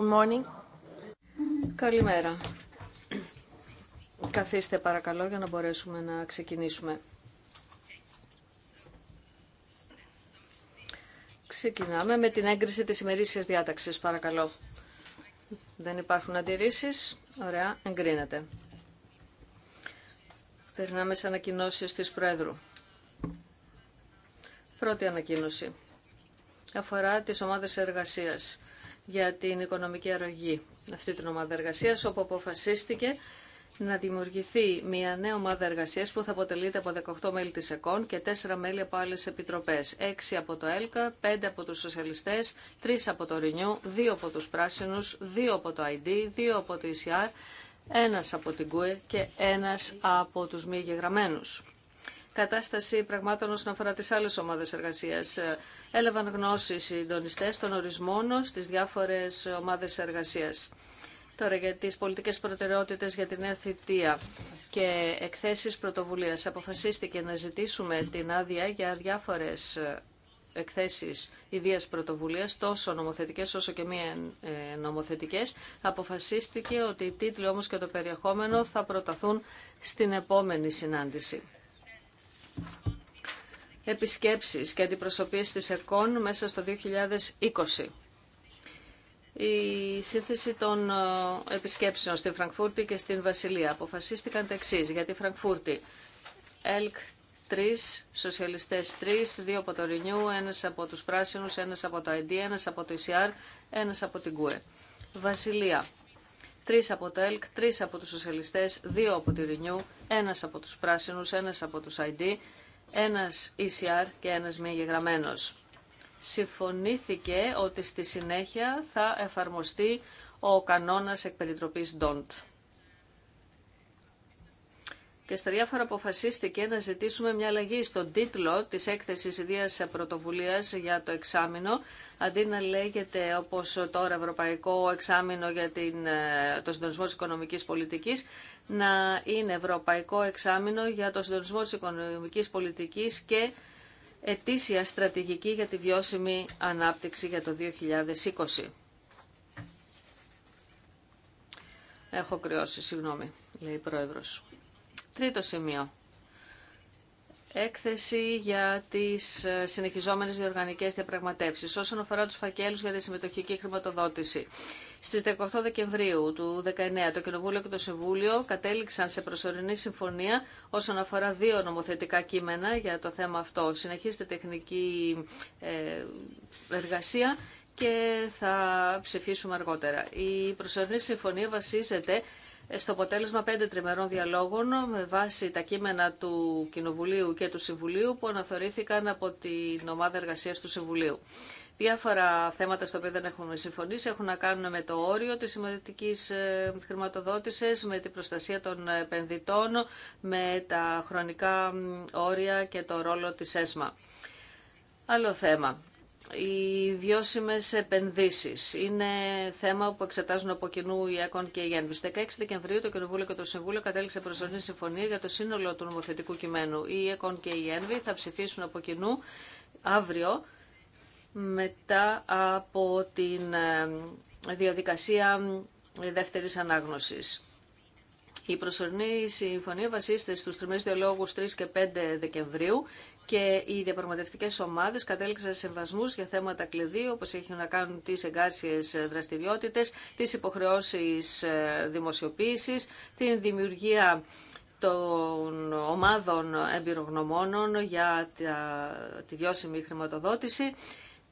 Good Καλημέρα. Καθίστε παρακαλώ για να μπορέσουμε να ξεκινήσουμε. Ξεκινάμε με την έγκριση της ημερήσιας διάταξης, παρακαλώ. Δεν υπάρχουν αντιρρήσεις. Ωραία, εγκρίνεται. Περνάμε σε ανακοινώσεις της Πρόεδρου. Πρώτη ανακοίνωση. Αφορά τις ομάδες εργασίας για την οικονομική αρρωγή, αυτή την ομάδα εργασία, όπου αποφασίστηκε να δημιουργηθεί μια νέα ομάδα εργασία που θα αποτελείται από 18 μέλη τη ΕΚΟΝ και 4 μέλη από άλλε επιτροπέ. 6 από το ΕΛΚΑ, 5 από του Σοσιαλιστέ, 3 από το ΡΙΝΙΟΥ, 2 από του Πράσινου, 2 από το ID, 2 από το ECR, 1 από την ΚΟΕ και 1 από του μη εγγεγραμμένου κατάσταση πραγμάτων όσον αφορά τις άλλες ομάδες εργασίας. Ε, έλαβαν γνώση οι συντονιστές των ορισμών στις διάφορες ομάδες εργασίας. Τώρα για τις πολιτικές προτεραιότητες για την νέα θητεία και εκθέσεις πρωτοβουλίας. Αποφασίστηκε να ζητήσουμε την άδεια για διάφορες ε, εκθέσεις ιδίας πρωτοβουλίας, τόσο νομοθετικές όσο και μη ε, νομοθετικές. Αποφασίστηκε ότι οι τίτλοι όμως και το περιεχόμενο θα προταθούν στην επόμενη συνάντηση επισκέψεις και αντιπροσωπείες της ΕΚΟΝ μέσα στο 2020. Η σύνθεση των ε, επισκέψεων στην Φραγκφούρτη και στην Βασιλεία αποφασίστηκαν τα εξή για τη Φραγκφούρτη. ΕΛΚ 3, σοσιαλιστές 3, δύο από το Ρινιού, ένας από τους Πράσινους, ένας από το ID, ένας από το ECR, ένας από την ΚΟΕ. Βασιλεία τρεις από το ΕΛΚ, τρεις από τους σοσιαλιστές, δύο από τη Ρινιού, ένας από τους πράσινους, ένας από τους ID, ένας ECR και ένας μη εγγεγραμμένος. Συμφωνήθηκε ότι στη συνέχεια θα εφαρμοστεί ο κανόνας εκπεριτροπής DONT και στα διάφορα αποφασίστηκε να ζητήσουμε μια αλλαγή στον τίτλο της έκθεσης ιδίας πρωτοβουλίας για το εξάμεινο, αντί να λέγεται όπως τώρα Ευρωπαϊκό Εξάμεινο για την, ε, το συντονισμό της οικονομικής πολιτικής, να είναι Ευρωπαϊκό Εξάμεινο για το συντονισμό της οικονομικής πολιτικής και ετήσια στρατηγική για τη βιώσιμη ανάπτυξη για το 2020. Έχω κρυώσει, συγγνώμη, λέει η Πρόεδρος. Τρίτο σημείο. Έκθεση για τι ε, συνεχιζόμενε διοργανικέ διαπραγματεύσει όσον αφορά του φακέλου για τη συμμετοχική χρηματοδότηση. Στι 18 Δεκεμβρίου του 2019 το Κοινοβούλιο και το Συμβούλιο κατέληξαν σε προσωρινή συμφωνία όσον αφορά δύο νομοθετικά κείμενα για το θέμα αυτό. Συνεχίζεται τεχνική ε, εργασία και θα ψηφίσουμε αργότερα. Η προσωρινή συμφωνία βασίζεται στο αποτέλεσμα πέντε τριμερών διαλόγων με βάση τα κείμενα του Κοινοβουλίου και του Συμβουλίου που αναθεωρήθηκαν από την ομάδα εργασία του Συμβουλίου. Διάφορα θέματα στο οποία δεν έχουμε συμφωνήσει έχουν να κάνουν με το όριο της σημαντικής ε, χρηματοδότησης, με την προστασία των επενδυτών, με τα χρονικά όρια και το ρόλο της ΕΣΜΑ. Άλλο θέμα οι βιώσιμες επενδύσεις. Είναι θέμα που εξετάζουν από κοινού η ΕΚΟΝ και η Στο 16 Δεκεμβρίου το Κοινοβούλιο και το Συμβούλιο κατέληξε προσωρινή συμφωνία για το σύνολο του νομοθετικού κειμένου. Η ΕΚΟΝ και η ΕΝΒΙ θα ψηφίσουν από κοινού αύριο μετά από την ε, διαδικασία ε, δεύτερης ανάγνωσης. Η προσωρινή συμφωνία βασίζεται στους τριμμένους διαλόγους 3 και 5 Δεκεμβρίου και οι διαπραγματευτικές ομάδες κατέληξαν σε συμβασμούς για θέματα κλειδί, όπως έχουν να κάνουν τις εγκάρσιες δραστηριότητες, τις υποχρεώσεις ε, δημοσιοποίησης, την δημιουργία των ομάδων εμπειρογνωμόνων για τη βιώσιμη χρηματοδότηση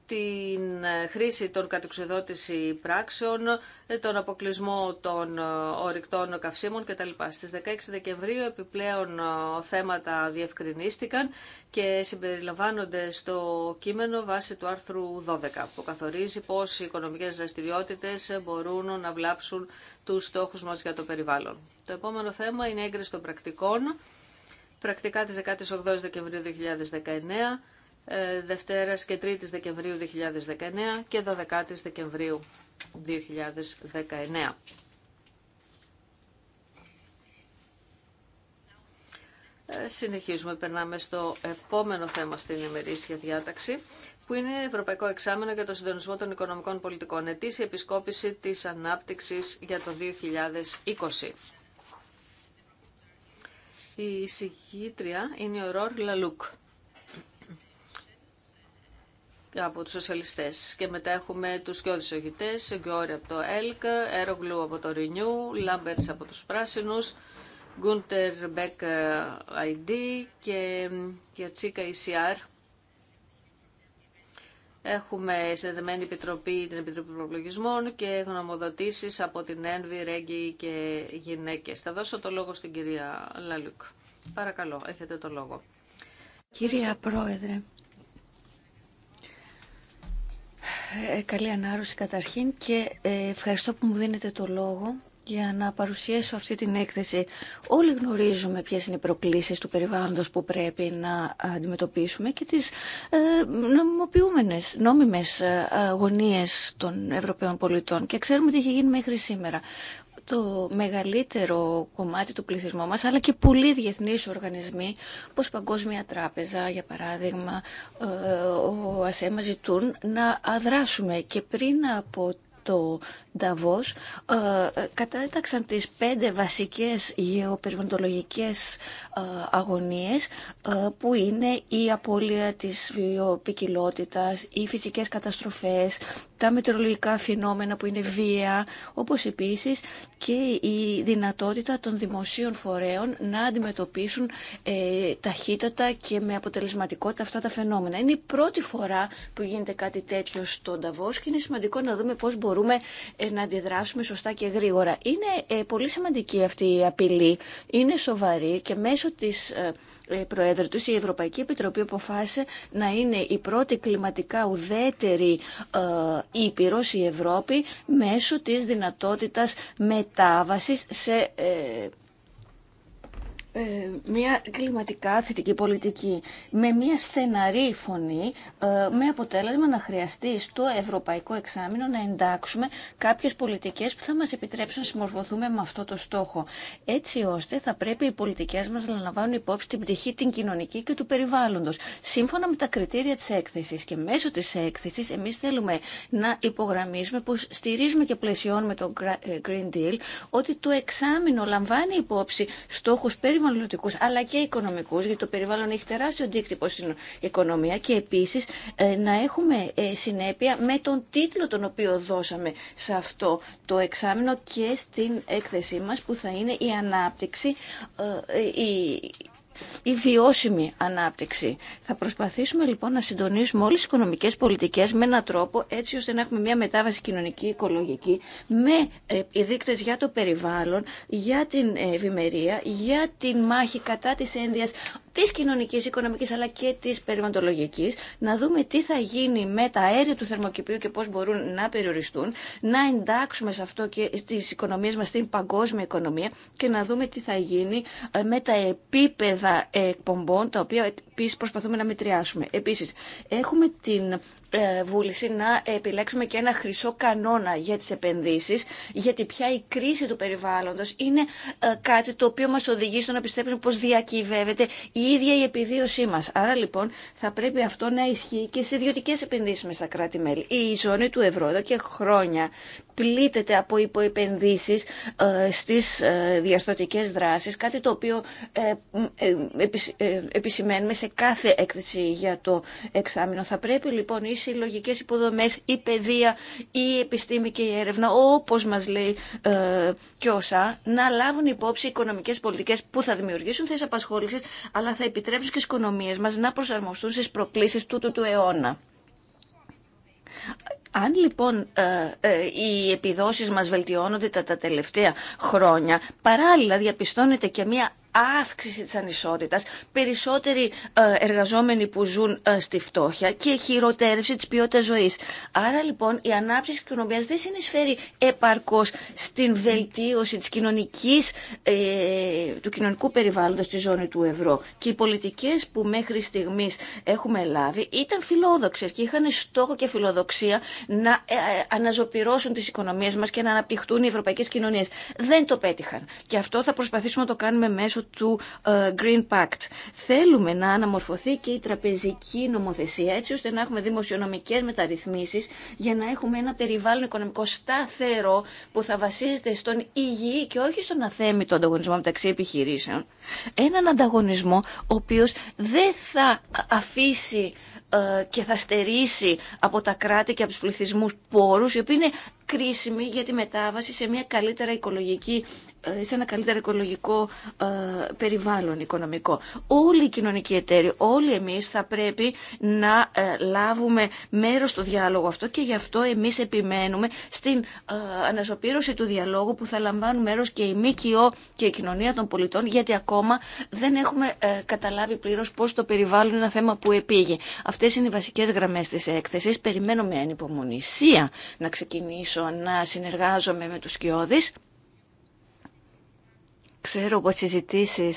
την ε, χρήση των κατεξοδότηση πράξεων, ε, τον αποκλεισμό των ε, ορυκτών καυσίμων κτλ. Στις 16 Δεκεμβρίου επιπλέον θέματα διευκρινίστηκαν και συμπεριλαμβάνονται στο κείμενο βάσει του άρθρου 12 που καθορίζει πώς οι οικονομικές δραστηριότητε μπορούν να βλάψουν τους στόχους μας για το περιβάλλον. Το επόμενο θέμα είναι έγκριση των πρακτικών. Πρακτικά της 18 Δεκεμβρίου 2019 ε, Δευτέρας και 3 Δεκεμβρίου 2019 και 12 Δεκεμβρίου 2019. Ε, συνεχίζουμε, περνάμε στο επόμενο θέμα στην ημερήσια διάταξη, που είναι Ευρωπαϊκό Εξάμενο για το Συντονισμό των Οικονομικών Πολιτικών. Ετήσια Επισκόπηση της Ανάπτυξης για το 2020. Η εισηγήτρια είναι ο Ρόρ Λαλούκ από τους σοσιαλιστές. Και μετά έχουμε τους κοιόδης ογητές, Γκιόρη από το ΕΛΚ, Έρογλου από το Ρινιού, Λάμπερτς από τους Πράσινους, Γκούντερ Μπέκ ID και Τσίκα ECR. Έχουμε συνδεδεμένη επιτροπή, την Επιτροπή Προπλογισμών και γνωμοδοτήσει από την Ένβη, Ρέγγι και Γυναίκες. Θα δώσω το λόγο στην κυρία Λαλουκ. Παρακαλώ, έχετε το λόγο. Κυρία Πρόεδρε, Ε, καλή ανάρρωση καταρχήν και ε, ευχαριστώ που μου δίνετε το λόγο για να παρουσιάσω αυτή την έκθεση. Όλοι γνωρίζουμε ποιες είναι οι προκλήσεις του περιβάλλοντος που πρέπει να αντιμετωπίσουμε και τις ε, νομιμοποιούμενες, νόμιμες ε, αγωνίες των Ευρωπαίων πολιτών και ξέρουμε τι έχει γίνει μέχρι σήμερα το μεγαλύτερο κομμάτι του πληθυσμού μας, αλλά και πολλοί διεθνείς οργανισμοί, όπως Παγκόσμια Τράπεζα, για παράδειγμα, ε, ο ΑΣΕΜΑ ζητούν να αδράσουμε. Και πριν από το Νταβός ε, κατάταξαν τις πέντε βασικές γεωπεριβαντολογικές ε, αγωνίες που είναι η απώλεια της βιοπικιλότητας, οι φυσικές καταστροφές, τα μετεωρολογικά φαινόμενα που είναι βία, όπως επίσης και η δυνατότητα των δημοσίων φορέων να αντιμετωπίσουν ε, ταχύτατα και με αποτελεσματικότητα αυτά τα φαινόμενα. Είναι η πρώτη φορά που γίνεται κάτι τέτοιο στον Ταβός και είναι σημαντικό να δούμε πώς μπορούμε ε, να αντιδράσουμε σωστά και γρήγορα. Είναι ε, πολύ σημαντική αυτή η απειλή, είναι σοβαρή και μέσω της ε, Προέδρου του, η Ευρωπαϊκή Επιτροπή αποφάσισε να είναι η πρώτη κλιματικά ουδέτερη Ήπειρος, η Ευρώπη, μέσω της δυνατότητας μετάβασης σε ε, ε, μια κλιματικά θετική πολιτική με μια στεναρή φωνή ε, με αποτέλεσμα να χρειαστεί στο ευρωπαϊκό εξάμεινο να εντάξουμε κάποιες πολιτικές που θα μας επιτρέψουν να συμμορφωθούμε με αυτό το στόχο. Έτσι ώστε θα πρέπει οι πολιτικές μας να λαμβάνουν υπόψη την πτυχή την κοινωνική και του περιβάλλοντος. Σύμφωνα με τα κριτήρια της έκθεσης και μέσω της έκθεσης εμείς θέλουμε να υπογραμμίζουμε πως στηρίζουμε και πλαισιώνουμε το ε, Green Deal ότι το εξάμεινο λαμβάνει υπόψη στόχους περιβαλλοντος αλλά και οικονομικού, γιατί το περιβάλλον έχει τεράστιο αντίκτυπο στην οικονομία και επίση ε, να έχουμε ε, συνέπεια με τον τίτλο τον οποίο δώσαμε σε αυτό το εξάμεινο και στην έκθεσή μα που θα είναι η ανάπτυξη, ε, η βιώσιμη ανάπτυξη. Θα προσπαθήσουμε λοιπόν να συντονίσουμε όλες τις οικονομικές πολιτικές με έναν τρόπο έτσι ώστε να έχουμε μια μετάβαση κοινωνική, οικολογική, με ε, για το περιβάλλον, για την ε, ευημερία, για την μάχη κατά της ένδυας τη κοινωνική οικονομική αλλά και τη περιβαλλοντολογική, να δούμε τι θα γίνει με τα αέρια του θερμοκηπίου και πώς μπορούν να περιοριστούν, να εντάξουμε σε αυτό και στις οικονομίες μας στην παγκόσμια οικονομία και να δούμε τι θα γίνει ε, με τα επίπεδα εκπομπών τα οποία επίση προσπαθούμε να μετριάσουμε. Επίσης, έχουμε την ε, βούληση να επιλέξουμε και ένα χρυσό κανόνα για τις επενδύσεις, γιατί πια η κρίση του περιβάλλοντος είναι ε, κάτι το οποίο μας οδηγεί στο να πιστέψουμε πω διακυβεύεται η ίδια η επιβίωσή μας. Άρα λοιπόν θα πρέπει αυτό να ισχύει και στις ιδιωτικέ επενδύσει με στα κράτη-μέλη. Η ζώνη του ευρώ εδώ και χρόνια πλήττεται από υποεπενδύσεις ε, στις ε, διαστοτικές δράσεις, κάτι το οποίο ε, επισημαίνουμε σε κάθε έκθεση για το εξάμεινο. Θα πρέπει λοιπόν οι συλλογικέ υποδομές, η παιδεία, η επιστήμη και η έρευνα, όπως μας λέει και όσα, να λάβουν υπόψη οικονομικές πολιτικές που θα δημιουργήσουν θέσεις απασχόλησης, αλλά θα επιτρέψουν και οικονομίες μας να προσαρμοστούν στις προκλήσεις τούτου του αιώνα. Αν λοιπόν ε, ε, οι επιδόσεις μας βελτιώνονται τα τελευταία χρόνια, παράλληλα διαπιστώνεται και μια αύξηση της ανισότητας, περισσότεροι ε, εργαζόμενοι που ζουν ε, στη φτώχεια και χειροτέρευση της ποιότητας ζωής. Άρα λοιπόν η ανάπτυξη της οικονομίας δεν συνεισφέρει επαρκώς στην βελτίωση της κοινωνικής, ε, του κοινωνικού περιβάλλοντος στη ζώνη του ευρώ. Και οι πολιτικές που μέχρι στιγμής έχουμε λάβει ήταν φιλόδοξες και είχαν στόχο και φιλοδοξία να αναζωπυρώσουν τις οικονομίες μας και να αναπτυχθούν οι ευρωπαϊκές κοινωνίες. Δεν το πέτυχαν. Και αυτό θα προσπαθήσουμε να το κάνουμε μέσω του ε, Green Pact. Θέλουμε να αναμορφωθεί και η τραπεζική νομοθεσία έτσι ώστε να έχουμε δημοσιονομικές μεταρρυθμίσεις για να έχουμε ένα περιβάλλον οικονομικό σταθερό που θα βασίζεται στον υγιή και όχι στον αθέμητο ανταγωνισμό μεταξύ επιχειρήσεων. Έναν ανταγωνισμό ο οποίος δεν θα αφήσει ε, και θα στερήσει από τα κράτη και από τους πληθυσμούς πόρους οι οποίοι είναι κρίσιμη για τη μετάβαση σε, μια καλύτερα οικολογική, ε, σε ένα καλύτερο οικολογικό ε, περιβάλλον οικονομικό. Όλοι οι κοινωνικοί εταίροι, όλοι εμείς θα πρέπει να ε, λάβουμε μέρος στο διάλογο αυτό και γι' αυτό εμείς επιμένουμε στην ανασωπήρωση του διαλόγου που θα λαμβάνουν μέρος και η ΜΚΟ και η κοινωνία των πολιτών γιατί ακόμα δεν έχουμε καταλάβει πλήρως πώς το περιβάλλον είναι ένα θέμα που επήγε. Αυτές είναι οι βασικές γραμμές της έκθεσης. Περιμένω με ανυπομονησία να ξεκινήσω να συνεργάζομαι με τους κοιόδης. Ξέρω πως οι συζητήσει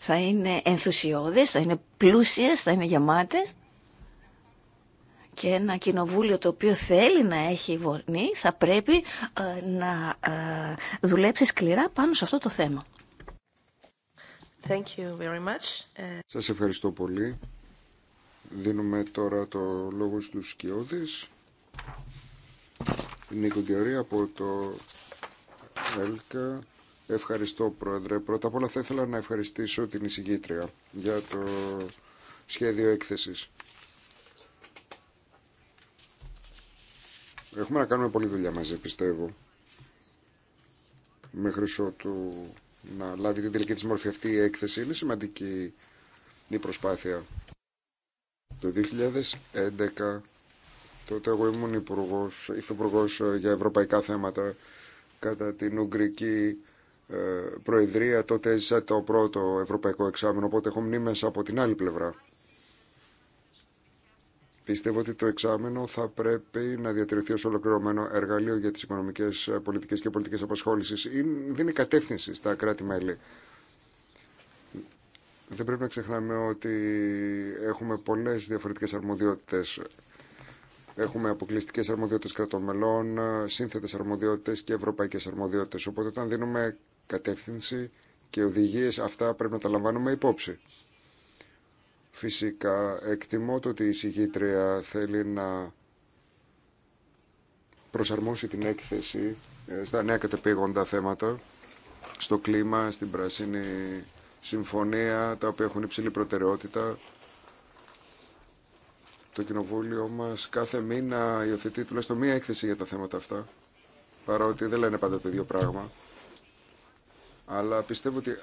θα είναι ενθουσιώδεις, θα είναι πλούσιες, θα είναι γεμάτες. Και ένα κοινοβούλιο το οποίο θέλει να έχει βορνή θα πρέπει ε, να ε, δουλέψει σκληρά πάνω σε αυτό το θέμα. Thank you very much. Σας ευχαριστώ πολύ. Δίνουμε τώρα το λόγο στους Σκιώδης. Νίκο από το ΕΛΚΑ. Ευχαριστώ Πρόεδρε. Πρώτα απ' όλα θα ήθελα να ευχαριστήσω την εισηγήτρια για το σχέδιο έκθεσης. Έχουμε να κάνουμε πολλή δουλειά μαζί πιστεύω. Μέχρι ότου να λάβει την τελική της μορφή αυτή η έκθεση είναι σημαντική η προσπάθεια. Το 2011 Τότε εγώ ήμουν υπουργό ε, για ευρωπαϊκά θέματα κατά την Ουγγρική ε, Προεδρία. Τότε έζησα το πρώτο ευρωπαϊκό εξάμεινο, οπότε έχω μνήμες από την άλλη πλευρά. Πιστεύω ότι το εξάμεινο θα πρέπει να διατηρηθεί ως ολοκληρωμένο εργαλείο για τις οικονομικές ε, πολιτικές και πολιτικές απασχόλησης. Δίνει κατεύθυνση στα κράτη-μέλη. Δεν πρέπει να ξεχνάμε ότι έχουμε πολλές διαφορετικές αρμοδιότητες Έχουμε αποκλειστικέ αρμοδιότητε κρατών μελών, σύνθετε αρμοδιότητε και ευρωπαϊκέ αρμοδιότητε. Οπότε όταν δίνουμε κατεύθυνση και οδηγίε, αυτά πρέπει να τα λαμβάνουμε υπόψη. Φυσικά, εκτιμώ το ότι η συγγήτρια θέλει να προσαρμόσει την έκθεση ε, στα νέα κατεπήγοντα θέματα, στο κλίμα, στην πράσινη συμφωνία, τα οποία έχουν υψηλή προτεραιότητα το κοινοβούλιο μας κάθε μήνα υιοθετεί τουλάχιστον μία έκθεση για τα θέματα αυτά, παρότι δεν λένε πάντα το ίδιο πράγμα. Αλλά πιστεύω ότι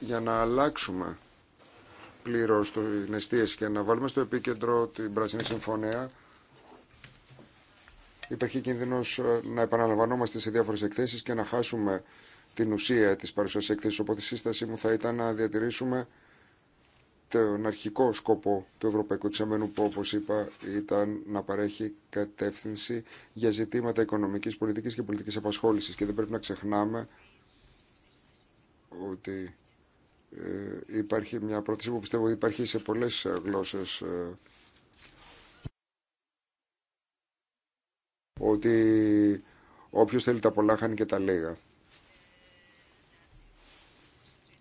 για να αλλάξουμε πλήρω την εστίαση και να βάλουμε στο επίκεντρο την Πράσινη Συμφωνία, υπάρχει κίνδυνο ε, να επαναλαμβανόμαστε σε διάφορε εκθέσει και να χάσουμε την ουσία τη παρουσία εκθέσης. Οπότε η σύστασή μου θα ήταν να διατηρήσουμε τον αρχικό σκοπό του Ευρωπαϊκού Εξαμένου που όπως είπα ήταν να παρέχει κατεύθυνση για ζητήματα οικονομικής πολιτικής και πολιτικής απασχόλησης και δεν πρέπει να ξεχνάμε ότι ε, υπάρχει μια πρόταση που πιστεύω ότι υπάρχει σε πολλές ε, γλώσσες ε, ότι όποιος θέλει τα πολλά χάνει και τα λίγα.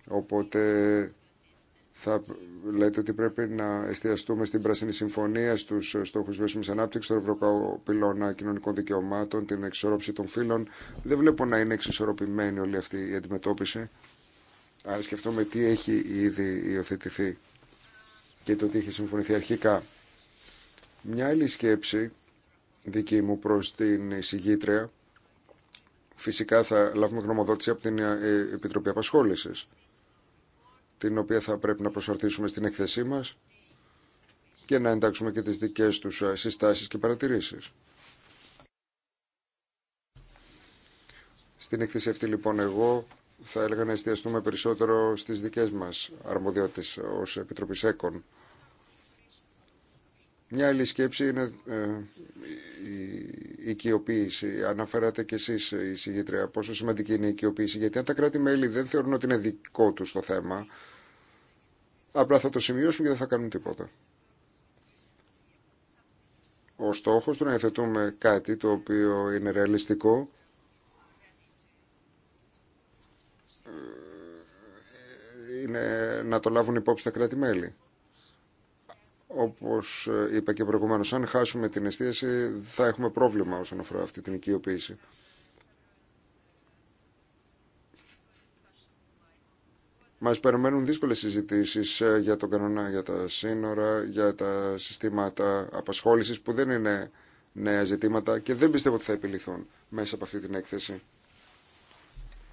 Οπότε θα λέτε ότι πρέπει να εστιαστούμε στην Πρασινή Συμφωνία, στους στόχους βιώσιμης ανάπτυξης, στον Ευρωπαϊκό Πυλώνα Κοινωνικών Δικαιωμάτων, την εξορρόψη των φύλων. Δεν βλέπω να είναι εξισορροπημένη όλη αυτή η αντιμετώπιση. Άρα σκεφτούμε τι έχει ήδη υιοθετηθεί και το τι έχει συμφωνηθεί αρχικά. Μια άλλη σκέψη δική μου προς την εισηγήτρια. Φυσικά θα λάβουμε γνωμοδότηση από την ε, Επιτροπή Απασχόλησης την οποία θα πρέπει να προσαρτήσουμε στην εκθεσή μας και να εντάξουμε και τις δικές τους ε, συστάσεις και παρατηρήσεις. Στην εκθέση αυτή λοιπόν εγώ θα έλεγα να εστιαστούμε περισσότερο στις δικές μας αρμοδιότητες ως επιτροπή ΕΚΟΝ. Μια άλλη σκέψη είναι ε, η οικειοποίηση. Αναφέρατε κι εσείς ε, η συγγήτρια πόσο σημαντική είναι η οικειοποίηση γιατί αν τα κράτη-μέλη δεν θεωρούν ότι είναι δικό τους το θέμα Απλά θα το σημειώσουν και δεν θα κάνουν τίποτα. Ο στόχος του να κάτι το οποίο είναι ρεαλιστικό ε, είναι να το λάβουν υπόψη τα κράτη-μέλη. Όπως ε, είπα και προηγουμένως, αν χάσουμε την εστίαση θα έχουμε πρόβλημα όσον αφορά αυτή την οικειοποίηση. Μας περιμένουν δύσκολες συζητήσεις ε, για τον κανόνα, για τα σύνορα, για τα συστήματα απασχόλησης που δεν είναι νέα ζητήματα και δεν πιστεύω ότι θα επιληθούν μέσα από αυτή την έκθεση.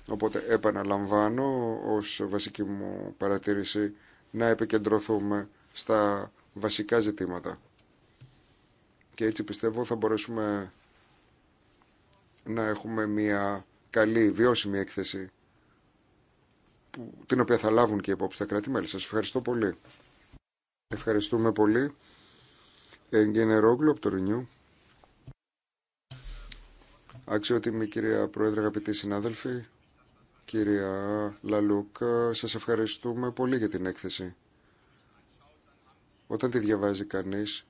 Οπότε επαναλαμβάνω ως βασική μου παρατήρηση να επικεντρωθούμε στα βασικά ζητήματα. Και έτσι πιστεύω θα μπορέσουμε να έχουμε μια καλή βιώσιμη έκθεση την οποία θα λάβουν και υπόψη τα κράτη-μέλη. Σας ευχαριστώ πολύ. Ευχαριστούμε πολύ. Εγγενερόγλου από το Ρινιού. Αξιότιμη κυρία Πρόεδρε, αγαπητοί συνάδελφοι, κυρία Λαλούκ, σας ευχαριστούμε πολύ για την έκθεση. Όταν τη διαβάζει κανείς,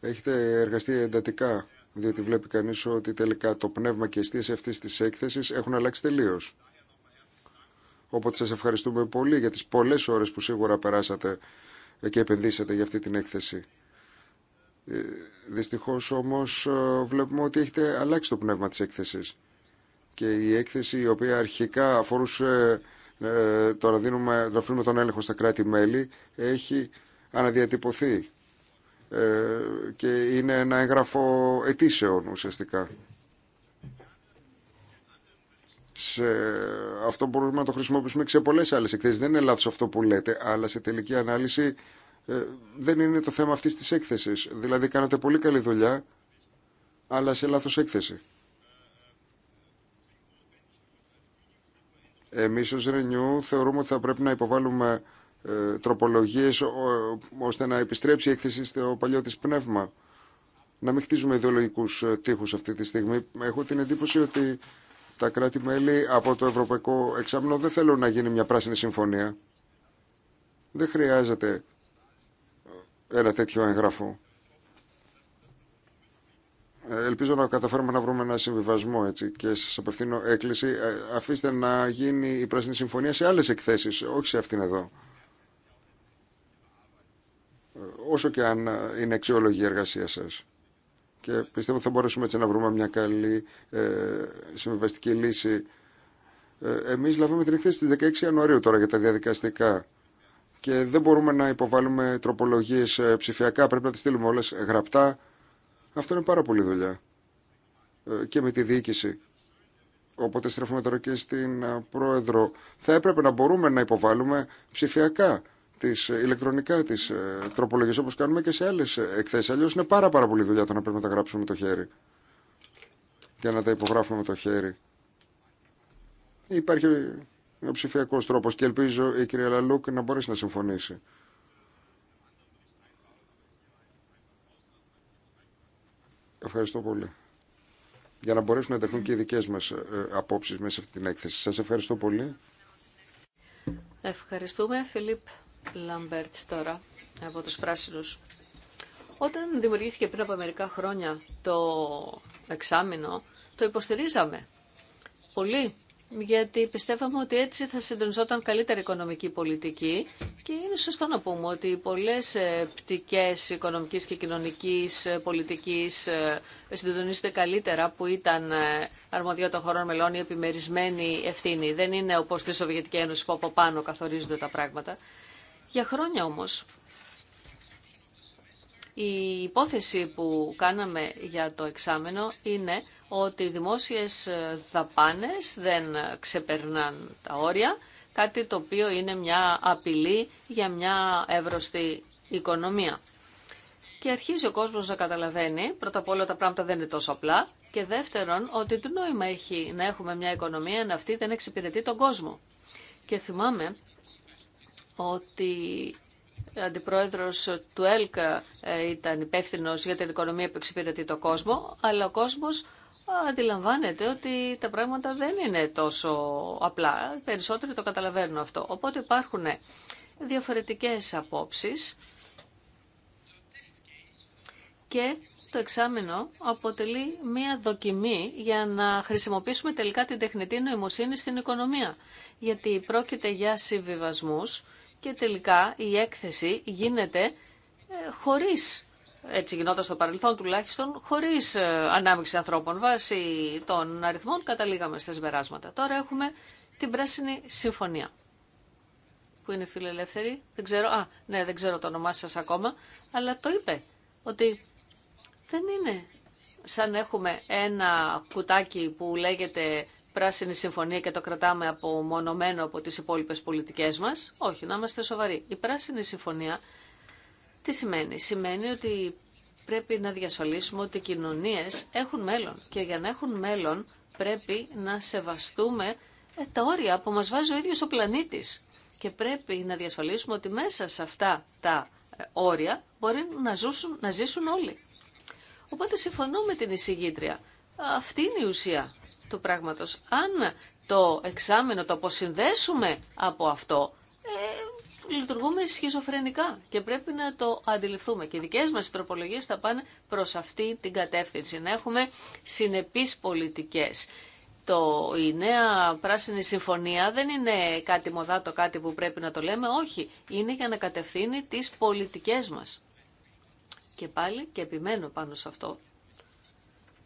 έχετε εργαστεί εντατικά, διότι βλέπει κανείς ότι τελικά το πνεύμα και η αιστείες αυτής της έκθεσης έχουν αλλάξει τελείως. Οπότε σας ευχαριστούμε πολύ για τις πολλές ώρες που σίγουρα περάσατε και επενδύσατε για αυτή την έκθεση. Ε, δυστυχώς όμως ε, βλέπουμε ότι έχετε αλλάξει το πνεύμα της έκθεσης. Και η έκθεση η οποία αρχικά αφορούσε ε, το να, δίνουμε, να αφήνουμε τον έλεγχο στα κράτη-μέλη έχει αναδιατυπωθεί και είναι ένα έγγραφο αιτήσεων ουσιαστικά σε αυτό μπορούμε να το χρησιμοποιήσουμε σε πολλές άλλες εκθέσεις. Δεν είναι λάθος αυτό που λέτε, αλλά σε τελική ανάλυση ε, δεν είναι το θέμα αυτής της έκθεσης. Δηλαδή κάνατε πολύ καλή δουλειά, αλλά σε λάθος έκθεση. Εμείς ως Ρενιού θεωρούμε ότι θα πρέπει να υποβάλουμε ε, τροπολογίες ώστε να επιστρέψει η έκθεση στο παλιό της πνεύμα. Να μην χτίζουμε ιδεολογικούς ε, τείχους αυτή τη στιγμή. Έχω την εντύπωση ότι τα κράτη-μέλη από το Ευρωπαϊκό Εξάμεινο δεν θέλουν να γίνει μια πράσινη συμφωνία. Δεν χρειάζεται ε, ένα τέτοιο έγγραφο. Ε, ελπίζω να καταφέρουμε να βρούμε ένα συμβιβασμό έτσι και σα απευθύνω έκκληση. Ε, αφήστε να γίνει η Πράσινη Συμφωνία σε άλλε εκθέσει, όχι σε αυτήν εδώ. Όσο και αν είναι αξιόλογη η εργασία σας και πιστεύω ότι θα μπορέσουμε έτσι να βρούμε μια καλή ε, συμβιβαστική λύση. Ε, εμείς λάβαμε την εκθέση στις 16 Ιανουαρίου τώρα για τα διαδικαστικά και δεν μπορούμε να υποβάλουμε τροπολογίες ε, ψηφιακά, πρέπει να τις στείλουμε όλες γραπτά. Αυτό είναι πάρα πολύ δουλειά ε, και με τη διοίκηση. Οπότε στρέφουμε τώρα και στην ε, Πρόεδρο. Θα έπρεπε να μπορούμε να υποβάλουμε ψηφιακά τις, ε, ηλεκτρονικά τις ε, τροπολογίες όπως κάνουμε και σε άλλες ε, εκθέσεις. Αλλιώς είναι πάρα πάρα πολύ δουλειά το να πρέπει να τα γράψουμε με το χέρι και να τα υπογράφουμε με το χέρι. Υπάρχει ο ψηφιακό τρόπο και ελπίζω η κυρία Λαλούκ να μπορέσει να συμφωνήσει. Ευχαριστώ πολύ. Για να μπορέσουν να ενταχθούν και οι δικέ μα απόψει μέσα σε αυτή την έκθεση. Σα ευχαριστώ πολύ. Ευχαριστούμε, Φιλίπ. Λαμπέρτ τώρα από τους πράσινους. Όταν δημιουργήθηκε πριν από μερικά χρόνια το εξάμεινο, το υποστηρίζαμε πολύ, γιατί πιστεύαμε ότι έτσι θα συντονιζόταν καλύτερη οικονομική πολιτική και είναι σωστό να πούμε ότι πολλές ε, πτικές οικονομικής και κοινωνικής ε, πολιτικής ε, συντονίζονται καλύτερα που ήταν αρμοδιά των χωρών μελών η επιμερισμένη ευθύνη. Δεν είναι όπως στη Σοβιετική Ένωση που από πάνω καθορίζονται τα πράγματα. Για χρόνια όμως η υπόθεση που κάναμε για το εξάμενο είναι ότι οι δημόσιες δαπάνες δεν ξεπερνάν τα όρια, κάτι το οποίο είναι μια απειλή για μια εύρωστη οικονομία. Και αρχίζει ο κόσμος να καταλαβαίνει, πρώτα απ' όλα τα πράγματα δεν είναι τόσο απλά, και δεύτερον ότι τι νόημα έχει να έχουμε μια οικονομία αν αυτή δεν εξυπηρετεί τον κόσμο. Και θυμάμαι ότι ο αντιπρόεδρος του ΕΛΚΑ ε, ήταν υπεύθυνο για την οικονομία που εξυπηρετεί το κόσμο, αλλά ο κόσμος αντιλαμβάνεται ότι τα πράγματα δεν είναι τόσο απλά. Περισσότεροι το καταλαβαίνουν αυτό. Οπότε υπάρχουν διαφορετικές απόψεις και το εξάμεινο αποτελεί μία δοκιμή για να χρησιμοποιήσουμε τελικά την τεχνητή νοημοσύνη στην οικονομία. Γιατί πρόκειται για συμβιβασμούς και τελικά η έκθεση γίνεται ε, χωρίς, έτσι γινόταν στο παρελθόν τουλάχιστον, χωρίς ε, ανάμειξη ανθρώπων. Βάσει των αριθμών καταλήγαμε στα συμπεράσματα. Τώρα έχουμε την Πράσινη Συμφωνία. Που είναι φιλελεύθερη, δεν ξέρω, α, ναι, δεν ξέρω το όνομά σας ακόμα, αλλά το είπε ότι δεν είναι σαν έχουμε ένα κουτάκι που λέγεται πράσινη συμφωνία και το κρατάμε απομονωμένο από τις υπόλοιπες πολιτικές μας. Όχι, να είμαστε σοβαροί. Η πράσινη συμφωνία τι σημαίνει. Σημαίνει ότι πρέπει να διασφαλίσουμε ότι οι κοινωνίες έχουν μέλλον και για να έχουν μέλλον πρέπει να σεβαστούμε ε, τα όρια που μας βάζει ο ίδιος ο πλανήτης και πρέπει να διασφαλίσουμε ότι μέσα σε αυτά τα ε, όρια μπορεί να, να ζήσουν όλοι. Οπότε συμφωνώ με την εισηγήτρια. Αυτή είναι η ουσία του πράγματος. Αν το εξάμενο το αποσυνδέσουμε από αυτό, ε, λειτουργούμε σχιζοφρενικά και πρέπει να το αντιληφθούμε. Και οι δικές μας τροπολογίες θα πάνε προς αυτή την κατεύθυνση, να έχουμε συνεπείς πολιτικές. Το, η νέα πράσινη συμφωνία δεν είναι κάτι μοδάτο, κάτι που πρέπει να το λέμε, όχι. Είναι για να κατευθύνει τις πολιτικές μας. Και πάλι, και επιμένω πάνω σε αυτό,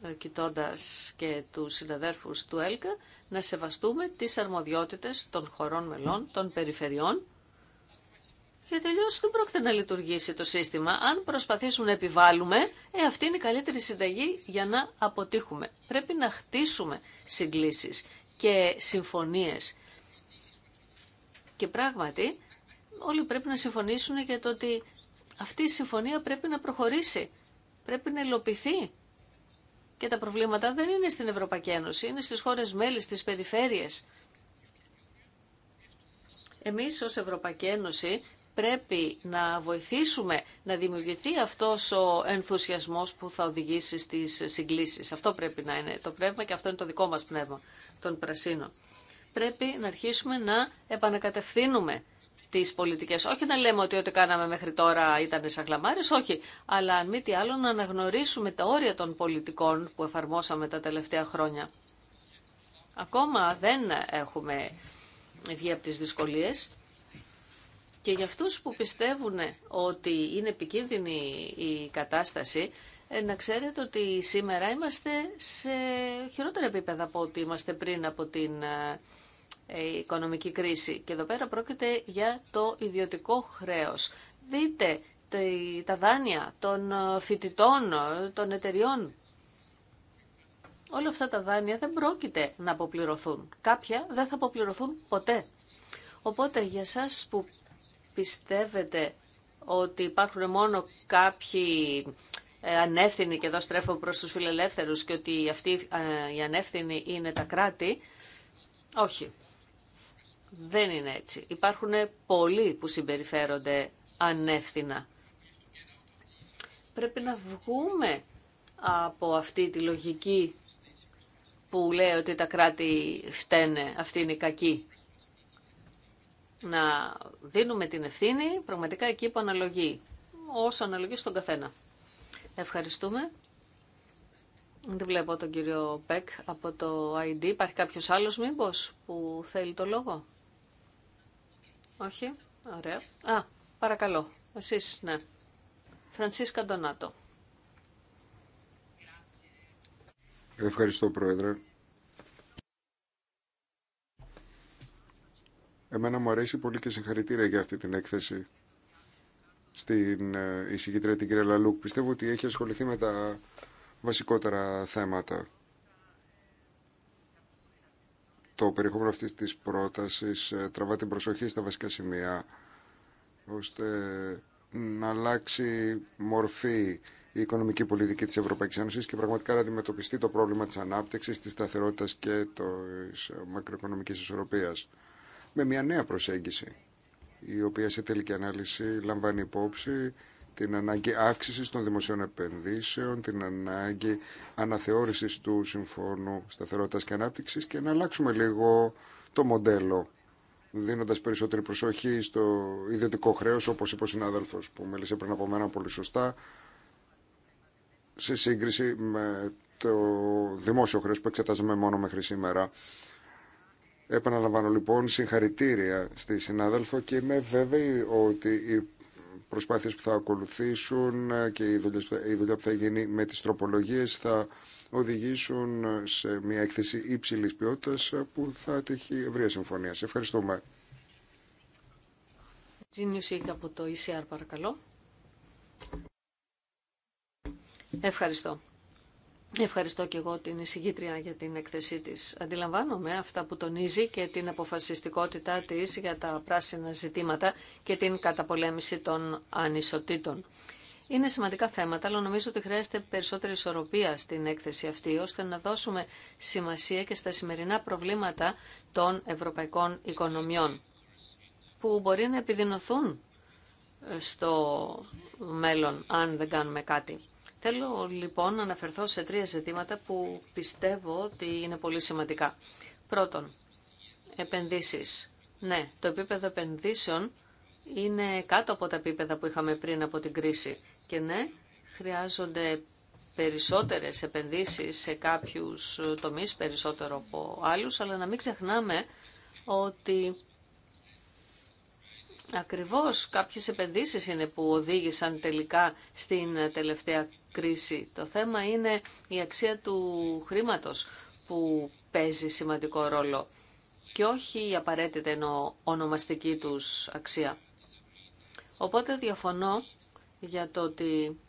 ε, κοιτώντας και τους συναδέρφους του ΕΛΚΑ, να σεβαστούμε τις αρμοδιότητες των χωρών μελών, των περιφερειών, γιατί αλλιώ δεν πρόκειται να λειτουργήσει το σύστημα. Αν προσπαθήσουμε να επιβάλλουμε, ε, αυτή είναι η καλύτερη συνταγή για να αποτύχουμε. Πρέπει να χτίσουμε συγκλήσεις και συμφωνίες. Και πράγματι, όλοι πρέπει να συμφωνήσουν για το ότι αυτή η συμφωνία πρέπει να προχωρήσει, πρέπει να υλοποιηθεί και τα προβλήματα δεν είναι στην Ευρωπαϊκή Ένωση, είναι στις χώρες μέλη, στις περιφέρειες. Εμείς ως Ευρωπαϊκή Ένωση πρέπει να βοηθήσουμε να δημιουργηθεί αυτός ο ενθουσιασμός που θα οδηγήσει στις συγκλήσεις. Αυτό πρέπει να είναι το πνεύμα και αυτό είναι το δικό μας πνεύμα των πρασίνων. Πρέπει να αρχίσουμε να επανακατευθύνουμε τις πολιτικές. Όχι να λέμε ότι ό,τι κάναμε μέχρι τώρα ήταν σαν όχι. Αλλά αν μη τι άλλο να αναγνωρίσουμε τα όρια των πολιτικών που εφαρμόσαμε τα τελευταία χρόνια. Ακόμα δεν έχουμε βγει από τι δυσκολίες. Και για αυτούς που πιστεύουν ότι είναι επικίνδυνη η κατάσταση, ε, να ξέρετε ότι σήμερα είμαστε σε χειρότερα επίπεδα από ό,τι είμαστε πριν από την ε, ε, η οικονομική κρίση. Και εδώ πέρα πρόκειται για το ιδιωτικό χρέος. Δείτε τα δάνεια των ε, φοιτητών, ε, των εταιριών. Όλα αυτά τα δάνεια δεν πρόκειται να αποπληρωθούν. Κάποια δεν θα αποπληρωθούν ποτέ. Οπότε για σας που πιστεύετε ότι υπάρχουν μόνο κάποιοι ανεύθυνοι και εδώ στρέφω προς τους φιλελεύθερους και ότι αυτοί οι ανεύθυνοι είναι τα κράτη, όχι. Δεν είναι έτσι. Υπάρχουν πολλοί που συμπεριφέρονται ανεύθυνα. Πρέπει να βγούμε από αυτή τη λογική που λέει ότι τα κράτη φταίνε, αυτή είναι κακή. Να δίνουμε την ευθύνη πραγματικά εκεί που αναλογεί, όσο αναλογεί στον καθένα. Ευχαριστούμε. Δεν βλέπω τον κύριο Πεκ από το ID. Υπάρχει κάποιος άλλος μήπως που θέλει το λόγο. Όχι. Ωραία. Α, παρακαλώ. Εσεί ναι. Φρανσίσκα Ντονάτο. Ευχαριστώ, Πρόεδρε. Εμένα μου αρέσει πολύ και συγχαρητήρια για αυτή την έκθεση στην ε, εισηγήτρια την κυρία Λαλούκ. Πιστεύω ότι έχει ασχοληθεί με τα βασικότερα θέματα το περιεχόμενο αυτής της πρότασης ε, τραβά την προσοχή στα βασικά σημεία ώστε να αλλάξει μορφή η οικονομική πολιτική της Ευρωπαϊκής Ένωσης και πραγματικά να αντιμετωπιστεί το πρόβλημα της ανάπτυξης, της σταθερότητας και της ε, μακροοικονομικής ισορροπίας με μια νέα προσέγγιση η οποία σε τελική ανάλυση λαμβάνει υπόψη την ανάγκη αύξηση των δημοσίων επενδύσεων, την ανάγκη αναθεώρησης του Συμφώνου Σταθερότητας και ανάπτυξη και να αλλάξουμε λίγο το μοντέλο, δίνοντας περισσότερη προσοχή στο ιδιωτικό χρέο, όπως είπε ο συνάδελφο που μίλησε πριν από μένα πολύ σωστά, σε σύγκριση με το δημόσιο χρέο που εξετάζουμε μόνο μέχρι σήμερα. Επαναλαμβάνω λοιπόν συγχαρητήρια στη συνάδελφο και είμαι βέβαιη ότι η προσπάθειες που θα ακολουθήσουν και η δουλειά, που θα γίνει με τις τροπολογίες θα οδηγήσουν σε μια έκθεση υψηλής ποιότητας που θα τύχει ευρεία συμφωνία. Σε ευχαριστούμε. από το ECR παρακαλώ. Ευχαριστώ. Ευχαριστώ και εγώ την εισηγήτρια για την έκθεσή της. Αντιλαμβάνομαι αυτά που τονίζει και την αποφασιστικότητά της για τα πράσινα ζητήματα και την καταπολέμηση των ανισοτήτων. Είναι σημαντικά θέματα, αλλά νομίζω ότι χρειάζεται περισσότερη ισορροπία στην έκθεση αυτή, ώστε να δώσουμε σημασία και στα σημερινά προβλήματα των ευρωπαϊκών οικονομιών, που μπορεί να επιδεινωθούν στο μέλλον, αν δεν κάνουμε κάτι. Θέλω λοιπόν να αναφερθώ σε τρία ζητήματα που πιστεύω ότι είναι πολύ σημαντικά. Πρώτον, επενδύσεις. Ναι, το επίπεδο επενδύσεων είναι κάτω από τα επίπεδα που είχαμε πριν από την κρίση. Και ναι, χρειάζονται περισσότερες επενδύσεις σε κάποιους τομείς, περισσότερο από άλλους, αλλά να μην ξεχνάμε ότι ακριβώς κάποιες επενδύσεις είναι που οδήγησαν τελικά στην τελευταία κρίση. Το θέμα είναι η αξία του χρήματος που παίζει σημαντικό ρόλο και όχι η ενώ ονομαστική τους αξία. Οπότε διαφωνώ για το ότι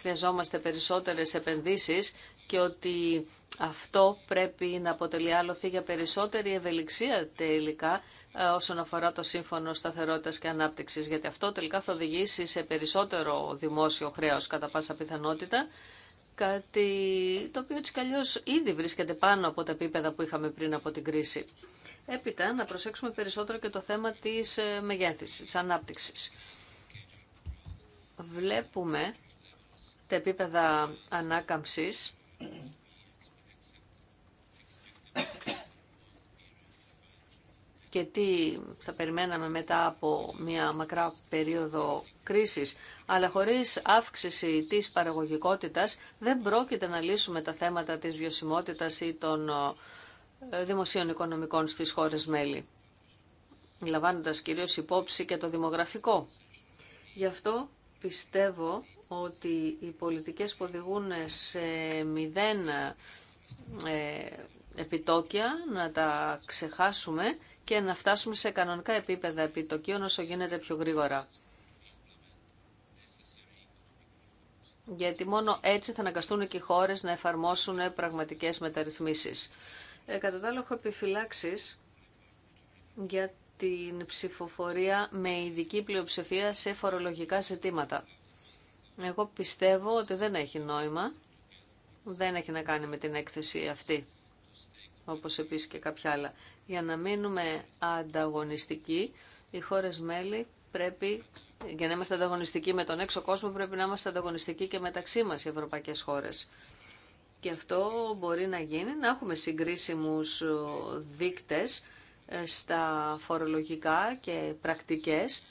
χρειαζόμαστε περισσότερες επενδύσεις και ότι αυτό πρέπει να αποτελεί άλοθη για περισσότερη ευελιξία τελικά ε, όσον αφορά το Σύμφωνο Σταθερότητας και Ανάπτυξης, γιατί αυτό τελικά θα οδηγήσει σε περισσότερο δημόσιο χρέος κατά πάσα πιθανότητα, κάτι το οποίο έτσι κι ήδη βρίσκεται πάνω από τα επίπεδα που είχαμε πριν από την κρίση. Έπειτα να προσέξουμε περισσότερο και το θέμα της ε, μεγέθυνσης, της ανάπτυξης. Βλέπουμε τα επίπεδα ανάκαμψης και τι θα περιμέναμε μετά από μια μακρά περίοδο κρίσης. Αλλά χωρίς αύξηση της παραγωγικότητας δεν πρόκειται να λύσουμε τα θέματα της βιωσιμότητας ή των ε, δημοσίων οικονομικών στις χώρες μέλη. Λαμβάνοντας κυρίως υπόψη και το δημογραφικό. Γι' αυτό πιστεύω ότι οι πολιτικές που οδηγούν σε μηδέν ε, επιτόκια, να τα ξεχάσουμε και να φτάσουμε σε κανονικά επίπεδα επιτοκίων όσο γίνεται πιο γρήγορα. Γιατί μόνο έτσι θα αναγκαστούν και οι χώρες να εφαρμόσουν πραγματικές μεταρρυθμίσεις. Ε, κατά τα άλλα έχω επιφυλάξει για την ψηφοφορία με ειδική πλειοψηφία σε φορολογικά ζητήματα. Εγώ πιστεύω ότι δεν έχει νόημα, δεν έχει να κάνει με την έκθεση αυτή, όπως επίσης και κάποια άλλα. Για να μείνουμε ανταγωνιστικοί, οι χώρες μέλη πρέπει, για να είμαστε ανταγωνιστικοί με τον έξω κόσμο, πρέπει να είμαστε ανταγωνιστικοί και μεταξύ μας οι ευρωπαϊκές χώρες. Και αυτό μπορεί να γίνει, να έχουμε συγκρίσιμους ε, δείκτες ε, στα φορολογικά και πρακτικές.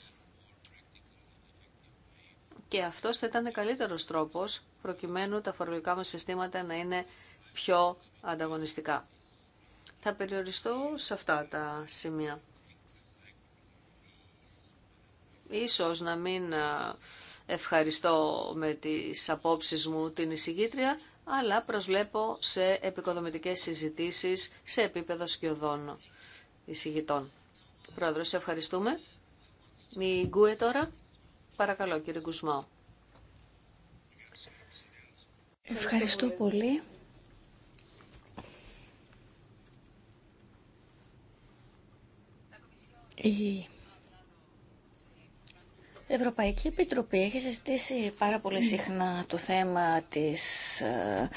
Και αυτός θα ήταν καλύτερος τρόπος προκειμένου τα φορολογικά μας συστήματα να είναι πιο ανταγωνιστικά. Θα περιοριστώ σε αυτά τα σημεία. Ίσως να μην ευχαριστώ με τις απόψεις μου την εισηγήτρια, αλλά προσβλέπω σε επικοδομητικές συζητήσεις σε επίπεδο σκιωδών εισηγητών. Πρόεδρος, σε ευχαριστούμε. Μη γκούε τώρα. Παρακαλώ, κύριε Κουσμάου. Ευχαριστώ πολύ. Η Ευρωπαϊκή Επιτροπή έχει συζητήσει πάρα πολύ συχνά το θέμα της ε,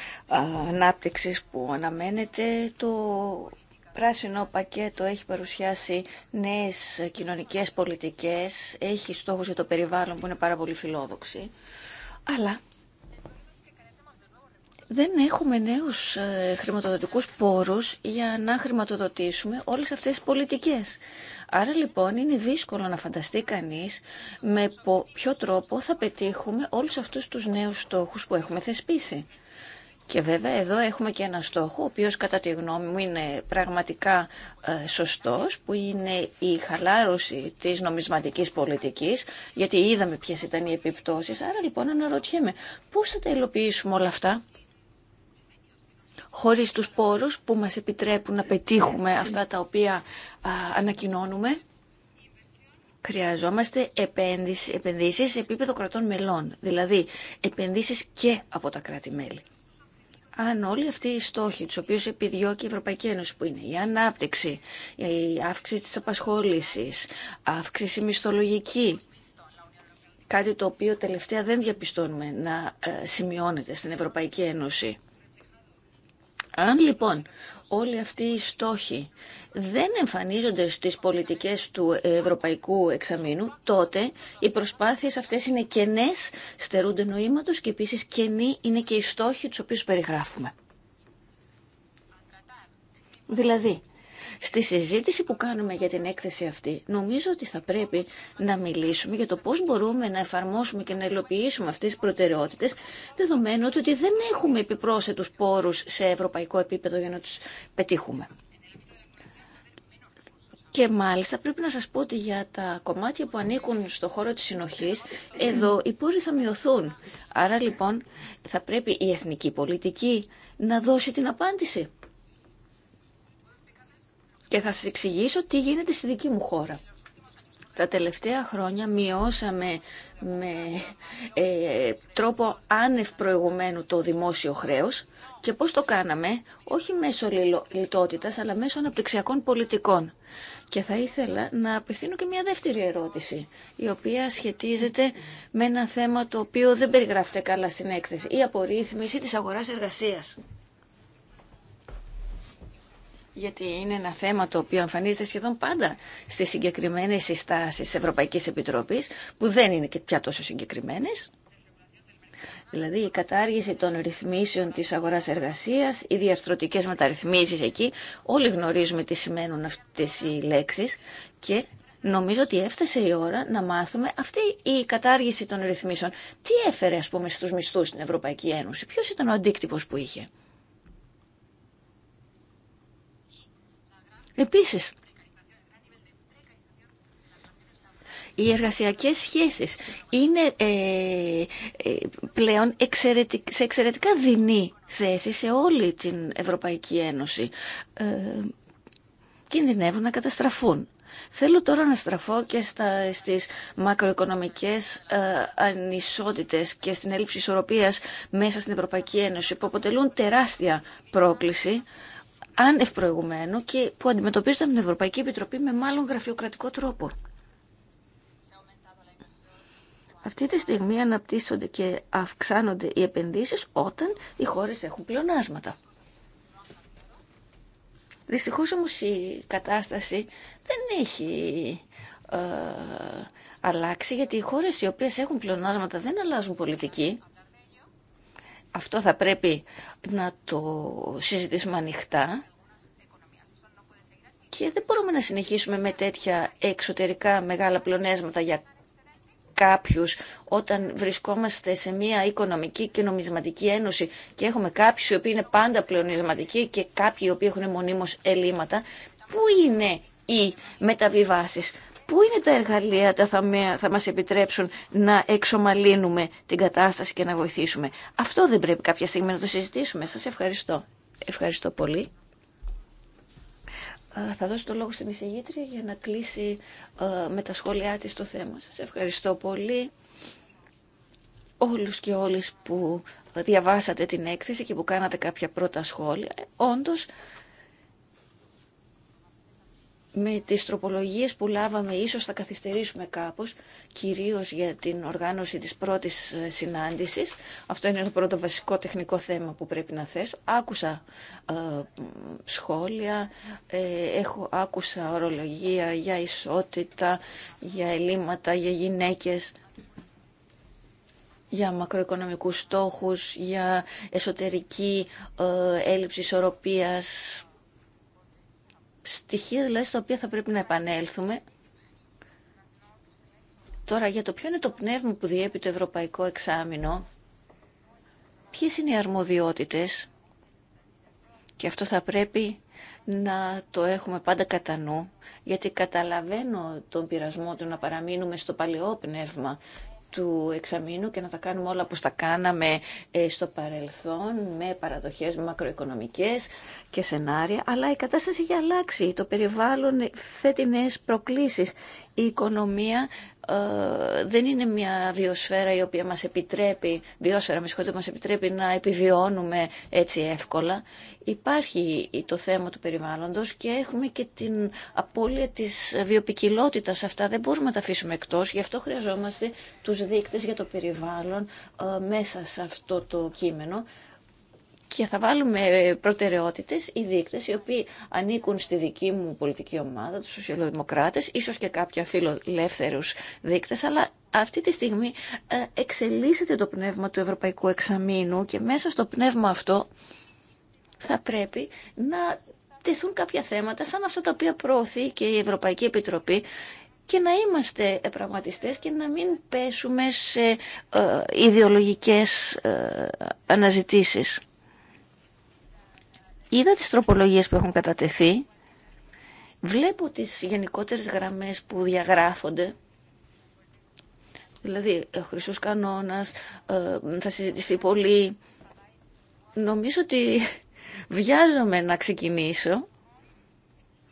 ανάπτυξης που αναμένεται. Το πράσινο πακέτο έχει παρουσιάσει νέες κοινωνικές πολιτικές, έχει στόχους για το περιβάλλον που είναι πάρα πολύ φιλόδοξοι, αλλά δεν έχουμε νέους ε, χρηματοδοτικούς πόρους για να χρηματοδοτήσουμε όλες αυτές τις πολιτικές. Άρα λοιπόν είναι δύσκολο να φανταστεί κανείς με ποιο τρόπο θα πετύχουμε όλους αυτούς τους νέους στόχους που έχουμε θεσπίσει. Και βέβαια εδώ έχουμε και ένα στόχο, ο οποίος κατά τη γνώμη μου είναι πραγματικά ε, σωστός, που είναι η χαλάρωση της νομισματικής πολιτικής, γιατί είδαμε ποιες ήταν οι επιπτώσεις. Άρα λοιπόν αναρωτιέμαι, πώς θα τα υλοποιήσουμε όλα αυτά χωρίς τους πόρους που μας επιτρέπουν να πετύχουμε αυτά τα οποία ανακοινώνουμε. Χρειαζόμαστε επένδυσεις, επενδύσεις σε επίπεδο κρατών μελών, δηλαδή επενδύσεις και από τα κράτη-μέλη. Αν όλοι αυτοί οι στόχοι, τους οποίους επιδιώκει η Ευρωπαϊκή Ένωση, που είναι η ανάπτυξη, η αύξηση της απασχόλησης, αύξηση μισθολογική, κάτι το οποίο τελευταία δεν διαπιστώνουμε να ε, σημειώνεται στην Ευρωπαϊκή Ένωση, αν λοιπόν όλοι αυτοί οι στόχοι δεν εμφανίζονται στις πολιτικές του Ευρωπαϊκού Εξαμήνου, τότε οι προσπάθειες αυτές είναι κενές, στερούνται νοήματος και επίσης κενή είναι και οι στόχοι τους οποίους περιγράφουμε. Δηλαδή, Στη συζήτηση που κάνουμε για την έκθεση αυτή, νομίζω ότι θα πρέπει να μιλήσουμε για το πώς μπορούμε να εφαρμόσουμε και να υλοποιήσουμε αυτές τις προτεραιότητες, δεδομένου ότι δεν έχουμε επιπρόσθετους πόρους σε ευρωπαϊκό επίπεδο για να τους πετύχουμε. Και μάλιστα πρέπει να σας πω ότι για τα κομμάτια που ανήκουν στο χώρο της συνοχής, εδώ οι πόροι θα μειωθούν. Άρα λοιπόν θα πρέπει η εθνική πολιτική να δώσει την απάντηση και θα σας εξηγήσω τι γίνεται στη δική μου χώρα. Τα τελευταία χρόνια μειώσαμε με ε, τρόπο άνευ προηγουμένου το δημόσιο χρέος και πώς το κάναμε, όχι μέσω λιτότητας, αλλά μέσω αναπτυξιακών πολιτικών. Και θα ήθελα να απευθύνω και μια δεύτερη ερώτηση, η οποία σχετίζεται με ένα θέμα το οποίο δεν περιγράφεται καλά στην έκθεση, η απορρίθμιση της αγοράς εργασίας γιατί είναι ένα θέμα το οποίο εμφανίζεται σχεδόν πάντα στις συγκεκριμένες συστάσεις της Ευρωπαϊκής Επιτροπής, που δεν είναι και πια τόσο συγκεκριμένες. Δηλαδή η κατάργηση των ρυθμίσεων της αγοράς εργασίας, οι διαρθρωτικές μεταρρυθμίσεις εκεί, όλοι γνωρίζουμε τι σημαίνουν αυτές οι λέξεις και νομίζω ότι έφτασε η ώρα να μάθουμε αυτή η κατάργηση των ρυθμίσεων. Τι έφερε ας πούμε στους μισθούς στην Ευρωπαϊκή Ένωση, Ποιο ήταν ο αντίκτυπος που είχε. Επίσης, Οι εργασιακές σχέσεις είναι ε, ε, πλέον σε εξαιρετικά δεινή θέση σε όλη την Ευρωπαϊκή Ένωση. Ε, κινδυνεύουν να καταστραφούν. Θέλω τώρα να στραφώ και στα, στις μακροοικονομικές ε, ανισότητες και στην έλλειψη ισορροπίας μέσα στην Ευρωπαϊκή Ένωση που αποτελούν τεράστια πρόκληση άνευ και που αντιμετωπίζεται από την Ευρωπαϊκή Επιτροπή με μάλλον γραφειοκρατικό τρόπο. Αυτή τη στιγμή αναπτύσσονται και αυξάνονται οι επενδύσεις όταν οι χώρες έχουν πλεονάσματα. Δυστυχώς όμως η κατάσταση δεν έχει ε, αλλάξει γιατί οι χώρες οι οποίες έχουν πλεονάσματα δεν αλλάζουν πολιτική αυτό θα πρέπει να το συζητήσουμε ανοιχτά και δεν μπορούμε να συνεχίσουμε με τέτοια εξωτερικά μεγάλα πλονέσματα για κάποιους όταν βρισκόμαστε σε μια οικονομική και νομισματική ένωση και έχουμε κάποιους οι οποίοι είναι πάντα πλονισματικοί και κάποιοι οι οποίοι έχουν μονίμως ελλείμματα, πού είναι οι μεταβιβάσεις, Πού είναι τα εργαλεία τα θα, θα μας επιτρέψουν να εξομαλύνουμε την κατάσταση και να βοηθήσουμε. Αυτό δεν πρέπει κάποια στιγμή να το συζητήσουμε. Σας ευχαριστώ. Ευχαριστώ πολύ. Ε, θα δώσω το λόγο στην εισηγήτρια για να κλείσει ε, με τα σχόλιά της το θέμα. Σας ευχαριστώ πολύ όλους και όλες που διαβάσατε την έκθεση και που κάνατε κάποια πρώτα σχόλια. Ε, όντως, με τις τροπολογίες που λάβαμε ίσως θα καθυστερήσουμε κάπως, κυρίως για την οργάνωση της πρώτης ε, συνάντησης. Αυτό είναι το πρώτο βασικό τεχνικό θέμα που πρέπει να θέσω. Άκουσα ε, σχόλια, ε, έχω, άκουσα ορολογία για ισότητα, για ελλείμματα, για γυναίκες για μακροοικονομικούς στόχους, για εσωτερική ε, έλλειψη ισορροπίας, στοιχεία δηλαδή στα οποία θα πρέπει να επανέλθουμε. Τώρα για το ποιο είναι το πνεύμα που διέπει το ευρωπαϊκό εξάμεινο, ποιε είναι οι αρμοδιότητες και αυτό θα πρέπει να το έχουμε πάντα κατά νου, γιατί καταλαβαίνω τον πειρασμό του να παραμείνουμε στο παλαιό πνεύμα του εξαμήνου και να τα κάνουμε όλα όπως τα κάναμε ε, στο παρελθόν με παραδοχές μακροοικονομικές και σενάρια, αλλά η κατάσταση έχει αλλάξει. Το περιβάλλον θέτει νέες προκλήσεις η οικονομία ε, δεν είναι μια βιοσφαίρα η οποία μας επιτρέπει, βιόσφαιρα με μας επιτρέπει να επιβιώνουμε έτσι εύκολα. Υπάρχει το θέμα του περιβάλλοντος και έχουμε και την απώλεια της βιοπικιλότητας. Αυτά δεν μπορούμε να τα αφήσουμε εκτός, γι' αυτό χρειαζόμαστε τους δείκτες για το περιβάλλον ε, μέσα σε αυτό το κείμενο και θα βάλουμε ε, προτεραιότητες οι δείκτε οι οποίοι ανήκουν στη δική μου πολιτική ομάδα, του σοσιαλδημοκράτε, ίσως και κάποια φιλελεύθερου δείκτε, αλλά αυτή τη στιγμή ε, εξελίσσεται το πνεύμα του Ευρωπαϊκού Εξαμήνου και μέσα στο πνεύμα αυτό θα πρέπει να τεθούν κάποια θέματα σαν αυτά τα οποία προωθεί και η Ευρωπαϊκή Επιτροπή και να είμαστε επραγματιστές και να μην πέσουμε σε ε, ιδεολογικές ε, αναζητήσεις. Είδα τις τροπολογίες που έχουν κατατεθεί, βλέπω τις γενικότερες γραμμές που διαγράφονται, δηλαδή ε, ο χρυσός κανόνας, ε, θα συζητηθεί πολύ. Νομίζω ότι βιάζομαι να ξεκινήσω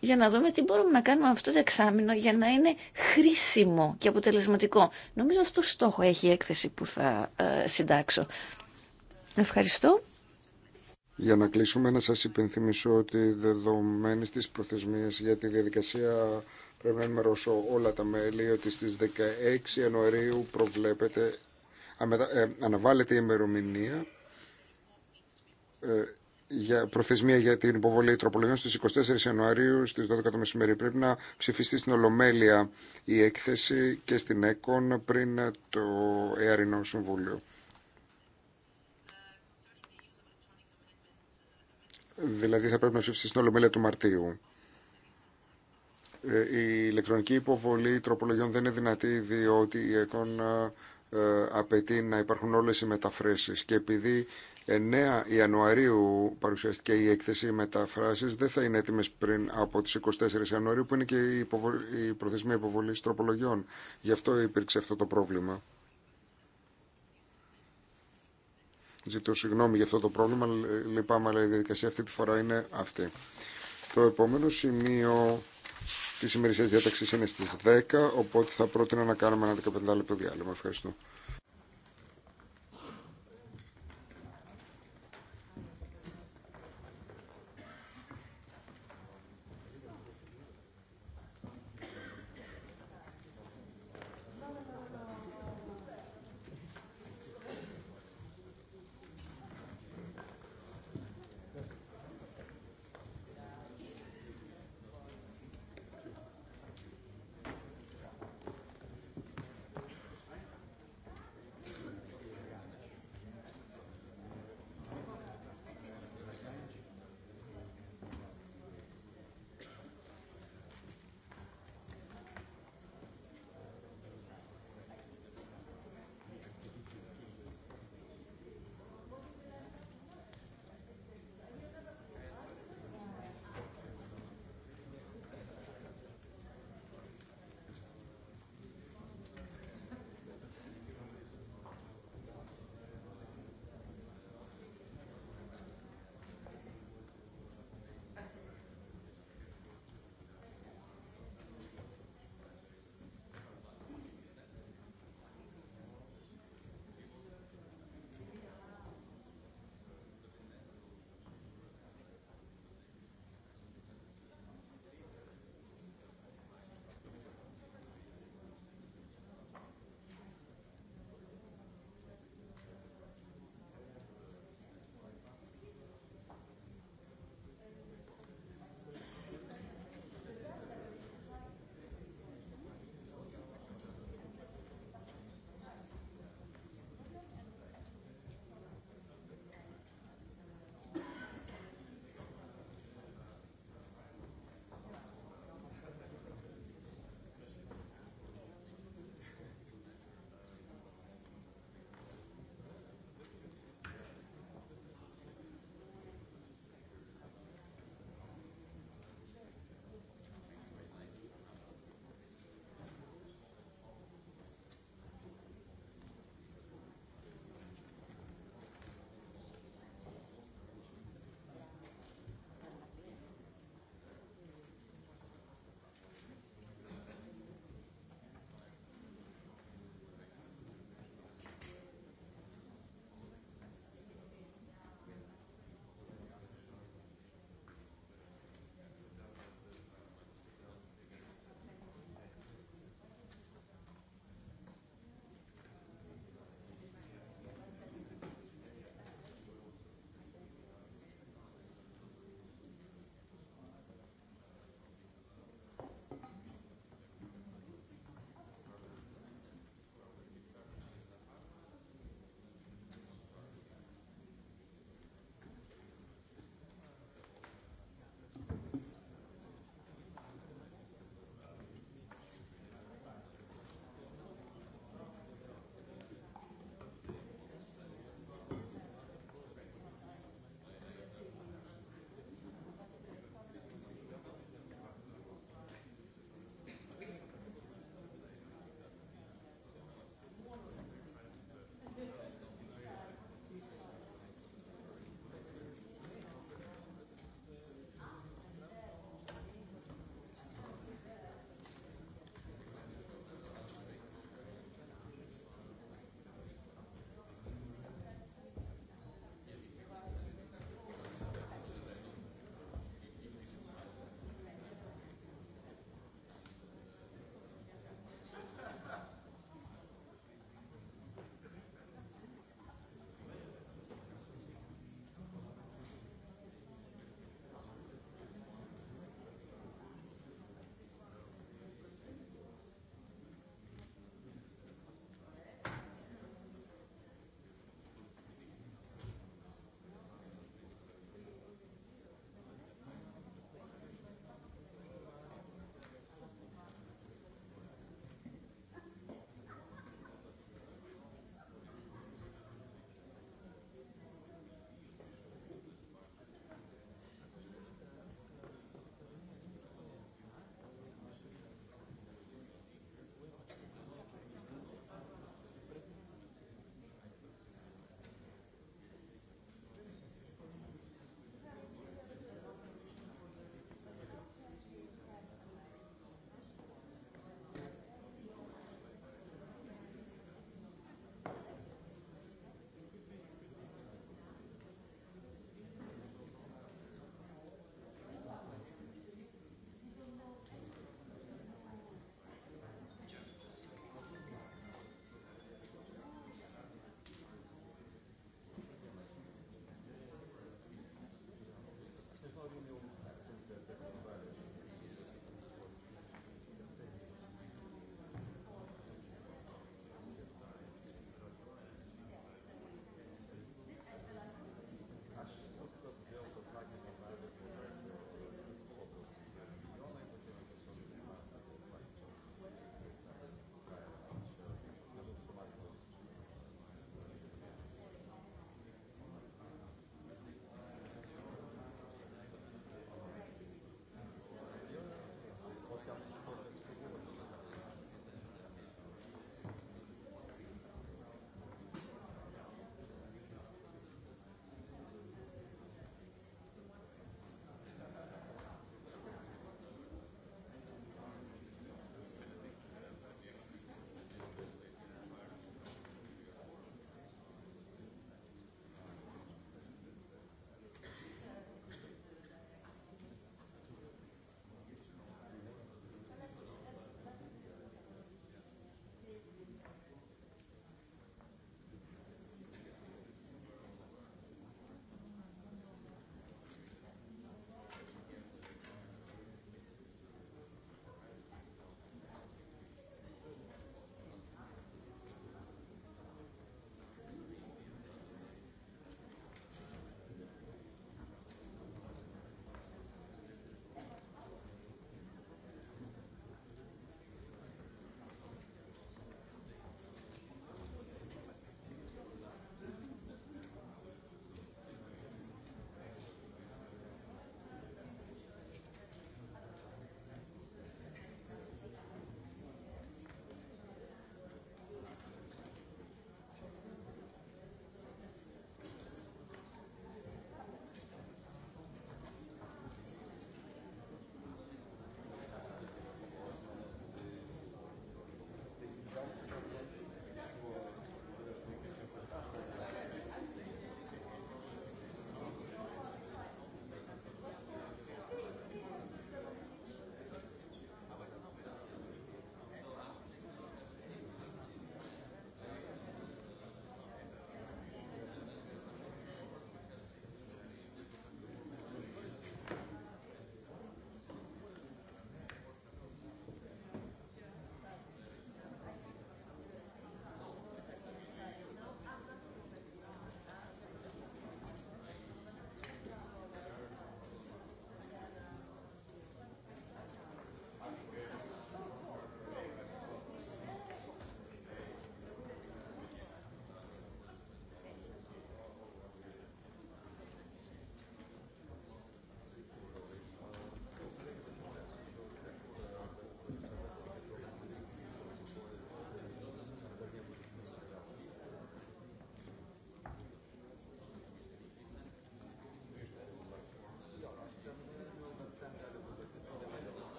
για να δούμε τι μπορούμε να κάνουμε αυτό το εξάμεινο για να είναι χρήσιμο και αποτελεσματικό. Νομίζω αυτό στόχο έχει η έκθεση που θα ε, συντάξω. Ευχαριστώ. Για να κλείσουμε, να σας υπενθυμίσω ότι δεδομένης της προθεσμίας για τη διαδικασία πρέπει να ενημερώσω όλα τα μέλη ότι στις 16 Ιανουαρίου προβλέπεται, ε, αναβάλλεται η ημερομηνία ε, για προθεσμία για την υποβολή τροπολογιών στις 24 Ιανουαρίου στις 12 το μεσημέρι. Πρέπει να ψηφιστεί στην Ολομέλεια η έκθεση και στην ΕΚΟΝ πριν το ΕΑΡΙΝΟ Συμβούλιο. Δηλαδή θα πρέπει να ψηφιστεί στην Ολομέλεια του Μαρτίου. Ε, η ηλεκτρονική υποβολή τροπολογιών δεν είναι δυνατή διότι η ΕΚΟΝ ε, απαιτεί να υπάρχουν όλες οι μεταφράσεις και επειδή 9 Ιανουαρίου παρουσιάστηκε η έκθεση μεταφράσεις δεν θα είναι έτοιμες πριν από τις 24 Ιανουαρίου που είναι και η προθεσμία υποβολής τροπολογιών. Γι' αυτό υπήρξε αυτό το πρόβλημα. Ζητώ συγγνώμη για αυτό το πρόβλημα, λυπάμαι, αλλά η διαδικασία αυτή τη φορά είναι αυτή. Το επόμενο σημείο τη ημερησία διάταξη είναι στι 10, οπότε θα πρότεινα να κάνουμε ένα 15 λεπτό διάλειμμα. Ευχαριστώ.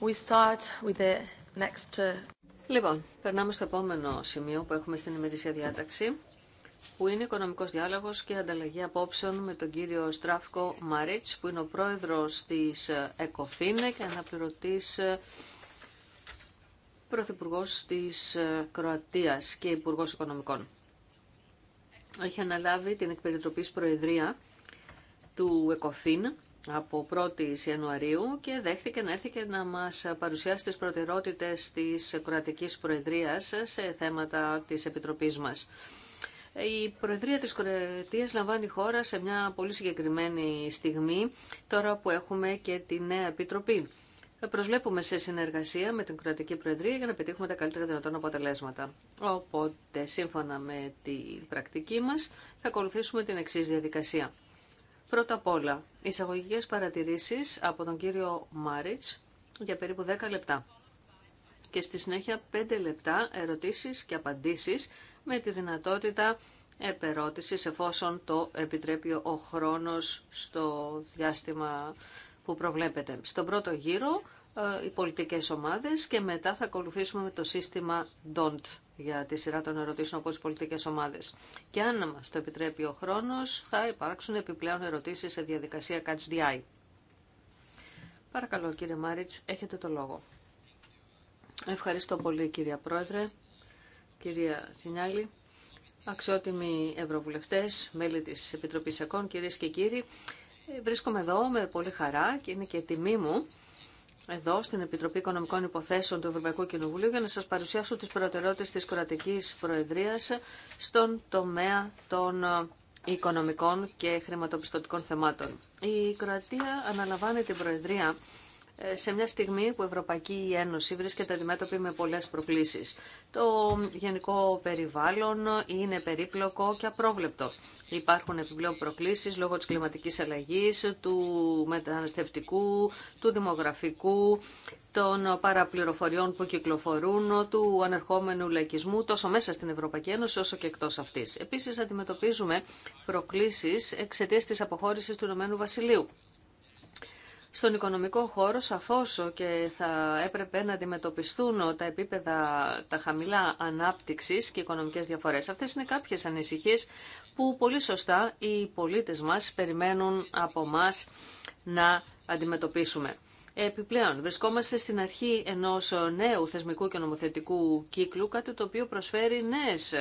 Uh, λοιπόν, περνάμε στο επόμενο σημείο που έχουμε στην ημερήσια διάταξη, που είναι οικονομικός διάλογος και ανταλλαγή απόψεων με τον κύριο Στράφκο Μαρίτς, που είναι ο πρόεδρος της ε, ΕΚΟΦΗΝ και αναπληρωτής ε, πρωθυπουργός της ε, Κροατίας και υπουργός οικονομικών. Έχει αναλάβει την εκπεριτροπής προεδρία του ΕΚΟΦΗΝ από 1η Ιανουαρίου και δέχτηκε να έρθει και να μας παρουσιάσει τις προτεραιότητες της Κροατικής Προεδρίας σε θέματα της Επιτροπής μας. Η Προεδρία της Κροατίας λαμβάνει χώρα σε μια πολύ συγκεκριμένη στιγμή, τώρα που έχουμε και τη νέα Επιτροπή. Προσβλέπουμε σε συνεργασία με την Κροατική Προεδρία για να πετύχουμε τα καλύτερα δυνατόν αποτελέσματα. Οπότε, σύμφωνα με την πρακτική μας, θα ακολουθήσουμε την εξής διαδικασία. Πρώτα απ' όλα, εισαγωγικέ παρατηρήσεις από τον κύριο Μάριτς για περίπου 10 λεπτά και στη συνέχεια 5 λεπτά ερωτήσεις και απαντήσεις με τη δυνατότητα επερώτησης εφόσον το επιτρέπει ο χρόνος στο διάστημα που προβλέπετε. Στον πρώτο γύρο ε, οι πολιτικές ομάδες και μετά θα ακολουθήσουμε με το σύστημα DON'T για τη σειρά των ερωτήσεων από τι πολιτικές ομάδες. Και αν μα το επιτρέπει ο χρόνος, θα υπάρξουν επιπλέον ερωτήσεις σε διαδικασία Catch Παρακαλώ κύριε Μάριτς, έχετε το λόγο. Ευχαριστώ πολύ κυρία Πρόεδρε, κυρία Σινιάλη. Αξιότιμοι Ευρωβουλευτές, μέλη της Επιτροπής ΕΚΟΝ, κύριε και κύριοι, βρίσκομαι εδώ με πολύ χαρά και είναι και τιμή μου εδώ στην Επιτροπή Οικονομικών Υποθέσεων του Ευρωπαϊκού Κοινοβουλίου για να σας παρουσιάσω τις προτεραιότητες της κρατικής προεδρίας στον τομέα των ε, οικονομικών και χρηματοπιστωτικών θεμάτων. Η Κροατία αναλαμβάνει την προεδρία ε, σε μια στιγμή που η Ευρωπαϊκή Ένωση βρίσκεται αντιμέτωπη με πολλές προκλήσεις. Το γενικό περιβάλλον είναι περίπλοκο και απρόβλεπτο. Υπάρχουν επιπλέον προκλήσεις λόγω της κλιματικής αλλαγής, του μεταναστευτικού, του δημογραφικού, των παραπληροφοριών που κυκλοφορούν, του ανερχόμενου λαϊκισμού, τόσο μέσα στην Ευρωπαϊκή Ένωση όσο και εκτός αυτής. Επίσης αντιμετωπίζουμε προκλήσεις εξαιτίας της αποχώρησης του Ηνωμένου Βασιλείου στον οικονομικό χώρο σαφώς και θα έπρεπε να αντιμετωπιστούν τα επίπεδα τα χαμηλά ανάπτυξης και οικονομικές διαφορές. Αυτές είναι κάποιες ανησυχίες που πολύ σωστά οι πολίτες μας περιμένουν από μας να αντιμετωπίσουμε. Επιπλέον, βρισκόμαστε στην αρχή ενός νέου θεσμικού και νομοθετικού κύκλου, κάτι το οποίο προσφέρει νέες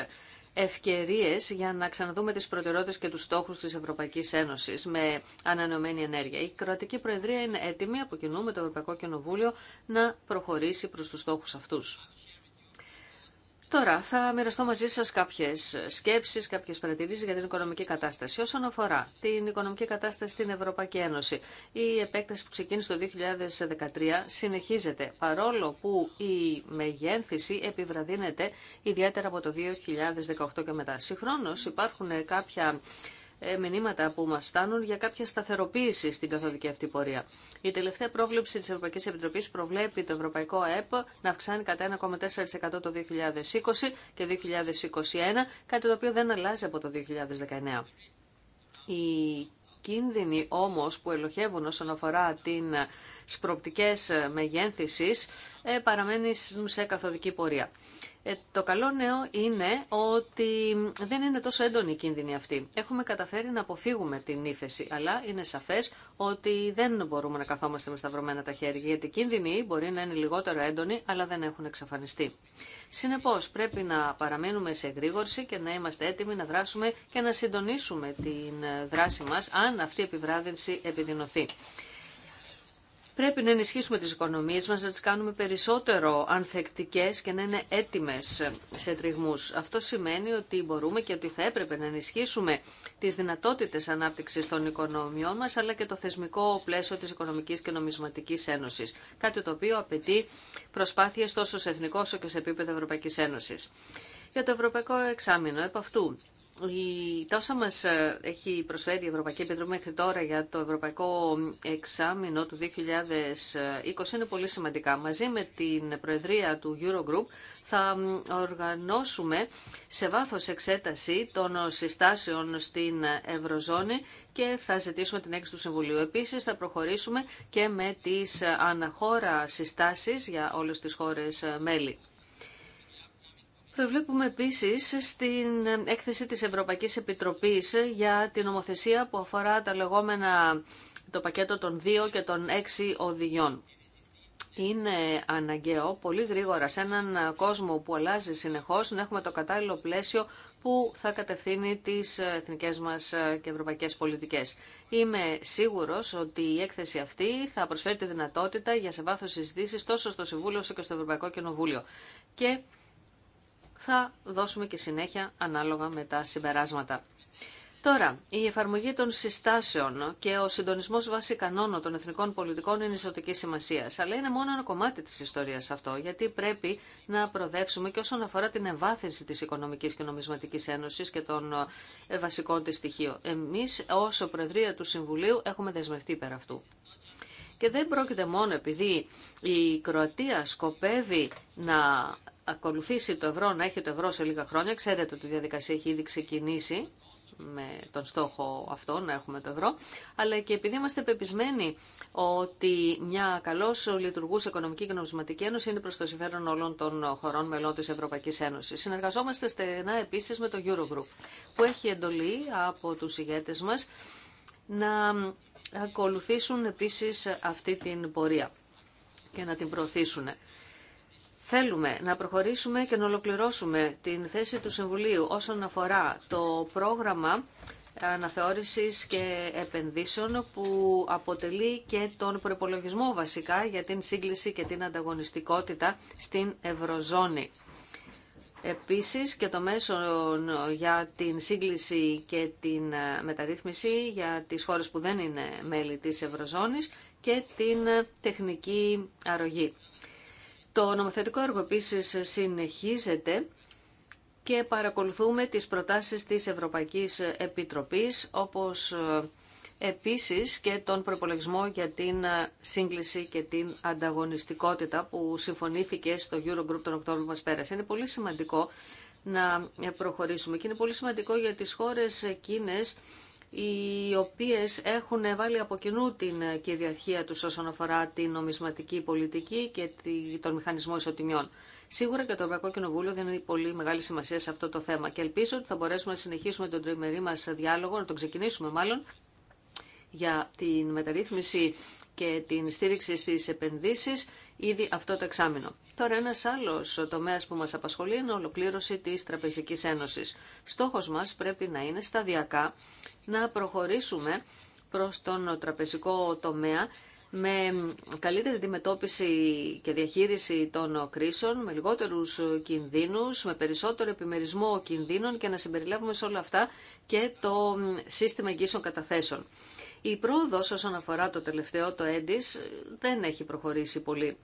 Ευκαιρίε για να ξαναδούμε τις προτεραιότητες και τους στόχους της Ευρωπαϊκής Ένωσης με ανανεωμένη ενέργεια. Η Κροατική Προεδρία είναι έτοιμη από κοινού με το Ευρωπαϊκό Κοινοβούλιο να προχωρήσει προς τους στόχους αυτούς. Τώρα θα μοιραστώ μαζί σας κάποιες σκέψεις, κάποιες παρατηρήσεις για την οικονομική κατάσταση. Όσον αφορά την οικονομική κατάσταση στην Ευρωπαϊκή Ένωση, η επέκταση που ξεκίνησε το 2013 συνεχίζεται, παρόλο που η μεγένθηση επιβραδύνεται ιδιαίτερα από το 2018 και μετά. Συγχρόνως υπάρχουν κάποια ε, μηνύματα που μας στάνουν για κάποια σταθεροποίηση στην καθοδική αυτή πορεία. Η τελευταία πρόβλεψη τη Ευρωπαϊκή Επιτροπή προβλέπει το Ευρωπαϊκό ΑΕΠ να αυξάνει κατά 1,4% το 2020 και 2021, κάτι το οποίο δεν αλλάζει από το 2019. Οι κίνδυνοι όμως που ελοχεύουν όσον αφορά την σπροπτικές μεγένθησης ε, παραμένει σε καθοδική πορεία. Ε, το καλό νέο είναι ότι δεν είναι τόσο έντονη η κίνδυνη αυτή. Έχουμε καταφέρει να αποφύγουμε την ύφεση, αλλά είναι σαφές ότι δεν μπορούμε να καθόμαστε με σταυρωμένα τα χέρια, γιατί οι κίνδυνοι μπορεί να είναι λιγότερο έντονοι, αλλά δεν έχουν εξαφανιστεί. Συνεπώς, πρέπει να παραμείνουμε σε εγρήγορση και να είμαστε έτοιμοι να δράσουμε και να συντονίσουμε την δράση μα αν αυτή η επιβράδυνση επιδεινωθεί. Πρέπει να ενισχύσουμε τις οικονομίες μας, να τις κάνουμε περισσότερο ανθεκτικές και να είναι έτοιμες σε τριγμούς. Αυτό σημαίνει ότι μπορούμε και ότι θα έπρεπε να ενισχύσουμε τις δυνατότητες ανάπτυξης των οικονομιών μας, αλλά και το θεσμικό πλαίσιο της Οικονομικής και Νομισματικής Ένωσης, κάτι το οποίο απαιτεί προσπάθειες τόσο σε εθνικό όσο και σε επίπεδο Ευρωπαϊκής Ένωσης. Για το Ευρωπαϊκό Εξάμεινο, επ' αυτού, η τόσα μας ε, έχει προσφέρει η Ευρωπαϊκή Επιτροπή μέχρι τώρα για το Ευρωπαϊκό Εξάμεινο του 2020 είναι πολύ σημαντικά. Μαζί με την Προεδρία του Eurogroup θα οργανώσουμε σε βάθος εξέταση των συστάσεων στην Ευρωζώνη και θα ζητήσουμε την έξι του Συμβουλίου. Επίσης θα προχωρήσουμε και με τις αναχώρα συστάσεις για όλες τις χώρες ε, μέλη. Προβλέπουμε επίσης στην έκθεση της Ευρωπαϊκής Επιτροπής για την νομοθεσία που αφορά τα λεγόμενα το πακέτο των δύο και των 6 οδηγιών. Είναι αναγκαίο πολύ γρήγορα σε έναν κόσμο που αλλάζει συνεχώς να έχουμε το κατάλληλο πλαίσιο που θα κατευθύνει τις εθνικές μας και ευρωπαϊκές πολιτικές. Είμαι σίγουρος ότι η έκθεση αυτή θα προσφέρει τη δυνατότητα για σε βάθος συζητήσεις τόσο στο Συμβούλιο όσο και στο Ευρωπαϊκό Κοινοβούλιο. Και θα δώσουμε και συνέχεια ανάλογα με τα συμπεράσματα. Τώρα, η εφαρμογή των συστάσεων και ο συντονισμό βάσει κανόνων των εθνικών πολιτικών είναι ζωτική σημασία. Αλλά είναι μόνο ένα κομμάτι τη ιστορία αυτό, γιατί πρέπει να προδεύσουμε και όσον αφορά την εμβάθυνση τη Οικονομική και Νομισματική Ένωση και των ε, βασικών τη στοιχείων. Εμεί, ω Προεδρία του Συμβουλίου, έχουμε δεσμευτεί πέρα αυτού. Και δεν πρόκειται μόνο επειδή η Κροατία σκοπεύει να ακολουθήσει το ευρώ, να έχει το ευρώ σε λίγα χρόνια, ξέρετε ότι η διαδικασία έχει ήδη ξεκινήσει με τον στόχο αυτό να έχουμε το ευρώ, αλλά και επειδή είμαστε πεπισμένοι ότι μια καλώ λειτουργούσα οικονομική και νομισματική ένωση είναι προ το συμφέρον όλων των χωρών μελών τη Ευρωπαϊκή Ένωση. Συνεργαζόμαστε στενά επίσης με το Eurogroup, που έχει εντολή από του ηγέτε μα να ακολουθήσουν επίσης αυτή την πορεία και να την προωθήσουν. Θέλουμε να προχωρήσουμε και να ολοκληρώσουμε την θέση του Συμβουλίου όσον αφορά το πρόγραμμα αναθεώρησης και επενδύσεων που αποτελεί και τον προπολογισμό βασικά για την σύγκληση και την ανταγωνιστικότητα στην Ευρωζώνη. Επίσης και το μέσο για την σύγκληση και την μεταρρύθμιση για τις χώρες που δεν είναι μέλη της Ευρωζώνης και την τεχνική αρρωγή. Το νομοθετικό έργο επίση συνεχίζεται και παρακολουθούμε τις προτάσεις της Ευρωπαϊκής Επιτροπής, όπως ε, επίσης και τον προπολογισμό για την ε, σύγκληση και την ανταγωνιστικότητα που συμφωνήθηκε στο Eurogroup τον Οκτώβριο μας πέρασε. Είναι πολύ σημαντικό να ε, προχωρήσουμε και είναι πολύ σημαντικό για τις χώρες εκείνες οι οποίες έχουν βάλει από κοινού την κυριαρχία τους όσον αφορά την νομισματική πολιτική και τον μηχανισμό ισοτιμιών. Σίγουρα και το Ευρωπαϊκό Κοινοβούλιο δίνει πολύ μεγάλη σημασία σε αυτό το θέμα και ελπίζω ότι θα μπορέσουμε να συνεχίσουμε τον τριμερή μας διάλογο, να τον ξεκινήσουμε μάλλον, για την μεταρρύθμιση και την στήριξη στις επενδύσεις ήδη αυτό το εξάμεινο. Τώρα ένας άλλος τομέας που μας απασχολεί είναι η ολοκλήρωση της Τραπεζικής Ένωσης. Στόχος μας πρέπει να είναι σταδιακά να προχωρήσουμε προς τον τραπεζικό τομέα με καλύτερη αντιμετώπιση και διαχείριση των κρίσεων, με λιγότερους κινδύνους, με περισσότερο επιμερισμό κινδύνων και να συμπεριλάβουμε σε όλα αυτά και το σύστημα εγγύσεων καταθέσεων. Η πρόοδο όσον αφορά το τελευταίο το έντις δεν έχει προχωρήσει πολύ.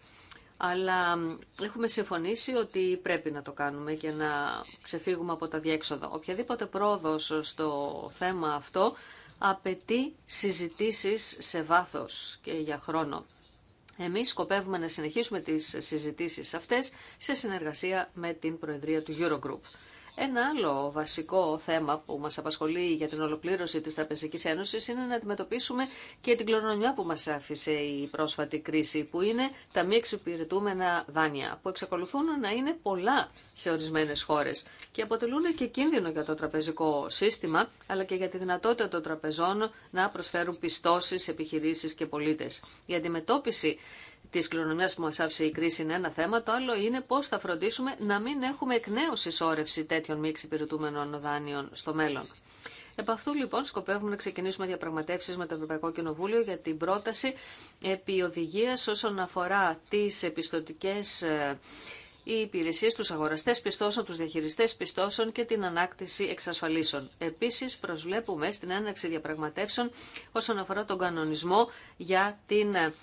Αλλά έχουμε συμφωνήσει ότι πρέπει να το κάνουμε και να ξεφύγουμε από τα διέξοδα. Οποιαδήποτε πρόοδο στο θέμα αυτό απαιτεί συζητήσεις σε βάθος και για χρόνο. Εμείς σκοπεύουμε να συνεχίσουμε τις συζητήσεις αυτές σε συνεργασία με την Προεδρία του Eurogroup. Ένα άλλο βασικό θέμα που μας απασχολεί για την ολοκλήρωση της Τραπεζικής Ένωσης είναι να αντιμετωπίσουμε και την κληρονομιά που μας άφησε η πρόσφατη κρίση, που είναι τα μη εξυπηρετούμενα δάνεια, που εξακολουθούν να είναι πολλά σε ορισμένες χώρες και αποτελούν και κίνδυνο για το τραπεζικό σύστημα, αλλά και για τη δυνατότητα των τραπεζών να προσφέρουν πιστώσεις, επιχειρήσεις και πολίτες. Η αντιμετώπιση της κληρονομιάς που μας άφησε η κρίση είναι ένα θέμα, το άλλο είναι πώς θα φροντίσουμε να μην έχουμε εκ νέου συσσόρευση τέτοιων μη εξυπηρετούμενων δάνειων στο μέλλον. Επ' αυτού λοιπόν σκοπεύουμε να ξεκινήσουμε διαπραγματεύσεις με το Ευρωπαϊκό Κοινοβούλιο για την πρόταση επί οδηγίας όσον αφορά τις επιστοτικές ε, οι υπηρεσίε, του αγοραστέ πιστώσεων, του διαχειριστέ πιστώσεων και την ανάκτηση εξασφαλίσεων. Επίση, προσβλέπουμε στην έναρξη διαπραγματεύσεων όσον αφορά τον κανονισμό για την ε,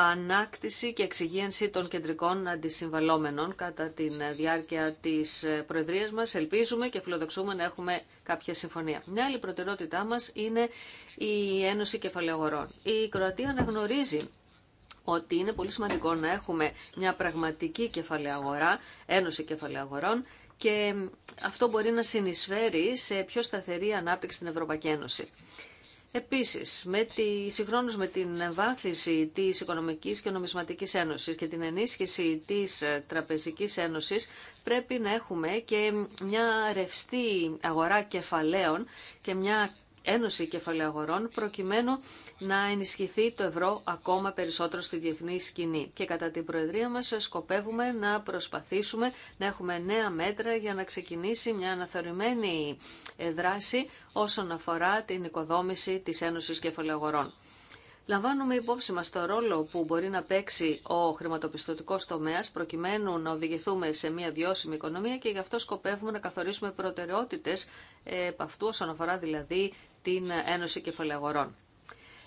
ανάκτηση και εξυγίανση των κεντρικών αντισυμβαλόμενων κατά τη διάρκεια της Προεδρίας μας. Ελπίζουμε και φιλοδοξούμε να έχουμε κάποια συμφωνία. Μια άλλη προτεραιότητά μας είναι η Ένωση Κεφαλαιογορών. Η Κροατία αναγνωρίζει ότι είναι πολύ σημαντικό να έχουμε μια πραγματική κεφαλαία ένωση κεφαλαία αγορών και αυτό μπορεί να συνεισφέρει σε πιο σταθερή ανάπτυξη στην Ευρωπαϊκή Ένωση. Επίσης, με τη, συγχρόνως με την εμβάθυνση της Οικονομικής και Νομισματικής Ένωσης και την ενίσχυση της ε, Τραπεζικής Ένωσης, πρέπει να έχουμε και μια ρευστή αγορά κεφαλαίων και μια Ένωση Κεφαλαιογορών προκειμένου να ενισχυθεί το ευρώ ακόμα περισσότερο στη διεθνή σκηνή. Και κατά την Προεδρία μας σκοπεύουμε να προσπαθήσουμε να έχουμε νέα μέτρα για να ξεκινήσει μια αναθεωρημένη ε, δράση όσον αφορά την οικοδόμηση της Ένωσης Κεφαλαιογορών. Λαμβάνουμε υπόψη μας το ρόλο που μπορεί να παίξει ο χρηματοπιστωτικός τομέας προκειμένου να οδηγηθούμε σε μια βιώσιμη οικονομία και γι' αυτό σκοπεύουμε να καθορίσουμε προτεραιότητες από ε, αυτού όσον αφορά δηλαδή την Ένωση Αγορών.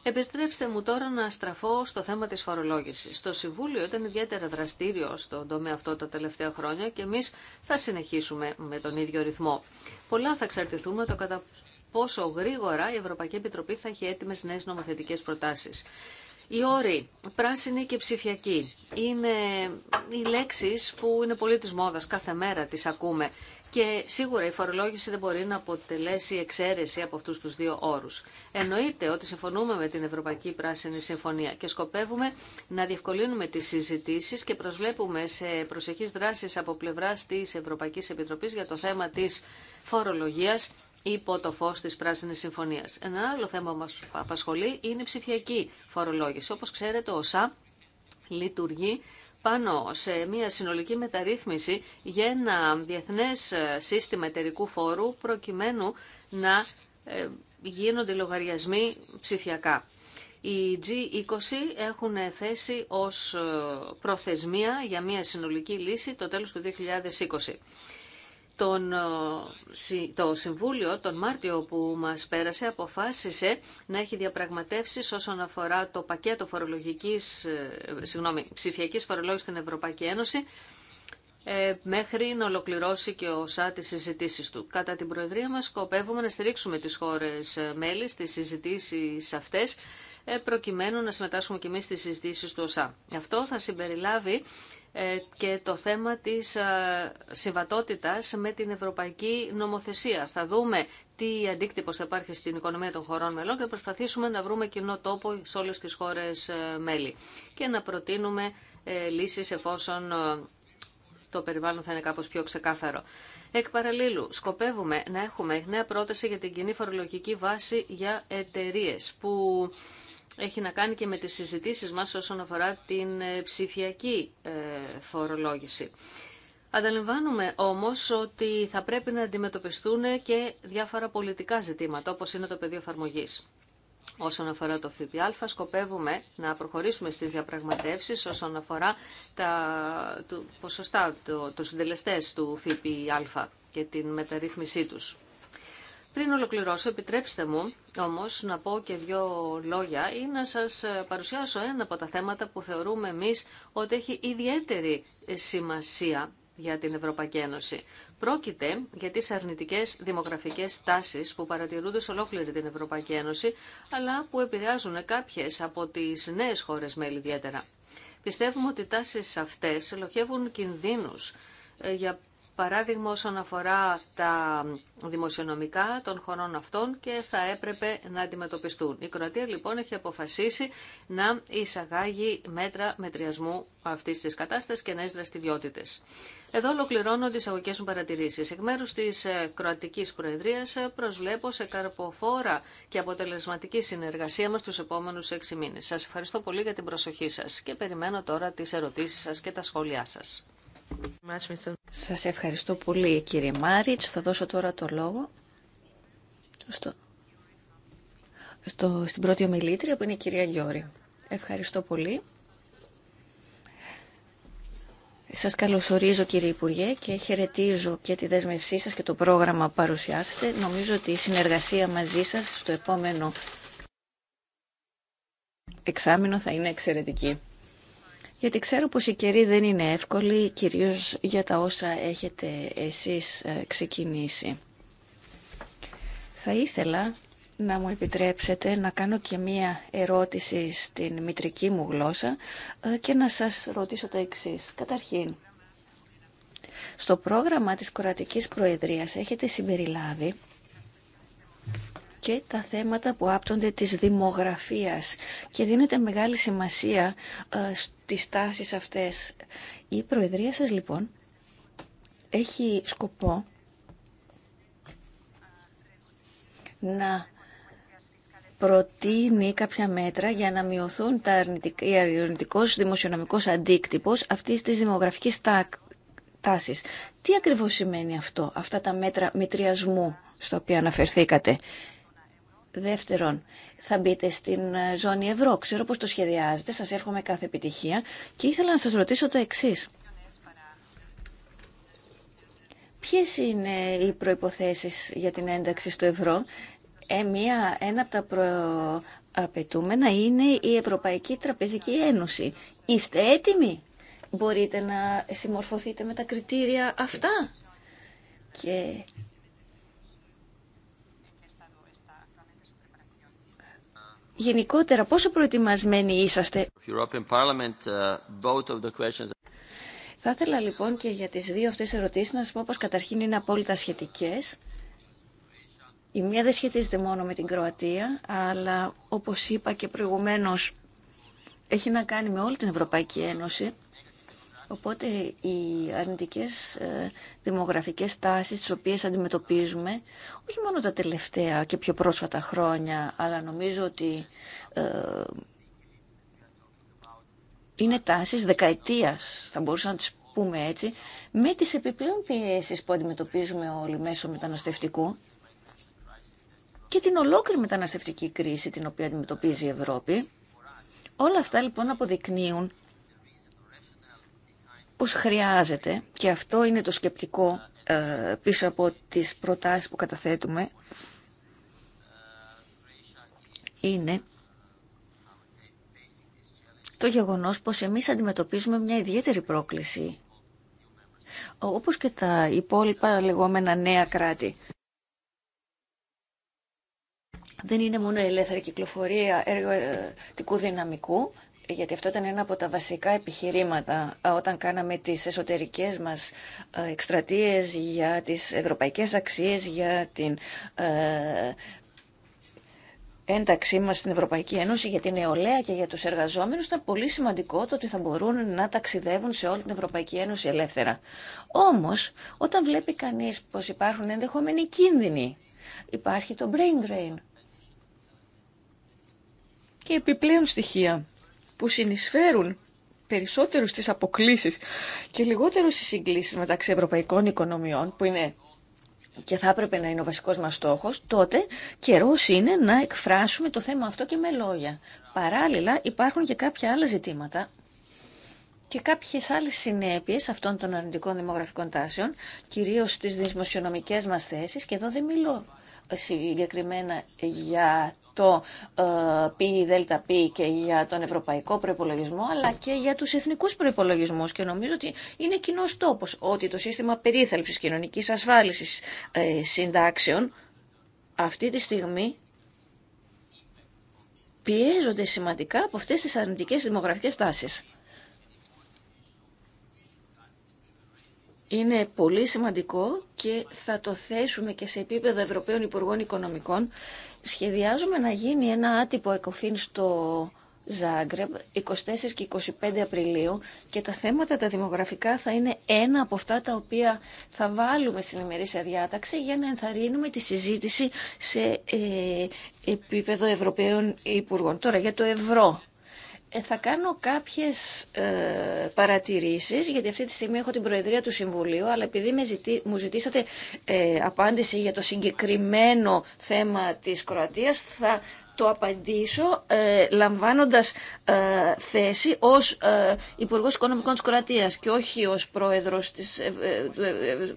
Επιστρέψτε μου τώρα να στραφώ στο θέμα της φορολόγησης. Το Συμβούλιο ήταν ιδιαίτερα δραστήριο στον τομέα αυτό τα τελευταία χρόνια και εμείς θα συνεχίσουμε με τον ίδιο ρυθμό. Πολλά θα εξαρτηθούν το κατά πόσο γρήγορα η Ευρωπαϊκή Επιτροπή θα έχει έτοιμες νέες νομοθετικές προτάσεις. Οι όροι πράσινοι και ψηφιακή είναι οι λέξεις που είναι πολύ της μόδας, κάθε μέρα τις ακούμε και σίγουρα η φορολόγηση δεν μπορεί να αποτελέσει εξαίρεση από αυτού του δύο όρου. Εννοείται ότι συμφωνούμε με την Ευρωπαϊκή Πράσινη Συμφωνία και σκοπεύουμε να διευκολύνουμε τις συζητήσεις και προσβλέπουμε σε προσεχείς δράσεις από πλευρά τη Ευρωπαϊκής Επιτροπής για το θέμα της φορολογίας υπό το φω τη πράσινη συμφωνία. Ένα άλλο θέμα που μα απασχολεί είναι η ψηφιακή φορολόγηση. Όπω ξέρετε, ο ΣΑ λειτουργεί πάνω σε μια συνολική μεταρρύθμιση για ένα διεθνές ε, σύστημα εταιρικού φόρου προκειμένου να ε, γίνονται λογαριασμοί ψηφιακά. Οι G20 έχουν θέσει ως ε, προθεσμία για μια συνολική λύση το τέλος του 2020 τον, ε, το Συμβούλιο τον Μάρτιο που μας πέρασε αποφάσισε να έχει διαπραγματεύσεις όσον αφορά το πακέτο φορολογικής, ε, συγγνώμη, ψηφιακής φορολόγησης στην Ευρωπαϊκή Ένωση ε, μέχρι να ολοκληρώσει και ο ΣΑ τις συζητήσεις του. Κατά την Προεδρία μας σκοπεύουμε να στηρίξουμε τις χώρες μέλη στις συζητήσεις αυτές προκειμένου να συμμετάσχουμε και εμείς στις συζητήσεις του ΟΣΑ. Αυτό θα συμπεριλάβει ε, και το θέμα της ε, συμβατότητας με την ευρωπαϊκή νομοθεσία. Θα δούμε τι αντίκτυπος θα υπάρχει στην οικονομία των χωρών μελών και θα προσπαθήσουμε να βρούμε κοινό τόπο σε όλες τις χώρες ε, μέλη και να προτείνουμε λύσεις εφόσον το περιβάλλον θα είναι κάπως πιο ξεκάθαρο. Εκ παραλλήλου, σκοπεύουμε να έχουμε νέα πρόταση για την κοινή φορολογική βάση για εταιρείε που έχει να κάνει και με τις συζητήσεις μας όσον αφορά την ε, ψηφιακή ε, φορολόγηση. Ανταλαμβάνουμε όμως ότι θα πρέπει να αντιμετωπιστούν και διάφορα πολιτικά ζητήματα, όπως είναι το πεδίο εφαρμογή. Όσον αφορά το ΦΠΑ, σκοπεύουμε να προχωρήσουμε στις διαπραγματεύσεις όσον αφορά τα το, ποσοστά, τους συντελεστές του ΦΠΑ και την μεταρρύθμισή τους. Πριν ολοκληρώσω, επιτρέψτε μου όμως να πω και δύο λόγια ή να σας παρουσιάσω ένα από τα θέματα που θεωρούμε εμείς ότι έχει ιδιαίτερη σημασία για την Ευρωπαϊκή Ένωση. Πρόκειται για τις αρνητικές δημογραφικές τάσεις που παρατηρούνται σε ολόκληρη την Ευρωπαϊκή Ένωση, αλλά που επηρεάζουν κάποιες από τις νέες χώρες μέλη ιδιαίτερα. Πιστεύουμε ότι οι τάσεις αυτές ελοχεύουν κινδύνους ε, για παράδειγμα όσον αφορά τα δημοσιονομικά των χωρών αυτών και θα έπρεπε να αντιμετωπιστούν. Η Κροατία λοιπόν έχει αποφασίσει να εισαγάγει μέτρα μετριασμού αυτής της κατάστασης και νέες δραστηριότητες. Εδώ ολοκληρώνω τις αγωγικές μου παρατηρήσεις. Εκ μέρου της ε, Κροατικής Προεδρίας ε, προσβλέπω σε καρποφόρα και αποτελεσματική συνεργασία μας τους επόμενους έξι μήνες. Σας ευχαριστώ πολύ για την προσοχή σας και περιμένω τώρα τις ερωτήσεις σας και τα σχόλιά σας. Σας ευχαριστώ πολύ κύριε Μάριτς. Θα δώσω τώρα το λόγο στο, στο, στην πρώτη ομιλήτρια που είναι η κυρία Γιώρη. Ευχαριστώ πολύ. Σας καλωσορίζω κύριε Υπουργέ και χαιρετίζω και τη δέσμευσή σας και το πρόγραμμα που παρουσιάσετε. Νομίζω ότι η συνεργασία μαζί σας στο επόμενο εξάμεινο θα είναι εξαιρετική γιατί ξέρω πως η καιρή δεν είναι εύκολη, κυρίως για τα όσα έχετε εσείς ε, ξεκινήσει. Θα ήθελα να μου επιτρέψετε να κάνω και μία ερώτηση στην μητρική μου γλώσσα ε, και να σας ρωτήσω το εξής. Καταρχήν, στο πρόγραμμα της Κορατικής Προεδρίας έχετε συμπεριλάβει και τα θέματα που άπτονται της δημογραφίας και δίνεται μεγάλη σημασία ε, στις τάσεις αυτές. Η Προεδρία σας λοιπόν έχει σκοπό να προτείνει κάποια μέτρα για να μειωθούν τα αρνητικός δημοσιονομικός αντίκτυπος αυτής της δημογραφικής τάσης. Τι ακριβώς σημαίνει αυτό, αυτά τα μέτρα μετριασμού στα οποία αναφερθήκατε. Δεύτερον, θα μπείτε στην ε, ζώνη ευρώ. Ξέρω πώς το σχεδιάζετε, σας εύχομαι κάθε επιτυχία και ήθελα να σας ρωτήσω το εξής. Ποιες είναι οι προϋποθέσεις για την ένταξη στο ευρώ. Ε, ένα από τα προαπαιτούμενα είναι η Ευρωπαϊκή Τραπεζική Ένωση. Είστε έτοιμοι. Μπορείτε να συμμορφωθείτε με τα κριτήρια αυτά. Και γενικότερα πόσο προετοιμασμένοι είσαστε. Uh, Θα ήθελα λοιπόν και για τις δύο αυτές ερωτήσεις να σας πω πως καταρχήν είναι απόλυτα σχετικές. Η μία δεν σχετίζεται μόνο με την Κροατία, αλλά όπως είπα και προηγουμένως έχει να κάνει με όλη την Ευρωπαϊκή Ένωση Οπότε οι αρνητικές ε, δημογραφικές τάσεις τις οποίες αντιμετωπίζουμε όχι μόνο τα τελευταία και πιο πρόσφατα χρόνια αλλά νομίζω ότι ε, είναι τάσεις δεκαετίας θα μπορούσα να τις πούμε έτσι με τις επιπλέον πιέσεις που αντιμετωπίζουμε όλοι μέσω μεταναστευτικού και την ολόκληρη μεταναστευτική κρίση την οποία αντιμετωπίζει η Ευρώπη. Όλα αυτά λοιπόν αποδεικνύουν όπως χρειάζεται και αυτό είναι το σκεπτικό ε, πίσω από τις προτάσεις που καταθέτουμε είναι το γεγονός πως εμείς αντιμετωπίζουμε μια ιδιαίτερη πρόκληση όπως και τα υπόλοιπα λεγόμενα νέα κράτη. Δεν είναι μόνο η ελεύθερη κυκλοφορία εργατικού ε, δυναμικού, γιατί αυτό ήταν ένα από τα βασικά επιχειρήματα ε, όταν κάναμε τις εσωτερικές μας ε, εκστρατείες για τις ευρωπαϊκές αξίες, για την ε, ένταξή μας στην Ευρωπαϊκή Ένωση για την νεολαία και για τους εργαζόμενους ήταν πολύ σημαντικό το ότι θα μπορούν να ταξιδεύουν σε όλη την Ευρωπαϊκή Ένωση ελεύθερα. Όμως, όταν βλέπει κανείς πως υπάρχουν ενδεχόμενοι κίνδυνοι, υπάρχει το brain drain και επιπλέον στοιχεία που συνεισφέρουν περισσότερο στις αποκλήσεις και λιγότερο στις συγκλήσεις μεταξύ ευρωπαϊκών οικονομιών που είναι και θα έπρεπε να είναι ο βασικός μας στόχος, τότε καιρός είναι να εκφράσουμε το θέμα αυτό και με λόγια. Παράλληλα υπάρχουν και κάποια άλλα ζητήματα και κάποιες άλλες συνέπειες αυτών των αρνητικών δημογραφικών τάσεων, κυρίως στις δημοσιονομικές μας θέσεις και εδώ δεν μιλώ συγκεκριμένα για το ε, πι δέλτα πι και για τον ευρωπαϊκό προπολογισμό, αλλά και για τους εθνικούς προπολογισμού. Και νομίζω ότι είναι κοινό τόπο ότι το σύστημα περίθαλψης κοινωνικής ασφάλισης ε, συντάξεων αυτή τη στιγμή πιέζονται σημαντικά από αυτές τις αρνητικές δημογραφικές τάσεις. Είναι πολύ σημαντικό και θα το θέσουμε και σε επίπεδο Ευρωπαίων Υπουργών Οικονομικών. Σχεδιάζουμε να γίνει ένα άτυπο εκοφήν στο Ζάγκρεμπ 24 και 25 Απριλίου και τα θέματα τα δημογραφικά θα είναι ένα από αυτά τα οποία θα βάλουμε στην ημερήσια διάταξη για να ενθαρρύνουμε τη συζήτηση σε ε, επίπεδο Ευρωπαίων Υπουργών. Τώρα για το ευρώ. Ε, θα κάνω κάποιες ε, παρατηρήσεις, γιατί αυτή τη στιγμή έχω την Προεδρία του Συμβουλίου, αλλά επειδή μου ζητήσατε ε, απάντηση για το συγκεκριμένο θέμα της Κροατίας, θα το απαντήσω ε, λαμβάνοντας ε, θέση ως Υπουργός Οικονομικών της Κροατίας και όχι ως Πρόεδρος της, του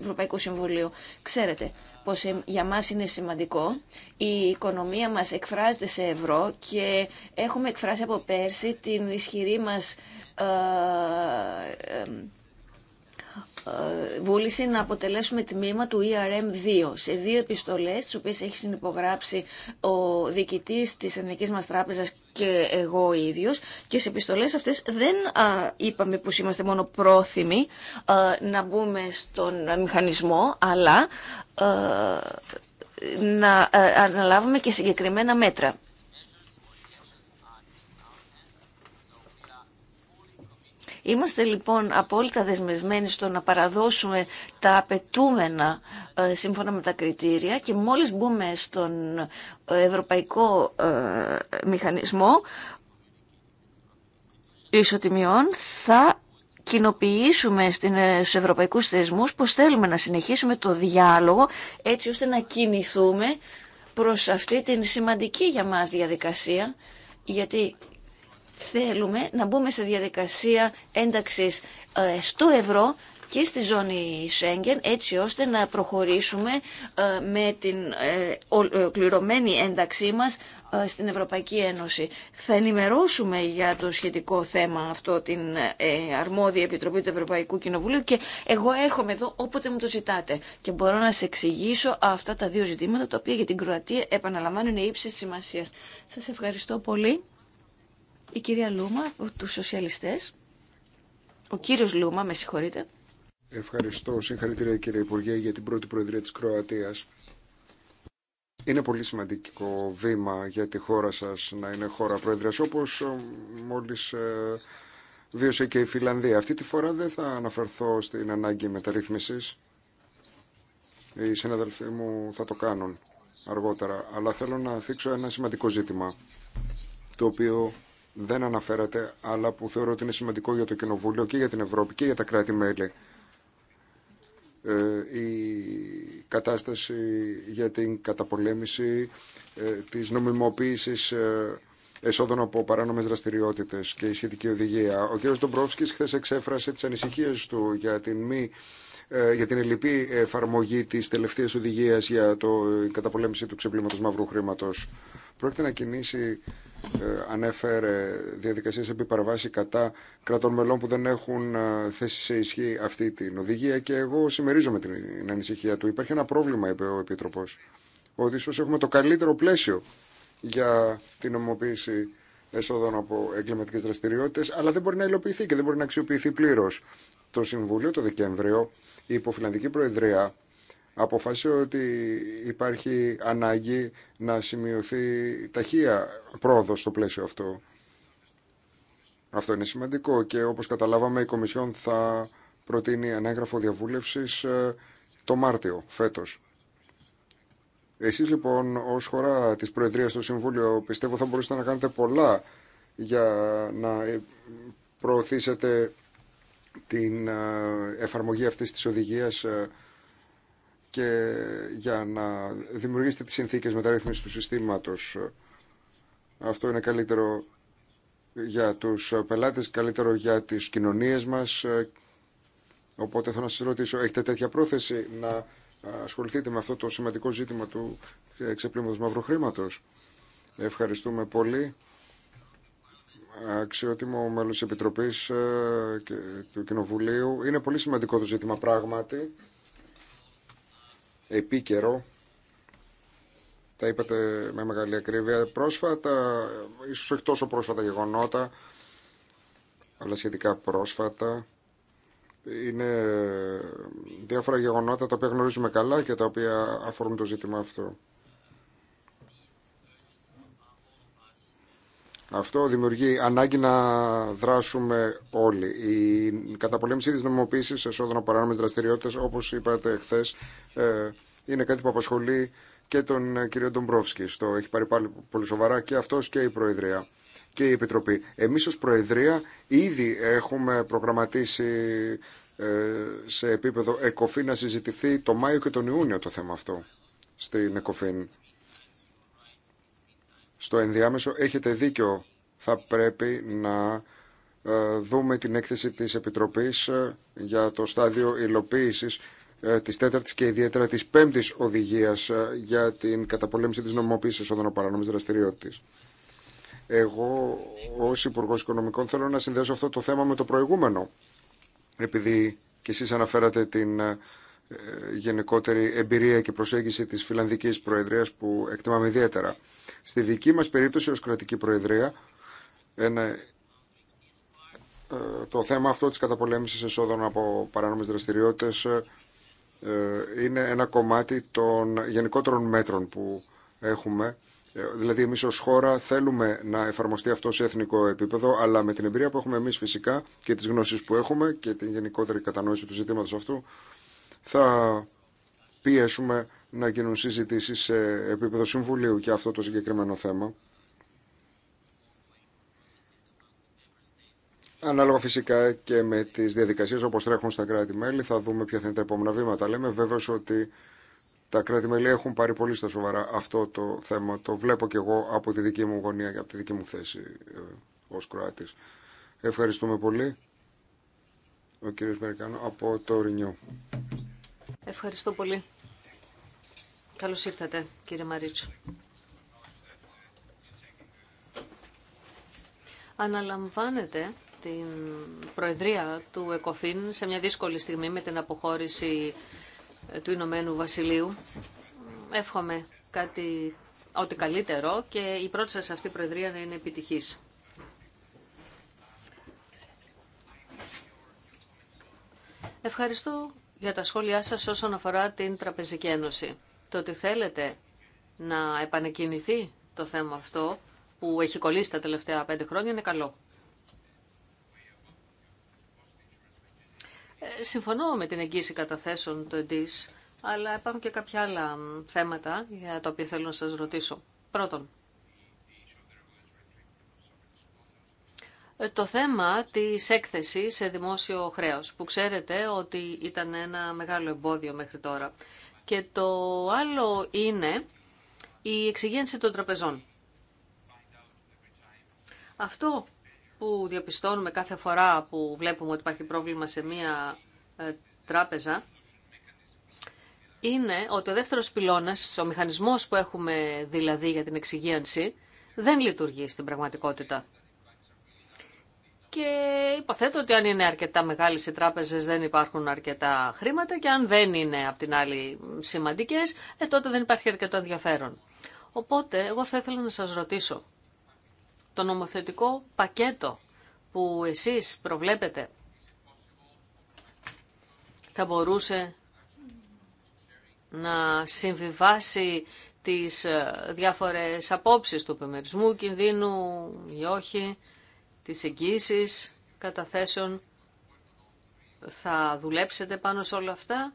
Ευρωπαϊκού Συμβουλίου. Ξέρετε, πως για μας είναι σημαντικό. Η οικονομία μας εκφράζεται σε ευρώ και έχουμε εκφράσει από πέρσι την ισχυρή μας ε, ε, ε, βούληση να αποτελέσουμε τμήμα του ERM2 σε δύο επιστολές τις οποίες έχει συνυπογράψει ο διοικητής της Εθνικής μας Τράπεζας και εγώ ίδιος και σε επιστολές αυτές δεν α, είπαμε πως είμαστε μόνο πρόθυμοι ε, να μπούμε στον μηχανισμό αλλά ε, να αναλάβουμε και συγκεκριμένα μέτρα. Είμαστε λοιπόν απόλυτα δεσμευμένοι στο να παραδώσουμε τα απαιτούμενα ε, σύμφωνα με τα κριτήρια και μόλις μπούμε στον ε, ευρωπαϊκό ε, μηχανισμό ισοτιμιών θα κοινοποιήσουμε στους ευρωπαϊκούς θεσμούς πως θέλουμε να συνεχίσουμε το διάλογο έτσι ώστε να κινηθούμε προς αυτή την σημαντική για μας διαδικασία γιατί θέλουμε να μπούμε σε διαδικασία ένταξης ε, στο ευρώ και στη ζώνη Σέγγεν έτσι ώστε να προχωρήσουμε ε, με την ε, ολοκληρωμένη ένταξή μας στην Ευρωπαϊκή Ένωση. Θα ενημερώσουμε για το σχετικό θέμα αυτό την αρμόδια Επιτροπή του Ευρωπαϊκού Κοινοβουλίου και εγώ έρχομαι εδώ όποτε μου το ζητάτε και μπορώ να σε εξηγήσω αυτά τα δύο ζητήματα τα οποία για την Κροατία επαναλαμβάνουν ύψη σημασία. Σας ευχαριστώ πολύ η κυρία Λούμα του Σοσιαλιστέ. σοσιαλιστές. Ο κύριος Λούμα, με συγχωρείτε. Ευχαριστώ. Συγχαρητήρια κύριε Υπουργέ για την πρώτη Προεδρία της Κροατίας. Είναι πολύ σημαντικό βήμα για τη χώρα σας να είναι χώρα Προεδρίας όπως ε, μόλις ε, βίωσε και η Φιλανδία. Αυτή τη φορά δεν θα αναφερθώ στην ανάγκη μεταρρύθμισης. Οι συναδελφοί μου θα το κάνουν αργότερα. Αλλά θέλω να θίξω ένα σημαντικό ζήτημα το οποίο δεν αναφέρατε, αλλά που θεωρώ ότι είναι σημαντικό για το Κοινοβούλιο και για την Ευρώπη και για τα κράτη-μέλη. Ε, η κατάσταση για την καταπολέμηση ε, της νομιμοποίησης ε, εσόδων από παράνομες δραστηριότητες και η σχετική οδηγία. Ο κ. Ντομπρόφσκης χθε εξέφρασε τις ανησυχίες του για την μη ε, για την ελληπή εφαρμογή της τελευταίας οδηγίας για την καταπολέμηση του ξεπλήματος μαύρου χρήματος. Πρόκειται να κινήσει ε, ανέφερε διαδικασίες επί παραβάση κατά κρατών μελών που δεν έχουν ε, θέσει σε ισχύ αυτή την οδηγία και εγώ συμμερίζομαι την ανησυχία του. Υπάρχει ένα πρόβλημα, είπε ο Επίτροπος, ότι ίσως έχουμε το καλύτερο πλαίσιο για την νομοποίηση εσόδων από εγκληματικές δραστηριότητες, αλλά δεν μπορεί να υλοποιηθεί και δεν μπορεί να αξιοποιηθεί πλήρως. Το Συμβούλιο το Δεκέμβριο, η Υποφιλανδική Προεδρία, αποφάσισε ότι υπάρχει ανάγκη να σημειωθεί ταχεία πρόοδος στο πλαίσιο αυτό. Αυτό είναι σημαντικό και όπως καταλάβαμε η Κομισιόν θα προτείνει ένα έγγραφο διαβούλευσης ε, το Μάρτιο φέτος. Εσείς λοιπόν ως χώρα της Προεδρίας στο Συμβούλιο πιστεύω θα μπορούσατε να κάνετε πολλά για να ε, προωθήσετε την ε, εφαρμογή αυτής της οδηγίας και για να δημιουργήσετε τις συνθήκες μεταρρύθμισης του συστήματος. Αυτό είναι καλύτερο για τους πελάτες, καλύτερο για τις κοινωνίες μας. Οπότε θα να σας ρωτήσω, έχετε τέτοια πρόθεση να ασχοληθείτε με αυτό το σημαντικό ζήτημα του εξεπλήματος μαύρου χρήματος. Ευχαριστούμε πολύ. Αξιότιμο μέλος της Επιτροπής ε, και του Κοινοβουλίου. Είναι πολύ σημαντικό το ζήτημα πράγματι επίκαιρο. Τα είπατε με μεγάλη ακρίβεια. Πρόσφατα, ίσως όχι τόσο πρόσφατα γεγονότα, αλλά σχετικά πρόσφατα, είναι διάφορα γεγονότα τα οποία γνωρίζουμε καλά και τα οποία αφορούν το ζήτημα αυτό. Αυτό δημιουργεί ανάγκη να δράσουμε όλοι. Η καταπολέμηση της νομιμοποίησης εσόδων από παράνομες δραστηριότητες, όπως είπατε χθε, ε, είναι κάτι που απασχολεί και τον ε, κύριο Ντομπρόφσκι. Το έχει πάρει πάλι πολύ σοβαρά και αυτός και η Προεδρία και η Επιτροπή. Εμείς ως Προεδρία ήδη έχουμε προγραμματίσει ε, σε επίπεδο ΕΚΟΦΗ να συζητηθεί το Μάιο και τον Ιούνιο το θέμα αυτό στην ΕΚΟΦΗΝ στο ενδιάμεσο έχετε δίκιο. Θα πρέπει να ε, δούμε την έκθεση της Επιτροπής ε, για το στάδιο υλοποίησης ε, της τέταρτης και ιδιαίτερα της πέμπτης οδηγίας για την καταπολέμηση της νομοποίησης εσόδων παρανομής δραστηριότητας. Εγώ ως Υπουργός Οικονομικών θέλω να συνδέσω αυτό το θέμα με το προηγούμενο, επειδή και εσείς αναφέρατε την ε, γενικότερη εμπειρία και προσέγγιση της Φιλανδικής Προεδρίας που εκτιμάμε ιδιαίτερα. Στη δική μας περίπτωση ως κρατική Προεδρία ένα, ε, το θέμα αυτό της καταπολέμησης εσόδων από παράνομες δραστηριότητες ε, είναι ένα κομμάτι των γενικότερων μέτρων που έχουμε. Δηλαδή εμείς ως χώρα θέλουμε να εφαρμοστεί αυτό σε εθνικό επίπεδο, αλλά με την εμπειρία που έχουμε εμείς φυσικά και τις γνώσεις που έχουμε και την γενικότερη κατανόηση του ζητήματος αυτού, θα πιέσουμε να γίνουν συζητήσεις σε επίπεδο Συμβουλίου και αυτό το συγκεκριμένο θέμα. Ανάλογα φυσικά και με τις διαδικασίες όπως τρέχουν στα κράτη-μέλη θα δούμε ποια θα είναι τα επόμενα βήματα. Λέμε βέβαιος ότι τα κράτη-μέλη έχουν πάρει πολύ στα σοβαρά αυτό το θέμα. Το βλέπω και εγώ από τη δική μου γωνία και από τη δική μου θέση ε, ως Κροάτης. Ευχαριστούμε πολύ. Ο κύριος Μερικάνο από το Ρινιού. Ευχαριστώ πολύ. Καλώς ήρθατε, κύριε Μαρίτσο. Αναλαμβάνετε την προεδρία του ΕΚΟΦΗΝ σε μια δύσκολη στιγμή με την αποχώρηση ε, του Ηνωμένου Βασιλείου. Εύχομαι κάτι ό,τι καλύτερο και η πρώτη σας αυτή προεδρία να είναι επιτυχής. Ευχαριστώ για τα σχόλιά σας όσον αφορά την Τραπεζική Ένωση. Το ότι θέλετε να επανεκκινηθεί το θέμα αυτό που έχει κολλήσει τα τελευταία πέντε χρόνια είναι καλό. Ε, συμφωνώ με την εγγύηση καταθέσεων του ΕΝΤΙΣ, αλλά υπάρχουν και κάποια άλλα θέματα για τα οποία θέλω να σας ρωτήσω. Πρώτον, το θέμα της έκθεσης σε δημόσιο χρέος, που ξέρετε ότι ήταν ένα μεγάλο εμπόδιο μέχρι τώρα. Και το άλλο είναι η εξυγένση των τραπεζών. Αυτό που διαπιστώνουμε κάθε φορά που βλέπουμε ότι υπάρχει πρόβλημα σε μία ε, τράπεζα, είναι ότι ο δεύτερος πυλώνας, ο μηχανισμός που έχουμε δηλαδή για την εξυγίανση, δεν λειτουργεί στην πραγματικότητα και υποθέτω ότι αν είναι αρκετά μεγάλε οι τράπεζε δεν υπάρχουν αρκετά χρήματα και αν δεν είναι απ' την άλλη σημαντικέ, ε, τότε δεν υπάρχει αρκετό ενδιαφέρον. Οπότε, εγώ θα ήθελα να σας ρωτήσω, το νομοθετικό πακέτο που εσείς προβλέπετε θα μπορούσε να συμβιβάσει τις ε, διάφορες απόψεις του επιμερισμού κινδύνου ή όχι, τις εγγύησεις καταθέσεων θα δουλέψετε πάνω σε όλα αυτά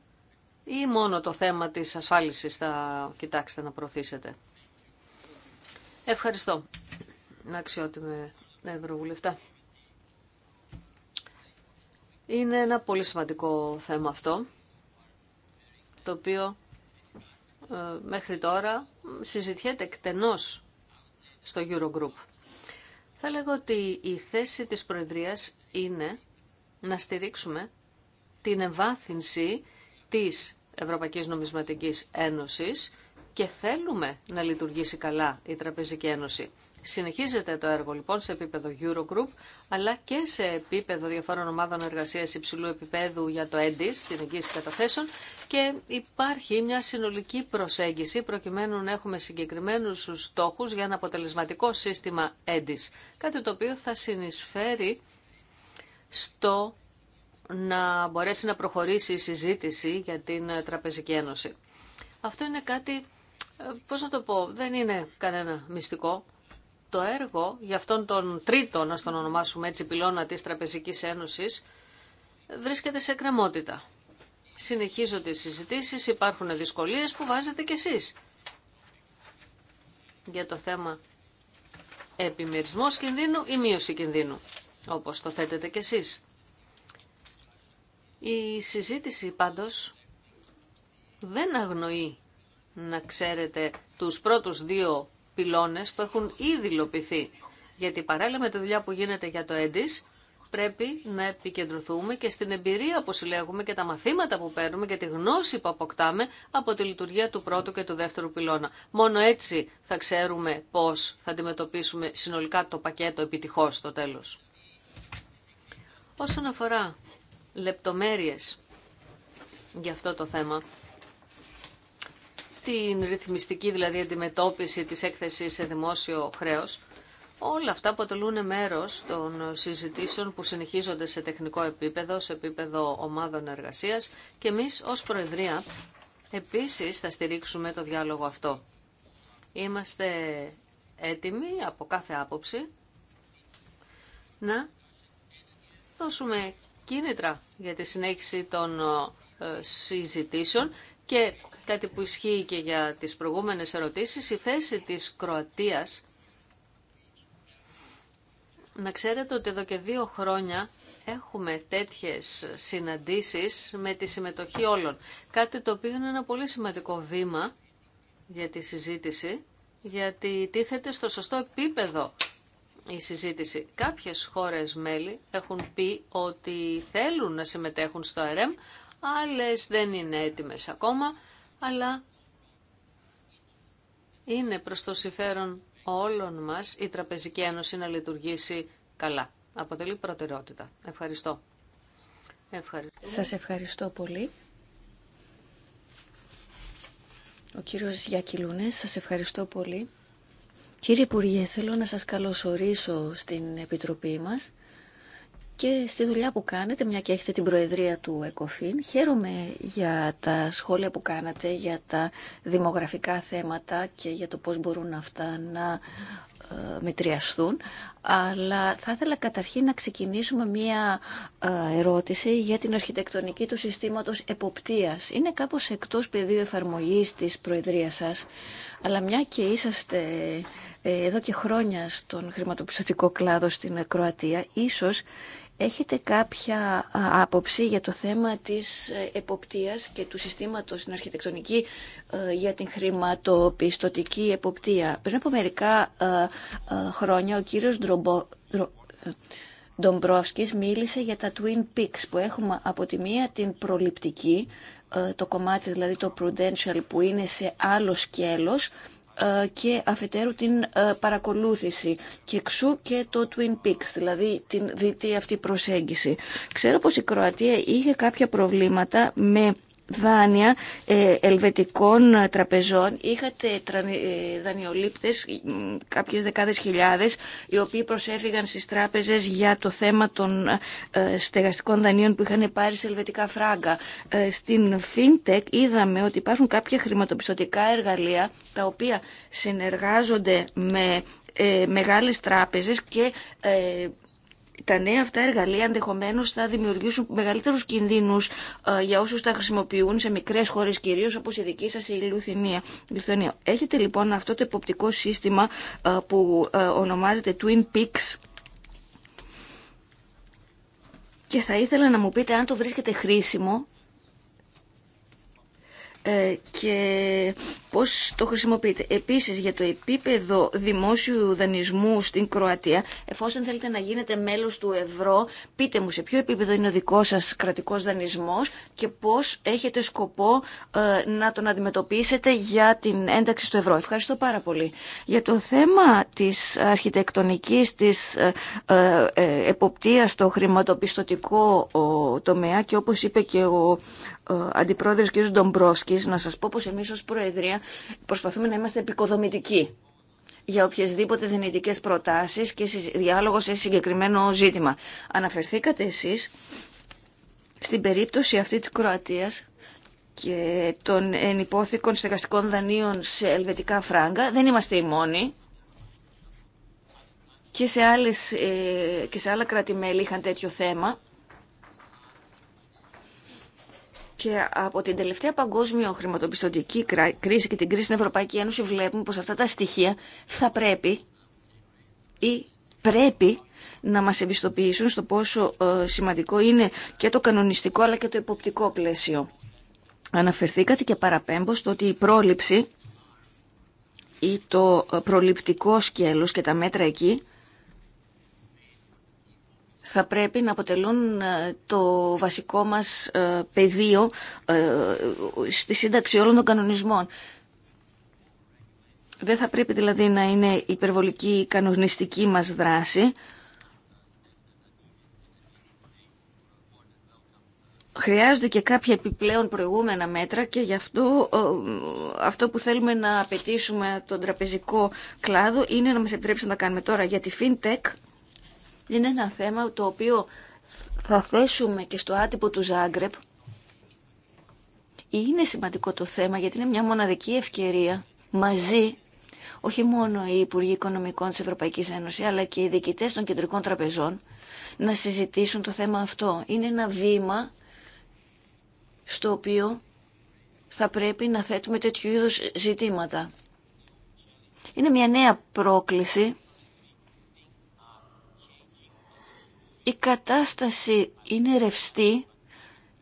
ή μόνο το θέμα της ασφάλισης θα κοιτάξετε να προωθήσετε. Ευχαριστώ. Αξιότιμε Ευρωβουλευτά. Είναι ένα πολύ σημαντικό θέμα αυτό, το οποίο ε, μέχρι τώρα συζητιέται εκτενώς στο Eurogroup. Θα λέγω ότι η θέση της Προεδρίας είναι να στηρίξουμε την εμβάθυνση της Ευρωπαϊκής Νομισματικής Ένωσης και θέλουμε να λειτουργήσει καλά η Τραπεζική Ένωση. Συνεχίζεται το έργο λοιπόν σε επίπεδο Eurogroup, αλλά και σε επίπεδο διαφόρων ομάδων εργασία υψηλού επίπεδου για το ENDIS, την εγγύηση καταθέσεων, και υπάρχει μια συνολική προσέγγιση προκειμένου να έχουμε συγκεκριμένου στόχου για ένα αποτελεσματικό σύστημα ENDIS. Κάτι το οποίο θα συνεισφέρει στο να μπορέσει να προχωρήσει η συζήτηση για την Τραπεζική Ένωση. Αυτό είναι κάτι, ε, πώς να το πω, δεν είναι κανένα μυστικό το έργο για αυτόν τον τρίτο, να τον ονομάσουμε έτσι, πυλώνα της Τραπεζικής Ένωσης, βρίσκεται σε κρεμότητα. Συνεχίζονται οι συζητήσεις, υπάρχουν δυσκολίες που βάζετε κι εσείς για το θέμα επιμερισμός κινδύνου ή μείωση κινδύνου, όπως το θέτετε κι εσείς. Η συζήτηση πάντως δεν αγνοεί να ξέρετε τους πρώτους δύο πυλώνες που έχουν ήδη υλοποιηθεί. Γιατί παράλληλα με τη δουλειά που γίνεται για το έντις, πρέπει να επικεντρωθούμε και στην εμπειρία που συλλέγουμε και τα μαθήματα που παίρνουμε και τη γνώση που αποκτάμε από τη λειτουργία του πρώτου και του δεύτερου πυλώνα. Μόνο έτσι θα ξέρουμε πώς θα αντιμετωπίσουμε συνολικά το πακέτο επιτυχώς στο τέλος. Όσον αφορά λεπτομέρειες για αυτό το θέμα, την ρυθμιστική δηλαδή αντιμετώπιση της έκθεσης σε δημόσιο χρέος, όλα αυτά αποτελούν μέρος των συζητήσεων που συνεχίζονται σε τεχνικό επίπεδο, σε επίπεδο ομάδων εργασίας και εμείς ως Προεδρία επίσης θα στηρίξουμε το διάλογο αυτό. Είμαστε έτοιμοι από κάθε άποψη να δώσουμε κίνητρα για τη συνέχιση των ε, συζητήσεων και κάτι που ισχύει και για τις προηγούμενες ερωτήσεις, η θέση της Κροατίας, να ξέρετε ότι εδώ και δύο χρόνια έχουμε τέτοιες συναντήσεις με τη συμμετοχή όλων. Κάτι το οποίο είναι ένα πολύ σημαντικό βήμα για τη συζήτηση, γιατί τίθεται στο σωστό επίπεδο η συζήτηση. Κάποιες χώρες μέλη έχουν πει ότι θέλουν να συμμετέχουν στο ΕΡΕΜ, άλλες δεν είναι έτοιμες ακόμα αλλά είναι προς το συμφέρον όλων μας η Τραπεζική Ένωση να λειτουργήσει καλά. Αποτελεί προτεραιότητα. Ευχαριστώ. Ευχαριστώ. Σας ευχαριστώ πολύ. Ο κύριος Γιακυλούνες, σας ευχαριστώ πολύ. Κύριε Υπουργέ, θέλω να σας καλωσορίσω στην Επιτροπή μας και στη δουλειά που κάνετε, μια και έχετε την προεδρία του ΕΚΟΦΗΝ. Χαίρομαι για τα σχόλια που κάνατε, για τα δημογραφικά θέματα και για το πώς μπορούν αυτά να ε, μετριαστούν, αλλά θα ήθελα καταρχήν να ξεκινήσουμε μία ε, ερώτηση για την αρχιτεκτονική του συστήματος εποπτείας. Είναι κάπως εκτός πεδίου εφαρμογής της Προεδρίας σας, αλλά μια και είσαστε ε, εδώ και χρόνια στον χρηματοπιστωτικό κλάδο στην Κροατία, ίσως Έχετε κάποια άποψη για το θέμα της ε, εποπτείας και του συστήματος στην αρχιτεκτονική ε, για την χρηματοπιστωτική εποπτεία. Πριν από μερικά ε, χρόνια ο κύριος Ντρομπο... μίλησε για τα Twin Peaks που έχουμε από τη μία την προληπτική, το κομμάτι δηλαδή το prudential που είναι σε άλλο σκέλος ε, και αφετέρου την ε, παρακολούθηση και εξού και το Twin Peaks, δηλαδή την δυτή αυτή προσέγγιση. Ξέρω πως η Κροατία είχε κάποια προβλήματα με δάνεια ε, ελβετικών ε, τραπεζών. Είχατε ε, δανειολήπτες, κάποιες δεκάδες χιλιάδες, οι οποίοι προσέφηγαν στις τράπεζες για το θέμα των στεγαστικών δανείων που είχαν πάρει σε ελβετικά φράγκα. Στην FinTech είδαμε ότι υπάρχουν κάποια χρηματοπιστωτικά εργαλεία τα οποία συνεργάζονται με μεγάλες τράπεζες και τα νέα αυτά εργαλεία ενδεχομένω θα δημιουργήσουν μεγαλύτερους κινδύνους ε, για όσου τα χρησιμοποιούν σε μικρέ χώρε κυρίω όπως η δική σας η Λουθινία. Λουθινία. Έχετε λοιπόν αυτό το εποπτικό σύστημα ε, που ε, ονομάζεται Twin Peaks και θα ήθελα να μου πείτε αν το βρίσκεται χρήσιμο ε, και πώς το χρησιμοποιείτε. Επίσης για το επίπεδο δημόσιου δανεισμού στην Κροατία, εφόσον θέλετε να γίνετε μέλος του ευρώ, πείτε μου σε ποιο επίπεδο είναι ο δικός σας κρατικός δανεισμός και πώς έχετε σκοπό ε, να τον αντιμετωπίσετε για την ένταξη στο ευρώ. Ευχαριστώ πάρα πολύ. Για το θέμα της αρχιτεκτονικής, της ε, εποπτείας στο χρηματοπιστωτικό τομέα και όπως είπε και ο αντιπρόεδρο κ. Ντομπρόσκη, να σας πω πως εμείς ως Προεδρία προσπαθούμε να είμαστε επικοδομητικοί για οποιασδήποτε δυνητικέ προτάσεις και διάλογο σε συγκεκριμένο ζήτημα. Αναφερθήκατε εσείς στην περίπτωση αυτή της Κροατίας και των ενυπόθηκων στεγαστικών δανείων σε ελβετικά φράγκα. Δεν είμαστε οι μόνοι. Και σε, άλλες, ε, και σε άλλα κράτη-μέλη είχαν τέτοιο θέμα. Και από την τελευταία παγκόσμια χρηματοπιστωτική κρίση και την κρίση στην Ευρωπαϊκή Ένωση βλέπουμε πως αυτά τα στοιχεία θα πρέπει ή πρέπει να μας εμπιστοποιήσουν στο πόσο ε, σημαντικό είναι και το κανονιστικό αλλά και το υποπτικό πλαίσιο. Αναφερθήκατε και παραπέμπω στο ότι η πρόληψη ή το ε, προληπτικό σκέλος και τα μέτρα εκεί θα πρέπει να αποτελούν ε, το βασικό μας ε, πεδίο ε, στη σύνταξη όλων των κανονισμών. Δεν θα πρέπει δηλαδή να είναι υπερβολική η κανονιστική μας δράση. Χρειάζονται και κάποια επιπλέον προηγούμενα μέτρα και γι' αυτό αυτό που θέλουμε να απαιτήσουμε τον τραπεζικό κλάδο είναι να μας επιτρέψει να τα κάνουμε τώρα για τη FinTech είναι ένα θέμα το οποίο θα θέσουμε και στο άτυπο του Ζάγκρεπ. Είναι σημαντικό το θέμα γιατί είναι μια μοναδική ευκαιρία μαζί όχι μόνο οι Υπουργοί Οικονομικών της Ευρωπαϊκής Ένωσης αλλά και οι διοικητές των κεντρικών τραπεζών να συζητήσουν το θέμα αυτό. Είναι ένα βήμα στο οποίο θα πρέπει να θέτουμε τέτοιου είδους ζητήματα. Είναι μια νέα πρόκληση η κατάσταση είναι ρευστή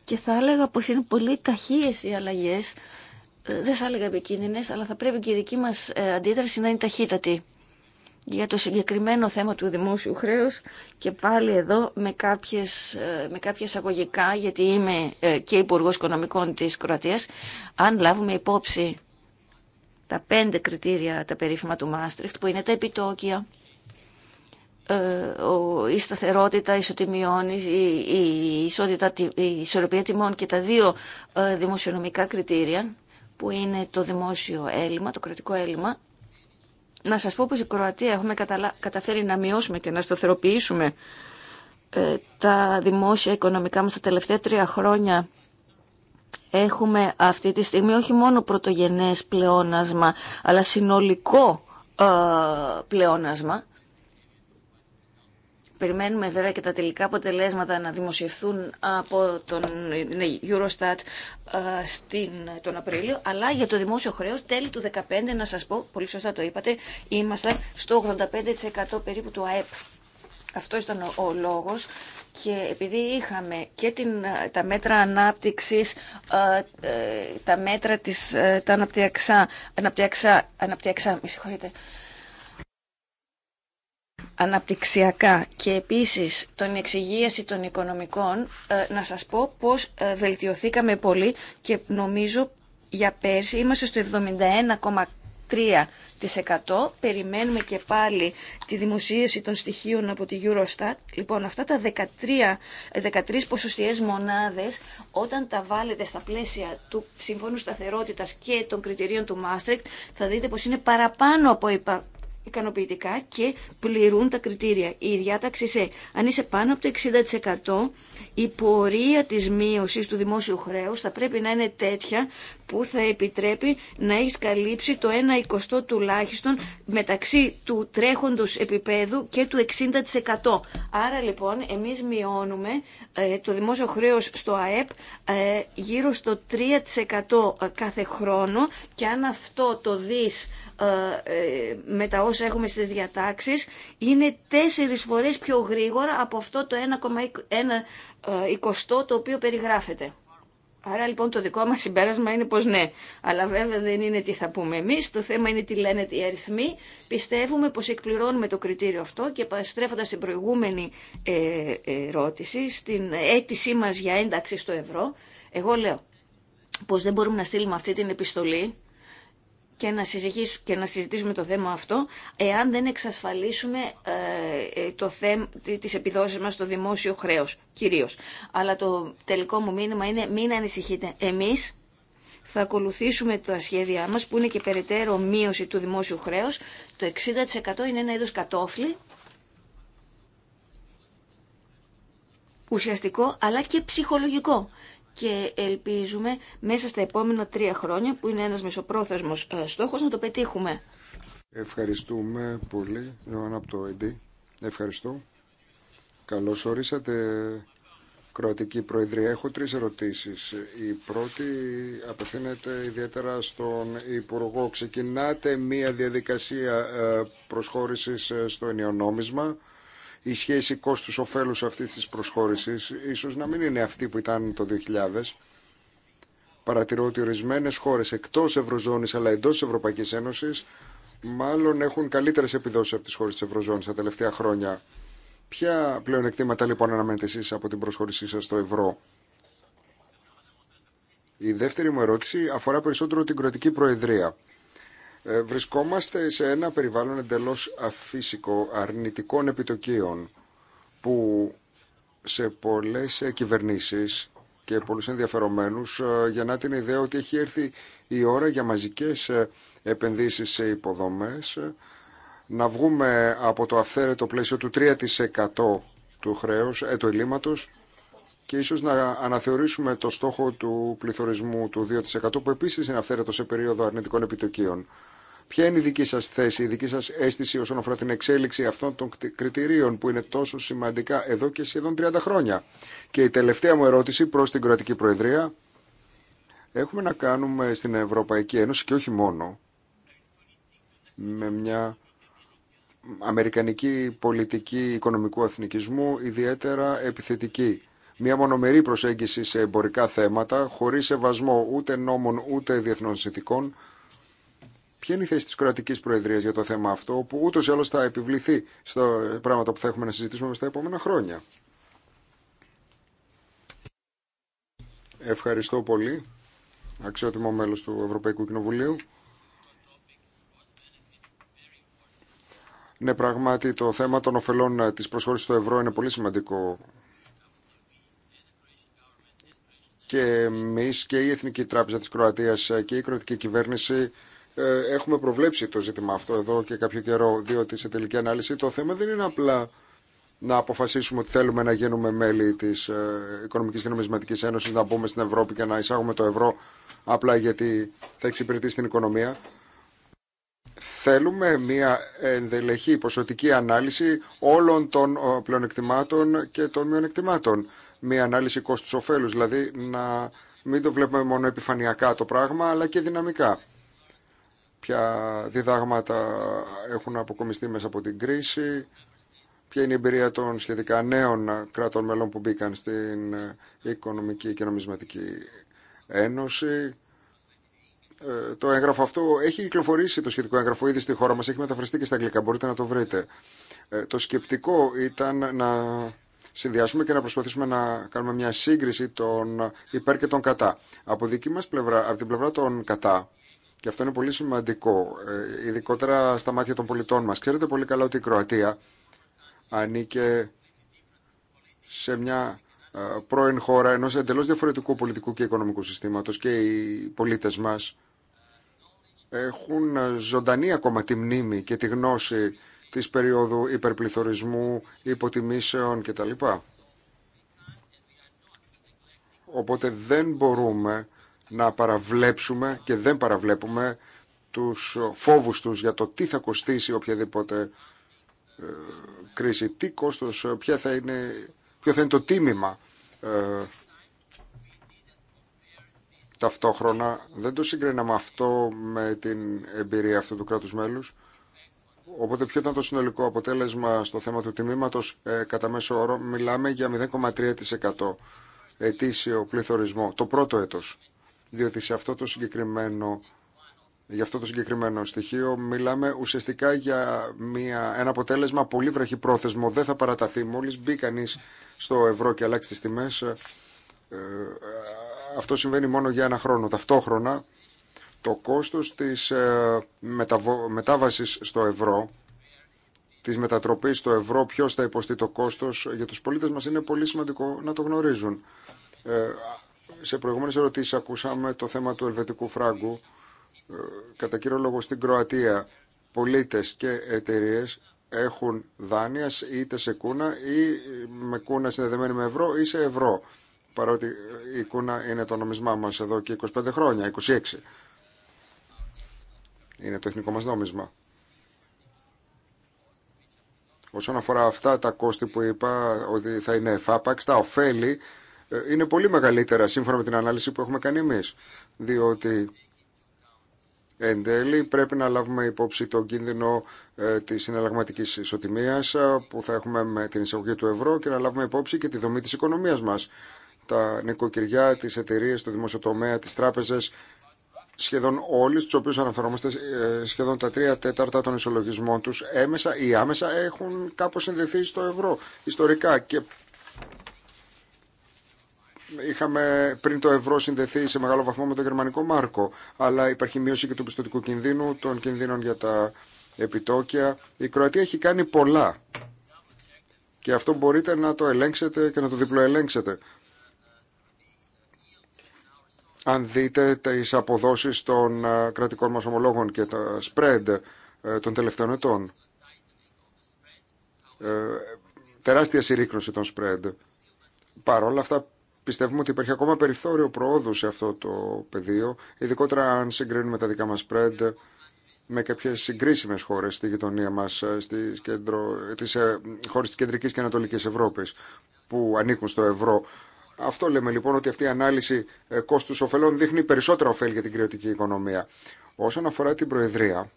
και θα έλεγα πως είναι πολύ ταχύες οι αλλαγές. Ε, δεν θα έλεγα επικίνδυνε, αλλά θα πρέπει και η δική μας ε, αντίδραση να είναι ταχύτατη. Για το συγκεκριμένο θέμα του δημόσιου χρέους και πάλι εδώ με, κάποιες, ε, με κάποια εισαγωγικά, γιατί είμαι και υπουργό Οικονομικών της Κροατίας, αν λάβουμε υπόψη τα πέντε κριτήρια τα περίφημα του Μάστριχτ, που είναι τα επιτόκια, ε, η σταθερότητα ισοτιμιών, η, ισότητα, η ισορροπία τιμών και τα δύο ε, δημοσιονομικά κριτήρια που είναι το δημόσιο έλλειμμα, το κρατικό έλλειμμα. Να σας πω πως η Κροατία έχουμε καταφέρει να μειώσουμε και να σταθεροποιήσουμε ε, τα δημόσια οικονομικά μας τα τελευταία τρία χρόνια έχουμε αυτή τη στιγμή όχι μόνο πρωτογενές πλεόνασμα αλλά συνολικό πλεόνασμα Περιμένουμε βέβαια και τα τελικά αποτελέσματα να δημοσιευθούν από τον ναι, Eurostat ε, στην, τον Απρίλιο, αλλά για το δημόσιο χρέος τέλη του 2015, να σας πω, πολύ σωστά το είπατε, ήμασταν στο 85% περίπου του ΑΕΠ. Αυτό ήταν ο λόγος και επειδή είχαμε και την, ε, τα μέτρα ανάπτυξης, ε, τα μέτρα της, τα αναπτυξά, αναπτυξά, αναπτυξά, με συγχωρείτε, αναπτυξιακά και επίσης τον εξυγίαση των οικονομικών, ε, να σας πω πως ε, βελτιωθήκαμε πολύ και νομίζω για πέρσι είμαστε στο 71,3%. Περιμένουμε και πάλι τη δημοσίευση των στοιχείων από τη Eurostat. Λοιπόν, αυτά τα 13, 13 ε, ποσοστιαίες μονάδες, όταν τα βάλετε στα πλαίσια του Συμφώνου Σταθερότητας και των κριτηρίων του Maastricht, θα δείτε πως είναι παραπάνω από ικανοποιητικά και πληρούν τα κριτήρια. Η διάταξη σε αν είσαι πάνω από το 60% η πορεία της μείωσης του δημόσιου χρέους θα πρέπει να είναι τέτοια που θα επιτρέπει να έχει καλύψει το 1 εικοστό τουλάχιστον μεταξύ του τρέχοντος επίπεδου και του 60%. Άρα λοιπόν εμείς μειώνουμε ε, το δημόσιο χρέος στο ΑΕΠ ε, γύρω στο 3% ε, κάθε χρόνο και αν αυτό το δεις ε, με τα όσα έχουμε στις διατάξεις είναι τέσσερις φορές πιο γρήγορα από αυτό το 1,20 ε, το οποίο περιγράφεται. Άρα λοιπόν το δικό μας συμπέρασμα είναι πως ναι, αλλά βέβαια δεν είναι τι θα πούμε εμείς, το θέμα είναι τι λένε οι αριθμοί. Πιστεύουμε πως εκπληρώνουμε το κριτήριο αυτό και στρέφοντας την προηγούμενη ε, ερώτηση, στην αίτησή μας για ένταξη στο ευρώ, εγώ λέω πως δεν μπορούμε να στείλουμε αυτή την επιστολή και να, και να συζητήσουμε το θέμα αυτό εάν δεν εξασφαλίσουμε ε, ε το θέμα, τις επιδόσεις μας στο δημόσιο χρέος κυρίως. Αλλά το τελικό μου μήνυμα είναι μην ανησυχείτε. Εμείς θα ακολουθήσουμε τα σχέδιά μας που είναι και περαιτέρω μείωση του δημόσιου χρέους. Το 60% είναι ένα είδος κατόφλι ουσιαστικό αλλά και ψυχολογικό και ελπίζουμε μέσα στα επόμενα τρία χρόνια, που είναι ένας μεσοπρόθεσμος ε, στόχος, να το πετύχουμε. Ευχαριστούμε πολύ, Ιωάννα, από το Ευχαριστώ. Καλώς ορίσατε, Κροατική Προεδρία. Έχω τρεις ερωτήσεις. Η πρώτη απευθύνεται ιδιαίτερα στον Υπουργό. Ξεκινάτε μία διαδικασία ε, προσχώρησης ε, στο ενιονόμισμα η σχέση κόστους-οφέλους αυτής της προσχώρησης ίσως να μην είναι αυτή που ήταν το 2000. Παρατηρώ ότι ορισμένε χώρε εκτό Ευρωζώνη αλλά εντό Ευρωπαϊκή Ένωση μάλλον έχουν καλύτερε επιδόσει από τι χώρε τη Ευρωζώνη τα τελευταία χρόνια. Ποια πλεονεκτήματα λοιπόν αναμένετε εσεί από την προσχώρησή σα στο ευρώ, Η δεύτερη μου ερώτηση αφορά περισσότερο την κρατική προεδρία. Ε, βρισκόμαστε σε ένα περιβάλλον εντελώς αφύσικο αρνητικών επιτοκίων που σε πολλές ε, κυβερνήσεις και πολλούς ενδιαφερομένους ε, γεννά την ιδέα ότι έχει έρθει η ώρα για μαζικές επενδύσεις σε υποδομές να βγούμε από το αυθαίρετο πλαίσιο του 3% του χρέους, ε, του ελλείμματος και ίσως να αναθεωρήσουμε το στόχο του πληθωρισμού του 2% που επίσης είναι αυθαίρετο σε περίοδο αρνητικών επιτοκίων. Ποια είναι η δική σας θέση, η δική σας αίσθηση όσον αφορά την εξέλιξη αυτών των κριτηρίων που είναι τόσο σημαντικά εδώ και σχεδόν 30 χρόνια. Και η τελευταία μου ερώτηση προς την Κροατική Προεδρία. Έχουμε να κάνουμε στην Ευρωπαϊκή Ένωση και όχι μόνο με μια αμερικανική πολιτική οικονομικού αθνικισμού ιδιαίτερα επιθετική. Μια μονομερή προσέγγιση σε εμπορικά θέματα χωρίς σεβασμό ούτε νόμων ούτε διεθνών συνθηκών Ποια είναι η θέση τη κρατική προεδρία για το θέμα αυτό, που ούτω ή άλλω θα επιβληθεί στα πράγματα που θα έχουμε να συζητήσουμε στα επόμενα χρόνια. Ευχαριστώ πολύ, αξιότιμο μέλος του Ευρωπαϊκού Κοινοβουλίου. Ναι, πράγματι, το θέμα των ωφελών της προσχώρηση στο ευρώ είναι πολύ σημαντικό. Και εμεί και η Εθνική Τράπεζα της Κροατίας και η κροατική κυβέρνηση ε, έχουμε προβλέψει το ζήτημα αυτό εδώ και κάποιο καιρό, διότι σε τελική ανάλυση το θέμα δεν είναι απλά να αποφασίσουμε ότι θέλουμε να γίνουμε μέλη τη ε, Οικονομική και Νομισματική Ένωση, να μπούμε στην Ευρώπη και να εισάγουμε το ευρώ απλά γιατί θα εξυπηρετήσει την οικονομία. Θέλουμε μια ενδελεχή ποσοτική ανάλυση όλων των ε, πλεονεκτημάτων και των μειονεκτημάτων. Μια αναλυση κόστου κόστους-οφέλους, δηλαδή να μην το βλέπουμε μόνο επιφανειακά το πράγμα, αλλά και δυναμικά ποια διδάγματα έχουν αποκομιστεί μέσα από την κρίση, ποια είναι η εμπειρία των σχετικά νέων κρατών μελών που μπήκαν στην Οικονομική και Νομισματική Ένωση. Ε, το έγγραφο αυτό έχει κυκλοφορήσει το σχετικό έγγραφο ήδη στη χώρα μας, έχει μεταφραστεί και στα αγγλικά, μπορείτε να το βρείτε. Ε, το σκεπτικό ήταν να συνδυάσουμε και να προσπαθήσουμε να κάνουμε μια σύγκριση των υπέρ και των κατά. Από δική μας πλευρά, από την πλευρά των κατά, και αυτό είναι πολύ σημαντικό, ε, ειδικότερα στα μάτια των πολιτών μας. Ξέρετε πολύ καλά ότι η Κροατία ανήκε σε μια ε, πρώην χώρα ενός εντελώς διαφορετικού πολιτικού και οικονομικού συστήματος και οι πολίτες μας έχουν ζωντανή ακόμα τη μνήμη και τη γνώση της περίοδου υπερπληθωρισμού, υποτιμήσεων κτλ. Οπότε δεν μπορούμε να παραβλέψουμε και δεν παραβλέπουμε τους φόβους τους για το τι θα κοστίσει οποιαδήποτε ε, κρίση, τι κόστος, ε, ποια θα είναι, ποιο θα είναι το τίμημα. Ε, ταυτόχρονα δεν το συγκρίναμε αυτό με την εμπειρία αυτού του κράτους μέλους. Οπότε ποιο ήταν το συνολικό αποτέλεσμα στο θέμα του τιμήματος κατά μέσο όρο μιλάμε για 0,3% ετήσιο πληθωρισμό το πρώτο έτος διότι σε αυτό το συγκεκριμένο για αυτό το συγκεκριμένο στοιχείο μιλάμε ουσιαστικά για μια, ένα αποτέλεσμα πολύ βραχυπρόθεσμο. Δεν θα παραταθεί. Μόλις μπει κανείς στο ευρώ και αλλάξει τις τιμές, ε, ε αυτό συμβαίνει μόνο για ένα χρόνο. Ταυτόχρονα το κόστος της ε, μετάβασης στο ευρώ, της μετατροπής στο ευρώ, ποιος θα υποστεί το κόστος για τους πολίτες μας είναι πολύ σημαντικό να το γνωρίζουν. Ε, σε προηγούμενε ερωτήσει ακούσαμε το θέμα του ελβετικού φράγκου, ε, κατά κύριο λόγο στην Κροατία, πολίτες και εταιρείε έχουν δάνεια είτε σε κούνα ή με κούνα συνδεδεμένη με ευρώ ή σε ευρώ. Παρότι ε, η κούνα είναι το νομισμά μας εδώ και 25 χρόνια, 26. Είναι το εθνικό μας νόμισμα. Όσον αφορά αυτά τα κόστη που είπα ότι θα είναι εφάπαξ, τα ωφέλη ε, είναι πολύ μεγαλύτερα σύμφωνα με την ανάλυση που έχουμε κάνει εμείς. Διότι εν τέλει πρέπει να λάβουμε υπόψη τον κίνδυνο ε, της συναλλαγματικής ισοτιμίας ε, που θα έχουμε με την εισαγωγή του ευρώ και να λάβουμε υπόψη και τη δομή της οικονομίας μας. Τα νοικοκυριά, τις εταιρείε, το δημόσιο τομέα, τις τράπεζες, σχεδόν όλοι, στους οποίους αναφερόμαστε σχεδόν τα τρία τέταρτα των ισολογισμών τους, έμεσα ή άμεσα έχουν κάπως συνδεθεί στο ευρώ ιστορικά και είχαμε πριν το ευρώ συνδεθεί σε μεγάλο βαθμό με το γερμανικό μάρκο, αλλά υπάρχει μείωση και του πιστοτικού κινδύνου, των κινδύνων για τα επιτόκια. Η Κροατία έχει κάνει πολλά και αυτό μπορείτε να το ελέγξετε και να το διπλοελέγξετε. Αν δείτε τις αποδόσεις των ε, κρατικών μασομολόγων ομολόγων και τα spread ε, των τελευταίων ετών. Ε, τεράστια συρρήκνωση των spread. Παρ' όλα αυτά Πιστεύουμε ότι υπάρχει ακόμα περιθώριο προόδου σε αυτό το πεδίο, ειδικότερα αν συγκρίνουμε τα δικά μα spread με κάποιε συγκρίσιμε χώρε στη γειτονία μα, στι κέντρο, τις ε, χώρες της κεντρικής και ανατολική Ευρώπη που ανήκουν στο ευρώ. Αυτό λέμε λοιπόν ότι αυτή η ανάλυση ε, κόστου ωφελών δείχνει περισσότερα ωφέλη για την κρυωτική οικονομία. Όσον αφορά την Προεδρία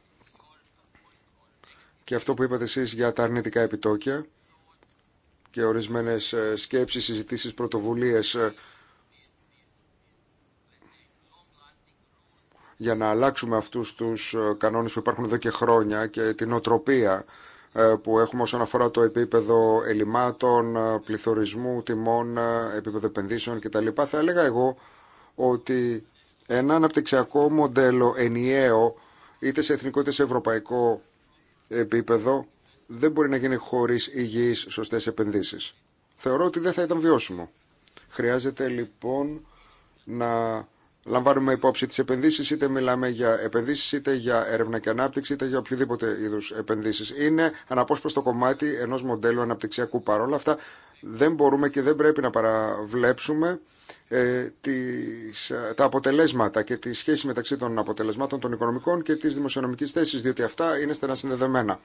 και αυτό που είπατε εσεί για τα αρνητικά επιτόκια, και ορισμένες ε, σκέψεις, συζητήσεις, πρωτοβουλίες ε, για να αλλάξουμε αυτούς τους ε, κανόνες που υπάρχουν εδώ και χρόνια και την οτροπία που έχουμε όσον αφορά το επίπεδο ελλημάτων, πληθωρισμού, τιμών, επίπεδο επενδύσεων κτλ. Θα έλεγα εγώ ότι ένα αναπτυξιακό μοντέλο ενιαίο είτε σε εθνικό είτε σε ευρωπαϊκό επίπεδο δεν μπορεί να γίνει χωρίς υγιεί σωστές επενδύσεις. Θεωρώ ότι δεν θα ήταν βιώσιμο. Χρειάζεται λοιπόν να λαμβάνουμε υπόψη τις επενδύσεις, είτε μιλάμε για επενδύσεις, είτε για έρευνα και ανάπτυξη, είτε για οποιοδήποτε είδου επενδύσεις. Είναι αναπόσπαστο κομμάτι ενός μοντέλου αναπτυξιακού. Παρ' αυτά δεν μπορούμε και δεν πρέπει να παραβλέψουμε ε, τις, ε, τα αποτελέσματα και τη σχέση μεταξύ των αποτελεσμάτων των οικονομικών και της δημοσιονομικής θέσης, διότι αυτά είναι στενά συνδεδεμένα.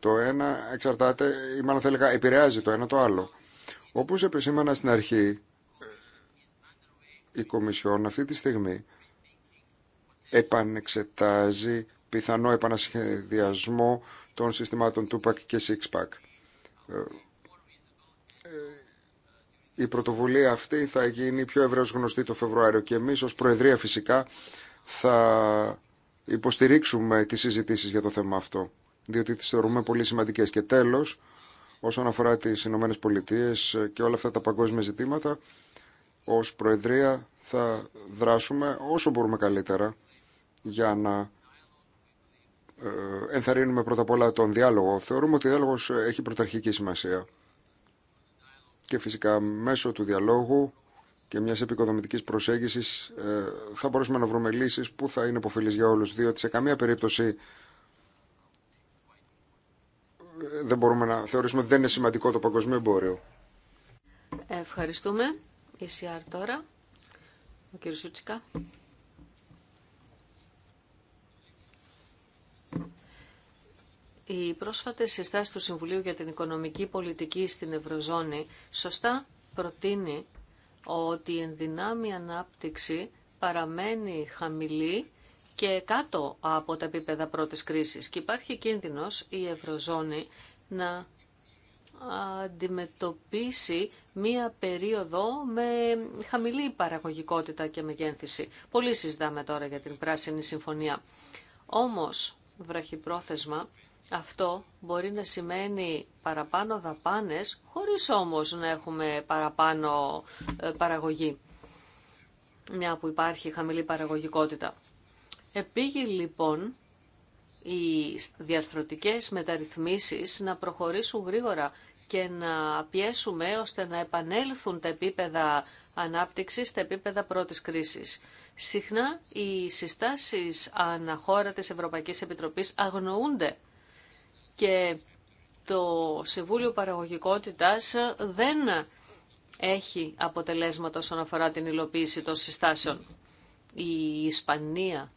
Το ένα εξαρτάται, ή μάλλον θα έλεγα επηρεάζει το ένα το άλλο. Όπως επεσήμανα στην αρχή, ε, η μαλλον θα επηρεαζει το ενα το αλλο οπως επισημανα στην αρχη η κομισιον αυτη τη στιγμή επανεξετάζει πιθανό επανασχεδιασμό των συστημάτων του ΠΑΚ και ΣΥΚΣΠΑΚ η πρωτοβουλία αυτή θα γίνει πιο ευρέως γνωστή το Φεβρουάριο και εμείς ως Προεδρία φυσικά θα υποστηρίξουμε τις συζητήσεις για το θέμα αυτό, διότι τις θεωρούμε πολύ σημαντικές. Και τέλος, όσον αφορά τις Ηνωμένε Πολιτείε και όλα αυτά τα παγκόσμια ζητήματα, ως Προεδρία θα δράσουμε όσο μπορούμε καλύτερα για να ε, ενθαρρύνουμε πρώτα απ' όλα τον διάλογο. Θεωρούμε ότι ο διάλογος έχει πρωταρχική σημασία και φυσικά μέσω του διαλόγου και μια επικοδομητική προσέγγιση ε, θα μπορέσουμε να βρούμε λύσει που θα είναι υποφελεί για όλου. Διότι σε καμία περίπτωση ε, δεν μπορούμε να θεωρήσουμε ότι δεν είναι σημαντικό το παγκοσμίο εμπόριο. Ευχαριστούμε. Η ΣΥΑΡ τώρα. Ο κύριος Σούτσικα. Η πρόσφατη συστάση του Συμβουλίου για την Οικονομική Πολιτική στην Ευρωζώνη σωστά προτείνει ότι η ενδυνάμει ανάπτυξη παραμένει χαμηλή και κάτω από τα επίπεδα πρώτης κρίσης και υπάρχει κίνδυνος η Ευρωζώνη να αντιμετωπίσει μία περίοδο με χαμηλή παραγωγικότητα και μεγένθηση. Πολύ συζητάμε τώρα για την Πράσινη Συμφωνία. Όμως, βραχυπρόθεσμα, αυτό μπορεί να σημαίνει παραπάνω δαπάνες, χωρίς όμως να έχουμε παραπάνω ε, παραγωγή, μια που υπάρχει χαμηλή παραγωγικότητα. επίγει λοιπόν οι διαρθρωτικές μεταρρυθμίσεις να προχωρήσουν γρήγορα και να πιέσουμε ώστε να επανέλθουν τα επίπεδα ανάπτυξης στα επίπεδα πρώτης κρίσης. Συχνά οι συστάσεις αναχώρα της Ευρωπαϊκής Επιτροπής αγνοούνται και το Συμβούλιο Παραγωγικότητας δεν έχει αποτελέσματα όσον αφορά την υλοποίηση των συστάσεων. Η Ισπανία,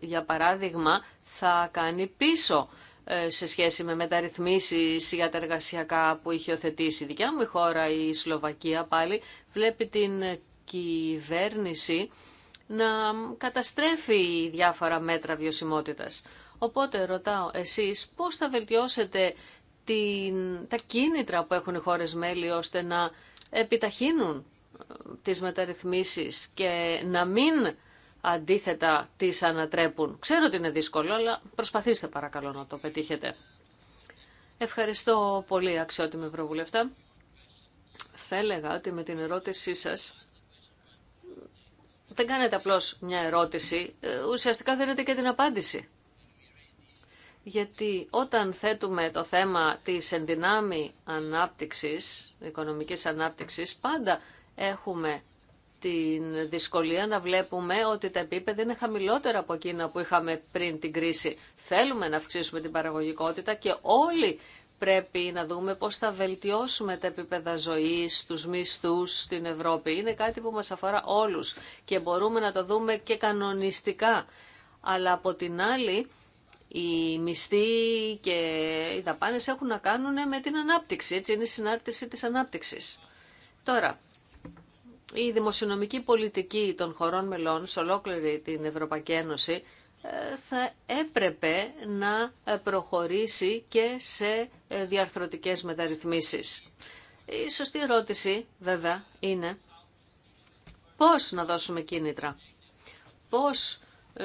για παράδειγμα, θα κάνει πίσω ε, σε σχέση με μεταρρυθμίσεις για τα εργασιακά που είχε οθετήσει η δικιά μου η χώρα, η Σλοβακία πάλι, βλέπει την κυβέρνηση να καταστρέφει διάφορα μέτρα βιωσιμότητας. Οπότε ρωτάω εσείς πώς θα βελτιώσετε την, τα κίνητρα που έχουν οι χώρες μέλη ώστε να επιταχύνουν ε, τις μεταρρυθμίσεις και να μην αντίθετα τις ανατρέπουν. Ξέρω ότι είναι δύσκολο, αλλά προσπαθήστε παρακαλώ να το πετύχετε. Ευχαριστώ πολύ αξιότιμη Ευρωβουλευτά. Θα έλεγα ότι με την ερώτησή σας δεν κάνετε απλώς μια ερώτηση, ε, ουσιαστικά θέλετε και την απάντηση γιατί όταν θέτουμε το θέμα της ενδυνάμει ανάπτυξης, οικονομικής ανάπτυξης, πάντα έχουμε την δυσκολία να βλέπουμε ότι τα επίπεδα είναι χαμηλότερα από εκείνα που είχαμε πριν την κρίση. Θέλουμε να αυξήσουμε την παραγωγικότητα και όλοι πρέπει να δούμε πώς θα βελτιώσουμε τα επίπεδα ζωής, τους μισθούς στην Ευρώπη. Είναι κάτι που μας αφορά όλους και μπορούμε να το δούμε και κανονιστικά. Αλλά από την άλλη οι μισθοί και οι δαπάνε έχουν να κάνουν με την ανάπτυξη. Έτσι είναι η συνάρτηση της ανάπτυξης. Τώρα, η δημοσιονομική πολιτική των χωρών μελών σε ολόκληρη την Ευρωπαϊκή Ένωση ε, θα έπρεπε να ε, προχωρήσει και σε ε, διαρθρωτικές μεταρρυθμίσεις. Η σωστή ερώτηση βέβαια είναι πώς να δώσουμε κίνητρα. Πώς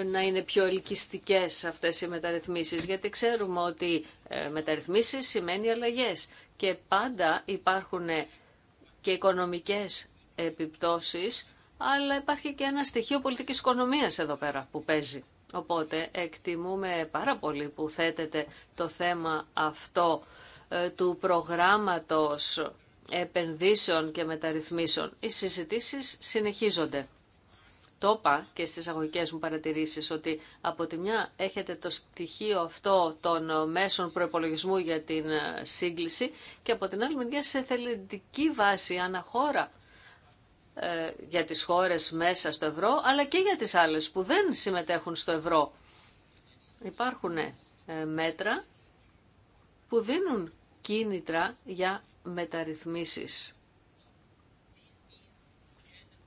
να είναι πιο ελκυστικές αυτές οι μεταρρυθμίσεις, γιατί ξέρουμε ότι ε, μεταρρυθμίσεις σημαίνει αλλαγές και πάντα υπάρχουν και οικονομικές επιπτώσεις, αλλά υπάρχει και ένα στοιχείο πολιτικής οικονομίας εδώ πέρα που παίζει. Οπότε εκτιμούμε πάρα πολύ που θέτεται το θέμα αυτό ε, του προγράμματος επενδύσεων και μεταρρυθμίσεων. Οι συζητήσεις συνεχίζονται. Το είπα και στις αγωγικέ μου παρατηρήσεις ότι από τη μια έχετε το στοιχείο αυτό των μέσων προπολογισμού για την ε, σύγκληση και από την άλλη μεριά σε θελεντική βάση αναχώρα ε, για τις χώρες μέσα στο ευρώ αλλά και για τις άλλες που δεν συμμετέχουν στο ευρώ. Υπάρχουν ε, μέτρα που δίνουν κίνητρα για μεταρρυθμίσεις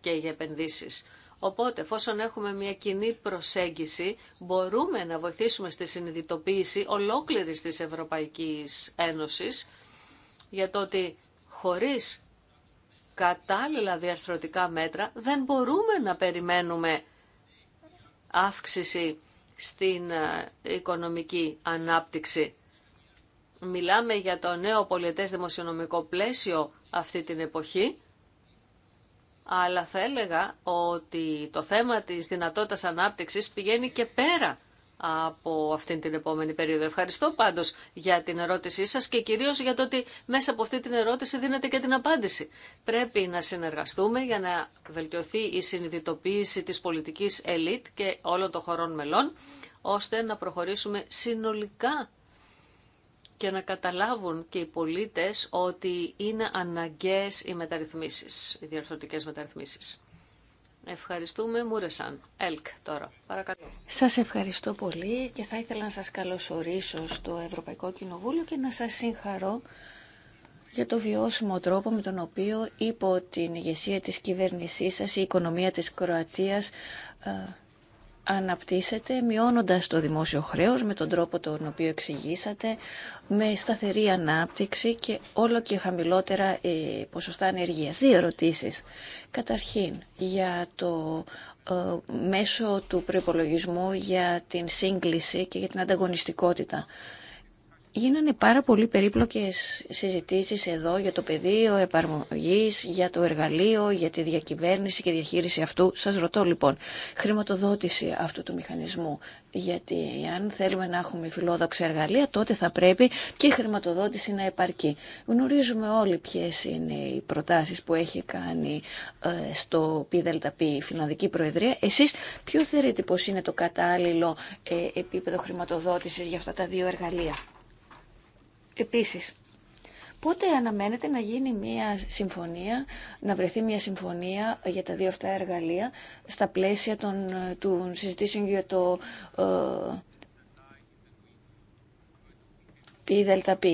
και για επενδύσεις. Οπότε, εφόσον έχουμε μια κοινή προσέγγιση, μπορούμε να βοηθήσουμε στη συνειδητοποίηση ολόκληρης της Ευρωπαϊκής Ένωσης για το ότι χωρίς κατάλληλα διαρθρωτικά μέτρα δεν μπορούμε να περιμένουμε αύξηση στην ε, οικονομική ανάπτυξη. Μιλάμε για το νέο πολιτές δημοσιονομικό πλαίσιο αυτή την εποχή αλλά θα έλεγα ότι το θέμα της δυνατότητας ανάπτυξης πηγαίνει και πέρα από αυτήν την επόμενη περίοδο. Ευχαριστώ πάντως για την ερώτησή σας και κυρίως για το ότι μέσα από αυτή την ερώτηση δίνεται και την απάντηση. Πρέπει να συνεργαστούμε για να βελτιωθεί η συνειδητοποίηση της πολιτικής ελίτ και όλων των χωρών μελών, ώστε να προχωρήσουμε συνολικά και να καταλάβουν και οι πολίτες ότι είναι αναγκαίες οι μεταρρυθμίσεις, οι διαρθρωτικές μεταρρυθμίσεις. Ευχαριστούμε, Μούρεσαν. Ελκ τώρα. Παρακαλώ. Σας ευχαριστώ πολύ και θα ήθελα να σας καλωσορίσω στο Ευρωπαϊκό Κοινοβούλιο και να σας συγχαρώ για το βιώσιμο τρόπο με τον οποίο υπό την ηγεσία της κυβέρνησής σας η οικονομία της Κροατίας ε, αναπτύσσεται μειώνοντας το δημόσιο χρέος με τον τρόπο τον οποίο εξηγήσατε, με σταθερή ανάπτυξη και όλο και χαμηλότερα ε, ποσοστά ανεργίας. Δύο ερωτήσεις. Καταρχήν, για το ε, μέσο του προϋπολογισμού για την σύγκληση και για την ανταγωνιστικότητα. Γίνανε πάρα πολύ περίπλοκες συζητήσεις εδώ για το πεδίο επαρμογής, για το εργαλείο, για τη διακυβέρνηση και διαχείριση αυτού. Σας ρωτώ λοιπόν, χρηματοδότηση αυτού του μηχανισμού. Γιατί αν θέλουμε να έχουμε φιλόδοξα εργαλεία, τότε θα πρέπει και η χρηματοδότηση να επαρκεί. Γνωρίζουμε όλοι ποιε είναι οι προτάσεις που έχει κάνει ε, στο ΠΔΠ η Φιλανδική Προεδρία. Εσείς ποιο θεωρείτε πως είναι το κατάλληλο ε, επίπεδο χρηματοδότησης για αυτά τα δύο εργαλεία. Επίσης, πότε αναμένεται να γίνει μια συμφωνία, να βρεθεί μια συμφωνία για τα δύο αυτά εργαλεία στα πλαίσια των, του συζητήσεων για το ε, ΠΔΠ.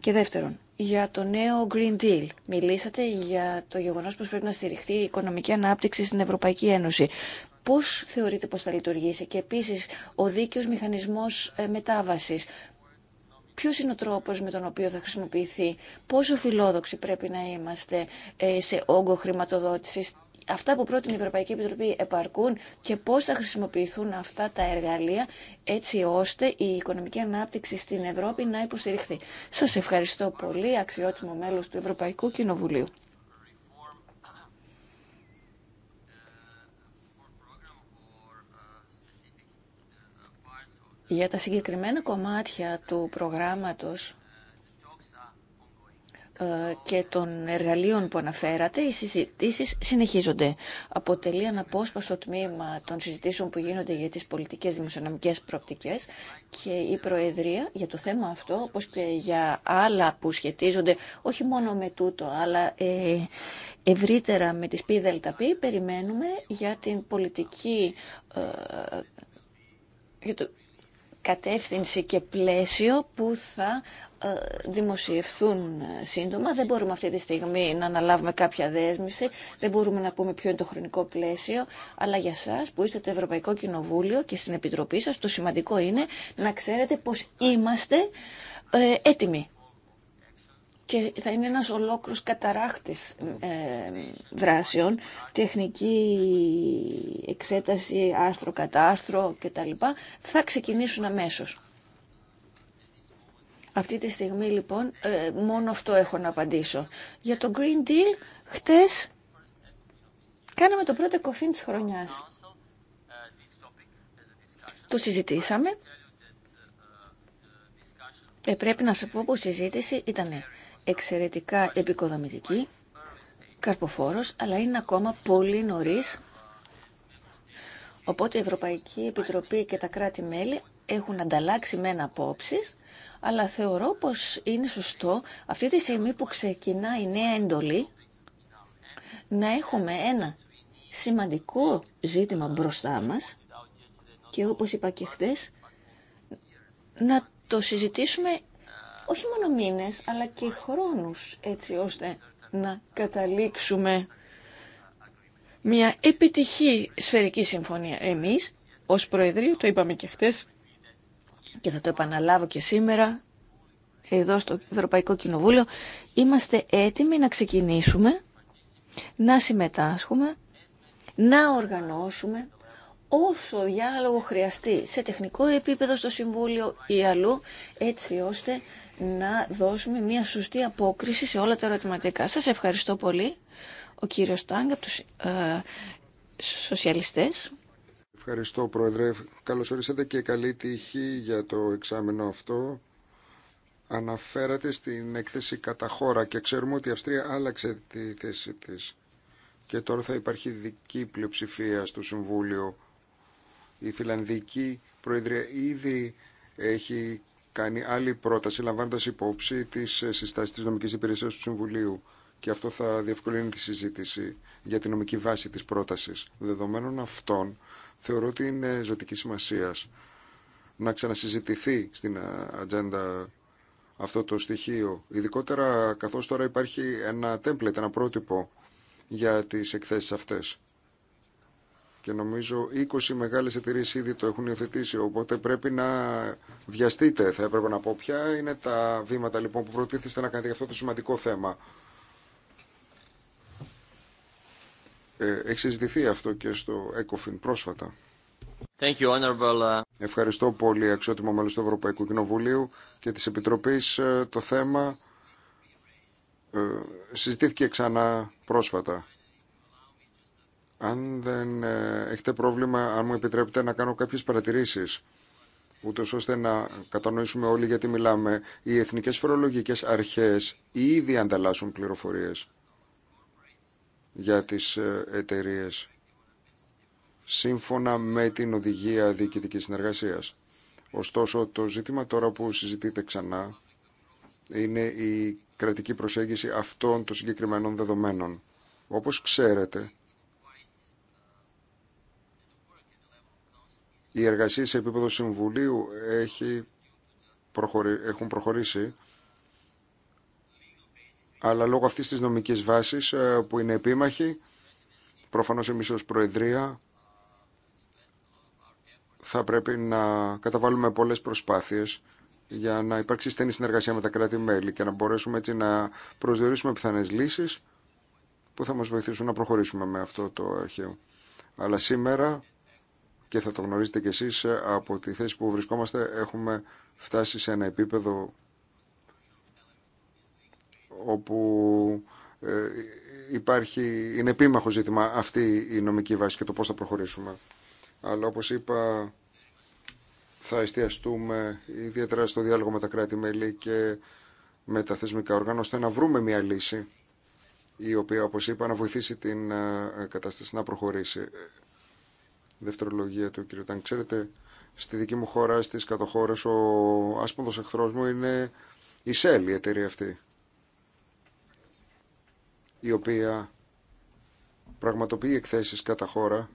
Και δεύτερον, για το νέο Green Deal. Μιλήσατε για το γεγονός πως πρέπει να στηριχθεί η οικονομική ανάπτυξη στην Ευρωπαϊκή Ένωση. Πώς θεωρείτε πως θα λειτουργήσει και επίσης ο δίκαιος μηχανισμός ε, μετάβασης ποιο είναι ο τρόπο με τον οποίο θα χρησιμοποιηθεί, πόσο φιλόδοξοι πρέπει να είμαστε ε, σε όγκο χρηματοδότηση, αυτά που πρότεινε η Ευρωπαϊκή Επιτροπή επαρκούν και πώς θα χρησιμοποιηθούν αυτά τα εργαλεία έτσι ώστε η οικονομική ανάπτυξη στην Ευρώπη να υποστηριχθεί. Σας ευχαριστώ πολύ, αξιότιμο μέλος του Ευρωπαϊκού Κοινοβουλίου. Για τα συγκεκριμένα κομμάτια του προγράμματος ε, και των εργαλείων που αναφέρατε, οι συζητήσεις συνεχίζονται. Αποτελεί αναπόσπαστο τμήμα των συζητήσεων που γίνονται για τις πολιτικές δημοσιονομικές προοπτικές και η Προεδρία για το θέμα αυτό, όπως και για άλλα που σχετίζονται όχι μόνο με τούτο, αλλά ε, ευρύτερα με τις ΠΔΠ, περιμένουμε για την πολιτική... Ε, κατεύθυνση και πλαίσιο που θα ε, δημοσιευθούν ε, σύντομα. Δεν μπορούμε αυτή τη στιγμή να αναλάβουμε κάποια δέσμευση, δεν μπορούμε να πούμε ποιο είναι το χρονικό πλαίσιο, αλλά για σας που είστε το Ευρωπαϊκό Κοινοβούλιο και στην Επιτροπή σας, το σημαντικό είναι να ξέρετε πως είμαστε ε, έτοιμοι και θα είναι ένας ολόκληρος καταράχτης ε, δράσεων, τεχνική εξέταση άστρο κατά άστρο κτλ. Θα ξεκινήσουν αμέσως. Αυτή τη στιγμή λοιπόν ε, μόνο αυτό έχω να απαντήσω. Για το Green Deal χτες κάναμε το πρώτο κοφήν της χρονιάς. Το συζητήσαμε. Ε, πρέπει να σας πω που η συζήτηση ήταν εξαιρετικά επικοδομητική, καρποφόρος, αλλά είναι ακόμα πολύ νωρίς. Οπότε η Ευρωπαϊκή Επιτροπή και τα κράτη-μέλη έχουν ανταλλάξει μεν απόψεις, αλλά θεωρώ πως είναι σωστό αυτή τη στιγμή που ξεκινά η νέα εντολή να έχουμε ένα σημαντικό ζήτημα μπροστά μας και όπως είπα και χθες, να το συζητήσουμε όχι μόνο μήνες, αλλά και χρόνους, έτσι ώστε να καταλήξουμε μια επιτυχή σφαιρική συμφωνία. Εμείς, ως Προεδρείο, το είπαμε και χτες και θα το επαναλάβω και σήμερα, εδώ στο Ευρωπαϊκό Κοινοβούλιο, είμαστε έτοιμοι να ξεκινήσουμε, να συμμετάσχουμε, να οργανώσουμε όσο διάλογο χρειαστεί σε τεχνικό επίπεδο στο Συμβούλιο ή αλλού, έτσι ώστε να δώσουμε μια σωστή απόκριση σε όλα τα ερωτηματικά. Σας ευχαριστώ πολύ, ο κύριος Τάγκ από τους ε, σοσιαλιστές. Ευχαριστώ, Πρόεδρε. Καλώς ορίσατε και καλή τύχη για το εξάμεινο αυτό. Αναφέρατε στην έκθεση κατά χώρα και ξέρουμε ότι η Αυστρία άλλαξε τη θέση της και τώρα θα υπάρχει δική πλειοψηφία στο Συμβούλιο. Η Φιλανδική Προεδρία ήδη έχει κάνει άλλη πρόταση λαμβάνοντα υπόψη τις ε, συστάσεις τη νομική υπηρεσία του Συμβουλίου και αυτό θα διευκολύνει τη συζήτηση για τη νομική βάση της πρότασης. Δεδομένων αυτών θεωρώ ότι είναι ζωτική σημασία να ξανασυζητηθεί στην ε, ατζέντα αυτό το στοιχείο, ειδικότερα καθώς τώρα υπάρχει ένα τέμπλετ, ένα πρότυπο για τις εκθέσεις αυτές και νομίζω 20 μεγάλες εταιρείε ήδη το έχουν υιοθετήσει, οπότε πρέπει να βιαστείτε, θα έπρεπε να πω ποια είναι τα βήματα λοιπόν που προτίθεστε να κάνετε για αυτό το σημαντικό θέμα. Ε, έχει συζητηθεί αυτό και στο ECOFIN πρόσφατα. Thank you, honorable. Uh, Ευχαριστώ πολύ αξιότιμο μέλο του Ευρωπαϊκού Κοινοβουλίου και της Επιτροπής ε, το θέμα ε, συζητήθηκε ξανά πρόσφατα αν δεν ε, έχετε πρόβλημα, αν μου επιτρέπετε να κάνω κάποιες παρατηρήσεις, ούτω ώστε να κατανοήσουμε όλοι γιατί μιλάμε, οι εθνικές φορολογικέ αρχές ήδη ανταλλάσσουν πληροφορίε για τις ε, εταιρείε σύμφωνα με την οδηγία διοικητική συνεργασίας. Ωστόσο, το ζήτημα τώρα που συζητείτε ξανά είναι η κρατική προσέγγιση αυτών των συγκεκριμένων δεδομένων. Όπως ξέρετε, η εργασίες σε επίπεδο Συμβουλίου έχει έχουν προχωρήσει αλλά λόγω αυτής της νομικής βάσης ε, που είναι επίμαχη προφανώς εμείς ως Προεδρία θα πρέπει να καταβάλουμε πολλές προσπάθειες για να υπάρξει στενή συνεργασία με τα κράτη-μέλη και να μπορέσουμε έτσι να προσδιορίσουμε πιθανές λύσεις που θα μας βοηθήσουν να προχωρήσουμε με αυτό το αρχείο. Αλλά σήμερα και θα το γνωρίζετε κι εσείς ε, από τη θέση που βρισκόμαστε έχουμε φτάσει σε ένα επίπεδο όπου ε, υπάρχει, είναι επίμαχο ζήτημα αυτή η νομική βάση και το πώς θα προχωρήσουμε. Αλλά όπως είπα θα εστιαστούμε ιδιαίτερα στο διάλογο με τα κράτη-μέλη και με τα θεσμικά όργανα ώστε να βρούμε μια λύση η οποία όπως είπα να βοηθήσει την ε, κατάσταση να προχωρήσει δευτερολογία του κύριου Τάν. Ξέρετε, στη δική μου χώρα, στις κατοχώρες, ο άσποδος εχθρός μου είναι η ΣΕΛ, η εταιρεία αυτή, η οποία πραγματοποιεί εκθέσεις κατά χώρα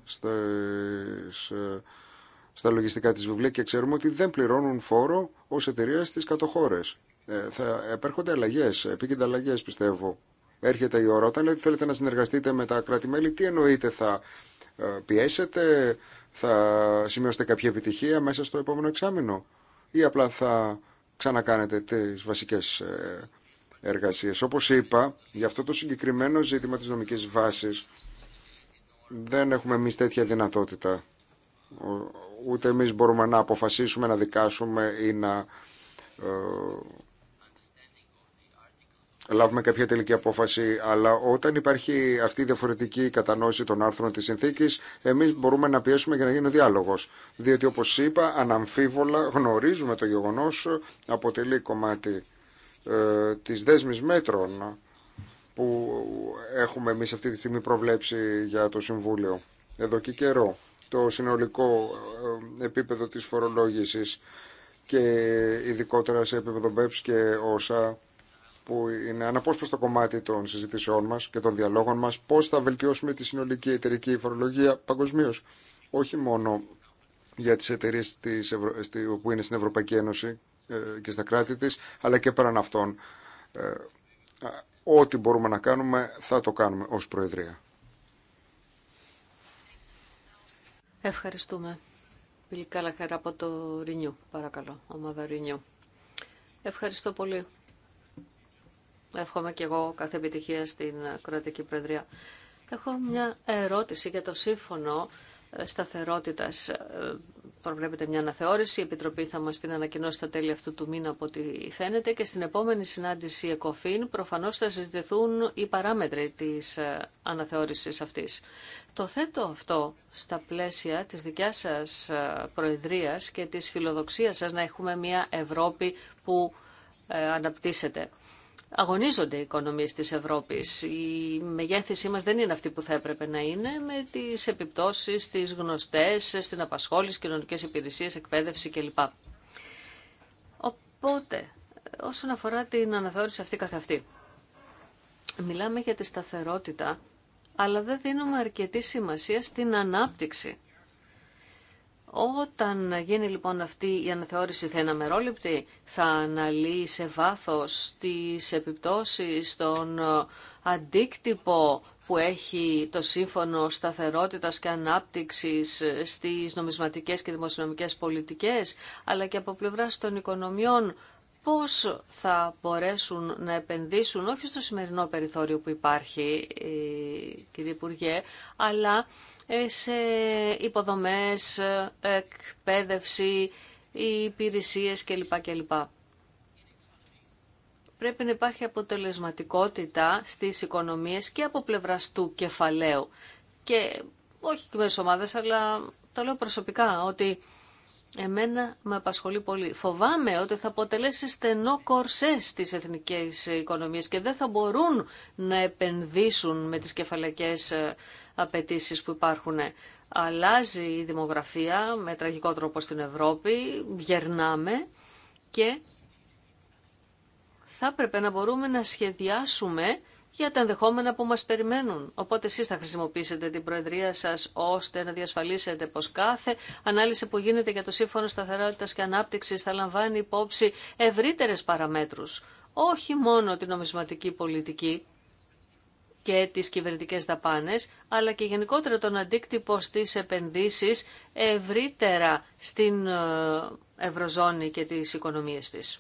στα λογιστικά της βιβλία και ξέρουμε ότι δεν πληρώνουν φόρο ως εταιρεία στις κατοχώρες. Ε, θα επέρχονται αλλαγέ, επίκεντα αλλαγέ πιστεύω. Έρχεται η ώρα. Όταν λέτε θέλετε να συνεργαστείτε με τα κράτη-μέλη, τι εννοείτε θα ε, πιέσετε, θα σημειώσετε κάποια επιτυχία μέσα στο επόμενο εξάμεινο ή απλά θα ξανακάνετε τις βασικές ε, εργασίες. Όπως είπα, για αυτό το συγκεκριμένο ζήτημα της νομικής βάσης δεν έχουμε εμεί τέτοια δυνατότητα. Ούτε εμείς μπορούμε να αποφασίσουμε, να δικάσουμε ή να ε, λάβουμε κάποια τελική απόφαση. Αλλά όταν υπάρχει αυτή η διαφορετική κατανόηση των άρθρων τη συνθήκη, εμεί μπορούμε να πιέσουμε για να γίνει ο διάλογο. Διότι, όπω είπα, αναμφίβολα γνωρίζουμε το γεγονό αποτελεί κομμάτι ε, τη δέσμη μέτρων που έχουμε εμεί αυτή τη στιγμή προβλέψει για το Συμβούλιο εδώ και καιρό το συνολικό ε, επίπεδο της φορολόγησης και ειδικότερα σε επίπεδο BEPS και όσα που είναι αναπόσπαστο κομμάτι των συζητήσεών μα και των διαλόγων μα πώ θα βελτιώσουμε τη συνολική εταιρική φορολογία παγκοσμίω. Όχι μόνο για τι εταιρείε Ευρω... που είναι στην Ευρωπαϊκή Ένωση ε, και στα κράτη τη, αλλά και πέραν αυτών. Ε, ό,τι μπορούμε να κάνουμε θα το κάνουμε ω Προεδρία. Ευχαριστούμε. Βίλικα από το Ρινιού, παρακαλώ, ομάδα Ρινιού. Ευχαριστώ πολύ. Εύχομαι και εγώ κάθε επιτυχία στην κρατική Προεδρία. Έχω μια ερώτηση για το σύμφωνο ε, σταθερότητας. Ε, προβλέπετε μια αναθεώρηση, η Επιτροπή θα μας την ανακοινώσει στα τέλη αυτού του μήνα από ό,τι φαίνεται και στην επόμενη συνάντηση ΕΚΟΦΗΝ προφανώς θα συζητηθούν οι παράμετροι της ε, αναθεώρησης αυτής. Το θέτω αυτό στα πλαίσια τη δικιά σα προεδρία και τη φιλοδοξία σα να έχουμε μια Ευρώπη που αναπτύσσεται αγωνίζονται οι οικονομίες της Ευρώπης. Η μεγέθυνσή μας δεν είναι αυτή που θα έπρεπε να είναι με τις επιπτώσεις, τις γνωστές, στην απασχόληση, κοινωνικές υπηρεσίες, εκπαίδευση κλπ. Οπότε, όσον αφορά την αναθεώρηση αυτή καθ' αυτή, μιλάμε για τη σταθερότητα, αλλά δεν δίνουμε αρκετή σημασία στην ανάπτυξη. Όταν γίνει λοιπόν αυτή η αναθεώρηση θα είναι αμερόληπτη, θα αναλύει σε βάθος τις επιπτώσεις, τον ε, αντίκτυπο που έχει το Σύμφωνο Σταθερότητας και Ανάπτυξης ε, στις νομισματικές και δημοσιονομικές πολιτικές, αλλά και από πλευράς των οικονομιών πώς θα μπορέσουν να επενδύσουν όχι στο σημερινό περιθώριο που υπάρχει, ε, κύριε Υπουργέ, αλλά ε, σε υποδομές, ε, εκπαίδευση, υπηρεσίες κλπ. κλπ. Πρέπει να υπάρχει αποτελεσματικότητα στις οικονομίες και από πλευράς του κεφαλαίου. Και όχι και ομάδες, αλλά το λέω προσωπικά, ότι Εμένα με απασχολεί πολύ. Φοβάμαι ότι θα αποτελέσει στενό κορσέ στις εθνικές οικονομίες και δεν θα μπορούν να επενδύσουν με τι κεφαλακέ ε, απαιτήσει που υπάρχουν. Αλλάζει η δημογραφία με τραγικό τρόπο στην Ευρώπη, γερνάμε και θα έπρεπε να μπορούμε να σχεδιάσουμε για τα ενδεχόμενα που μας περιμένουν. Οπότε εσείς θα χρησιμοποιήσετε την Προεδρία σας ώστε να διασφαλίσετε πως κάθε ανάλυση που γίνεται για το Σύμφωνο Σταθερότητας και Ανάπτυξης θα λαμβάνει υπόψη ευρύτερες παραμέτρους, όχι μόνο την νομισματική πολιτική και τις κυβερνητικές δαπάνες, αλλά και γενικότερα τον αντίκτυπο στις επενδύσεις ευρύτερα στην ε, Ευρωζώνη και τις οικονομίες της.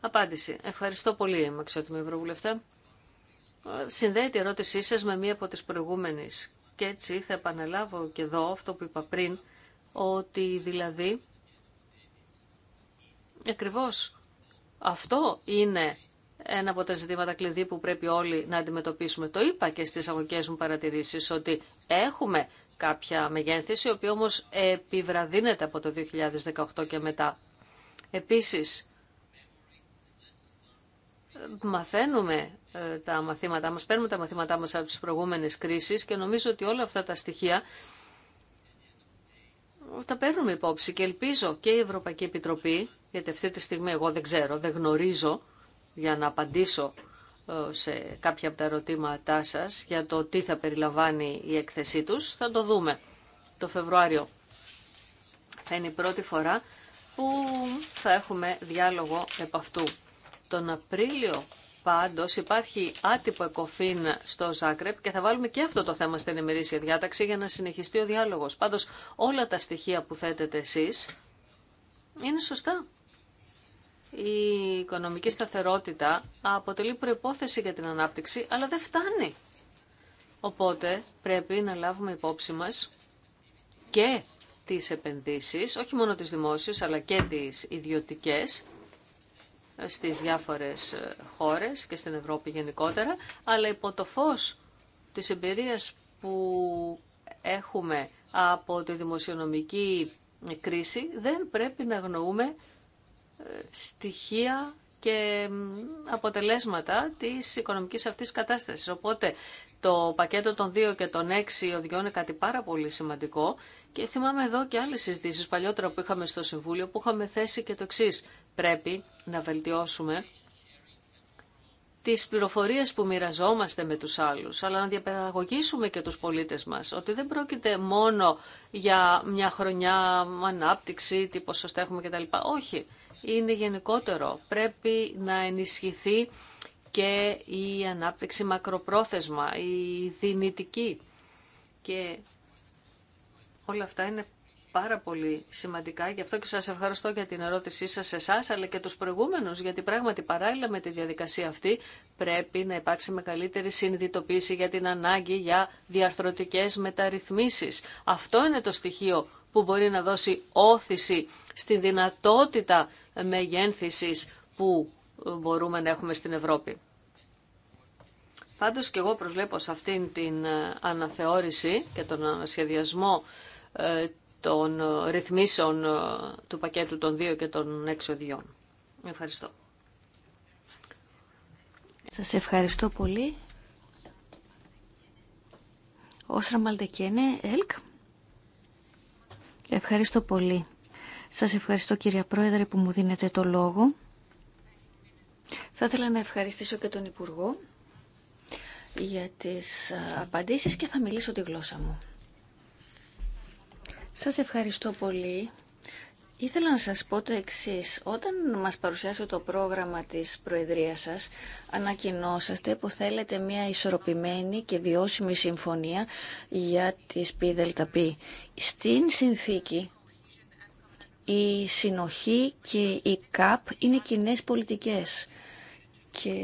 Απάντηση. Ευχαριστώ πολύ, Μαξιότιμη Ευρωβουλευτέ συνδέει τη ερώτησή σας με μία από τις προηγούμενες. Και έτσι θα επαναλάβω και εδώ αυτό που είπα πριν, ότι δηλαδή ακριβώς αυτό είναι ένα από τα ζητήματα κλειδί που πρέπει όλοι να αντιμετωπίσουμε. Το είπα και στις αγωγές μου παρατηρήσεις ότι έχουμε κάποια μεγένθηση, η οποία όμως επιβραδύνεται από το 2018 και μετά. Επίσης, μαθαίνουμε ε, τα μαθήματά μας, παίρνουμε τα μαθήματά μας από τις προηγούμενες κρίσεις και νομίζω ότι όλα αυτά τα στοιχεία τα παίρνουμε υπόψη και ελπίζω και η Ευρωπαϊκή Επιτροπή, γιατί αυτή τη στιγμή εγώ δεν ξέρω, δεν γνωρίζω για να απαντήσω ε, σε κάποια από τα ερωτήματά σας για το τι θα περιλαμβάνει η έκθεσή τους. Θα το δούμε το Φεβρουάριο. Θα είναι η πρώτη φορά που θα έχουμε διάλογο επ' αυτού. Τον Απρίλιο Πάντως υπάρχει άτυπο εκοφήν στο Ζάκρεπ και θα βάλουμε και αυτό το θέμα στην ημερήσια διάταξη για να συνεχιστεί ο διάλογος. Πάντως όλα τα στοιχεία που θέτετε εσεί είναι σωστά. Η οικονομική σταθερότητα αποτελεί προϋπόθεση για την ανάπτυξη, αλλά δεν φτάνει. Οπότε πρέπει να λάβουμε υπόψη μας και τις επενδύσεις, όχι μόνο τις δημόσιες αλλά και τις ιδιωτικές, στις διάφορες ε, χώρες και στην Ευρώπη γενικότερα, αλλά υπό το φως της εμπειρίας που έχουμε από τη δημοσιονομική κρίση, δεν πρέπει να γνωρούμε ε, στοιχεία και αποτελέσματα της οικονομικής αυτής κατάστασης. Οπότε το πακέτο των 2 και των 6 οδηγιών είναι κάτι πάρα πολύ σημαντικό και θυμάμαι εδώ και άλλες συζητήσεις παλιότερα που είχαμε στο Συμβούλιο που είχαμε θέσει και το εξή. Πρέπει να βελτιώσουμε τις πληροφορίες που μοιραζόμαστε με τους άλλους, αλλά να διαπαιδαγωγήσουμε και τους πολίτες μας, ότι δεν πρόκειται μόνο για μια χρονιά ανάπτυξη, τι ποσοστά έχουμε κτλ. Όχι, είναι γενικότερο. Πρέπει να ενισχυθεί και η ανάπτυξη μακροπρόθεσμα, η δυνητική. Και Όλα αυτά είναι πάρα πολύ σημαντικά. Γι' αυτό και σας ευχαριστώ για την ερώτησή σας σε εσάς, αλλά και τους προηγούμενους, γιατί πράγματι παράλληλα με τη διαδικασία αυτή πρέπει να υπάρξει μεγαλύτερη συνειδητοποίηση για την ανάγκη για διαρθρωτικές μεταρρυθμίσεις. Αυτό είναι το στοιχείο που μπορεί να δώσει όθηση στη δυνατότητα μεγένθησης που μπορούμε να έχουμε στην Ευρώπη. Πάντως και εγώ προσβλέπω σε αυτήν την ε, αναθεώρηση και τον ανασχεδιασμό ε, ε, των ε, ρυθμίσεων ε, του πακέτου των δύο και των έξοδιών. Ευχαριστώ. Σας ευχαριστώ πολύ. Όσρα Μαλτεκένε, ΕΛΚ. Ευχαριστώ πολύ. Σας ευχαριστώ κυρία Πρόεδρε που μου δίνετε το λόγο. Θα ήθελα να ευχαριστήσω και τον Υπουργό για τις απαντήσεις και θα μιλήσω τη γλώσσα μου. Σας ευχαριστώ πολύ. Ήθελα να σας πω το εξής. Όταν μας παρουσιάσετε το πρόγραμμα της Προεδρίας σας, ανακοινώσατε που θέλετε μια ισορροπημένη και βιώσιμη συμφωνία για τις ΠΔΠ. Στην συνθήκη η συνοχή και η ΚΑΠ είναι κοινέ πολιτικές και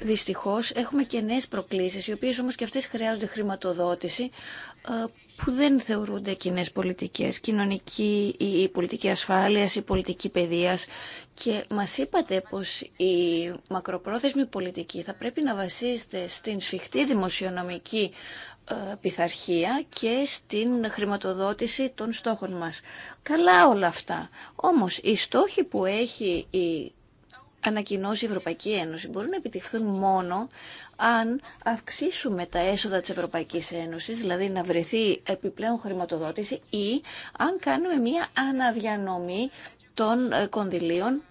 δυστυχώς έχουμε και νέες προκλήσεις οι οποίες όμως και αυτές χρειάζονται χρηματοδότηση ε, που δεν θεωρούνται κοινέ πολιτικές, κοινωνική, η πολιτική ασφάλειας, η πολιτική παιδείας και μα είπατε πως η μακροπρόθεσμη πολιτική θα πρέπει να βασίζεται στην σφιχτή δημοσιονομική ε, πειθαρχία και στην χρηματοδότηση των στόχων μας. Καλά όλα αυτά. Όμως οι στόχοι που έχει η ανακοινώσει η Ευρωπαϊκή Ένωση μπορούν να επιτυχθούν μόνο αν αυξήσουμε τα έσοδα της Ευρωπαϊκής Ένωσης, δηλαδή να βρεθεί επιπλέον χρηματοδότηση ή αν κάνουμε μία αναδιανομή των ε, κονδυλίων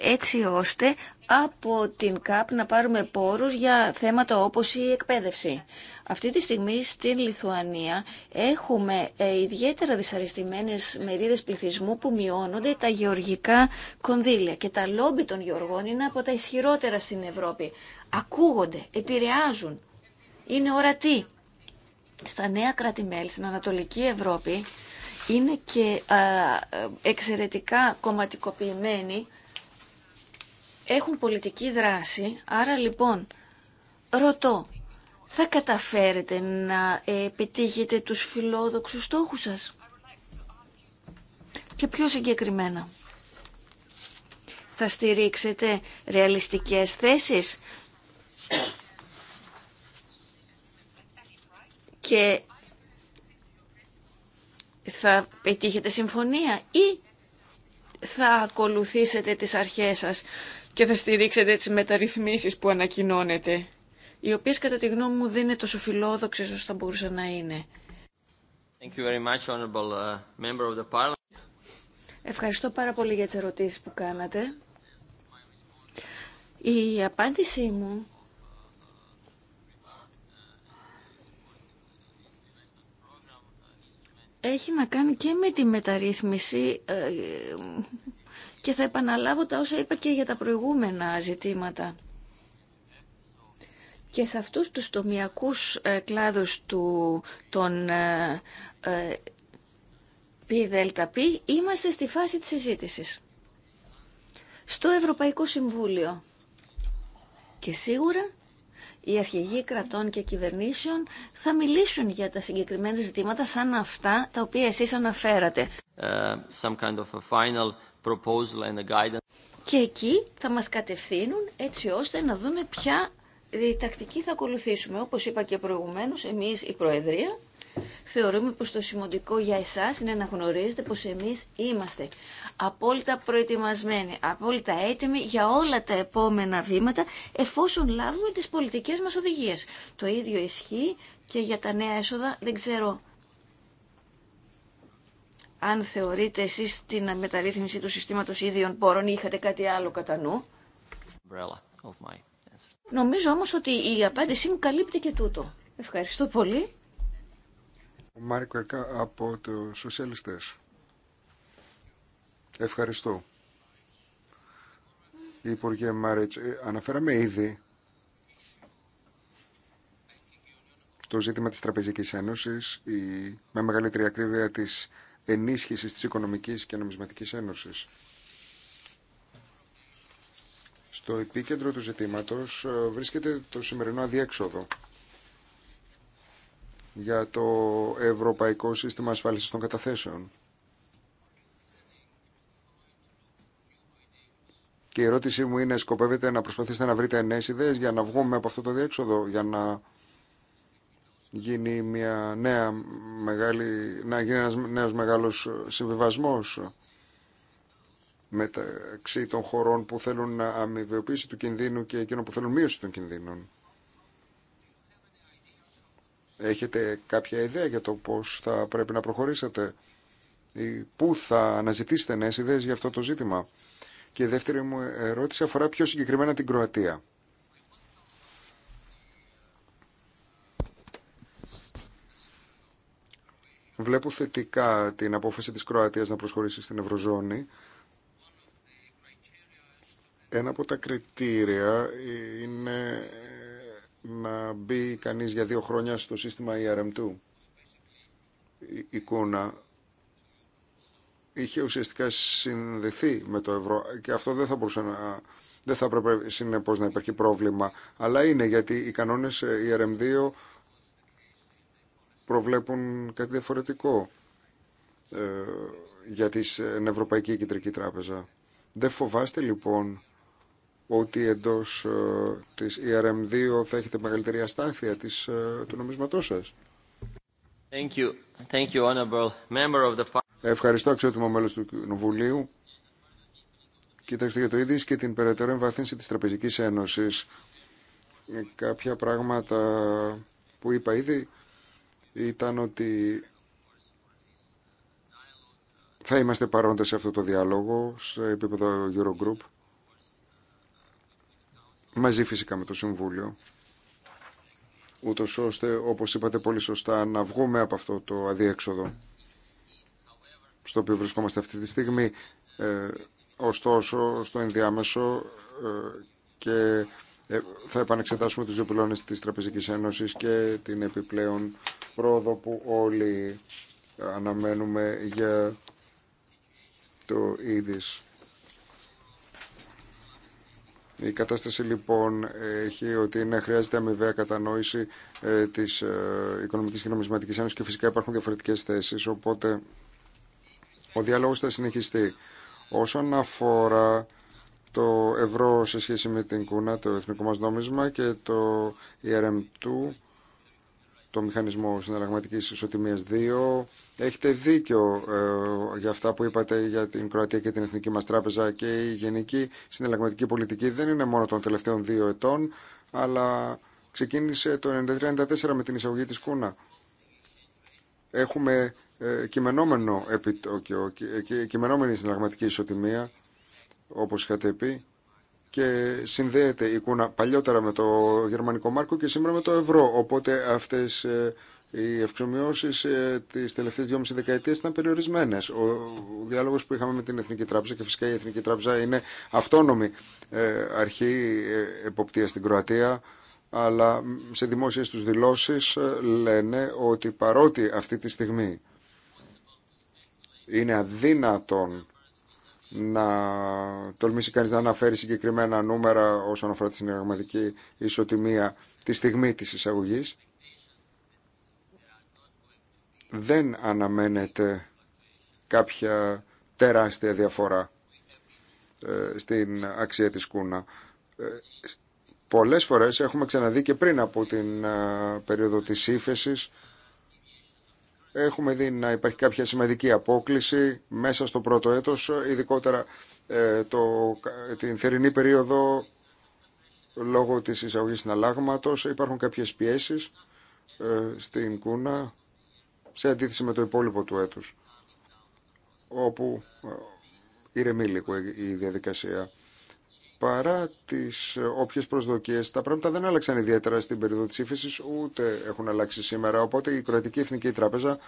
έτσι ώστε από την ΚΑΠ να πάρουμε πόρους για θέματα όπως η εκπαίδευση. Αυτή τη στιγμή στην Λιθουανία έχουμε ε, ιδιαίτερα δυσαρεστημένες μερίδες πληθυσμού που μειώνονται τα γεωργικά κονδύλια και τα λόμπι των γεωργών είναι από τα ισχυρότερα στην Ευρώπη. Ακούγονται, επηρεάζουν, είναι ορατοί. Στα νέα κράτη-μέλη, στην Ανατολική Ευρώπη, είναι και ε, ε, εξαιρετικά κομματικοποιημένοι έχουν πολιτική δράση, άρα λοιπόν ρωτώ, θα καταφέρετε να επιτύχετε τους φιλόδοξους στόχους σας και πιο συγκεκριμένα. Θα στηρίξετε ρεαλιστικές θέσεις και θα πετύχετε συμφωνία ή θα ακολουθήσετε τις αρχές σας και θα στηρίξετε τι μεταρρυθμίσει που ανακοινώνετε, οι οποίε κατά τη γνώμη μου δεν είναι τόσο φιλόδοξε όσο θα μπορούσαν να είναι. Thank you very much, uh, of the Ευχαριστώ πάρα πολύ για τις ερωτήσεις που κάνατε. Η απάντησή μου έχει να κάνει και με τη μεταρρύθμιση ε, και θα επαναλάβω τα όσα είπα και για τα προηγούμενα ζητήματα. Και σε αυτούς τους τομιακούς ε, κλάδους του, των ε, ε, ΠΔΠ είμαστε στη φάση της συζήτησης. Στο Ευρωπαϊκό Συμβούλιο. Και σίγουρα οι αρχηγοί κρατών και κυβερνήσεων θα μιλήσουν για τα συγκεκριμένα ζητήματα σαν αυτά τα οποία εσείς αναφέρατε. some kind final proposal and the guidance. Και εκεί θα μας κατευθύνουν έτσι ώστε να δούμε ποια τακτική θα ακολουθήσουμε. Όπως είπα και προηγουμένως, εμείς η Προεδρία θεωρούμε πως το σημαντικό για εσάς είναι να γνωρίζετε πως εμείς είμαστε απόλυτα προετοιμασμένοι, απόλυτα έτοιμοι για όλα τα επόμενα βήματα εφόσον λάβουμε τις πολιτικές μας οδηγίες. Το ίδιο ισχύει και για τα νέα έσοδα. Δεν ξέρω αν θεωρείτε εσείς την μεταρρύθμιση του συστήματος ίδιων πόρων ή είχατε κάτι άλλο κατά νου. Νομίζω όμως ότι η απάντησή μου καλύπτει και τούτο. Ευχαριστώ πολύ. Ο Μάρικ Βερκά από τους Σοσιαλιστές. Ευχαριστώ. Η Υπουργέ ευχαριστω πολυ ο Μάρικο απο τους σοσιαλιστες ευχαριστω ήδη το ζήτημα της Τραπεζικής Ένωσης, η, με μεγαλύτερη ακρίβεια της ενίσχυσης της Οικονομικής και Νομισματικής Ένωσης. Στο επίκεντρο του ζητήματος ε, βρίσκεται το σημερινό αδιέξοδο για το Ευρωπαϊκό Σύστημα Ασφάλισης των Καταθέσεων. Και η ερώτησή μου είναι, σκοπεύετε να προσπαθήσετε να βρείτε ενέσιδες ιδέες για να βγούμε από αυτό το διέξοδο, για να γίνει μια νέα μεγάλη, να γίνει ένας νέος μεγάλος συμβιβασμός μεταξύ των χωρών που θέλουν να αμοιβαιοποίηση του κινδύνου και εκείνων που θέλουν μείωση των κινδύνων. Έχετε κάποια ιδέα για το πώς θα πρέπει να προχωρήσετε ή πού θα αναζητήσετε νέες ιδέες για αυτό το ζήτημα. Και η δεύτερη μου ερώτηση αφορά πιο συγκεκριμένα την Κροατία. Βλέπω θετικά την απόφαση της Κροατίας να προσχωρήσει στην Ευρωζώνη. Ένα από τα κριτήρια είναι να μπει κανείς για δύο χρόνια στο σύστημα ERM2. Η εικόνα είχε ουσιαστικά συνδεθεί με το ευρώ και αυτό δεν θα μπορούσε να... Δεν θα έπρεπε να υπάρχει πρόβλημα, αλλά είναι γιατί οι κανονες ε, erm ERM2 προβλέπουν κάτι διαφορετικό ε, για ε, την Ευρωπαϊκή Κεντρική Τράπεζα. Δεν φοβάστε λοιπόν ότι εντός ε, της ERM2 θα έχετε μεγαλύτερη αστάθεια της, του νομισματός σας. Thank you. Thank you, of the... Ευχαριστώ αξιότιμο μέλος του Κοινοβουλίου. Κοιτάξτε για το ίδιο και την περαιτέρω εμβαθύνση της Τραπεζικής Ένωσης. Κάποια πράγματα που είπα ήδη ήταν ότι θα είμαστε παρόντες σε αυτό το διάλογο σε επίπεδο Eurogroup μαζί φυσικά με το Συμβούλιο ούτως ώστε όπως είπατε πολύ σωστά να βγούμε από αυτό το αδίέξοδο στο οποίο βρισκόμαστε αυτή τη στιγμή ε, ωστόσο στο ενδιάμεσο ε, και ε, θα επανεξετάσουμε τους δύο της Τραπεζικής Ένωσης και την επιπλέον πρόοδο που όλοι αναμένουμε για το είδης. Η κατάσταση λοιπόν έχει ότι είναι, χρειάζεται αμοιβαία κατανόηση ε, της ε, Οικονομικής και Νομισματικής Ένωσης και φυσικά υπάρχουν διαφορετικές θέσεις, οπότε ο διάλογος θα συνεχιστεί. Όσον αφορά το ευρώ σε σχέση με την κούνα, το εθνικό μας νόμισμα και το ERM2, το μηχανισμό συναλλαγματικής ισοτιμίας 2. Έχετε δίκιο ε, για αυτά που είπατε για την Κροατία και την Εθνική μας Τράπεζα και η γενική συναλλαγματική πολιτική δεν είναι μόνο των τελευταίων δύο ετών, αλλά ξεκίνησε το 1993-1994 με την εισαγωγή της Κούνα. Έχουμε ε, κειμενόμενο επιτόκιο, ε, κειμενόμενη συναλλαγματική ισοτιμία, όπως είχατε πει, και συνδέεται η εικόνα παλιότερα με το γερμανικό μάρκο και σήμερα με το ευρώ. Οπότε αυτές ε, οι ευξομοιώσεις ε, τι τελευταίε δυόμιση δεκαετίε ήταν περιορισμένες. Ο διάλογος που είχαμε με την Εθνική Τράπεζα και φυσικά η Εθνική Τράπεζα είναι αυτόνομη ε, αρχή εποπτεία στην Κροατία αλλά σε δημόσιες τους δηλώσεις λένε ότι παρότι αυτή τη στιγμή είναι αδύνατον να τολμήσει κανείς να αναφέρει συγκεκριμένα νούμερα όσον αφορά τη συνεργαματική ισοτιμία τη στιγμή της εισαγωγής. Δεν αναμένεται κάποια τεράστια διαφορά ε, στην αξία της κούνα. Ε, πολλές φορές έχουμε ξαναδεί και πριν από την ε, περίοδο της ύφεσης έχουμε δει να υπάρχει κάποια σημαντική απόκληση μέσα στο πρώτο έτος, ειδικότερα ε, το, την θερινή περίοδο λόγω της εισαγωγής συναλλάγματος. Υπάρχουν κάποιες πιέσεις ε, στην κούνα σε αντίθεση με το υπόλοιπο του έτους, όπου ε, ηρεμεί λίγο η διαδικασία παρά τις ε, όποιε προσδοκίες, τα πράγματα δεν άλλαξαν ιδιαίτερα στην περίοδο της ύφεσης, ούτε έχουν αλλάξει σήμερα. Οπότε η Κρατική Εθνική Τράπεζα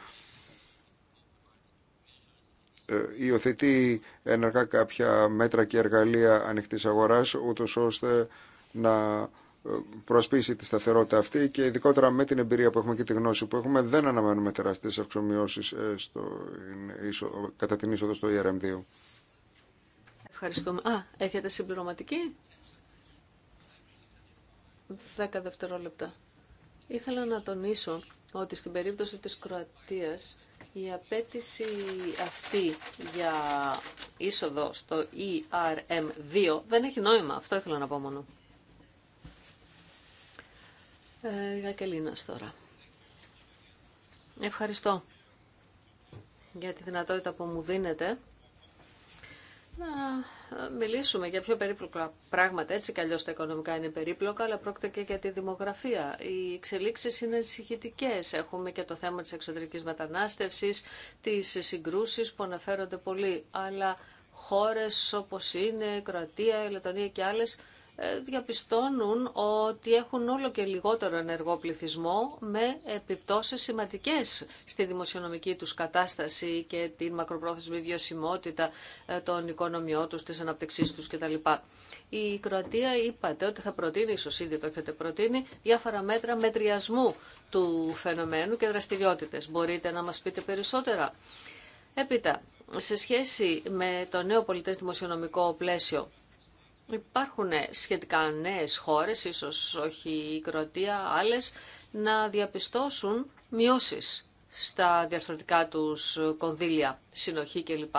ε, υιοθετεί ενεργά κάποια μέτρα και εργαλεία ανοιχτή αγοράς, ούτω ώστε να ε, προσπίσει τη σταθερότητα αυτή και ειδικότερα με την εμπειρία που έχουμε και τη γνώση που έχουμε δεν αναμένουμε τεράστιες αυξομοιώσεις στο, κατά την είσοδο στο ERM2. Ευχαριστούμε. Α, έχετε συμπληρωματική. Δέκα δευτερόλεπτα. Ήθελα να τονίσω ότι στην περίπτωση της Κροατίας η απέτηση αυτή για είσοδο στο ERM2 δεν έχει νόημα. Αυτό ήθελα να πω μόνο. Ε, τώρα. Ευχαριστώ για τη δυνατότητα που μου δίνετε να ε, μιλήσουμε για πιο περίπλοκα πράγματα. Έτσι κι αλλιώς τα οικονομικά είναι περίπλοκα, αλλά πρόκειται και για τη δημογραφία. Οι εξελίξεις είναι ανησυχητικέ. Έχουμε και το θέμα της εξωτερικής μετανάστευσης, τις συγκρούσεις που αναφέρονται πολύ. Αλλά χώρες όπως είναι, Κροατία, Λετωνία και άλλες, ε, διαπιστώνουν ότι έχουν όλο και λιγότερο ενεργό πληθυσμό με επιπτώσεις σημαντικές στη δημοσιονομική τους κατάσταση και την μακροπρόθεσμη βιωσιμότητα ε, των οικονομιών τους, της αναπτυξής τους κτλ. Η Κροατία είπατε ότι θα προτείνει, ίσως ήδη το έχετε προτείνει, διάφορα μέτρα μετριασμού του φαινομένου και δραστηριότητες. Μπορείτε να μας πείτε περισσότερα. Έπειτα, σε σχέση με το νέο πολιτές δημοσιονομικό πλαίσιο, Υπάρχουν σχετικά νέες χώρες, ίσως όχι η Κροτία, άλλες, να διαπιστώσουν μειώσεις στα διαρθρωτικά τους κονδύλια, συνοχή κλπ.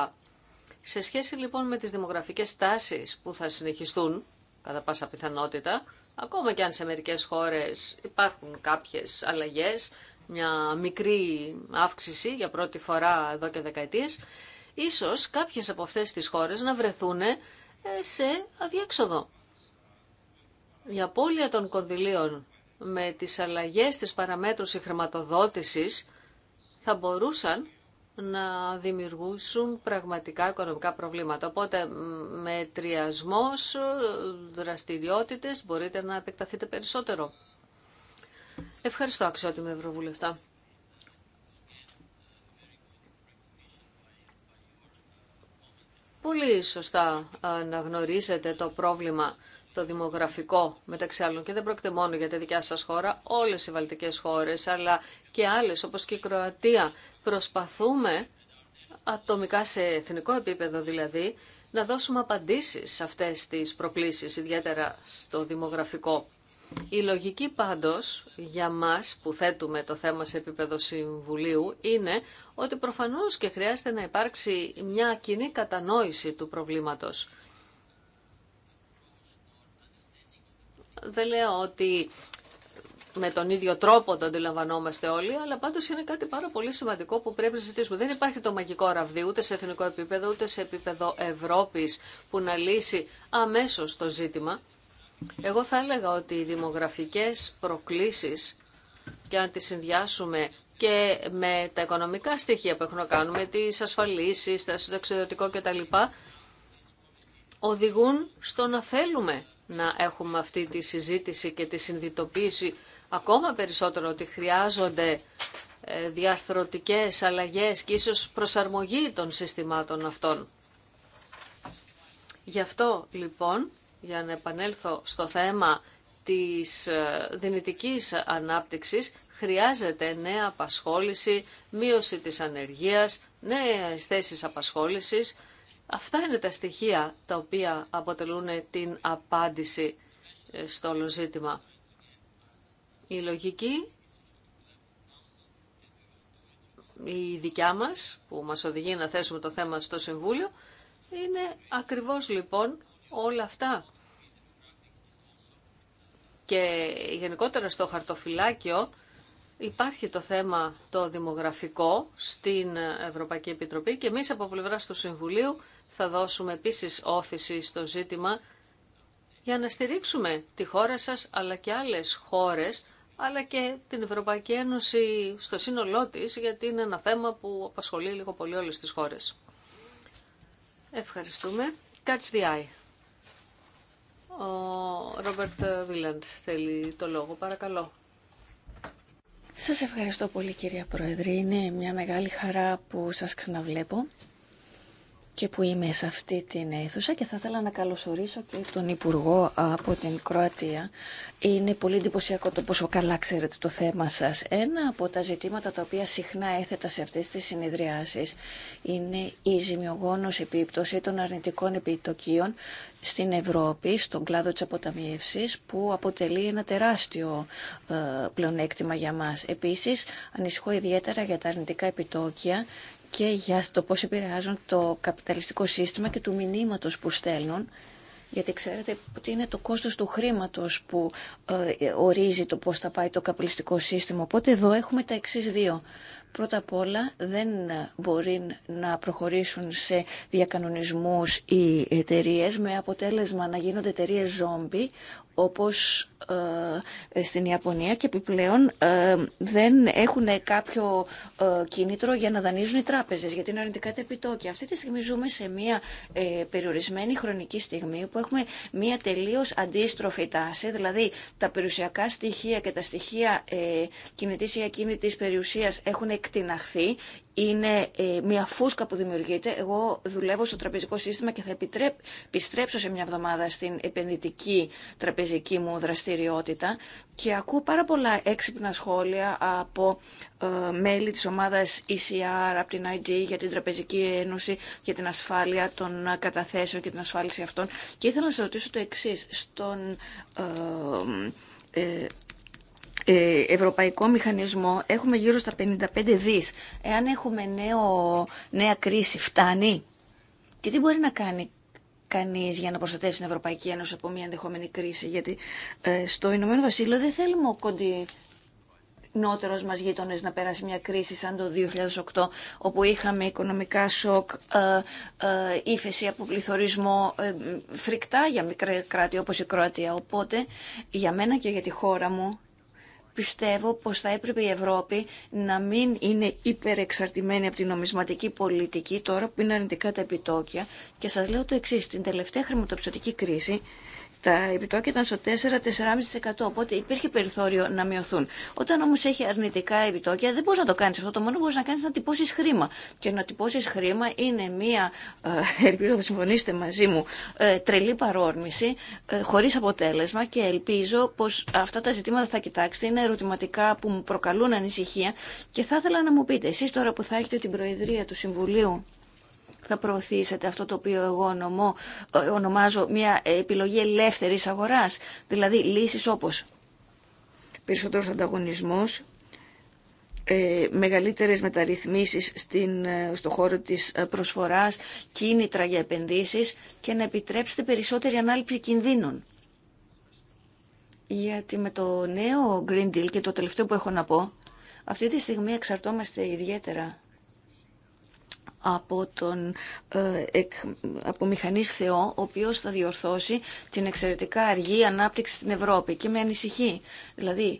Σε σχέση λοιπόν με τις δημογραφικές τάσεις που θα συνεχιστούν, κατά πάσα πιθανότητα, ακόμα και αν σε μερικές χώρες υπάρχουν κάποιες αλλαγές, μια μικρή αύξηση για πρώτη φορά εδώ και δεκαετίες, ίσως κάποιες από αυτές τις χώρες να βρεθούν ε, σε αδιέξοδο. Η απώλεια των κονδυλίων με τις αλλαγές της παραμέτρου χρηματοδότησης θα μπορούσαν να δημιουργούσουν πραγματικά οικονομικά προβλήματα. Οπότε με τριασμός, δραστηριότητες μπορείτε να επεκταθείτε περισσότερο. Ευχαριστώ αξιότιμη Ευρωβουλευτά. πολύ σωστά αναγνωρίζετε το πρόβλημα το δημογραφικό μεταξύ άλλων και δεν πρόκειται μόνο για τη δικιά σας χώρα, όλες οι βαλτικές χώρες αλλά και άλλες όπως και η Κροατία προσπαθούμε ατομικά σε εθνικό επίπεδο δηλαδή να δώσουμε απαντήσεις σε αυτές τις προκλήσεις ιδιαίτερα στο δημογραφικό. Η λογική πάντως για μας που θέτουμε το θέμα σε επίπεδο Συμβουλίου είναι ότι προφανώς και χρειάζεται να υπάρξει μια κοινή κατανόηση του προβλήματος. Δεν λέω ότι με τον ίδιο τρόπο το αντιλαμβανόμαστε όλοι, αλλά πάντως είναι κάτι πάρα πολύ σημαντικό που πρέπει να συζητήσουμε. Δεν υπάρχει το μαγικό ραβδί ούτε σε εθνικό επίπεδο, ούτε σε επίπεδο Ευρώπης που να λύσει αμέσως το ζήτημα. Εγώ θα έλεγα ότι οι δημογραφικές προκλήσεις και αν τις συνδυάσουμε και με τα οικονομικά στοιχεία που έχουν να κάνουν, με τις ασφαλίσεις, τα εξοδοτικό κτλ, οδηγούν στο να θέλουμε να έχουμε αυτή τη συζήτηση και τη συνδυτοποίηση ακόμα περισσότερο ότι χρειάζονται ε, διαρθρωτικές αλλαγές και ίσως προσαρμογή των συστημάτων αυτών. Γι' αυτό λοιπόν για να επανέλθω στο θέμα της ε, δυνητικής ανάπτυξης, χρειάζεται νέα απασχόληση, μείωση της ανεργίας, νέες θέσεις απασχόλησης. Αυτά είναι τα στοιχεία τα οποία αποτελούν την απάντηση ε, στο όλο ζήτημα. Η λογική, η δικιά μας, που μας οδηγεί να θέσουμε το θέμα στο Συμβούλιο, είναι ακριβώς λοιπόν όλα αυτά και γενικότερα στο χαρτοφυλάκιο υπάρχει το θέμα το δημογραφικό στην Ευρωπαϊκή Επιτροπή και εμείς από πλευρά του Συμβουλίου θα δώσουμε επίσης όθηση στο ζήτημα για να στηρίξουμε τη χώρα σας αλλά και άλλες χώρες αλλά και την Ευρωπαϊκή Ένωση στο σύνολό της γιατί είναι ένα θέμα που απασχολεί λίγο πολύ όλες τις χώρες. Ευχαριστούμε. Catch the ο Ρόμπερτ Βίλαντ θέλει το λόγο, παρακαλώ. Σας ευχαριστώ πολύ κυρία Πρόεδρε. Είναι μια μεγάλη χαρά που σας ξαναβλέπω και που είμαι σε αυτή την αίθουσα και θα ήθελα να καλωσορίσω και τον Υπουργό από την Κροατία. Είναι πολύ εντυπωσιακό το πόσο καλά ξέρετε το θέμα σας. Ένα από τα ζητήματα τα οποία συχνά έθετα σε αυτές τις συνεδριάσεις είναι η ζημιογόνος επίπτωση των αρνητικών επιτοκίων στην Ευρώπη, στον κλάδο της αποταμίευσης, που αποτελεί ένα τεράστιο ε, πλεονέκτημα για μας. Επίσης, ανησυχώ ιδιαίτερα για τα αρνητικά επιτόκια και για το πώς επηρεάζουν το καπιταλιστικό σύστημα και του μηνύματος που στέλνουν γιατί ξέρετε ότι είναι το κόστος του χρήματος που ε, ορίζει το πώς θα πάει το καπιταλιστικό σύστημα. Οπότε εδώ έχουμε τα εξής δύο. Πρώτα απ' όλα δεν μπορεί να προχωρήσουν σε διακανονισμούς οι εταιρείε με αποτέλεσμα να γίνονται εταιρείε ζόμπι όπως ε, στην Ιαπωνία και επιπλέον ε, δεν έχουν κάποιο ε, κίνητρο για να δανείζουν οι τράπεζες γιατί είναι αρνητικά τα επιτόκια. Αυτή τη στιγμή ζούμε σε μια περιορισμένη χρονική στιγμή που έχουμε μια τελείως αντίστροφη τάση, δηλαδή τα περιουσιακά στοιχεία και τα στοιχεία κινητής ή ακίνητης περιουσίας έχουν εκτιναχθεί είναι ε, μια φούσκα που δημιουργείται. Εγώ δουλεύω στο τραπεζικό σύστημα και θα επιστρέψω σε μια εβδομάδα στην επενδυτική τραπεζική μου δραστηριότητα και ακούω πάρα πολλά έξυπνα σχόλια από ε, μέλη της ομάδας ECR, από την IG για την Τραπεζική Ένωση, για την ασφάλεια των καταθέσεων και την ασφάλιση αυτών. Και ήθελα να σας ρωτήσω το εξής. Στον... Ε, ε, ευρωπαϊκό μηχανισμό έχουμε γύρω στα 55 δις. Εάν έχουμε νέο, νέα κρίση, φτάνει. Και τι μπορεί να κάνει κανείς για να προστατεύσει την Ευρωπαϊκή Ένωση από μια ενδεχόμενη κρίση. Γιατί ε, στο Ηνωμένο Βασίλειο δεν θέλουμε ο κοντι νότερος μας γείτονες να περάσει μια κρίση σαν το 2008 όπου είχαμε οικονομικά σοκ, ε, ε, ύφεση από πληθωρισμό φρικτά για μικρά κράτη όπως η Κροατία. Οπότε για μένα και για τη χώρα μου πιστεύω πως θα έπρεπε η Ευρώπη να μην είναι υπερεξαρτημένη από την νομισματική πολιτική τώρα που είναι αρνητικά τα επιτόκια. Και σας λέω το εξής, στην τελευταία χρηματοπιστωτική κρίση τα επιτόκια ήταν στο 4-4,5%. Οπότε υπήρχε περιθώριο να μειωθούν. Όταν όμω έχει αρνητικά επιτόκια, δεν μπορεί να το κάνει αυτό. Το μόνο που μπορεί να κάνει να τυπώσει χρήμα. Και να τυπώσει χρήμα είναι μία, ε, ελπίζω να συμφωνήσετε μαζί μου, ε, τρελή παρόρμηση, ε, χωρί αποτέλεσμα και ελπίζω πω αυτά τα ζητήματα θα κοιτάξετε. Είναι ερωτηματικά που μου προκαλούν ανησυχία και θα ήθελα να μου πείτε, εσεί τώρα που θα έχετε την Προεδρία του Συμβουλίου θα προωθήσετε αυτό το οποίο εγώ ε, ονομάζω μια επιλογή ελεύθερης αγοράς, δηλαδή λύσεις όπως περισσότερος ανταγωνισμός, ε, μεγαλύτερες μεταρρυθμίσεις στην, ε, στο χώρο της ε, προσφοράς, κίνητρα για επενδύσεις και να επιτρέψετε περισσότερη ανάληψη κινδύνων. Γιατί με το νέο Green Deal και το τελευταίο που έχω να πω, αυτή τη στιγμή εξαρτώμαστε ιδιαίτερα από, τον, ε, από μηχανής Θεό, ο οποίος θα διορθώσει την εξαιρετικά αργή ανάπτυξη στην Ευρώπη και με ανησυχεί. Δηλαδή,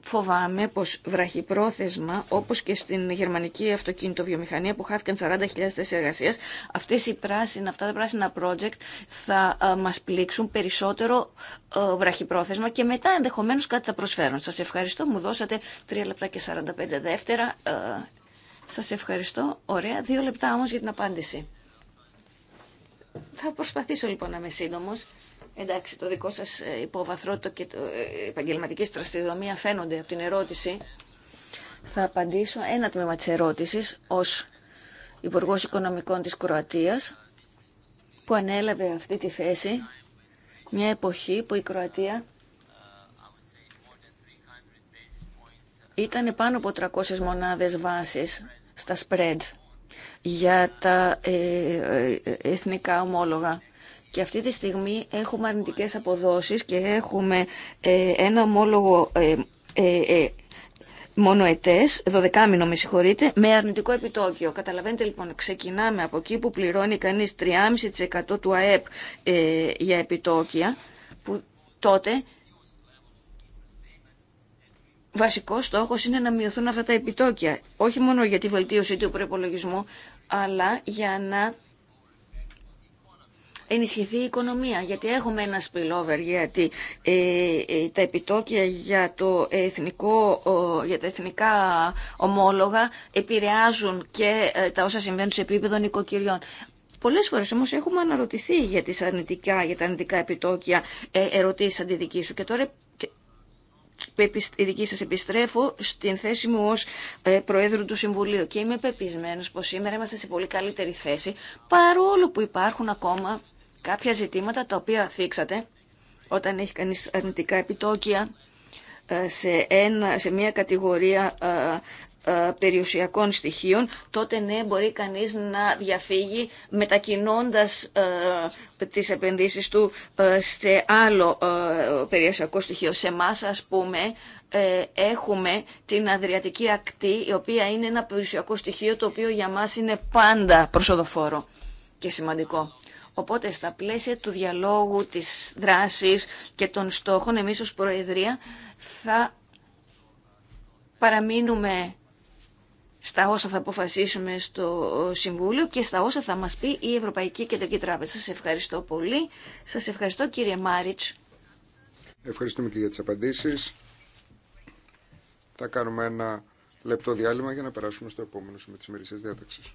φοβάμαι πως βραχυπρόθεσμα, όπως και στην γερμανική αυτοκίνητο βιομηχανία που χάθηκαν 40.000 θέσεις εργασίας, αυτές οι πράσινα, αυτά τα πράσινα project θα ε, μας πλήξουν περισσότερο ε, βραχυπρόθεσμα και μετά ενδεχομένως κάτι θα προσφέρουν. Σας ευχαριστώ, μου δώσατε 3 λεπτά και 45 δεύτερα. Σας ευχαριστώ. Ωραία. Δύο λεπτά όμως για την απάντηση. Θα προσπαθήσω λοιπόν να είμαι σύντομο. Εντάξει, το δικό σας ε, υπόβαθρό το και το ε, επαγγελματική στραστιδομία φαίνονται από την ερώτηση. Θα απαντήσω ένα τμήμα της ερώτησης ως Υπουργό Οικονομικών της Κροατίας που ανέλαβε αυτή τη θέση μια εποχή που η Κροατία ήταν πάνω από 300 μονάδες βάσης στα spread για τα ε, ε, εθνικά ομόλογα. Και αυτή τη στιγμή έχουμε αρνητικές αποδόσεις και έχουμε ε, ένα ομόλογο μονοετές, 12 μήνο με συγχωρείτε, με αρνητικό επιτόκιο. Καταλαβαίνετε λοιπόν, ξεκινάμε από εκεί που πληρώνει κανείς 3,5% του ΑΕΠ για επιτόκια, που τότε βασικό στόχο είναι να μειωθούν αυτά τα επιτόκια. Όχι μόνο για τη βελτίωση του προπολογισμού, αλλά για να ενισχυθεί η οικονομία. Γιατί έχουμε ένα spillover, γιατί ε, ε, τα επιτόκια για, το εθνικό, για τα εθνικά ομόλογα επηρεάζουν και ε, τα όσα συμβαίνουν σε επίπεδο νοικοκυριών. Πολλέ φορέ όμω έχουμε αναρωτηθεί για, τα αρνητικά επιτόκια ε, ερωτήσει αντιδική σου. Και τώρα η δική σας επιστρέφω στην θέση μου ως ε, Προέδρου του Συμβουλίου και είμαι πεπισμένος πως σήμερα είμαστε σε πολύ καλύτερη θέση παρόλο που υπάρχουν ακόμα κάποια ζητήματα τα οποία θίξατε όταν έχει κανείς αρνητικά επιτόκια ε, σε, ένα, σε μια κατηγορία ε, ε, περιουσιακών στοιχείων, τότε ναι μπορεί κανείς να διαφύγει μετακινώντας ε, τις επενδύσεις του ε, σε άλλο περιουσιακό στοιχείο. Σε εμά, ας πούμε, έχουμε την Αδριατική Ακτή, η οποία είναι ένα περιουσιακό στοιχείο το οποίο για μας είναι πάντα προσοδοφόρο και σημαντικό. Οπότε στα πλαίσια του διαλόγου, της δράσης και των στόχων, εμείς ως Προεδρία θα παραμείνουμε στα όσα θα αποφασίσουμε στο Συμβούλιο και στα όσα θα μας πει η Ευρωπαϊκή Κεντρική Τράπεζα. Σας ευχαριστώ πολύ. Σας ευχαριστώ κύριε Μάριτς. Ευχαριστούμε και για τις απαντήσεις. Θα κάνουμε ένα λεπτό διάλειμμα για να περάσουμε στο επόμενο σημείο της ημερησίας διάταξης.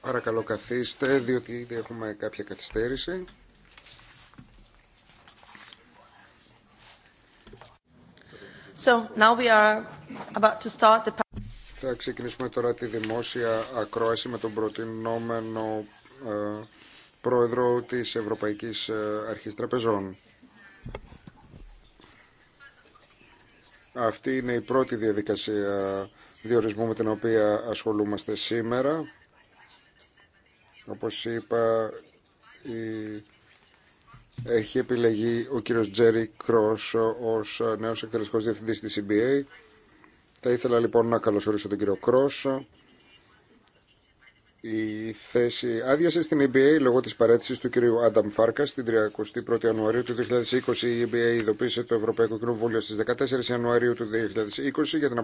Παρακαλώ καθίστε, διότι ήδη έχουμε κάποια καθυστέρηση. So, now we are about to start the... Θα ξεκινήσουμε τώρα τη δημόσια ακρόαση με τον προτινόμενο ε, πρόεδρο της Ευρωπαϊκής ε, Αρχής Τραπεζών. Αυτή είναι η πρώτη διαδικασία διορισμού με την οποία ασχολούμαστε σήμερα. Όπως είπα, έχει επιλεγεί ο κύριος Τζέρι Κρός ως νέος εκτελεστικός διευθυντής της CBA. Θα ήθελα λοιπόν να καλωσορίσω τον κύριο Κρός η θέση άδειασε στην NBA λόγω της παρέτησης του κυρίου Άνταμ Φάρκα στην 31η Ιανουαρίου του 2020. Η NBA ειδοποίησε το Ευρωπαϊκό Κοινοβούλιο στις 14 Ιανουαρίου του 2020 για την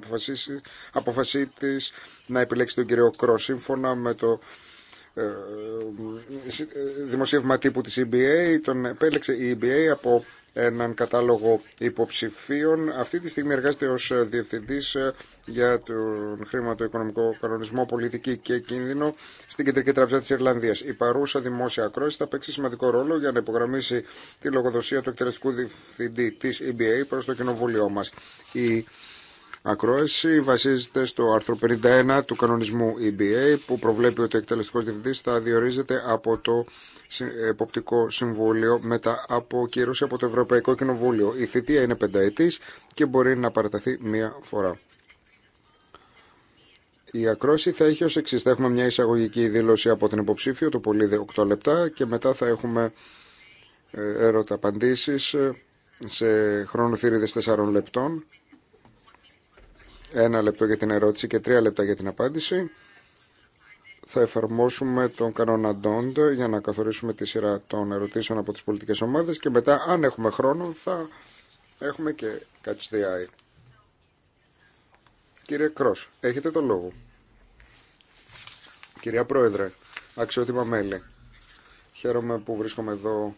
αποφασή της να επιλέξει τον κύριο Κρό σύμφωνα με το ε, ε, ε, δημοσίευμα τύπου της EBA. Τον επέλεξε η EBA από έναν κατάλογο υποψηφίων. Αυτή τη στιγμή εργάζεται ως διευθυντής για τον χρηματοοικονομικό κανονισμό, πολιτική και κίνδυνο στην Κεντρική Τραπεζά της Ιρλανδίας. Η παρούσα δημόσια ακρόαση θα παίξει σημαντικό ρόλο για να υπογραμμίσει τη λογοδοσία του εκτελεστικού διευθυντή της EBA προς το κοινοβούλιο μας. Η ακρόαση βασίζεται στο άρθρο 51 του κανονισμού EBA που προβλέπει ότι ο εκτελεστικό διευθυντή θα διορίζεται από το Εποπτικό Συμβούλιο μετά από κύρωση από το Ευρωπαϊκό Κοινοβούλιο. Η θητεία είναι πενταετή και μπορεί να παραταθεί μία φορά. Η ακρόση θα έχει ως εξής. Θα έχουμε μια εισαγωγική δήλωση από την υποψήφιο, το πολύ 8 λεπτά και μετά θα εχει ως εξη θα εχουμε μια εισαγωγικη δηλωση απο την υποψηφιο το πολυ 8 λεπτα και μετα θα εχουμε ερωτα απαντησει ε, σε χρόνο 4 λεπτών ένα λεπτό για την ερώτηση και τρία λεπτά για την απάντηση. Θα εφαρμόσουμε τον κανόνα DONT για να καθορίσουμε τη σειρά των ερωτήσεων από τις πολιτικές ομάδες και μετά, αν έχουμε χρόνο, θα έχουμε και catch the eye. Κύριε Κρός, έχετε το λόγο. Κυρία Πρόεδρε, αξιότιμα μέλη, χαίρομαι που βρίσκομαι εδώ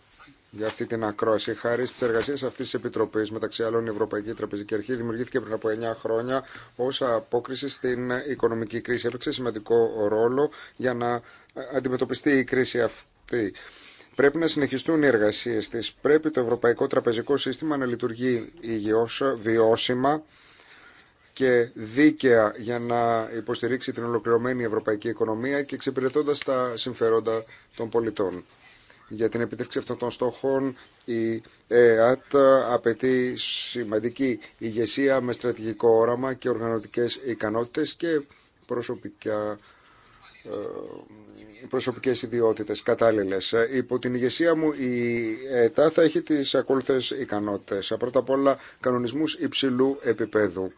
για αυτή την ακρόαση. Χάρη στι εργασίε αυτή τη Επιτροπή, μεταξύ άλλων η Ευρωπαϊκή Τραπεζική Αρχή δημιουργήθηκε πριν από 9 χρόνια ω απόκριση στην οικονομική κρίση. Έπαιξε σημαντικό ρόλο για να ε, αντιμετωπιστεί η κρίση αυτή. Πρέπει να συνεχιστούν οι εργασίε τη. Πρέπει το Ευρωπαϊκό Τραπεζικό Σύστημα να λειτουργεί υγιώ, βιώσιμα και δίκαια για να υποστηρίξει την ολοκληρωμένη ευρωπαϊκή οικονομία και εξυπηρετώντα τα συμφέροντα των πολιτών. Για την επιτεύξη αυτών των στόχων η ΕΑΤ απαιτεί σημαντική ηγεσία με στρατηγικό όραμα και οργανωτικές ικανότητες και προσωπικά ε, προσωπικές ιδιότητες κατάλληλες. Υπό την ηγεσία μου η ΕΤΑ θα έχει τις ακόλουθες ικανότητες. Πρώτα απ' όλα κανονισμούς υψηλού επίπεδου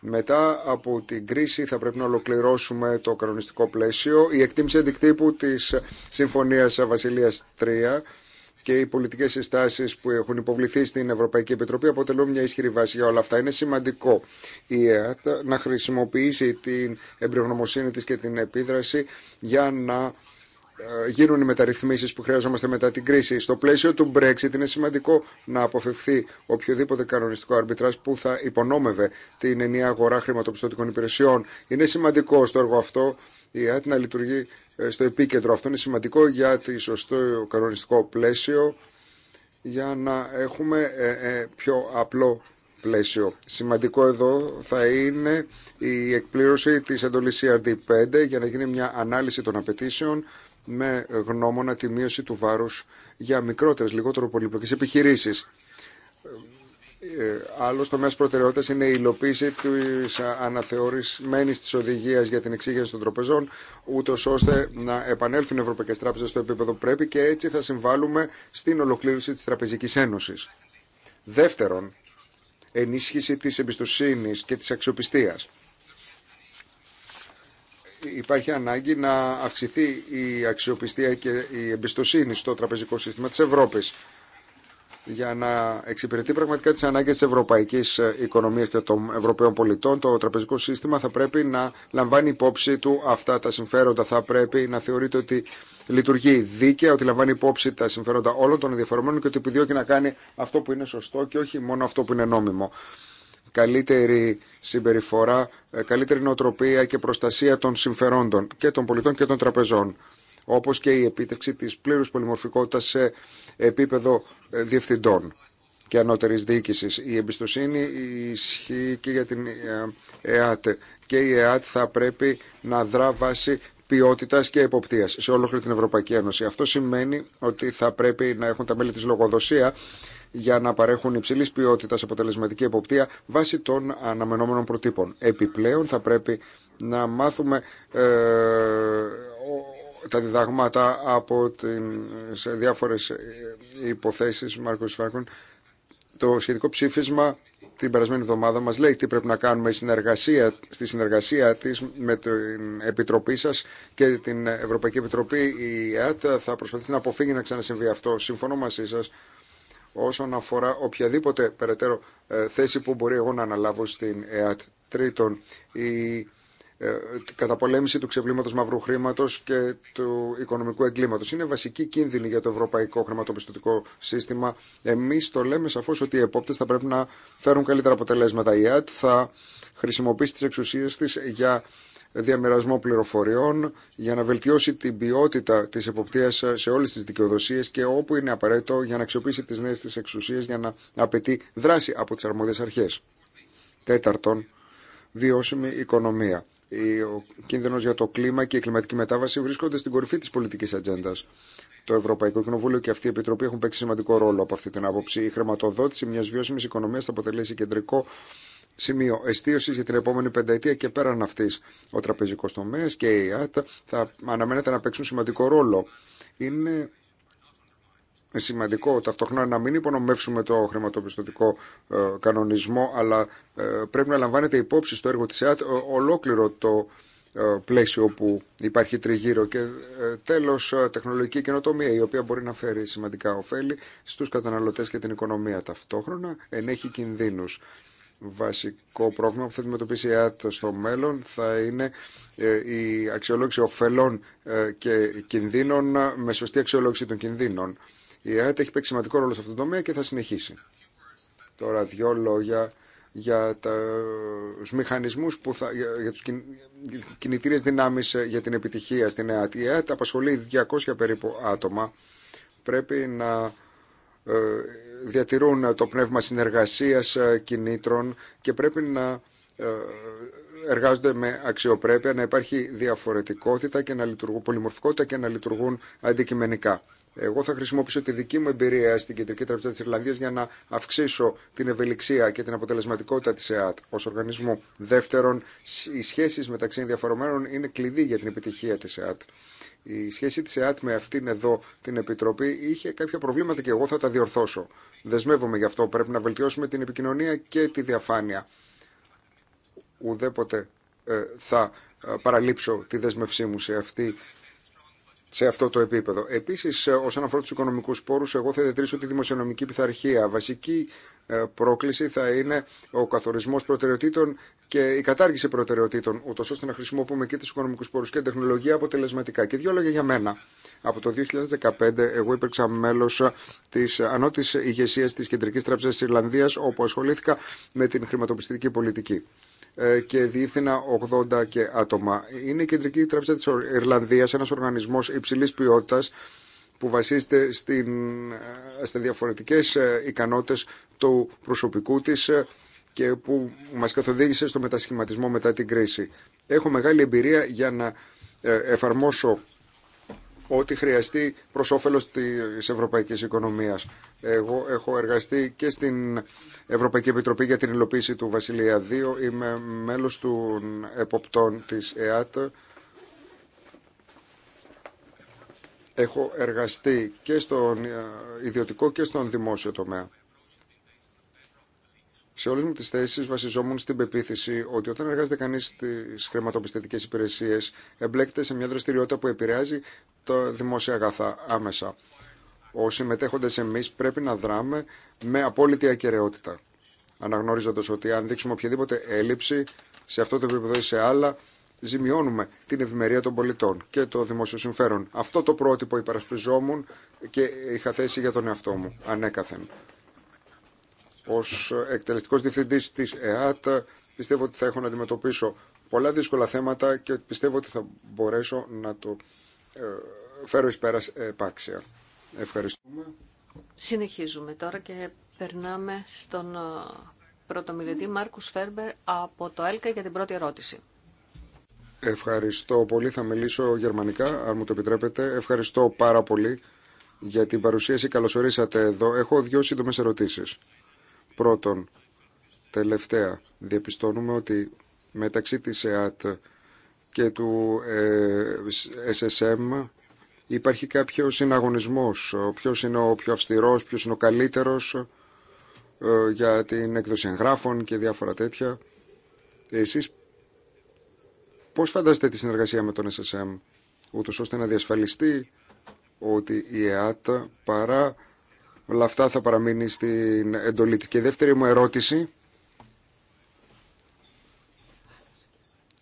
μετά από την κρίση θα πρέπει να ολοκληρώσουμε το κανονιστικό πλαίσιο. Η εκτίμηση αντικτύπου της Συμφωνίας Βασιλείας 3 και οι πολιτικέ συστάσει που έχουν υποβληθεί στην Ευρωπαϊκή Επιτροπή αποτελούν μια ισχυρή βάση για όλα αυτά. Είναι σημαντικό η ΕΑΤ να χρησιμοποιήσει την εμπειρογνωμοσύνη τη και την επίδραση για να ε, γίνουν οι μεταρρυθμίσεις που χρειαζόμαστε μετά την κρίση. Στο πλαίσιο του Brexit είναι σημαντικό να αποφευθεί οποιοδήποτε κανονιστικό αρμπιτράς που θα υπονόμευε την ενιαία αγορά χρηματοπιστωτικών υπηρεσιών. Είναι σημαντικό στο έργο αυτό η ΑΕΤ να λειτουργεί ε, στο επίκεντρο. Αυτό είναι σημαντικό για το σωστό κανονιστικό πλαίσιο για να έχουμε ε, πιο απλό πλαίσιο. Σημαντικό εδώ θα είναι η εκπλήρωση της εντολής CRD5 για να γίνει μια ανάλυση των απαιτήσεων με γνώμονα τη μείωση του βάρους για μικρότερες, λιγότερο πολύπλοκες επιχειρήσεις. Ε, Άλλο τομέα προτεραιότητα είναι η υλοποίηση τη αναθεωρημένη τη οδηγία για την εξήγηση των τροπεζών, ούτω ώστε να επανέλθουν οι ευρωπαϊκέ τράπεζε στο επίπεδο που πρέπει και έτσι θα συμβάλλουμε στην ολοκλήρωση τη Τραπεζική Ένωση. Δεύτερον, ενίσχυση τη εμπιστοσύνη και τη αξιοπιστία υπάρχει ανάγκη να αυξηθεί η αξιοπιστία και η εμπιστοσύνη στο τραπεζικό σύστημα της Ευρώπης για να εξυπηρετεί πραγματικά τις ανάγκες της ευρωπαϊκής οικονομίας και των ευρωπαίων πολιτών. Το τραπεζικό σύστημα θα πρέπει να λαμβάνει υπόψη του αυτά τα συμφέροντα. Θα πρέπει να θεωρείται ότι λειτουργεί δίκαια, ότι λαμβάνει υπόψη τα συμφέροντα όλων των ενδιαφερομένων και ότι επιδιώκει να κάνει αυτό που είναι σωστό και όχι μόνο αυτό που είναι νόμιμο καλύτερη συμπεριφορά, ε, καλύτερη νοοτροπία και προστασία των συμφερόντων και των πολιτών και των τραπεζών όπως και η επίτευξη της πλήρους πολυμορφικότητας σε επίπεδο ε, διευθυντών και ανώτερης διοίκησης. Η εμπιστοσύνη ισχύει και για την ε, ΕΑΤ και η ΕΑΤ θα πρέπει να δρά βάση ποιότητα και εποπτεία σε όλη την Ευρωπαϊκή Ένωση. Αυτό σημαίνει ότι θα πρέπει να έχουν τα μέλη τη λογοδοσία για να παρέχουν υψηλή ποιότητα αποτελεσματική εποπτεία βάσει των αναμενόμενων προτύπων. Επιπλέον θα πρέπει να μάθουμε ε, τα διδάγματα από την, σε διάφορες ε, υποθέσεις Μάρκος Φάρκων. Το σχετικό ψήφισμα την περασμένη εβδομάδα μας λέει τι πρέπει να κάνουμε συνεργασία, στη συνεργασία της με την Επιτροπή σας και την Ευρωπαϊκή Επιτροπή η ΕΑΤ θα προσπαθήσει να αποφύγει να ξανασυμβεί αυτό. Συμφωνώ μαζί σας όσον αφορά οποιαδήποτε περαιτέρω ε, θέση που μπορεί εγώ να αναλάβω στην ΕΑΤ. Τρίτον, η ε, καταπολέμηση του ξεβλήματος μαύρου χρήματος και του οικονομικού εγκλήματος. Είναι βασική κίνδυνη για το ευρωπαϊκό χρηματοπιστωτικό σύστημα. Εμείς το λέμε σαφώς ότι οι επόπτες θα πρέπει να φέρουν καλύτερα αποτελέσματα. Η ΕΑΤ θα χρησιμοποιήσει τις εξουσίες της για διαμερασμό πληροφοριών για να βελτιώσει την ποιότητα της εποπτείας σε όλες τις δικαιοδοσίες και όπου είναι απαραίτητο για να αξιοποιήσει τις νέες της εξουσίες για να απαιτεί δράση από τις αρμόδιες αρχές. Τέταρτον, βιώσιμη οικονομία. Ο κίνδυνος για το κλίμα και η κλιματική μετάβαση βρίσκονται στην κορυφή της πολιτικής ατζέντα. Το Ευρωπαϊκό Κοινοβούλιο και αυτή η Επιτροπή έχουν παίξει σημαντικό ρόλο από αυτή την άποψη. Η χρηματοδότηση μια βιώσιμη οικονομία θα αποτελέσει κεντρικό σημείο εστίωση για την επόμενη πενταετία και πέραν αυτή. Ο τραπεζικό τομέα και η ΑΤ θα αναμένεται να παίξουν σημαντικό ρόλο. Είναι σημαντικό ταυτόχρονα να μην υπονομεύσουμε το χρηματοπιστωτικό ε, κανονισμό, αλλά ε, πρέπει να λαμβάνεται υπόψη στο έργο τη ΕΑΤ ε, ολόκληρο το πλαίσιο που υπάρχει τριγύρω και τέλος τεχνολογική καινοτομία η οποία μπορεί να φέρει σημαντικά ωφέλη στους καταναλωτές και την οικονομία ταυτόχρονα ενέχει κινδύνους βασικό πρόβλημα που θα αντιμετωπίσει η ΕΑΤ στο μέλλον θα είναι ε, η αξιολόγηση ωφελών ε, και κινδύνων ε, με σωστή αξιολόγηση των κινδύνων. Η ΕΑΤ έχει παίξει σημαντικό ρόλο σε αυτό το τομέα και θα συνεχίσει. Τώρα δύο λόγια για τους μηχανισμούς που θα, για τους κινητήρες δυνάμεις για την επιτυχία στην ΕΑΤ. Η ΕΑΤ απασχολεί 200 περίπου άτομα. Πρέπει να ε, διατηρούν ε, το πνεύμα συνεργασίας ε, κινήτρων και πρέπει να εργάζονται με αξιοπρέπεια, να υπάρχει διαφορετικότητα και να λειτουργούν, πολυμορφικότητα και να λειτουργούν αντικειμενικά. Εγώ θα χρησιμοποιήσω τη δική μου εμπειρία στην Κεντρική Τραπεζά της Ιρλανδίας για να αυξήσω την ευελιξία και την αποτελεσματικότητα τη ΕΑΤ ως οργανισμού. Δεύτερον, οι σχέσεις μεταξύ ενδιαφορομένων είναι κλειδί για την επιτυχία της ΕΑΤ. Η σχέση της ΕΑΤ με αυτήν εδώ την Επιτροπή είχε κάποια προβλήματα και εγώ θα τα διορθώσω. Δεσμεύομαι γι' αυτό. Πρέπει να βελτιώσουμε την επικοινωνία και τη διαφάνεια. Ουδέποτε ε, θα ε, παραλείψω τη δέσμευσή μου σε αυτή σε αυτό το επίπεδο. Επίση, ε, όσον αφορά του οικονομικού πόρου, εγώ θα ιδρύσω τη δημοσιονομική πειθαρχία. Βασική ε, πρόκληση θα είναι ο καθορισμό προτεραιοτήτων και η κατάργηση προτεραιοτήτων, ούτω ώστε να χρησιμοποιούμε και του οικονομικού πόρου και τεχνολογία αποτελεσματικά. Και δύο λόγια για μένα. Από το 2015 εγώ υπήρξα μέλο ε, τη ανώτη ηγεσία τη Κεντρική Τράπεζα τη Ιρλανδία, όπου ασχολήθηκα με την χρηματοπιστική πολιτική. Ε, και διεύθυνα 80 και άτομα. Είναι η Κεντρική Τράπεζα της Ιρλανδίας, ένας οργανισμός υψηλής ποιότητας που βασίζεται στην, ε, στις διαφορετικές ε, ικανότητες του προσωπικού της και που μας καθοδήγησε στο μετασχηματισμό μετά την κρίση. Έχω μεγάλη εμπειρία για να εφαρμόσω ό,τι χρειαστεί προ όφελο τη ευρωπαϊκή οικονομία. Εγώ έχω εργαστεί και στην Ευρωπαϊκή Επιτροπή για την υλοποίηση του Βασιλεία 2. Είμαι μέλο των εποπτών τη ΕΑΤ. Έχω εργαστεί και στον ε, ιδιωτικό και στον δημόσιο τομέα. Σε όλε μου τι θέσει βασιζόμουν στην πεποίθηση ότι όταν εργάζεται κανεί στι χρηματοπιστωτικέ υπηρεσίε, εμπλέκεται σε μια δραστηριότητα που επηρεάζει τα δημόσια αγαθά άμεσα. Ω συμμετέχοντε εμεί πρέπει να δράμε με απόλυτη ακαιρεότητα. Αναγνωρίζοντα ότι αν δείξουμε οποιαδήποτε έλλειψη σε αυτό το επίπεδο ή σε άλλα, ζημιώνουμε την ευημερία των πολιτών και το δημόσιο συμφέρον. Αυτό το πρότυπο υπερασπιζόμουν και είχα θέσει για τον εαυτό μου ανέκαθεν ως εκτελεστικός διευθυντής της ΕΑΤ πιστεύω ότι θα έχω να αντιμετωπίσω πολλά δύσκολα θέματα και πιστεύω ότι θα μπορέσω να το ε, φέρω εις πέρας επάξια. Ευχαριστούμε. Συνεχίζουμε τώρα και περνάμε στον ε, πρώτο μιλητή Μάρκους Φέρμπερ από το ΕΛΚΑ για την πρώτη ερώτηση. Ευχαριστώ πολύ. Θα μιλήσω γερμανικά, αν μου το επιτρέπετε. Ευχαριστώ πάρα πολύ για την παρουσίαση. Καλωσορίσατε εδώ. Έχω δύο σύντομε ερωτήσεις. Πρώτον, τελευταία, διαπιστώνουμε ότι μεταξύ της ΕΑΤ και του SSM ε, υπάρχει κάποιο συναγωνισμός. Ποιος είναι ο πιο αυστηρός, ποιος είναι ο καλύτερος ε, για την έκδοση εγγράφων και διάφορα τέτοια. Εσείς πώς φαντάζεστε τη συνεργασία με τον SSM, ούτως ώστε να διασφαλιστεί ότι η ΕΑΤ παρά Όλα αυτά θα παραμείνει στην εντολή της. Και η δεύτερη μου ερώτηση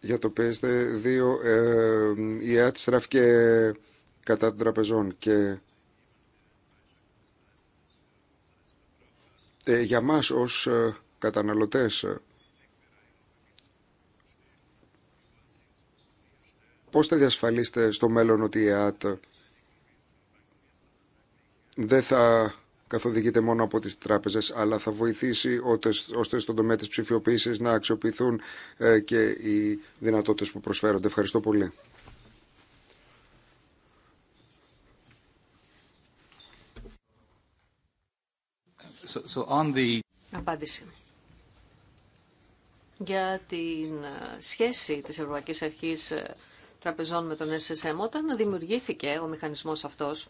για το PSD2 ε, η ΕΑΤ και κατά των τραπεζών και ε, για μας ως ε, καταναλωτές ε, πώς θα διασφαλίσετε στο μέλλον ότι η ΕΑΤ δεν θα καθοδηγείται μόνο από τις τράπεζες, αλλά θα βοηθήσει ώστε στον τομέα της ψηφιοποίησης να αξιοποιηθούν ε, και οι δυνατότητες που προσφέρονται. Ευχαριστώ πολύ. Απάντηση. Για την ε, σχέση της Ευρωπαϊκής Αρχής ε, Τραπεζών με τον SSM, όταν δημιουργήθηκε ο μηχανισμός αυτός,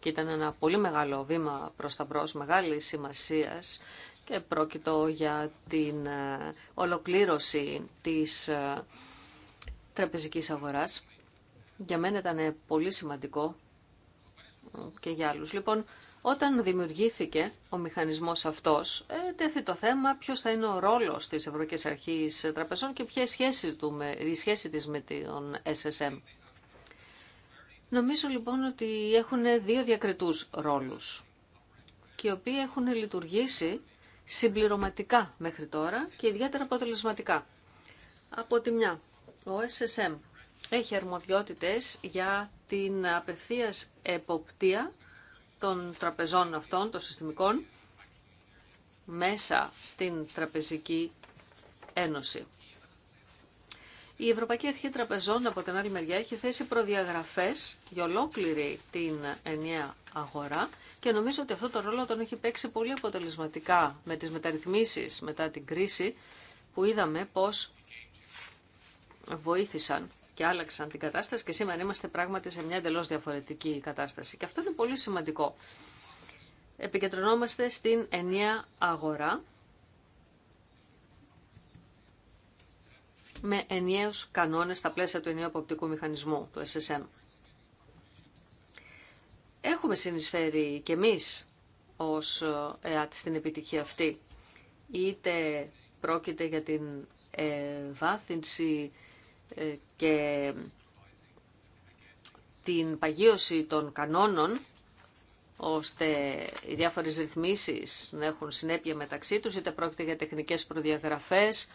και ήταν ένα πολύ μεγάλο βήμα προς τα μπρος, μεγάλη σημασίας και πρόκειτο για την ε, ολοκλήρωση της ε, τραπεζικής αγοράς. Για μένα ήταν πολύ σημαντικό ε, και για άλλους. Λοιπόν, όταν δημιουργήθηκε ο μηχανισμός αυτός, τέθη το θέμα ποιος θα είναι ο ρόλος της Ευρωπαϊκής Αρχής Τραπεζών και ποια είναι σχέση, του της με τον SSM. Νομίζω λοιπόν ότι έχουν δύο διακριτούς ρόλους και οι οποίοι έχουν λειτουργήσει συμπληρωματικά μέχρι τώρα και ιδιαίτερα αποτελεσματικά. Από τη μια, ο SSM έχει αρμοδιότητες για την απευθείας εποπτεία των τραπεζών αυτών, των συστημικών, μέσα στην Τραπεζική Ένωση. Η Ευρωπαϊκή Αρχή Τραπεζών από την άλλη μεριά έχει θέσει προδιαγραφές για ολόκληρη την ενιαία αγορά και νομίζω ότι αυτό το ρόλο τον έχει παίξει πολύ αποτελεσματικά με τις μεταρρυθμίσεις μετά την κρίση που είδαμε πως βοήθησαν και άλλαξαν την κατάσταση και σήμερα είμαστε πράγματι σε μια εντελώς διαφορετική κατάσταση. Και αυτό είναι πολύ σημαντικό. Επικεντρωνόμαστε στην ενιαία αγορά με ενιαίους κανόνες στα πλαίσια του ενιαίου αποπτικού μηχανισμού, του SSM. Έχουμε συνεισφέρει και εμείς ως ε, ΕΑΤ στην επιτυχία αυτή. Είτε πρόκειται για την βάθυνση ε, και την παγίωση των κανόνων ώστε οι διάφορες ρυθμίσεις να έχουν συνέπεια μεταξύ τους, είτε πρόκειται για τεχνικές προδιαγραφές,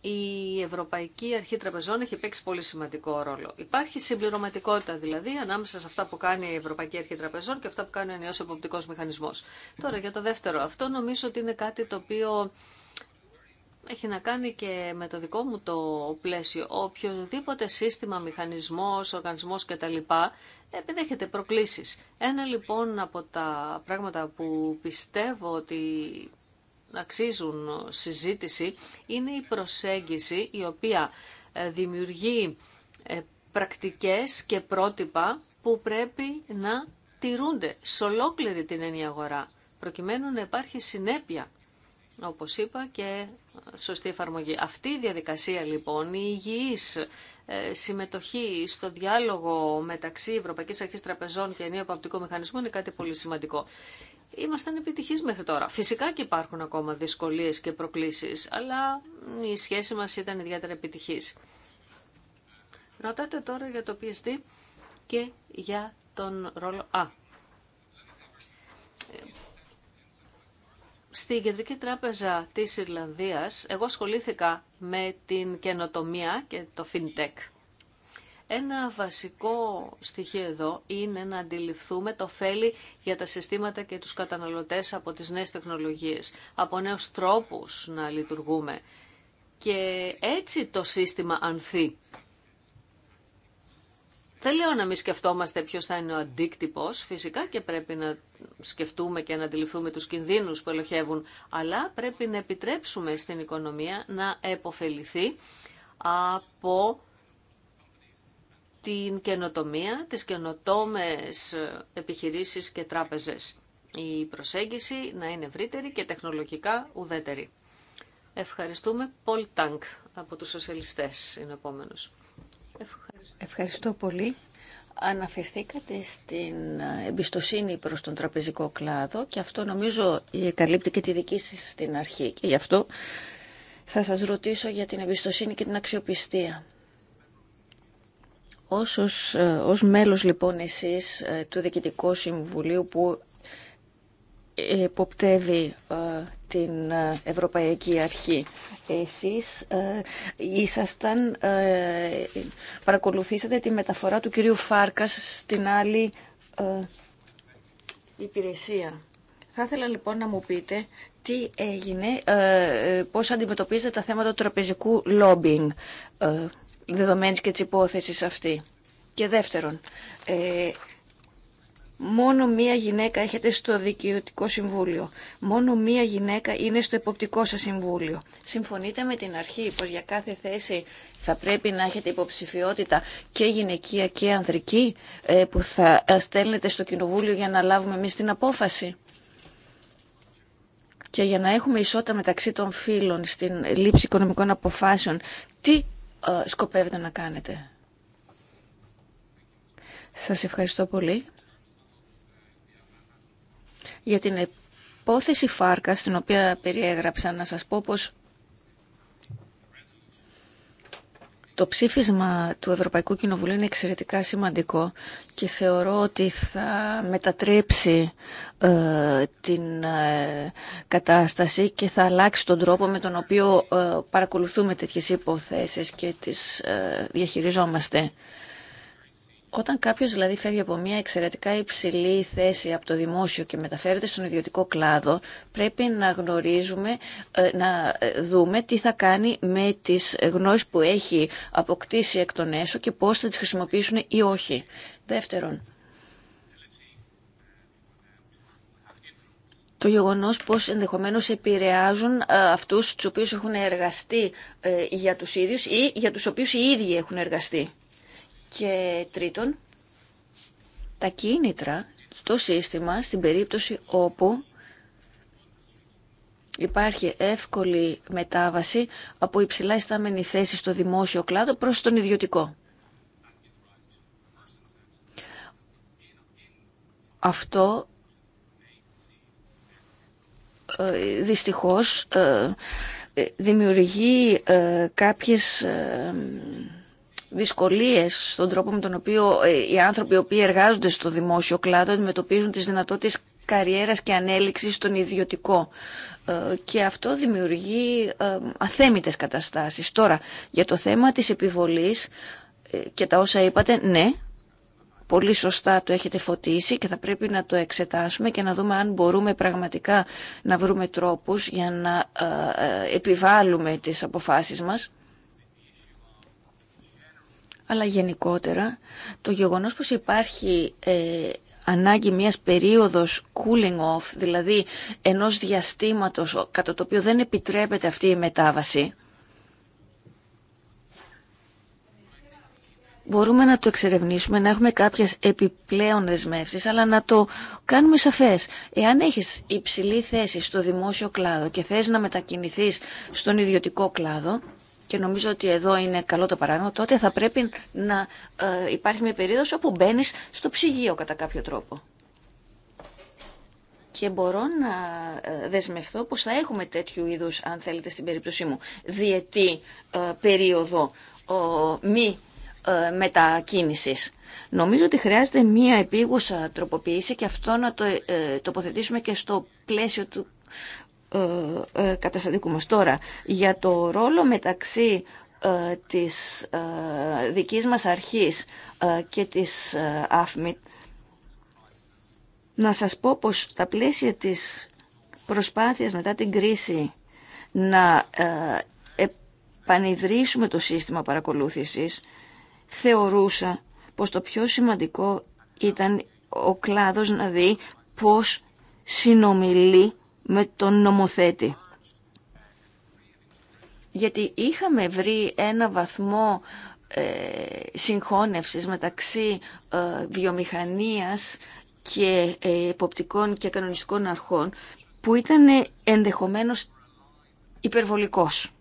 η Ευρωπαϊκή Αρχή Τραπεζών έχει παίξει πολύ σημαντικό ρόλο. Υπάρχει συμπληρωματικότητα δηλαδή ανάμεσα σε αυτά που κάνει η Ευρωπαϊκή Αρχή Τραπεζών και αυτά που κάνει ο νέο εποπτικό μηχανισμό. Τώρα για το δεύτερο, αυτό νομίζω ότι είναι κάτι το οποίο έχει να κάνει και με το δικό μου το πλαίσιο. Οποιοδήποτε σύστημα, μηχανισμό, οργανισμό κτλ. επιδέχεται προκλήσει. Ένα λοιπόν από τα πράγματα που πιστεύω ότι αξίζουν συζήτηση είναι η προσέγγιση η οποία ε, δημιουργεί ε, πρακτικές και πρότυπα που πρέπει να τηρούνται σε ολόκληρη την έννοια αγορά, προκειμένου να υπάρχει συνέπεια, όπως είπα, και σωστή εφαρμογή. Αυτή η διαδικασία λοιπόν, η υγιής ε, συμμετοχή στο διάλογο μεταξύ Ευρωπαϊκής Αρχής Τραπεζών και Ενίου Παπτικού Μηχανισμού είναι κάτι πολύ σημαντικό ήμασταν επιτυχείς μέχρι τώρα. Φυσικά και υπάρχουν ακόμα δυσκολίες και προκλήσεις, αλλά η σχέση μας ήταν ιδιαίτερα επιτυχής. Ρωτάτε τώρα για το PSD και για τον ρόλο Α. Στη Κεντρική Τράπεζα της Ιρλανδίας εγώ ασχολήθηκα με την καινοτομία και το FinTech. Ένα βασικό στοιχείο εδώ είναι να αντιληφθούμε το φέλη για τα συστήματα και τους καταναλωτές από τις νέες τεχνολογίες, από νέους τρόπους να λειτουργούμε. Και έτσι το σύστημα ανθεί. Δεν λέω να μην σκεφτόμαστε ποιος θα είναι ο αντίκτυπος, φυσικά και πρέπει να σκεφτούμε και να αντιληφθούμε τους κινδύνους που ελοχεύουν, αλλά πρέπει να επιτρέψουμε στην οικονομία να επωφεληθεί από την καινοτομία, τις καινοτόμες ε, επιχειρήσεις και τράπεζες. Η προσέγγιση να είναι ευρύτερη και τεχνολογικά ουδέτερη. Ευχαριστούμε. Πολ Τάνκ από τους Σοσιαλιστές είναι επόμενος. Ευχαριστώ. Ευχαριστώ πολύ. Αναφερθήκατε στην εμπιστοσύνη προς τον τραπεζικό κλάδο και αυτό νομίζω καλύπτει και τη δική σας στην αρχή και γι' αυτό θα σας ρωτήσω για την εμπιστοσύνη και την αξιοπιστία. Ως, ως, ε, ως μέλος λοιπόν εσείς ε, του Διοικητικού Συμβουλίου που υποπτεύει ε, την Ευρωπαϊκή Αρχή. Εσείς ε, ήσασταν, ε, παρακολουθήσατε τη μεταφορά του κυρίου Φάρκας στην άλλη υπηρεσία. Θα ήθελα λοιπόν να μου πείτε τι έγινε, πώς αντιμετωπίζετε τα θέματα του τραπεζικού λόμπινγκ δεδομένης και της υπόθεσης αυτή. Και δεύτερον, ε, μόνο μία γυναίκα έχετε στο δικαιωτικό συμβούλιο. Μόνο μία γυναίκα είναι στο εποπτικό σας συμβούλιο. Συμφωνείτε με την αρχή πως για κάθε θέση θα πρέπει να έχετε υποψηφιότητα και γυναικεία και ανδρική ε, που θα ε, στέλνετε στο κοινοβούλιο για να λάβουμε εμείς την απόφαση. Και για να έχουμε ισότητα μεταξύ των φίλων στην λήψη οικονομικών αποφάσεων, τι ε, σκοπεύετε να κάνετε. Σας ευχαριστώ πολύ για την υπόθεση Φάρκα, στην οποία περιέγραψα να σας πω πως Το ψήφισμα του Ευρωπαϊκού Κοινοβουλίου είναι εξαιρετικά σημαντικό και θεωρώ ότι θα μετατρέψει ε, την ε, κατάσταση και θα αλλάξει τον τρόπο με τον οποίο ε, παρακολουθούμε τέτοιες υποθέσεις και τις διαχειριζόμαστε. Όταν κάποιο δηλαδή φεύγει από μια εξαιρετικά υψηλή θέση από το δημόσιο και μεταφέρεται στον ιδιωτικό κλάδο, πρέπει να γνωρίζουμε, ε, να ε, δούμε τι θα κάνει με τι γνώσει που έχει αποκτήσει εκ των έσω και πώ θα τι χρησιμοποιήσουν ή όχι. Δεύτερον, το γεγονός πως ενδεχομένως επηρεάζουν ε, αυτούς τους οποίου έχουν εργαστεί για του ίδιου ή για του οποίου οι ίδιοι έχουν εργαστεί. Και τρίτον, τα κίνητρα στο σύστημα στην περίπτωση όπου υπάρχει εύκολη μετάβαση από υψηλά ιστάμενη θέση στο δημόσιο κλάδο προς τον ιδιωτικό. Αυτό ε, δυστυχώς ε, ε, δημιουργεί κάποιες δυσκολίες στον τρόπο με τον οποίο ε, οι άνθρωποι οι οποίοι εργάζονται στο δημόσιο κλάδο αντιμετωπίζουν τις δυνατότητες καριέρας και ανέλυξης στον ιδιωτικό. Ε, και αυτό δημιουργεί ε, αθέμητες καταστάσεις. Τώρα, για το θέμα της επιβολής και τα όσα είπατε, ναι, πολύ σωστά το έχετε φωτίσει και θα πρέπει να το εξετάσουμε και να δούμε αν μπορούμε πραγματικά να βρούμε τρόπους για να επιβάλλουμε τις αποφάσεις μας αλλά γενικότερα το γεγονός πως υπάρχει ε, ανάγκη μιας περίοδος cooling off, δηλαδή ενός διαστήματος κατά το οποίο δεν επιτρέπεται αυτή η μετάβαση, μπορούμε να το εξερευνήσουμε, να έχουμε κάποιες επιπλέον δεσμεύσεις, αλλά να το κάνουμε σαφές. Εάν έχεις υψηλή θέση στο δημόσιο κλάδο και θες να μετακινηθείς στον ιδιωτικό κλάδο, και νομίζω ότι εδώ είναι καλό το παράδειγμα, τότε θα πρέπει να ε, υπάρχει μια περίοδος όπου μπαίνει στο ψυγείο κατά κάποιο τρόπο. Και μπορώ να ε, δεσμευτώ πως θα έχουμε τέτοιου είδους, αν θέλετε στην περίπτωσή μου, διετή ε, περίοδο μη μετακίνησης. Νομίζω ότι χρειάζεται μία επίγουσα τροποποίηση και αυτό να το τοποθετήσουμε και στο πλαίσιο του ε, ε, καταστατικού μας τώρα για το ρόλο μεταξύ ε, της δικής μας αρχής και της ΑΦΜΙΤ να σας πω πως στα πλαίσια της προσπάθειας μετά την κρίση να επανειδρύσουμε το σύστημα παρακολούθησης θεωρούσα πως το πιο σημαντικό ήταν ο κλάδος να δει πως συνομιλεί με τον νομοθέτη. Γιατί είχαμε βρει ένα βαθμό ε, συγχώνευσης μεταξύ ε, βιομηχανίας και ε, εποπτικών και κανονιστικών αρχών που ήταν ενδεχομένως υπερβολικός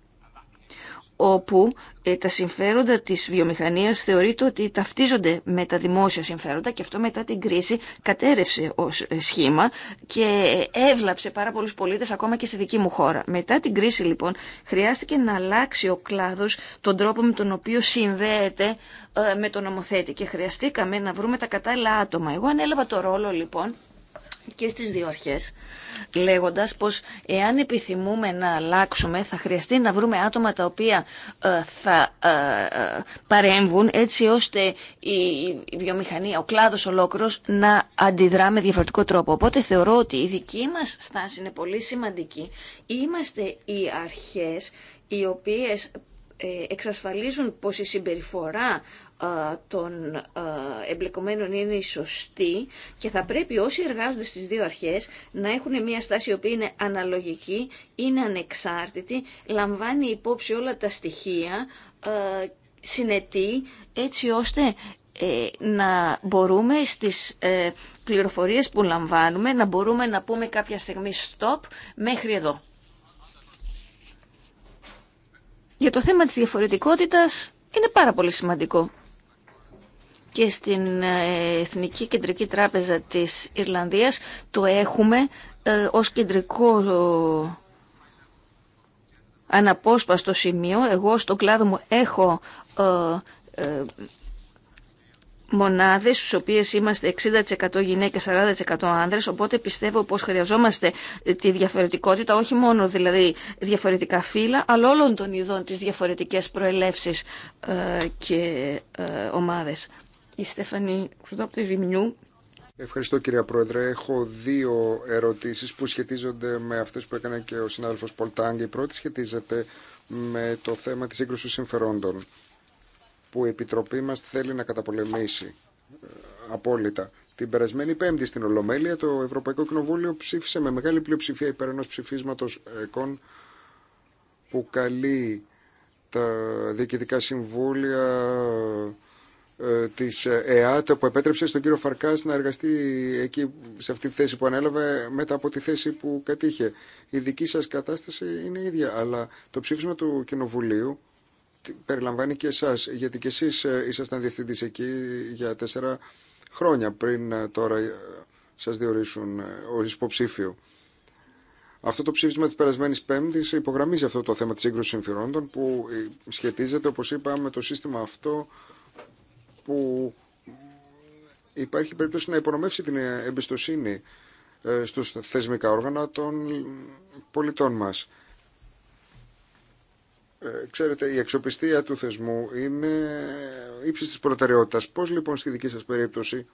όπου ε, τα συμφέροντα της βιομηχανίας θεωρείται ότι ταυτίζονται με τα δημόσια συμφέροντα και αυτό μετά την κρίση κατέρευσε ως ε, σχήμα και έβλαψε πάρα πολλούς πολίτες ακόμα και στη δική μου χώρα. Μετά την κρίση λοιπόν χρειάστηκε να αλλάξει ο κλάδος τον τρόπο με τον οποίο συνδέεται ε, με τον νομοθέτη και χρειαστήκαμε να βρούμε τα κατάλληλα άτομα. Εγώ ανέλαβα το ρόλο λοιπόν και στις δύο αρχές, λέγοντας πως εάν επιθυμούμε να αλλάξουμε θα χρειαστεί να βρούμε άτομα τα οποία ε, θα ε, ε, παρέμβουν έτσι ώστε η, η βιομηχανία, ο κλάδος ολόκληρος να αντιδρά με διαφορετικό τρόπο. Οπότε θεωρώ ότι η δική μας στάση είναι πολύ σημαντική. Είμαστε οι αρχές οι οποίες εξασφαλίζουν πως η συμπεριφορά ε, των ε, εμπλεκομένων είναι η σωστή και θα πρέπει όσοι εργάζονται στις δύο αρχές να έχουν μια στάση η οποία είναι αναλογική, είναι ανεξάρτητη, λαμβάνει υπόψη όλα τα στοιχεία, ε, συνετή έτσι ώστε να μπορούμε στις πληροφορίες που λαμβάνουμε να μπορούμε να πούμε κάποια στιγμή stop μέχρι εδώ. Για το θέμα της διαφορετικότητας είναι πάρα πολύ σημαντικό και στην ε, Εθνική Κεντρική Τράπεζα της Ιρλανδίας το έχουμε ε, ως κεντρικό ε, αναπόσπαστο σημείο. Εγώ στο κλάδο μου έχω μονάδες στις οποίες είμαστε 60% γυναίκες, 40% άνδρες, οπότε πιστεύω πως χρειαζόμαστε τη διαφορετικότητα, όχι μόνο δηλαδή διαφορετικά φύλλα, αλλά όλων των ειδών τις διαφορετικές προελεύσεις και ομάδες. Η Στεφανή τη Ρημνιού. Ευχαριστώ κυρία Πρόεδρε. Έχω δύο ερωτήσεις που σχετίζονται με αυτές που έκανε και ο συνάδελφος Πολτάγκη. Η πρώτη σχετίζεται με το θέμα της σύγκρουσης συμφερόντων που η Επιτροπή μας θέλει να καταπολεμήσει ε, απόλυτα. Την περασμένη Πέμπτη στην Ολομέλεια το Ευρωπαϊκό Κοινοβούλιο ψήφισε με μεγάλη πλειοψηφία υπέρ ενός ψηφίσματος ΕΚΟΝ που καλεί τα διοικητικά συμβούλια ε, της ε, ΕΑΤ που επέτρεψε στον κύριο Φαρκάς να εργαστεί εκεί σε αυτή τη θέση που ανέλαβε μετά από τη θέση που κατήχε. Η δική σας κατάσταση είναι η ίδια, αλλά το ψήφισμα του Κοινοβουλίου περιλαμβάνει και εσάς, γιατί και εσείς ε, ήσασταν διευθυντής εκεί για τέσσερα χρόνια πριν τώρα σας διορίσουν ως υποψήφιο. Αυτό το ψήφισμα της περασμένης Πέμπτη υπογραμμίζει αυτό το θέμα τη σύγκρουση συμφερόντων που σχετίζεται, όπω είπα, με το σύστημα αυτό που υπάρχει περίπτωση να υπονομεύσει την εμπιστοσύνη ε, στους θεσμικά όργανα των πολιτών μας. Ε, ξέρετε, η αξιοπιστία του θεσμού είναι ύψη της προτεραιότητας. Πώς λοιπόν στη δική σας περίπτωση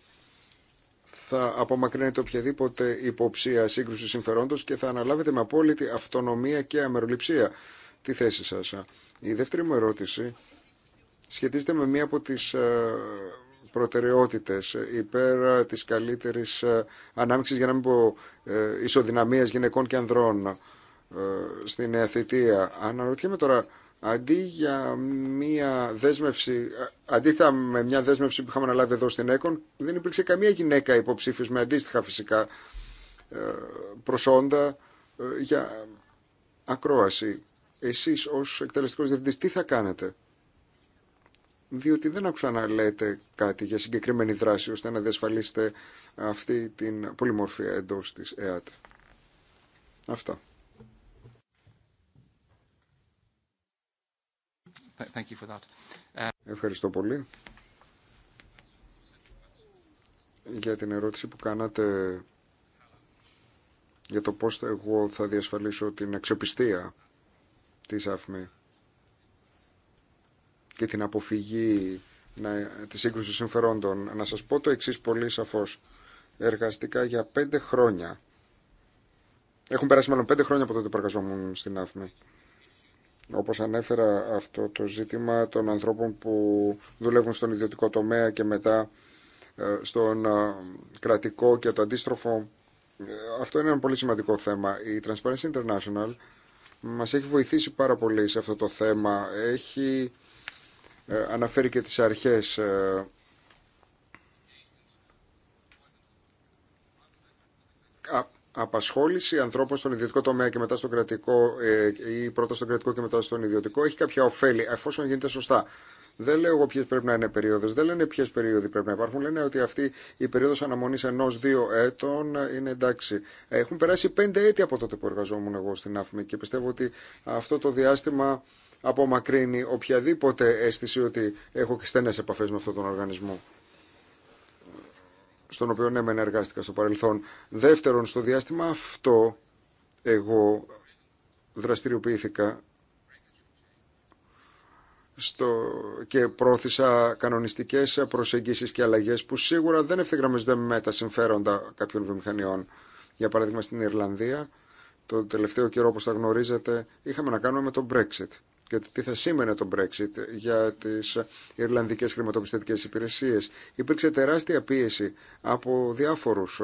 θα απομακρύνετε οποιαδήποτε υποψία σύγκρουση συμφερόντος και θα αναλάβετε με απόλυτη αυτονομία και αμεροληψία τη θέση σας. Η δεύτερη μου ερώτηση σχετίζεται με μία από τις ε, προτεραιότητες ε, υπέρ ε, της καλύτερης ανάμειξης για να μην πω ισοδυναμίας γυναικών και ανδρών στην Νέα Θητεία. Αναρωτιέμαι τώρα, αντί για μια δέσμευση, θα με μια δέσμευση που είχαμε αναλάβει εδώ στην ΕΚΟΝ, δεν υπήρξε καμία γυναίκα υποψήφιος με αντίστοιχα φυσικά προσόντα για ακρόαση. Εσείς ως εκτελεστικός διευθυντής τι θα κάνετε διότι δεν άκουσα να λέτε κάτι για συγκεκριμένη δράση ώστε να διασφαλίσετε αυτή την πολυμορφία εντός της ΕΑΤ. Αυτά. Thank you for that. Ε, Ευχαριστώ πολύ για την ερώτηση που κάνατε για το πώς εγώ θα διασφαλίσω την αξιοπιστία της ΑΦΜΗ και την αποφυγή να, τη σύγκρουση συμφερόντων. Να σας πω το εξής πολύ σαφώς. Εργαστικά για πέντε χρόνια. Έχουν περάσει μάλλον πέντε χρόνια από τότε που εργαζόμουν στην ΑΦΜΕ. Όπως ανέφερα αυτό το ζήτημα των ανθρώπων που δουλεύουν στον ιδιωτικό τομέα και μετά ε, στον ε, κρατικό και το αντίστροφο. Ε, αυτό είναι ένα πολύ σημαντικό θέμα. Η Transparency International μας έχει βοηθήσει πάρα πολύ σε αυτό το θέμα. Έχει ε, αναφέρει και τις αρχές ε, απασχόληση ανθρώπων στον ιδιωτικό τομέα και μετά στον κρατικό ε, ή πρώτα στον κρατικό και μετά στον ιδιωτικό έχει κάποια ωφέλη εφόσον γίνεται σωστά. Δεν λέω εγώ ποιε πρέπει να είναι περίοδε, δεν λένε ποιε περίοδοι πρέπει να υπάρχουν. Λένε ότι αυτή η περίοδο αναμονή ενό-δύο έτων είναι εντάξει. Έχουν περάσει πέντε έτη από τότε που εργαζόμουν εγώ στην ΑΦΜΗ και πιστεύω ότι αυτό το διάστημα απομακρύνει οποιαδήποτε αίσθηση ότι έχω και στενές επαφές με αυτόν τον οργανισμό στον οποίο ναι μεν εργάστηκα στο παρελθόν. Δεύτερον, στο διάστημα αυτό εγώ δραστηριοποιήθηκα στο... και πρόθεσα κανονιστικές προσεγγίσεις και αλλαγές που σίγουρα δεν ευθυγραμμίζονται με τα συμφέροντα κάποιων βιομηχανιών. Για παράδειγμα στην Ιρλανδία, το τελευταίο καιρό όπως τα γνωρίζετε, είχαμε να κάνουμε με το Brexit και το τι θα σήμαινε το Brexit για τις Ιρλανδικές χρηματοπιστωτικές υπηρεσίες. Υπήρξε τεράστια πίεση από διάφορους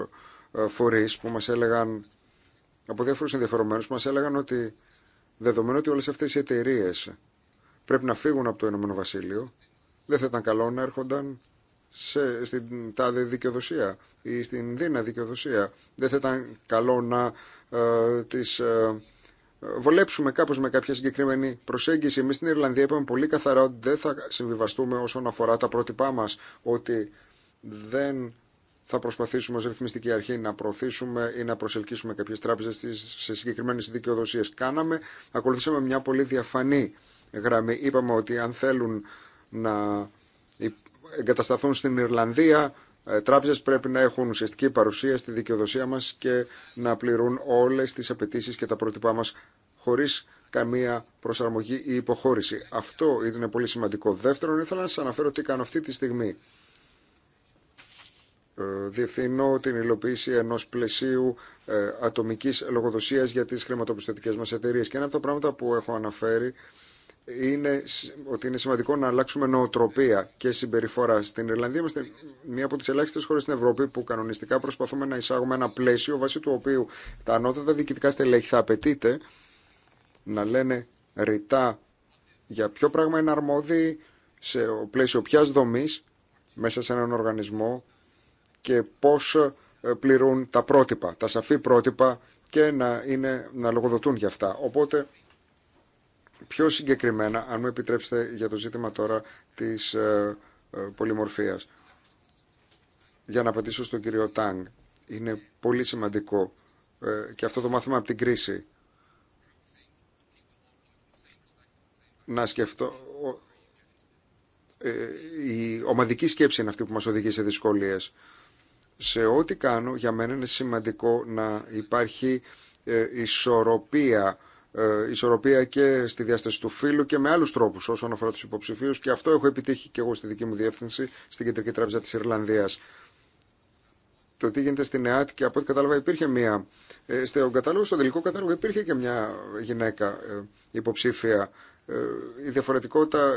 ε, φορείς που μας έλεγαν, από διάφορους ενδιαφερομένους που μας έλεγαν ότι δεδομένου ότι όλες αυτές οι εταιρείε πρέπει να φύγουν από το Ηνωμένο Βασίλειο, δεν θα ήταν καλό να έρχονταν στην τάδε δικαιοδοσία ή στην δίνα δικαιοδοσία. Δεν θα ήταν καλό να ε, τις... Ε, βολέψουμε κάπως με κάποια συγκεκριμένη προσέγγιση. Εμεί στην Ιρλανδία είπαμε πολύ καθαρά ότι δεν θα συμβιβαστούμε όσον αφορά τα πρότυπά μα ότι δεν θα προσπαθήσουμε ω ρυθμιστική αρχή να προωθήσουμε ή να προσελκύσουμε κάποιες τράπεζες σε συγκεκριμένες δικαιοδοσίε. Κάναμε, ακολουθήσαμε μια πολύ διαφανή γραμμή. Είπαμε ότι αν θέλουν να εγκατασταθούν στην Ιρλανδία ε, τράπεζες πρέπει να έχουν ουσιαστική παρουσία στη δικαιοδοσία μας και να πληρούν όλες τις απαιτήσει και τα πρότυπά μας χωρίς καμία προσαρμογή ή υποχώρηση. Αυτό ήταν πολύ σημαντικό. Δεύτερον, ήθελα να σα αναφέρω τι κάνω αυτή τη στιγμή. Ε, διευθύνω την υλοποίηση ενός πλαισίου ε, ατομικής λογοδοσία για τι χρηματοπιστωτικές μα εταιρείε. Και ένα από τα πράγματα που έχω αναφέρει είναι ότι είναι σημαντικό να αλλάξουμε νοοτροπία και συμπεριφορά. Στην Ιρλανδία είμαστε μία από τι ελάχιστε χώρε στην Ευρώπη που κανονιστικά προσπαθούμε να εισάγουμε ένα πλαίσιο βάσει του οποίου τα ανώτατα διοικητικά στελέχη θα απαιτείται να λένε ρητά για ποιο πράγμα είναι αρμόδιοι σε πλαίσιο ποια δομή μέσα σε έναν οργανισμό και πώ ε, πληρούν τα πρότυπα, τα σαφή πρότυπα και να, είναι, να λογοδοτούν για αυτά. Οπότε Πιο συγκεκριμένα, αν μου επιτρέψετε για το ζήτημα τώρα της ε, ε πολυμορφίας. Για να απαντήσω στον κύριο Τάγκ, είναι πολύ σημαντικό ε, και αυτό το μάθημα από την κρίση. Να σκεφτώ... Ε, η ομαδική σκέψη είναι αυτή που μας οδηγεί σε δυσκολίες. Σε ό,τι κάνω, για μένα είναι σημαντικό να υπάρχει ισορροπία ε, ισορροπία και στη διάσταση του φύλου και με άλλου τρόπου όσον αφορά του υποψηφίου, και αυτό έχω επιτύχει και εγώ στη δική μου διεύθυνση στην Κεντρική Τράπεζα της Ιρλανδίας. Το τι γίνεται στην ΕΑΤ και από ό,τι κατάλαβα υπήρχε μία. Ε, στο, κατάλογο, στο τελικό κατάλογο υπήρχε και μια γυναίκα ε, υποψήφια. η διαφορετικότητα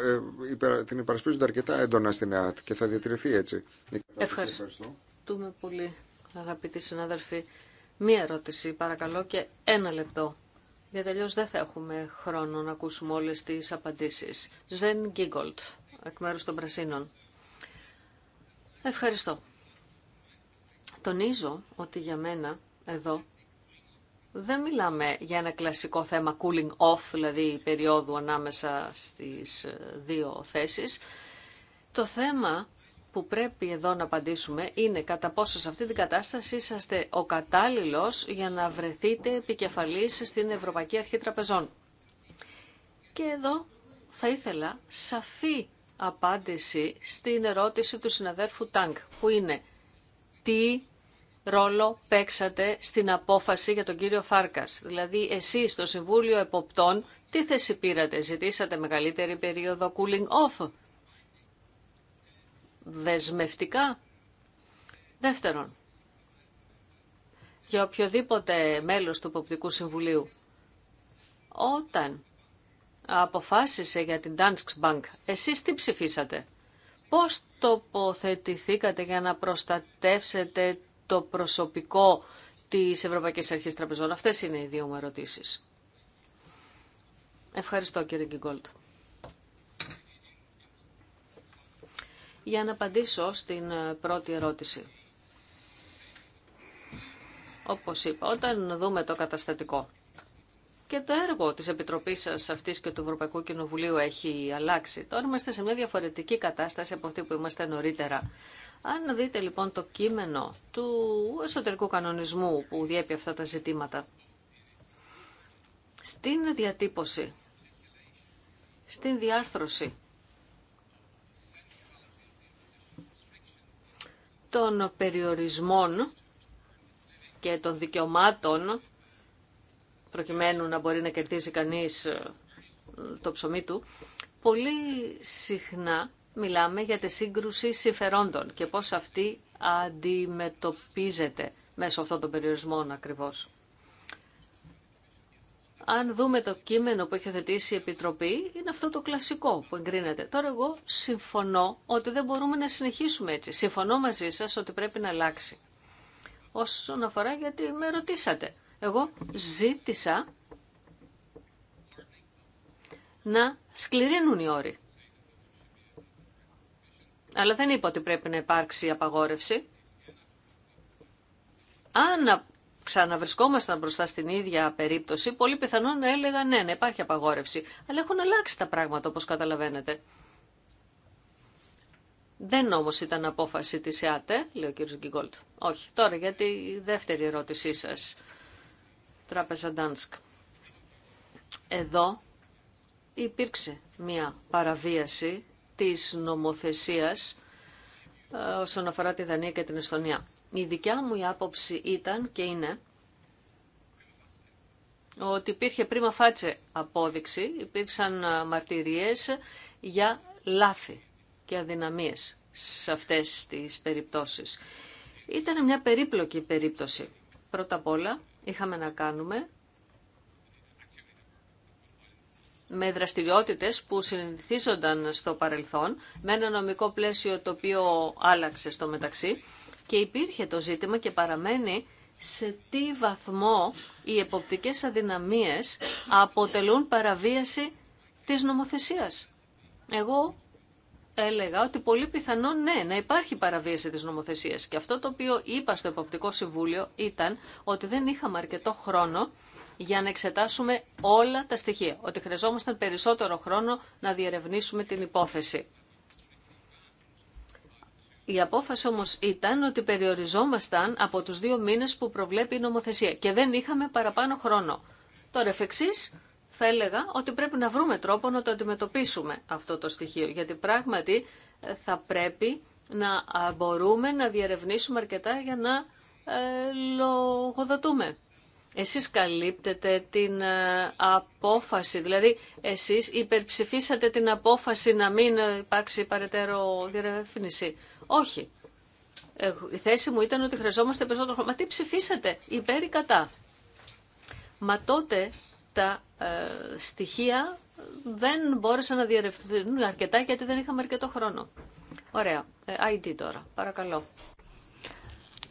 την υπερασπίζονται αρκετά έντονα στην ΕΑΤ και θα διατηρηθεί έτσι. Ευχαριστούμε πολύ αγαπητοί συνάδελφοι. Μία ερώτηση παρακαλώ και ένα λεπτό για αλλιώ δεν θα έχουμε χρόνο να ακούσουμε όλε τις απαντήσεις. Σβέν Γκίγκολτ, εκ μέρου των Πρασίνων. Ευχαριστώ. Τονίζω ότι για μένα εδώ δεν μιλάμε για ένα κλασικό θέμα cooling off, δηλαδή περίοδου ανάμεσα στις ε, δύο θέσεις. Το θέμα που πρέπει εδώ να απαντήσουμε είναι κατά πόσο σε αυτή την κατάσταση είσαστε ο κατάλληλος για να βρεθείτε επικεφαλής στην Ευρωπαϊκή Αρχή Τραπεζών. Και εδώ θα ήθελα σαφή απάντηση στην ερώτηση του συναδέρφου Τάγκ, που είναι τι ρόλο παίξατε στην απόφαση για τον κύριο Φάρκας. Δηλαδή εσείς στο Συμβούλιο Εποπτών τι θέση πήρατε, ζητήσατε μεγαλύτερη περίοδο cooling off δεσμευτικά. Δεύτερον, για οποιοδήποτε μέλος του Ποπτικού Συμβουλίου, όταν αποφάσισε για την Dansk Bank, εσείς τι ψηφίσατε, πώς τοποθετηθήκατε για να προστατεύσετε το προσωπικό της Ευρωπαϊκής Αρχής Τραπεζών. Αυτές είναι οι δύο μου ερωτήσεις. Ευχαριστώ κύριε Γκίγκολτ. για να απαντήσω στην ε, πρώτη ερώτηση. Όπως είπα, όταν δούμε το καταστατικό και το έργο της Επιτροπής σας αυτής και του Ευρωπαϊκού Κοινοβουλίου έχει αλλάξει. Τώρα είμαστε σε μια διαφορετική κατάσταση από αυτή που είμαστε νωρίτερα. Αν δείτε λοιπόν το κείμενο του εσωτερικού κανονισμού που διέπει αυτά τα ζητήματα, στην διατύπωση, στην διάρθρωση των περιορισμών και των δικαιωμάτων προκειμένου να μπορεί να κερδίζει κανείς ε, το ψωμί του, πολύ συχνά μιλάμε για τη σύγκρουση συμφερόντων και πώς αυτή αντιμετωπίζεται μέσω αυτών των περιορισμών ακριβώς αν δούμε το κείμενο που έχει οθετήσει η Επιτροπή, είναι αυτό το κλασικό που εγκρίνεται. Τώρα εγώ συμφωνώ ότι δεν μπορούμε να συνεχίσουμε έτσι. Συμφωνώ μαζί σας ότι πρέπει να αλλάξει. Όσον αφορά γιατί με ρωτήσατε. Εγώ ζήτησα να σκληρύνουν οι όροι. Αλλά δεν είπα ότι πρέπει να υπάρξει απαγόρευση. Αν ξαναβρισκόμασταν μπροστά στην ίδια περίπτωση, πολύ πιθανόν να έλεγαν «Ναι, ναι, υπάρχει απαγόρευση. Αλλά έχουν αλλάξει τα πράγματα, όπως καταλαβαίνετε. Δεν όμως ήταν απόφαση της ΕΑΤΕ, λέει ο κ. Γκίγκολτ. Όχι. Τώρα για τη δεύτερη ερώτησή σας. Τράπεζα Ντάνσκ. Εδώ υπήρξε μια παραβίαση της νομοθεσίας ε, όσον αφορά τη Δανία και την Εστονία. Η δικιά μου άποψη ήταν και είναι ότι υπήρχε πρίμα φάτσε απόδειξη, υπήρξαν μαρτυρίες για λάθη και αδυναμίες σε αυτές τις περιπτώσεις. Ήταν μια περίπλοκη περίπτωση. Πρώτα απ' όλα είχαμε να κάνουμε με δραστηριότητες που συνηθίζονταν στο παρελθόν, με ένα νομικό πλαίσιο το οποίο άλλαξε στο μεταξύ και υπήρχε το ζήτημα και παραμένει σε τι βαθμό οι εποπτικές αδυναμίες αποτελούν παραβίαση της νομοθεσίας. Εγώ έλεγα ότι πολύ πιθανό ναι, να υπάρχει παραβίαση της νομοθεσίας. Και αυτό το οποίο είπα στο Εποπτικό Συμβούλιο ήταν ότι δεν είχαμε αρκετό χρόνο για να εξετάσουμε όλα τα στοιχεία. Ότι χρειαζόμασταν περισσότερο χρόνο να διερευνήσουμε την υπόθεση. Η απόφαση όμω ήταν ότι περιοριζόμασταν από τους δύο μήνες που προβλέπει η νομοθεσία και δεν είχαμε παραπάνω χρόνο. Τώρα εφ' εξή, θα έλεγα ότι πρέπει να βρούμε τρόπο να το αντιμετωπίσουμε αυτό το στοιχείο, γιατί πράγματι ε, θα πρέπει να μπορούμε να διερευνήσουμε αρκετά για να ε, λογοδοτούμε. Εσείς καλύπτετε την ε, απόφαση, δηλαδή εσείς υπερψηφίσατε την απόφαση να μην ε, υπάρξει παρετέρω διερεύνηση. Όχι. Η θέση μου ήταν ότι χρειαζόμαστε περισσότερο χρόνο. Μα τι ψηφίσατε, υπέρ ή κατά. Μα τότε τα ε, στοιχεία δεν μπόρεσαν να διαρρευθούν αρκετά γιατί δεν είχαμε αρκετό χρόνο. Ωραία. Ε, ID τώρα. Παρακαλώ.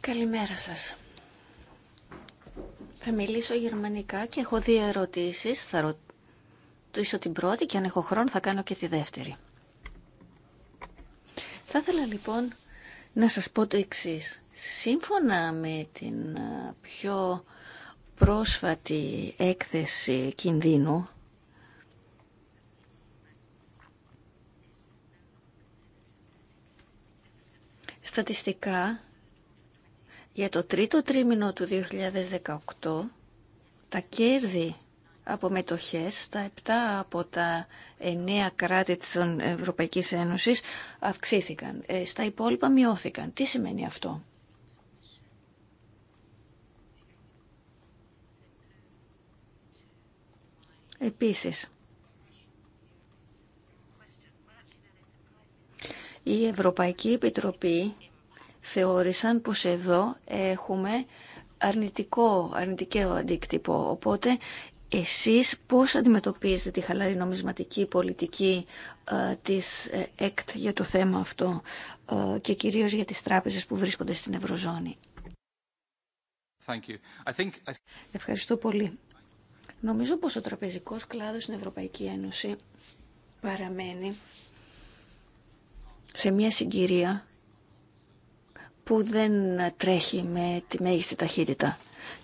Καλημέρα σας. Θα μιλήσω γερμανικά και έχω δύο ερωτήσεις. Θα ρωτήσω την πρώτη και αν έχω χρόνο θα κάνω και τη δεύτερη. Θα ήθελα λοιπόν να σας πω το εξής. Σύμφωνα με την πιο πρόσφατη έκθεση κινδύνου, στατιστικά για το τρίτο τρίμηνο του 2018 τα κέρδη από μετοχές τα 7 από τα 9 κράτη της Ευρωπαϊκής Ένωσης αυξήθηκαν. Ε, στα υπόλοιπα μειώθηκαν. Τι σημαίνει αυτό. Επίσης, η Ευρωπαϊκή Επιτροπή θεώρησαν πως εδώ έχουμε αρνητικό, αρνητικό αντίκτυπο. Οπότε εσείς πώς αντιμετωπίζετε τη χαλαρή νομισματική πολιτική ε, της ε, ΕΚΤ για το θέμα αυτό ε, και κυρίως για τις τράπεζες που βρίσκονται στην Ευρωζώνη. Thank you. Ευχαριστώ πολύ. Νομίζω πως ο τραπεζικός κλάδος στην Ευρωπαϊκή Ένωση παραμένει σε μια συγκυρία που δεν τρέχει με τη μέγιστη ταχύτητα.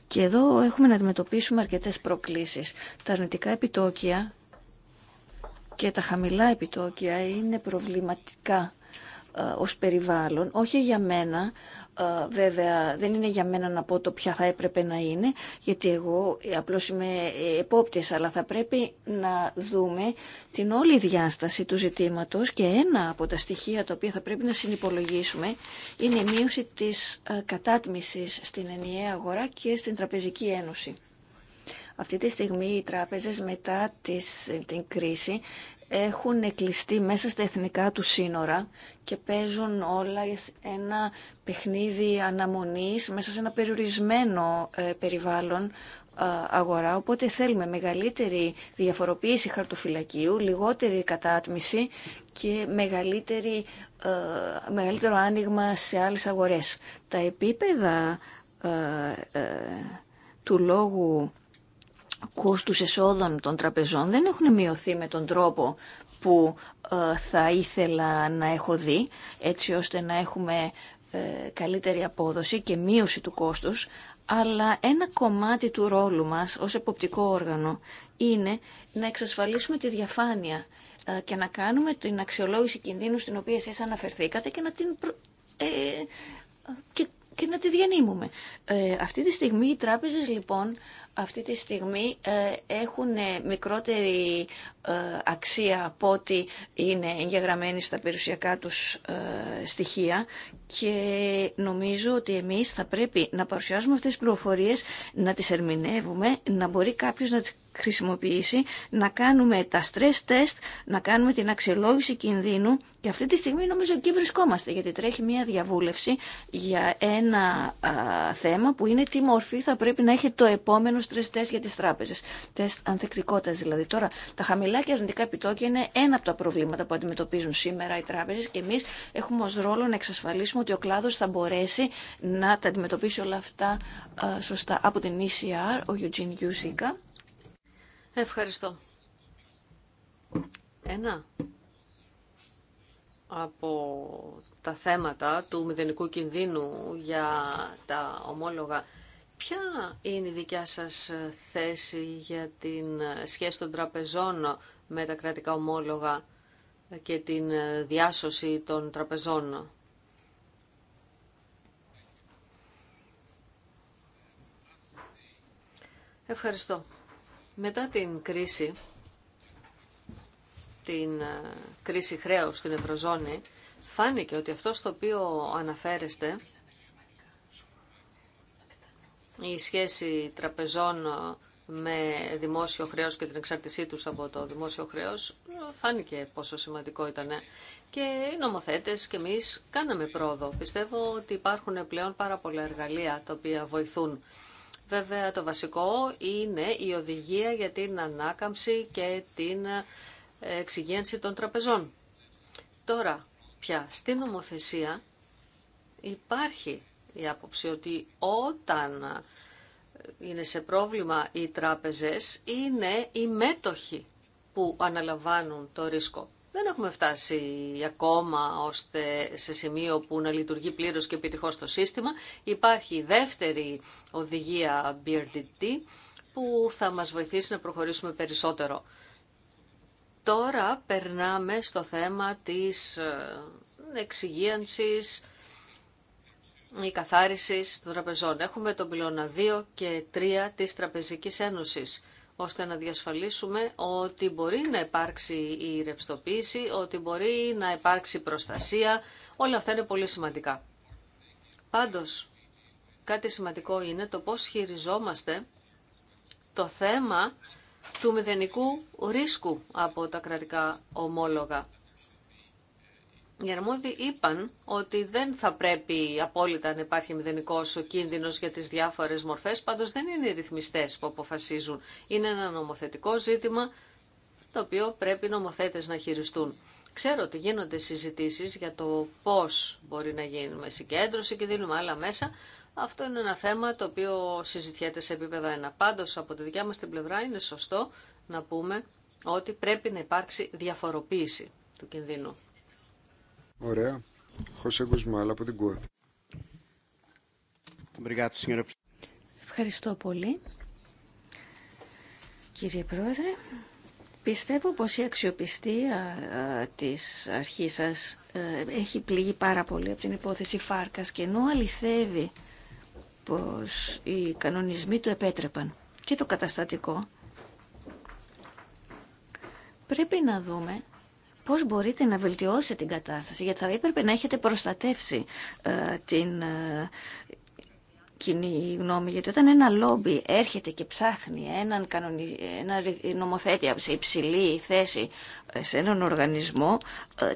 Και εδώ έχουμε να αντιμετωπίσουμε αρκετές προκλήσεις. Τα αρνητικά επιτόκια και τα χαμηλά επιτόκια είναι προβληματικά ε, ως περιβάλλον, όχι για μένα, ε, βέβαια δεν είναι για μένα να πω το ποια θα έπρεπε να είναι, γιατί εγώ απλώς είμαι επόπτης, αλλά θα πρέπει να δούμε την όλη διάσταση του ζητήματος και ένα από τα στοιχεία τα οποία θα πρέπει να συνυπολογίσουμε είναι η μείωση της ε, κατάτμισης στην ενιαία αγορά και στην Τραπεζική Ένωση. Αυτή τη στιγμή οι τράπεζες μετά την κρίση έχουν κλειστεί μέσα στα εθνικά του σύνορα και παίζουν όλα ένα παιχνίδι αναμονής μέσα σε ένα περιορισμένο ε, περιβάλλον ε, αγορά, οπότε θέλουμε μεγαλύτερη διαφοροποίηση χαρτοφυλακίου, λιγότερη κατάτμιση και μεγαλύτερη, ε, μεγαλύτερο άνοιγμα σε άλλες αγορές. Τα επίπεδα του λόγου κόστους εσόδων των τραπεζών δεν έχουν μειωθεί με τον τρόπο που ε, θα ήθελα να έχω δει, έτσι ώστε να έχουμε ε, καλύτερη απόδοση και μείωση του κόστους, αλλά ένα κομμάτι του ρόλου μας ως εποπτικό όργανο είναι να εξασφαλίσουμε τη διαφάνεια ε, και να κάνουμε την αξιολόγηση κινδύνου στην οποία εσείς αναφερθήκατε και να την, και... να τη διανύμουμε. αυτή τη στιγμή οι τράπεζες λοιπόν αυτή τη στιγμή ε, έχουν ε, μικρότερη ε, αξία από ό,τι είναι εγγεγραμμένοι στα περιουσιακά τους στοιχεία και νομίζω ότι εμείς θα πρέπει να παρουσιάζουμε αυτές τις πληροφορίες, να τις ερμηνεύουμε, να μπορεί κάποιος να τις χρησιμοποιήσει, να κάνουμε τα stress test, να κάνουμε την αξιολόγηση κινδύνου και αυτή τη στιγμή νομίζω εκεί βρισκόμαστε γιατί τρέχει μια διαβούλευση για ένα θέμα που είναι τι μορφή θα πρέπει να έχει το επόμενο stress test για τις τράπεζες. Τεστ ανθεκτικότητας δηλαδή. Τώρα τα χαμηλά και αρνητικά επιτόκια είναι ένα από τα προβλήματα που αντιμετωπίζουν σήμερα οι τράπεζες και εμείς έχουμε ως ρόλο να εξασφαλίσουμε ότι ο κλάδος θα μπορέσει να τα αντιμετωπίσει όλα αυτά α, σωστά. Από την ECR, ο Eugene Ευχαριστώ. Ένα από τα θέματα του μηδενικού κινδύνου για τα ομόλογα. Ποια είναι η δικιά σας θέση για την σχέση των τραπεζών με τα κρατικά ομόλογα και την διάσωση των τραπεζών. Ευχαριστώ. Μετά την κρίση, την ε, κρίση χρέους στην Ευρωζώνη, φάνηκε ότι αυτό στο οποίο αναφέρεστε, η σχέση τραπεζών ε, με δημόσιο χρέος και την εξάρτησή τους από το δημόσιο χρέος, φάνηκε πόσο σημαντικό ήταν. Και οι νομοθέτες και εμείς κάναμε πρόοδο. Πιστεύω ότι υπάρχουν πλέον πάρα πολλά εργαλεία τα οποία βοηθούν Βέβαια το βασικό είναι η οδηγία για την ανάκαμψη και την ε, εξυγένση των τραπεζών. Τώρα πια στην νομοθεσία υπάρχει η άποψη ότι όταν ε, είναι σε πρόβλημα οι τράπεζες είναι οι μέτοχοι που αναλαμβάνουν το ρίσκο δεν έχουμε φτάσει ακόμα ώστε σε σημείο που να λειτουργεί πλήρως και επιτυχώς το σύστημα. Υπάρχει η δεύτερη οδηγία BRDT που θα μας βοηθήσει να προχωρήσουμε περισσότερο. Τώρα περνάμε στο θέμα της ε, εξυγίανσης η καθάριση των τραπεζών. Έχουμε τον πυλώνα 2 και 3 της Τραπεζικής Ένωσης ώστε να διασφαλίσουμε ότι μπορεί να υπάρξει η ρευστοποίηση, ότι μπορεί να υπάρξει προστασία. Όλα αυτά είναι πολύ σημαντικά. Πάντως, κάτι σημαντικό είναι το πώς χειριζόμαστε το θέμα του μηδενικού ρίσκου από τα κρατικά ομόλογα. Οι αρμόδιοι είπαν ότι δεν θα πρέπει απόλυτα να υπάρχει μηδενικό ο κίνδυνο για τι διάφορε μορφέ, πάντω δεν είναι οι ρυθμιστέ που αποφασίζουν. Είναι ένα νομοθετικό ζήτημα το οποίο πρέπει οι νομοθέτες να χειριστούν. Ξέρω ότι γίνονται συζητήσεις για το πώς μπορεί να γίνει με συγκέντρωση και δίνουμε άλλα μέσα. Αυτό είναι ένα θέμα το οποίο συζητιέται σε επίπεδο ένα. Πάντως από τη δικιά μας την πλευρά είναι σωστό να πούμε ότι πρέπει να υπάρξει διαφοροποίηση του κινδύνου. Ωραία. Χωσέ Γκουσμάλα από την ΚΟΕ. Ευχαριστώ πολύ. Κύριε Πρόεδρε, πιστεύω πως η αξιοπιστία ε, της αρχής σας ε, έχει πληγεί πάρα πολύ από την υπόθεση Φάρκας και ενώ αληθεύει πως οι κανονισμοί του επέτρεπαν και το καταστατικό, πρέπει να δούμε πώς μπορείτε να βελτιώσετε την κατάσταση, γιατί θα έπρεπε να έχετε προστατεύσει ε, την ε, κοινή γνώμη, γιατί όταν ένα λόμπι έρχεται και ψάχνει έναν ένα νομοθέτη σε υψηλή θέση ε, σε έναν οργανισμό,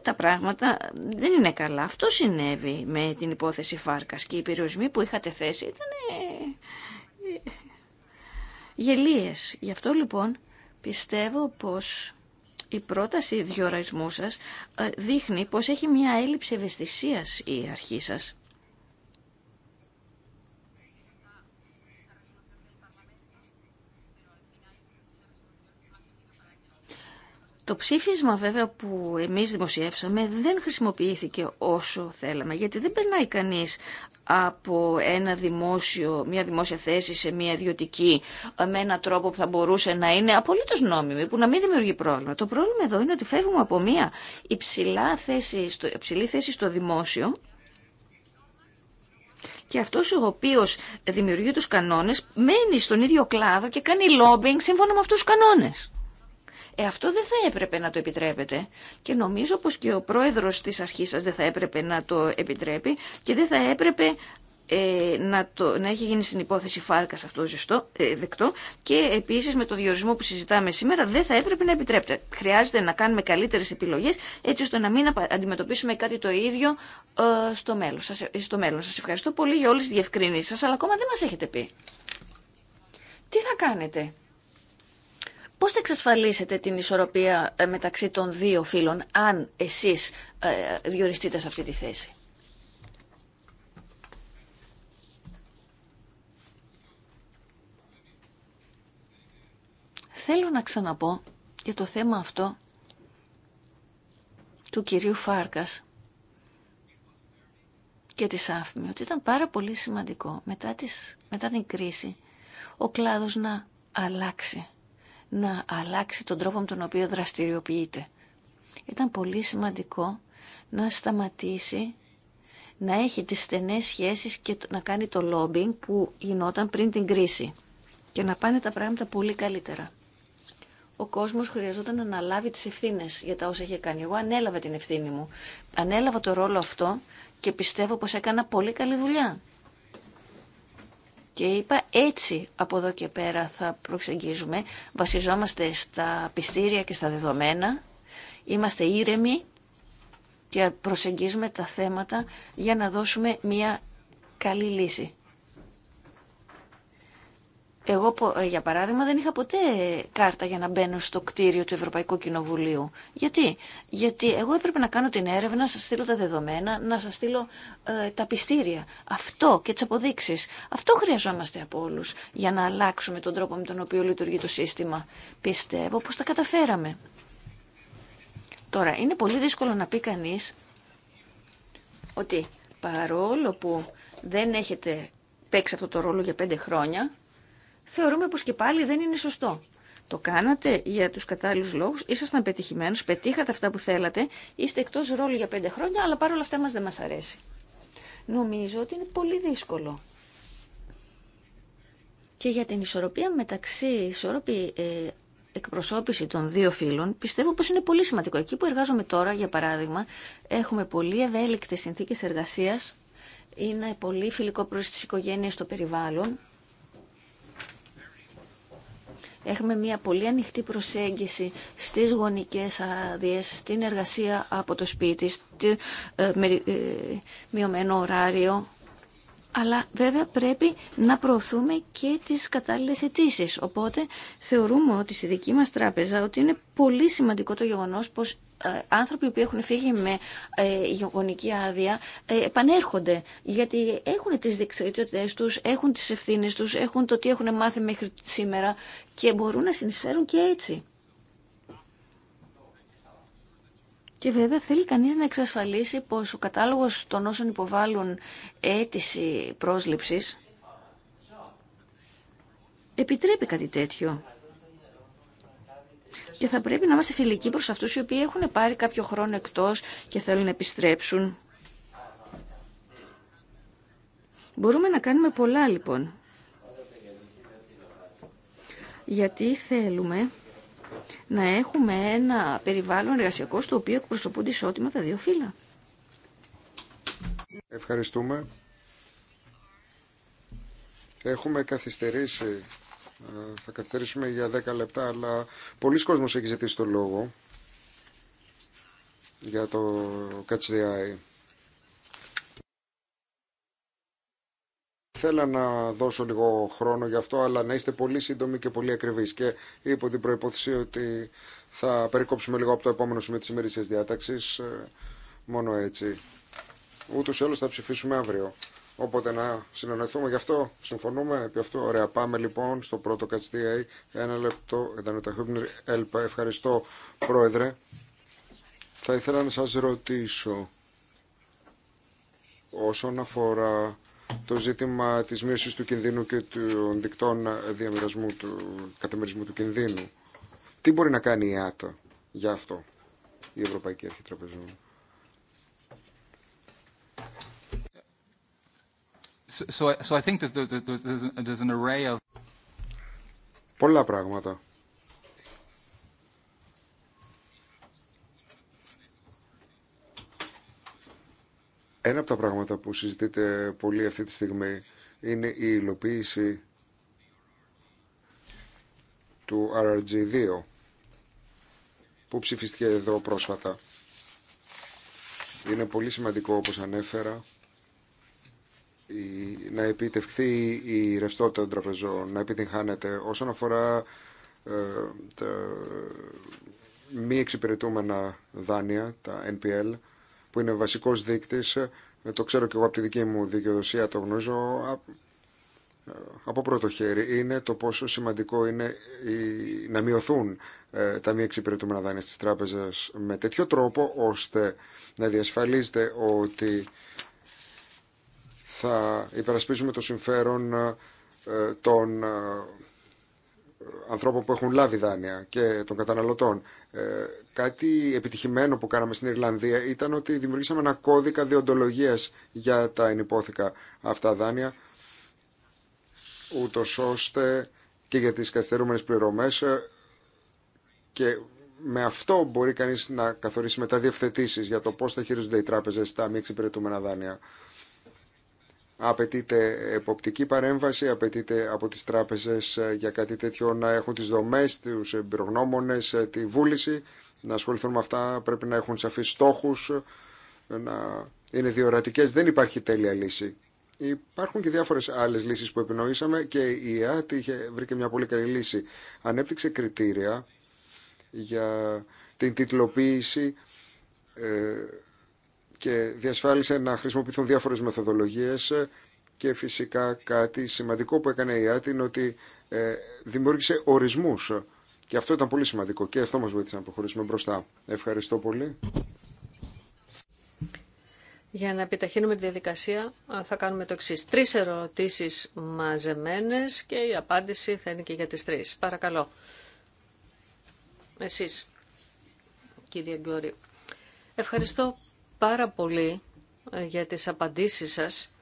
τα πράγματα δεν είναι καλά. Αυτό συνέβη με την υπόθεση Φάρκας και οι περιορισμοί που είχατε θέσει ήταν γελίες. Γι' αυτό λοιπόν πιστεύω πως η πρόταση διορισμού σας ε, δείχνει πως έχει μια έλλειψη ευαισθησίας η αρχή σας. Το ψήφισμα βέβαια που εμείς δημοσιεύσαμε δεν χρησιμοποιήθηκε όσο θέλαμε, γιατί δεν περνάει κανείς από ένα δημόσιο, μια δημόσια θέση σε μια ιδιωτική ε, με έναν τρόπο που θα μπορούσε να είναι απολύτως νόμιμη, που να μην δημιουργεί πρόβλημα. Το πρόβλημα εδώ είναι ότι φεύγουμε από μια υψηλά θέση, στο, υψηλή θέση στο δημόσιο και αυτός ο οποίος δημιουργεί τους κανόνες μένει στον ίδιο κλάδο και κάνει lobbying σύμφωνα με αυτούς τους κανόνες. Ε, αυτό δεν θα έπρεπε να το επιτρέπετε και νομίζω πως και ο πρόεδρος της αρχής σας δεν θα έπρεπε να το επιτρέπει και δεν θα έπρεπε ε, να, το, να έχει γίνει στην υπόθεση φάρκα αυτό ζεστό, ε, δεκτό και επίσης με το διορισμό που συζητάμε σήμερα δεν θα έπρεπε να επιτρέπεται. Χρειάζεται να κάνουμε καλύτερες επιλογές έτσι ώστε να μην αντιμετωπίσουμε κάτι το ίδιο ε, στο μέλλον. Σας, ε, στο μέλλον. Σας ευχαριστώ πολύ για όλες τις διευκρινήσεις σας, αλλά ακόμα δεν μας έχετε πει. Τι θα κάνετε Πώς θα εξασφαλίσετε την ισορροπία ε, μεταξύ των δύο φύλων, αν εσείς ε, διοριστείτε σε αυτή τη θέση. Θέλω να ξαναπώ για το θέμα αυτό του κυρίου Φάρκας και της ΑΦΜΗ, ότι ήταν πάρα πολύ σημαντικό μετά, μετά την κρίση ο κλάδος να αλλάξει να αλλάξει τον τρόπο με τον οποίο δραστηριοποιείται. Ήταν πολύ σημαντικό να σταματήσει να έχει τις στενές σχέσεις και να κάνει το lobbying που γινόταν πριν την κρίση και να πάνε τα πράγματα πολύ καλύτερα. Ο κόσμος χρειαζόταν να αναλάβει τις ευθύνες για τα όσα είχε κάνει. Εγώ ανέλαβα την ευθύνη μου. Ανέλαβα το ρόλο αυτό και πιστεύω πως έκανα πολύ καλή δουλειά. Και είπα έτσι από εδώ και πέρα θα προσεγγίζουμε, Βασιζόμαστε στα πιστήρια και στα δεδομένα. Είμαστε ήρεμοι και προσεγγίζουμε τα θέματα για να δώσουμε μια καλή λύση. Εγώ, ε, για παράδειγμα, δεν είχα ποτέ κάρτα για να μπαίνω στο κτίριο του Ευρωπαϊκού Κοινοβουλίου. Γιατί? Γιατί εγώ έπρεπε να κάνω την έρευνα, να σας στείλω τα δεδομένα, να σας στείλω ε, τα πιστήρια. Αυτό και τι αποδείξεις. Αυτό χρειαζόμαστε από όλου για να αλλάξουμε τον τρόπο με τον οποίο λειτουργεί το σύστημα. Πιστεύω πω τα καταφέραμε. Τώρα, είναι πολύ δύσκολο να πει κανεί ότι παρόλο που δεν έχετε παίξει αυτό το ρόλο για πέντε χρόνια, θεωρούμε πως και πάλι δεν είναι σωστό. Το κάνατε για τους κατάλληλους λόγους, ήσασταν πετυχημένους, πετύχατε αυτά που θέλατε, είστε εκτός ρόλου για πέντε χρόνια, αλλά παρόλα αυτά μας δεν μας αρέσει. Νομίζω ότι είναι πολύ δύσκολο. Και για την ισορροπία μεταξύ ισορροπή, ε, εκπροσώπηση των δύο φύλων πιστεύω πως είναι πολύ σημαντικό. Εκεί που εργάζομαι τώρα, για παράδειγμα, έχουμε πολύ ευέλικτες συνθήκες εργασίας, είναι πολύ φιλικό προς τις οικογένειες στο περιβάλλον, Έχουμε μια πολύ ανοιχτή προσέγγιση στις γονικές άδειες, στην εργασία από το σπίτι, στη, ε, ε, μειωμένο ωράριο αλλά βέβαια πρέπει να προωθούμε και τις κατάλληλες αιτήσει. Οπότε θεωρούμε ότι στη δική μας τράπεζα ότι είναι πολύ σημαντικό το γεγονός πως ε, άνθρωποι που έχουν φύγει με ε, γονική άδεια ε, επανέρχονται γιατί έχουν τις δεξιότητες τους, έχουν τις ευθύνες τους, έχουν το τι έχουν μάθει μέχρι σήμερα και μπορούν να συνεισφέρουν και έτσι. Και βέβαια θέλει κανείς να εξασφαλίσει πως ο κατάλογος των όσων υποβάλλουν αίτηση πρόσληψης επιτρέπει κάτι τέτοιο. Και θα πρέπει να είμαστε φιλικοί προς αυτούς οι οποίοι έχουν πάρει κάποιο χρόνο εκτός και θέλουν να επιστρέψουν. Μπορούμε να κάνουμε πολλά λοιπόν. Γιατί θέλουμε να έχουμε ένα περιβάλλον εργασιακό στο οποίο εκπροσωπούνται ισότιμα τα δύο φύλλα. Ευχαριστούμε. Έχουμε καθυστερήσει. Ε, θα καθυστερήσουμε για 10 λεπτά, αλλά πολλοί κόσμος έχει ζητήσει το λόγο για το Catch the Eye. Ήθελα να δώσω λίγο χρόνο γι' αυτό, αλλά να είστε πολύ σύντομοι και πολύ ακριβείς. Και υπό την προπόθεση ότι θα περικόψουμε λίγο από το επόμενο σημείο τη ημερήσιας διάταξη. Ε, μόνο έτσι. Ούτως ή άλλω θα ψηφίσουμε αύριο. Οπότε να συναντηθούμε. γι' αυτό. Συμφωνούμε επί αυτού Ωραία, πάμε λοιπόν στο πρώτο κατσδία. Ένα λεπτό, ήταν Χούμπνερ, ΕΛΠΑ. Ευχαριστώ, Πρόεδρε. Θα ήθελα να σα ρωτήσω όσον αφορά το ζήτημα της μείωσης του κινδύνου και των δικτών διαμερισμού του, καταμερισμού του κινδύνου. Τι μπορεί να κάνει η ΆΤΑ για αυτό, η Ευρωπαϊκή Αρχή Τραπεζών. So, so I think Πολλά πράγματα. Ένα από τα πράγματα που συζητείται πολύ αυτή τη στιγμή είναι η υλοποίηση του RRG2 που ψηφίστηκε εδώ πρόσφατα. Είναι πολύ σημαντικό όπως ανέφερα να επιτευχθεί η ρευστότητα των τραπεζών, να επιτυγχάνεται όσον αφορά ε, τα μη εξυπηρετούμενα δάνεια, τα NPL που είναι βασικός δείκτης, ε, το ξέρω και εγώ από τη δική μου δικαιοδοσία, το γνωρίζω ε, από πρώτο χέρι, είναι το πόσο σημαντικό είναι να μειωθούν ε, τα μη εξυπηρετούμενα δάνεια στις τράπεζες με τέτοιο τρόπο, ώστε να διασφαλίζεται ότι θα υπερασπίζουμε το συμφέρον των ανθρώπων που έχουν λάβει δάνεια και των καταναλωτών. Ε, κάτι επιτυχημένο που κάναμε στην Ιρλανδία ήταν ότι δημιουργήσαμε ένα κώδικα διοντολογίας για τα ενυπόθηκα αυτά δάνεια, ούτω ώστε και για τις καθυστερούμενες πληρωμές ε, και με αυτό μπορεί κανείς να καθορίσει μετά διευθετήσεις για το πώς θα χειρίζονται οι τράπεζες τα μη εξυπηρετούμενα δάνεια απαιτείται εποπτική παρέμβαση, απαιτείται από τις τράπεζες ε, για κάτι τέτοιο να έχουν τις δομές, τους εμπειρογνώμονες, ε, τη βούληση, να ασχοληθούν με αυτά, πρέπει να έχουν σαφείς στόχους, ε, να είναι διορατικές, δεν υπάρχει τέλεια λύση. Υπάρχουν και διάφορες άλλες λύσεις που επινοήσαμε και η ΕΑΤ βρήκε μια πολύ καλή λύση. Ανέπτυξε κριτήρια για την τιτλοποίηση και διασφάλισε να χρησιμοποιηθούν διάφορες μεθοδολογίες και φυσικά κάτι σημαντικό που έκανε η ΆΤ είναι ότι ε, δημιούργησε ορισμούς και αυτό ήταν πολύ σημαντικό και αυτό μας βοήθησε να προχωρήσουμε μπροστά. Ευχαριστώ πολύ. Για να επιταχύνουμε τη διαδικασία θα κάνουμε το εξή. Τρει ερωτήσει μαζεμένες και η απάντηση θα είναι και για τις τρεις. Παρακαλώ. Εσείς, κύριε Γκόρη. Ευχαριστώ πάρα πολύ ε, για τις απαντήσεις σας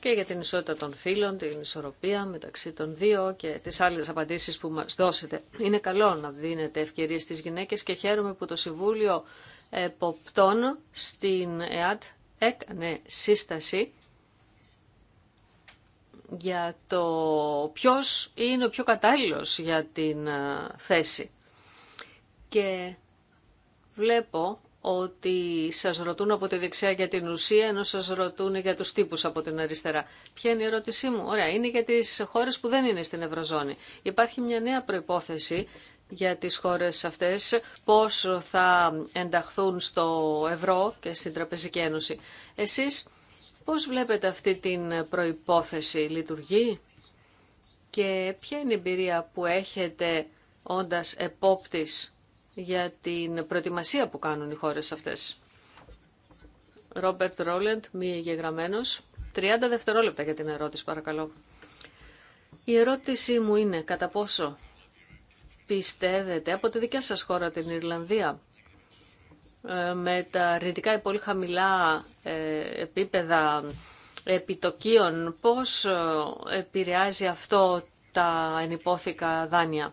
και για την ισότητα των φίλων, την ισορροπία μεταξύ των δύο και τις άλλες απαντήσεις που μας δώσετε. Είναι καλό να δίνετε ευκαιρίες στις γυναίκες και χαίρομαι που το Συμβούλιο Εποπτών στην ΕΑΤ έκανε σύσταση για το ποιος είναι ο πιο κατάλληλος για την ε, θέση. Και βλέπω ότι σας ρωτούν από τη δεξιά για την ουσία, ενώ σας ρωτούν για τους τύπους από την αριστερά. Ποια είναι η ερώτησή μου. Ωραία, είναι για τις χώρες που δεν είναι στην Ευρωζώνη. Υπάρχει μια νέα προϋπόθεση για τις χώρες αυτές, πώς θα ενταχθούν στο ευρώ και στην Τραπεζική Ένωση. Εσείς πώς βλέπετε αυτή την προϋπόθεση λειτουργεί και ποια είναι η εμπειρία που έχετε όντας επόπτης για την προετοιμασία που κάνουν οι χώρες αυτές. Ρόμπερτ Ρόλεντ, μη εγγεγραμμένος. 30 δευτερόλεπτα για την ερώτηση, παρακαλώ. Η ερώτησή μου είναι κατά πόσο πιστεύετε από τη δικιά σας χώρα, την Ιρλανδία, ε, με τα αρνητικά ή πολύ χαμηλά ε, επίπεδα επιτοκίων, πώς ε, επηρεάζει αυτό τα ενυπόθηκα δάνεια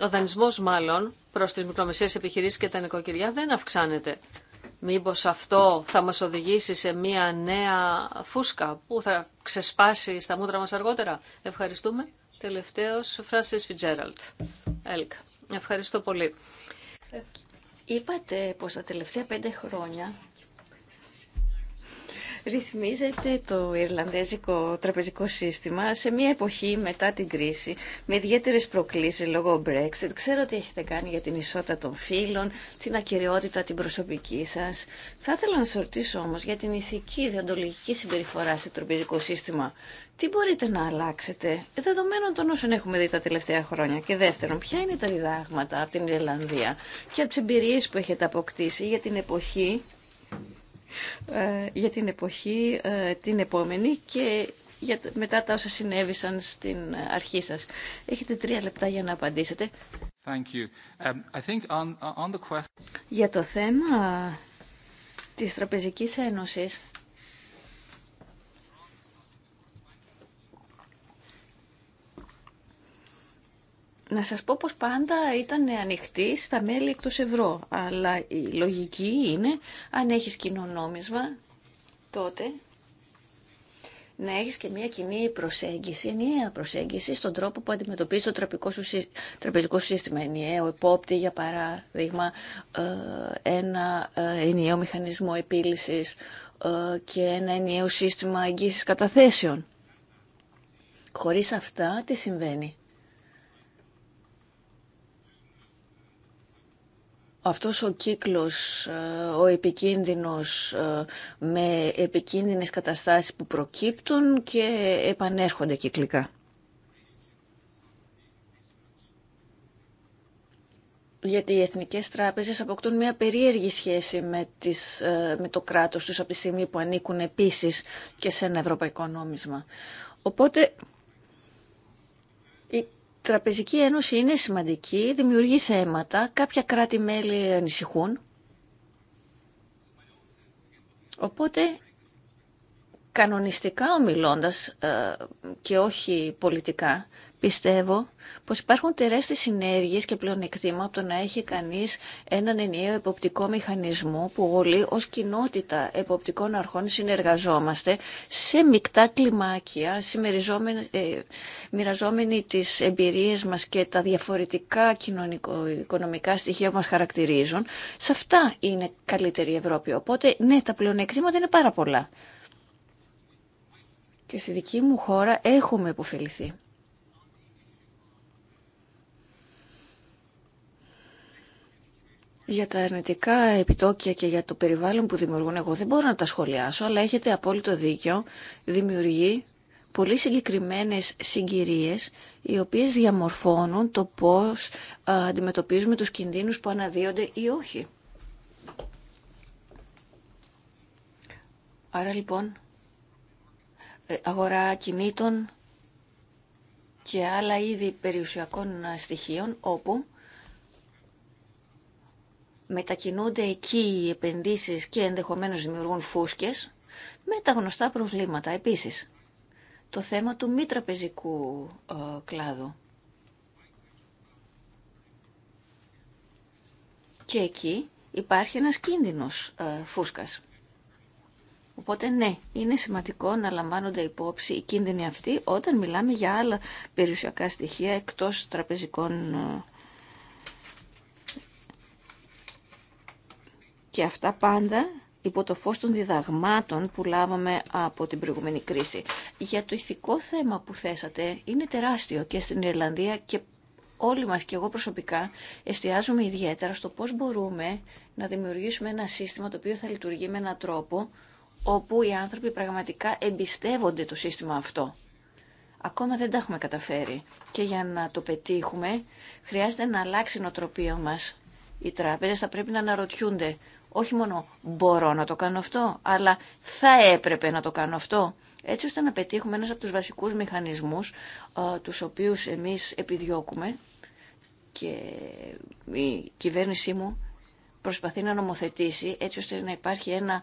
ο δανεισμό μάλλον προς τις μικρομεσαίες επιχειρήσεις και τα νοικοκυριά δεν αυξάνεται. Μήπως αυτό θα μας οδηγήσει σε μια νέα φούσκα που θα ξεσπάσει στα μούτρα μα αργότερα. Ευχαριστούμε. Τελευταίος, Φράσις Φιτζέραλτ. Έλκ. Ευχαριστώ πολύ. Είπατε πως τα τελευταία πέντε χρόνια ρυθμίζεται το Ιρλανδέζικο τραπεζικό σύστημα σε μια εποχή μετά την κρίση με ιδιαίτερες προκλήσεις λόγω Brexit. Ξέρω τι έχετε κάνει για την ισότητα των φύλων, την ακυριότητα την προσωπική σας. Θα ήθελα να σας ρωτήσω όμως για την ηθική διοντολογική συμπεριφορά στο τραπεζικό σύστημα. Τι μπορείτε να αλλάξετε, δεδομένων των όσων έχουμε δει τα τελευταία χρόνια. Και δεύτερον, ποια είναι τα διδάγματα από την Ιρλανδία και από τι εμπειρίε που έχετε αποκτήσει για την εποχή ε, για την εποχή ε, την επόμενη και για, μετά τα όσα συνέβησαν στην αρχή σας. Έχετε τρία λεπτά για να απαντήσετε. Thank you. Um, I Για το θέμα της Τραπεζικής Ένωσης, να σας πω πως πάντα ήταν ανοιχτή στα μέλη εκτός ευρώ, αλλά η λογική είναι αν έχεις κοινό νόμισμα, τότε να έχεις και μια κοινή προσέγγιση, ενιαία προσέγγιση στον τρόπο που αντιμετωπίζει το τραπεζικό σου σύστημα. Ενιαίο υπόπτη, για παράδειγμα, ε, ένα ε, ενιαίο μηχανισμό επίλυσης ε, και ένα ενιαίο σύστημα εγγύησης καταθέσεων. Χωρίς αυτά, τι συμβαίνει. αυτός ο κύκλος, ε, ο επικίνδυνος ε, με επικίνδυνες καταστάσεις που προκύπτουν και επανέρχονται κυκλικά. Γιατί οι εθνικές τράπεζες αποκτούν μια περίεργη σχέση με, τις, ε, το κράτος τους από τη στιγμή που ανήκουν επίσης και σε ένα ευρωπαϊκό νόμισμα. Οπότε Τραπεζική Ένωση είναι σημαντική, δημιουργεί θέματα, κάποια κράτη-μέλη ανησυχούν. Οπότε, κανονιστικά ομιλώντας ε, και όχι πολιτικά, Πιστεύω πως υπάρχουν τεράστιες συνέργειες και πλεονεκτήμα από το να έχει κανείς έναν ενιαίο εποπτικό μηχανισμό που όλοι ως κοινότητα εποπτικών αρχών συνεργαζόμαστε σε μεικτά κλιμάκια, ε, μοιραζόμενοι τις εμπειρίες μας και τα διαφορετικά κοινωνικο-οικονομικά στοιχεία που μας χαρακτηρίζουν. Σε αυτά είναι καλύτερη η Ευρώπη. Οπότε, ναι, τα πλεονεκτήματα είναι πάρα πολλά. Και στη δική μου χώρα έχουμε υποφεληθεί. Για τα αρνητικά επιτόκια και για το περιβάλλον που δημιουργούν εγώ δεν μπορώ να τα σχολιάσω, αλλά έχετε απόλυτο δίκιο. Δημιουργεί πολύ συγκεκριμένες συγκυρίες οι οποίες διαμορφώνουν το πώς αντιμετωπίζουμε τους κινδύνους που αναδύονται ή όχι. Άρα λοιπόν ε, αγορά κινήτων και άλλα είδη περιουσιακών ε, στοιχείων όπου μετακινούνται εκεί οι επενδύσεις και ενδεχομένως δημιουργούν φούσκες με τα γνωστά προβλήματα επίσης. Το θέμα του μη τραπεζικού ε, κλάδου. Και εκεί υπάρχει ένας κίνδυνος ε, φούσκας. Οπότε ναι, είναι σημαντικό να λαμβάνονται υπόψη οι κίνδυνοι αυτοί όταν μιλάμε για άλλα περιουσιακά στοιχεία εκτός τραπεζικών ε, Και αυτά πάντα υπό το φως των διδαγμάτων που λάβαμε από την προηγούμενη κρίση. Για το ηθικό θέμα που θέσατε είναι τεράστιο και στην Ιρλανδία και όλοι μας και εγώ προσωπικά εστιάζουμε ιδιαίτερα στο πώς μπορούμε να δημιουργήσουμε ένα σύστημα το οποίο θα λειτουργεί με έναν τρόπο όπου οι άνθρωποι πραγματικά εμπιστεύονται το σύστημα αυτό. Ακόμα δεν τα έχουμε καταφέρει και για να το πετύχουμε χρειάζεται να αλλάξει η νοοτροπία μας οι τράπεζε θα πρέπει να αναρωτιούνται όχι μόνο μπορώ να το κάνω αυτό, αλλά θα έπρεπε να το κάνω αυτό, έτσι ώστε να πετύχουμε ένα από τους βασικούς μηχανισμούς τους οποίους εμείς επιδιώκουμε και η κυβέρνησή μου προσπαθεί να νομοθετήσει έτσι ώστε να υπάρχει ένα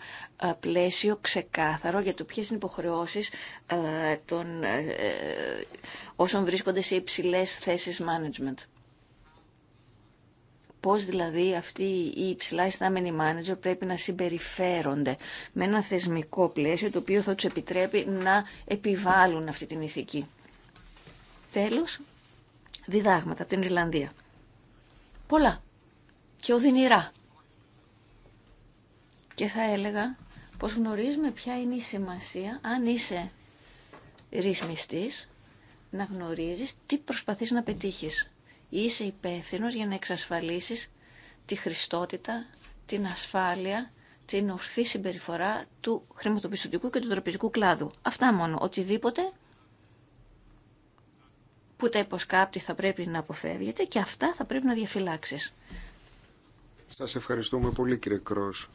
πλαίσιο ξεκάθαρο για το ποιες είναι οι υποχρεώσεις ε, ε, όσων βρίσκονται σε υψηλές θέσεις management πώς δηλαδή αυτοί οι υψηλά ιστάμενοι μάνατζερ πρέπει να συμπεριφέρονται με ένα θεσμικό πλαίσιο το οποίο θα τους επιτρέπει να επιβάλλουν αυτή την ηθική. Τέλος, διδάγματα από την Ιρλανδία. Πολλά και οδυνηρά. Και θα έλεγα πως γνωρίζουμε ποια είναι η σημασία αν είσαι ρυθμιστής να γνωρίζεις τι προσπαθείς να πετύχεις. Είσαι υπεύθυνος για να εξασφαλίσεις τη χρηστότητα, την ασφάλεια, την ορθή συμπεριφορά του χρηματοπιστωτικού και του τραπεζικού κλάδου. Αυτά μόνο. Οτιδήποτε που τα υποσκάπτει θα πρέπει να αποφεύγεται και αυτά θα πρέπει να διαφυλάξεις. Σας ευχαριστούμε πολύ κύριε Κρός.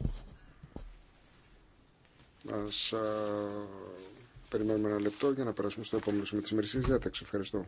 Ας α, περιμένουμε ένα λεπτό για να περάσουμε στο επόμενο σημείο της ημερησίας διάταξης. Ευχαριστώ.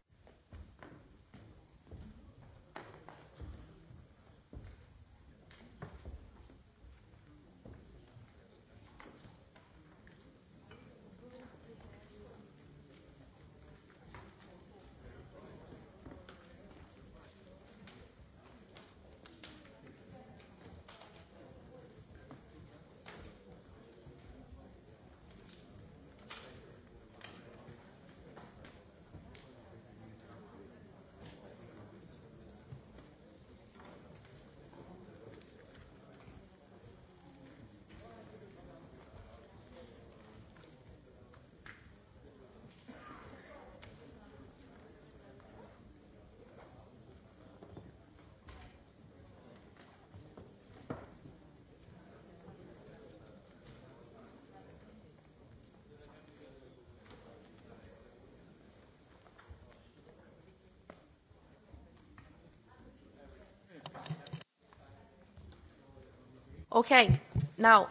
Uh,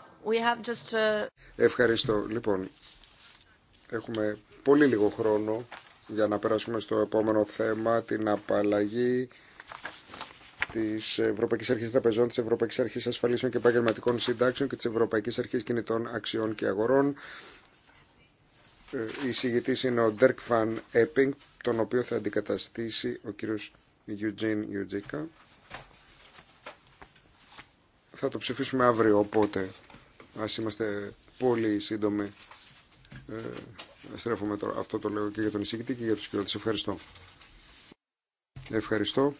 Ευχαριστώ. Λοιπόν, έχουμε πολύ λίγο χρόνο για να περάσουμε στο επόμενο θέμα, την απαλλαγή της Ευρωπαϊκής Αρχής Τραπεζών, της Ευρωπαϊκής Αρχής Ασφαλίσεων και Επαγγελματικών Συντάξεων και της Ευρωπαϊκής Αρχής Κινητών Αξιών και Αγορών. Ε, η συγητής είναι ο Ντέρκ Φαν Έπινγκ, τον οποίο θα αντικαταστήσει ο κύριος Eugene Γιουτζίκα θα το ψηφίσουμε αύριο, οπότε ας είμαστε πολύ σύντομοι. Ε, στρέφουμε Αυτό το λέω και για τον εισηγητή και για τους κοινότητες. Ευχαριστώ. Ευχαριστώ.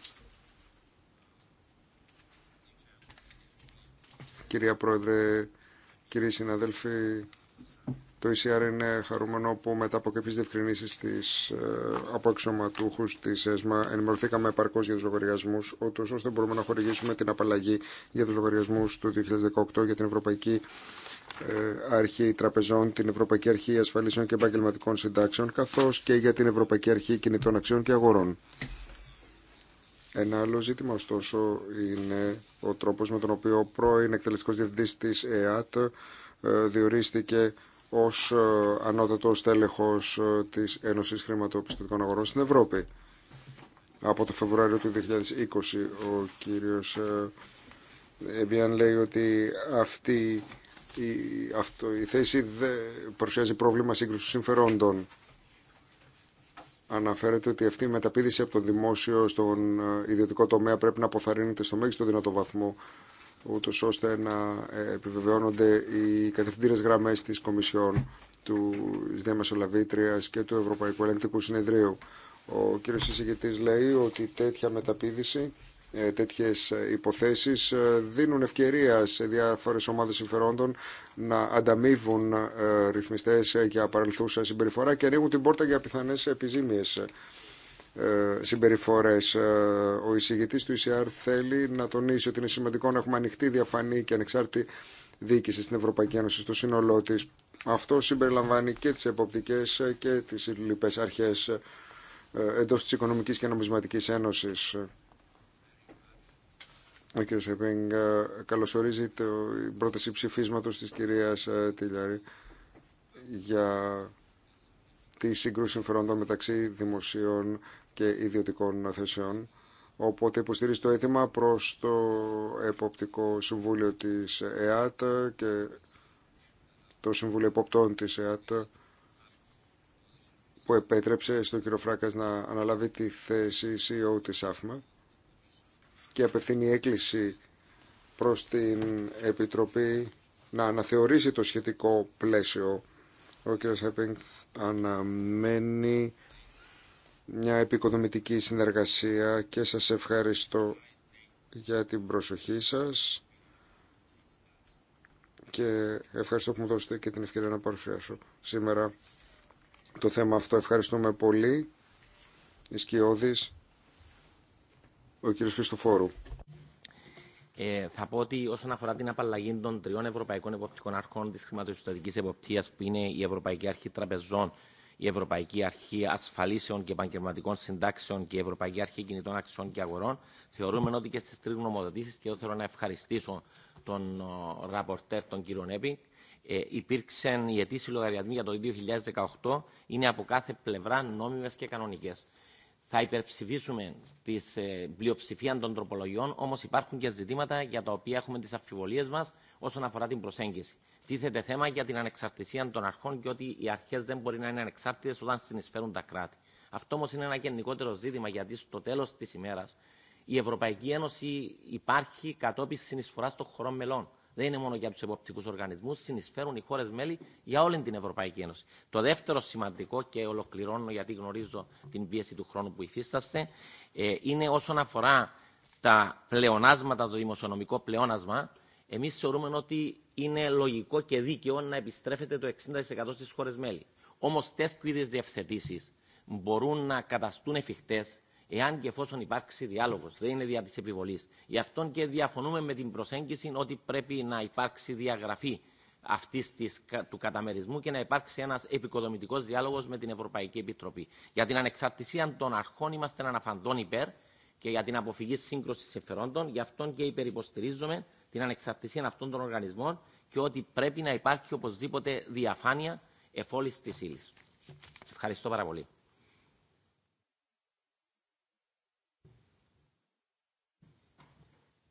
Κυρία Πρόεδρε, κύριοι συναδέλφοι, το ECR είναι χαρούμενο που μετά από κάποιε διευκρινήσει ε, από αξιωματούχου τη ΕΣΜΑ ενημερωθήκαμε επαρκώ για του λογαριασμού, ώστε μπορούμε να χορηγήσουμε την απαλλαγή για του λογαριασμού του 2018 για την Ευρωπαϊκή ε, Αρχή Τραπεζών, την Ευρωπαϊκή Αρχή Ασφαλίσεων και Επαγγελματικών Συντάξεων, καθώ και για την Ευρωπαϊκή Αρχή Κινητών Αξιών και Αγορών. Ένα άλλο ζήτημα, ωστόσο, είναι ο τρόπο με τον οποίο ο πρώην εκτελεστικό διευθυντή τη ΕΑΤ ε, διορίστηκε ως ε, ανώτατο τέλεχος ε, της Ένωσης Χρηματοπιστωτικών Αγορών στην Ευρώπη. Από το Φεβρουάριο του 2020 ο κύριος ε, Εμπιάν λέει ότι αυτή η, αυτό, η θέση δε, παρουσιάζει πρόβλημα σύγκρουση συμφερόντων. Αναφέρεται ότι αυτή η μεταπίδηση από το δημόσιο στον ιδιωτικό τομέα πρέπει να αποθαρρύνεται στο μέγιστο δυνατό βαθμό ούτως ώστε να ε, επιβεβαιώνονται οι κατευθυντήρε γραμμέ της Κομισιόν του Διαμεσολαβήτρια και του Ευρωπαϊκού Ελεγκτικού Συνεδρίου. Ο κύριος εισηγητής λέει ότι τέτοια μεταπίδηση, ε, τέτοιε ε, υποθέσεις δίνουν ευκαιρία σε διάφορες ομάδες συμφερόντων να ανταμείβουν ρυθμιστέ για παρελθούσα συμπεριφορά και ανοίγουν την πόρτα για πιθανέ επιζήμιες ε, συμπεριφορές. Ε, ο εισηγητή του ECR θέλει να τονίσει ότι είναι σημαντικό να έχουμε ανοιχτή, διαφανή και ανεξάρτητη διοίκηση στην Ευρωπαϊκή Ένωση στο σύνολό τη. Αυτό συμπεριλαμβάνει και τι εποπτικέ ε, και τις λοιπές αρχές εντό τη Οικονομικής και Νομισματική Ένωση. Ο κ. Σεπίνγκ καλωσορίζει την πρόταση ψηφίσματο τη κυρία Τιλιάρη για τη σύγκρουση συμφερόντων μεταξύ δημοσίων και ιδιωτικών θεσεών. Οπότε υποστηρίζει το αίτημα προς το Εποπτικό Συμβούλιο της ΕΑΤ και το Συμβούλιο Εποπτών της ΕΑΤ που επέτρεψε στον κύριο Φράκας να αναλάβει τη θέση CEO της ΑΦΜΑ και απευθύνει έκκληση προς την Επιτροπή να αναθεωρήσει το σχετικό πλαίσιο. Ο κύριος αναμένει μια επικοδομητική συνεργασία και σας ευχαριστώ για την προσοχή σας και ευχαριστώ που μου δώσετε και την ευκαιρία να παρουσιάσω σήμερα το θέμα αυτό. Ευχαριστούμε πολύ. Ισκιώδης, ο κύριος Χριστοφόρου. Ε, θα πω ότι όσον αφορά την απαλλαγή των τριών ευρωπαϊκών εποπτικών αρχών της Χρηματοσυστατικής Εποπτείας που είναι η Ευρωπαϊκή Αρχή Τραπεζών, η Ευρωπαϊκή Αρχή Ασφαλίσεων και Επαγγελματικών Συντάξεων και η Ευρωπαϊκή Αρχή Κινητών Αξιών και Αγορών. Θεωρούμε ότι και στι τρει γνωμοδοτήσει, και εδώ θέλω να ευχαριστήσω τον ραπορτέρ, τον κύριο Νέπινγκ, ε, υπήρξαν οι αιτήσει λογαριασμοί για το 2018, είναι από κάθε πλευρά νόμιμε και κανονικέ. Θα υπερψηφίσουμε τη ε, πλειοψηφία των τροπολογιών, όμω υπάρχουν και ζητήματα για τα οποία έχουμε τι αμφιβολίε μα όσον αφορά την προσέγγιση τίθεται θέμα για την ανεξαρτησία των αρχών και ότι οι αρχέ δεν μπορεί να είναι ανεξάρτητε όταν συνεισφέρουν τα κράτη. Αυτό όμω είναι ένα γενικότερο ζήτημα γιατί στο τέλο τη ημέρα η Ευρωπαϊκή Ένωση υπάρχει κατόπιν συνεισφορά των χωρών μελών. Δεν είναι μόνο για του εποπτικού οργανισμού, συνεισφέρουν οι χώρε μέλη για όλη την Ευρωπαϊκή Ένωση. Το δεύτερο σημαντικό και ολοκληρώνω γιατί γνωρίζω την πίεση του χρόνου που υφίσταστε ε, είναι όσον αφορά τα πλεονάσματα, το δημοσιονομικό πλεόνασμα. Εμεί θεωρούμε ότι είναι λογικό και δίκαιο να επιστρέφεται το 60% στις χώρες μέλη. Όμως τέτοιου είδες διευθετήσεις μπορούν να καταστούν εφικτές εάν και εφόσον υπάρξει διάλογο, δεν είναι δια τη επιβολή. Γι' αυτό και διαφωνούμε με την προσέγγιση ότι πρέπει να υπάρξει διαγραφή αυτή του καταμερισμού και να υπάρξει ένα επικοδομητικό διάλογο με την Ευρωπαϊκή Επιτροπή. Για την ανεξαρτησία των αρχών είμαστε αναφαντών υπέρ και για την αποφυγή σύγκρουση συμφερόντων. Γι' αυτό και υπερυποστηρίζουμε την ανεξαρτησία αυτών των οργανισμών και ότι πρέπει να υπάρχει οπωσδήποτε διαφάνεια εφόλης της ύλη. Ευχαριστώ πάρα πολύ.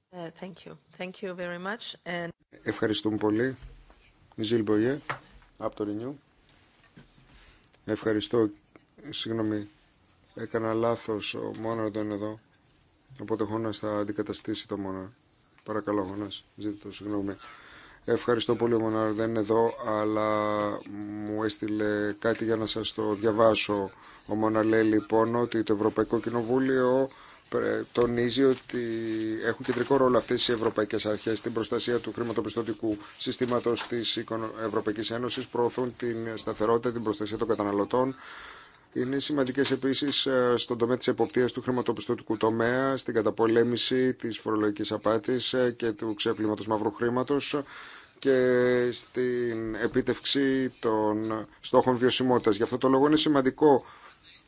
Ε, thank you. Thank you very much. Ευχαριστούμε πολύ. Ζιλ από το Ρινιού. Ευχαριστώ. Συγγνώμη, έκανα λάθος. Ο δεν είναι εδώ. Οπότε έχω να αντικαταστήσει το Μόναρ. Παρακαλώ, γονάς, ζήτω συγγνώμη. Ευχαριστώ πολύ, Μονάρ, δεν είναι εδώ, αλλά μου έστειλε κάτι για να σας το διαβάσω. Ο Μονά λέει λοιπόν ότι το Ευρωπαϊκό Κοινοβούλιο τονίζει ότι έχουν κεντρικό ρόλο αυτές οι ευρωπαϊκές αρχές στην προστασία του χρηματοπιστωτικού συστήματος της Ευρωπαϊκής Ένωσης, προωθούν την σταθερότητα, την προστασία των καταναλωτών, είναι σημαντικές επίσης ε, στον τομέα της εποπτείας του χρηματοπιστωτικού τομέα, στην καταπολέμηση της φορολογικής απάτης ε, και του ξέπλυματος μαύρου χρήματος και στην επίτευξη των στόχων βιωσιμότητας. Γι' αυτό το λόγο είναι σημαντικό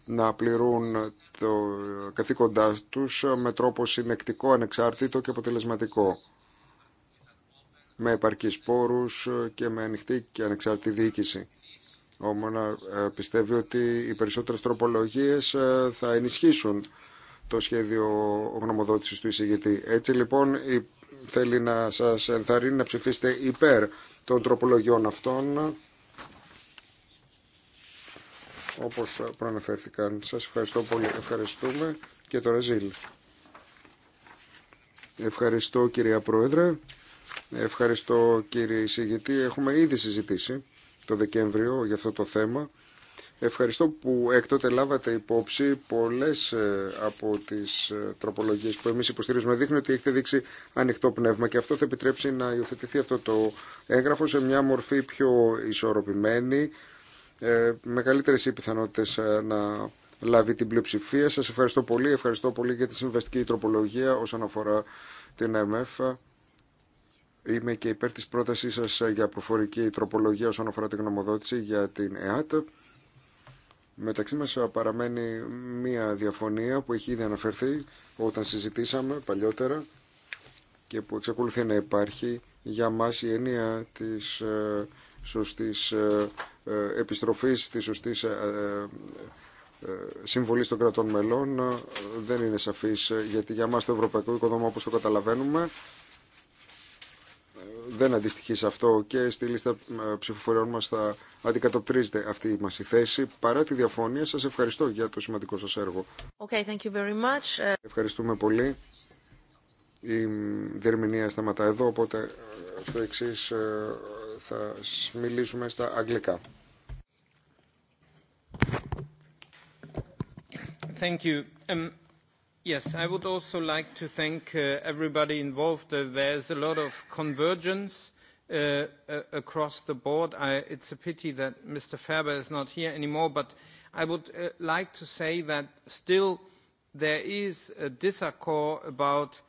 να πληρούν το καθήκοντά τους με τρόπο συνεκτικό, ανεξάρτητο και αποτελεσματικό με επαρκείς πόρους και με ανοιχτή και ανεξάρτητη διοίκηση. Όμωνα ε, πιστεύει ότι οι περισσότερες τροπολογίες ε, θα ενισχύσουν το σχέδιο γνωμοδότησης του εισηγητή. Έτσι λοιπόν θέλει να σας ενθαρρύνει να ψηφίσετε υπέρ των τροπολογιών αυτών όπως προαναφέρθηκαν. Σας ευχαριστώ πολύ. Ευχαριστούμε και τώρα Ζήλ. Ευχαριστώ κυρία Πρόεδρε. Ευχαριστώ κύριε εισηγητή. Έχουμε ήδη συζητήσει το Δεκέμβριο για αυτό το θέμα. Ευχαριστώ που έκτοτε λάβατε υπόψη πολλές ε, από τις ε, τροπολογίες που εμείς υποστηρίζουμε. Δείχνει ότι έχετε δείξει ανοιχτό πνεύμα και αυτό θα επιτρέψει να υιοθετηθεί αυτό το έγγραφο σε μια μορφή πιο ισορροπημένη, ε, με καλύτερες οι πιθανότητες να λάβει την πλειοψηφία. Σας ευχαριστώ πολύ. Ευχαριστώ πολύ για τη συμβαστική τροπολογία όσον αφορά την ΕΜΕΦΑ. Είμαι και υπέρ της πρότασής σας ε, για προφορική τροπολογία όσον αφορά την γνωμοδότηση για την ΕΑΤ. Μεταξύ μας ε, παραμένει μία διαφωνία που έχει ήδη αναφερθεί όταν συζητήσαμε παλιότερα και που εξακολουθεί να υπάρχει για μας η έννοια της ε, σωστής επιστροφής, της σωστής συμβολή των κρατών μελών δεν είναι σαφής γιατί για μας το ευρωπαϊκό οικοδόμημα όπως το καταλαβαίνουμε δεν αντιστοιχεί σε αυτό και στη λίστα ε, ψηφοφοριών μας θα αντικατοπτρίζεται αυτή η θέση. Παρά τη διαφωνία σας ευχαριστώ για το σημαντικό σας έργο. Okay, thank you very much. Ε, Ευχαριστούμε πολύ. Η διερμηνία σταματά εδώ, οπότε ε, στο εξή θα μιλήσουμε στα αγγλικά. Thank you. Yes, I would also like to thank everybody involved. There's a lot of convergence across the board. It's a pity that Mr. Ferber is not here anymore, but I would like to say that still there is a disaccord about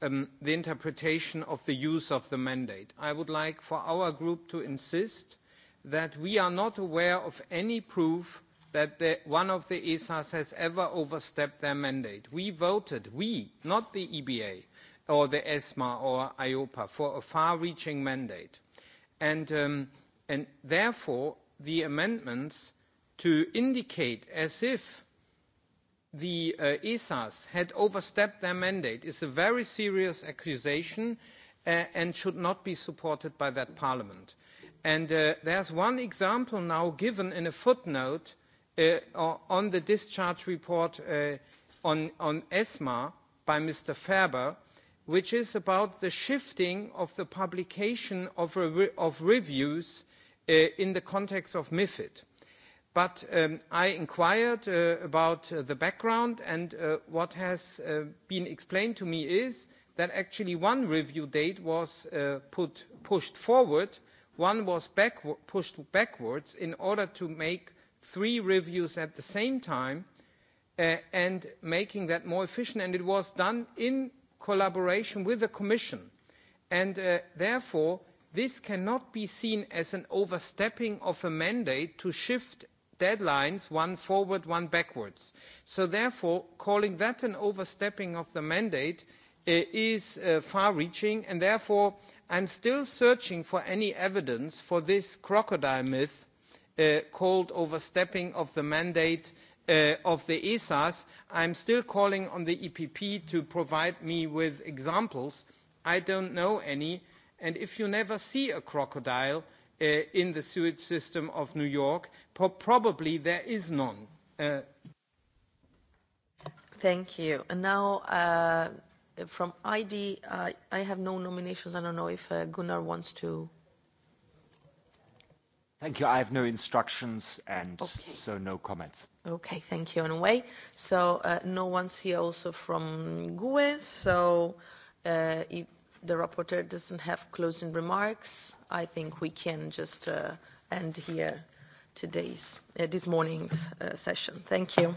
the interpretation of the use of the mandate. I would like for our group to insist that we are not aware of any proof that one of the ESAs has ever overstepped their mandate. We voted, we, not the EBA or the ESMA or IOPA, for a far-reaching mandate. And therefore, the amendments to indicate as if the ESAs had overstepped their mandate is a very serious accusation and should not be supported by that parliament. And there's one example now given in a footnote on the discharge report on ESMA by Mr. Ferber, which is about the shifting of the publication of reviews in the context of MIFID. But I inquired about the background, and what has been explained to me is that actually one review date was pushed forward, one was pushed backwards in order to make three reviews at the same time and making that more efficient. And it was done in collaboration with the Commission. And therefore, this cannot be seen as an overstepping of a mandate to shift deadlines, one forward, one backwards. So therefore, calling that an overstepping of the mandate is far-reaching, and therefore I'm still searching for any evidence for this crocodile myth called overstepping of the mandate of the ESAs. I'm still calling on the EPP to provide me with examples. I don't know any. And if you never see a crocodile in the sewage system of New York, probably there is none. Thank you. And now from ID, I have no nominations. I don't know if Gunnar wants to Thank you. I have no instructions and so no comments. Okay, thank you anyway. So no one's here also from GUE, so if the reporter doesn't have closing remarks, I think we can just end here today's, this morning's session. Thank you.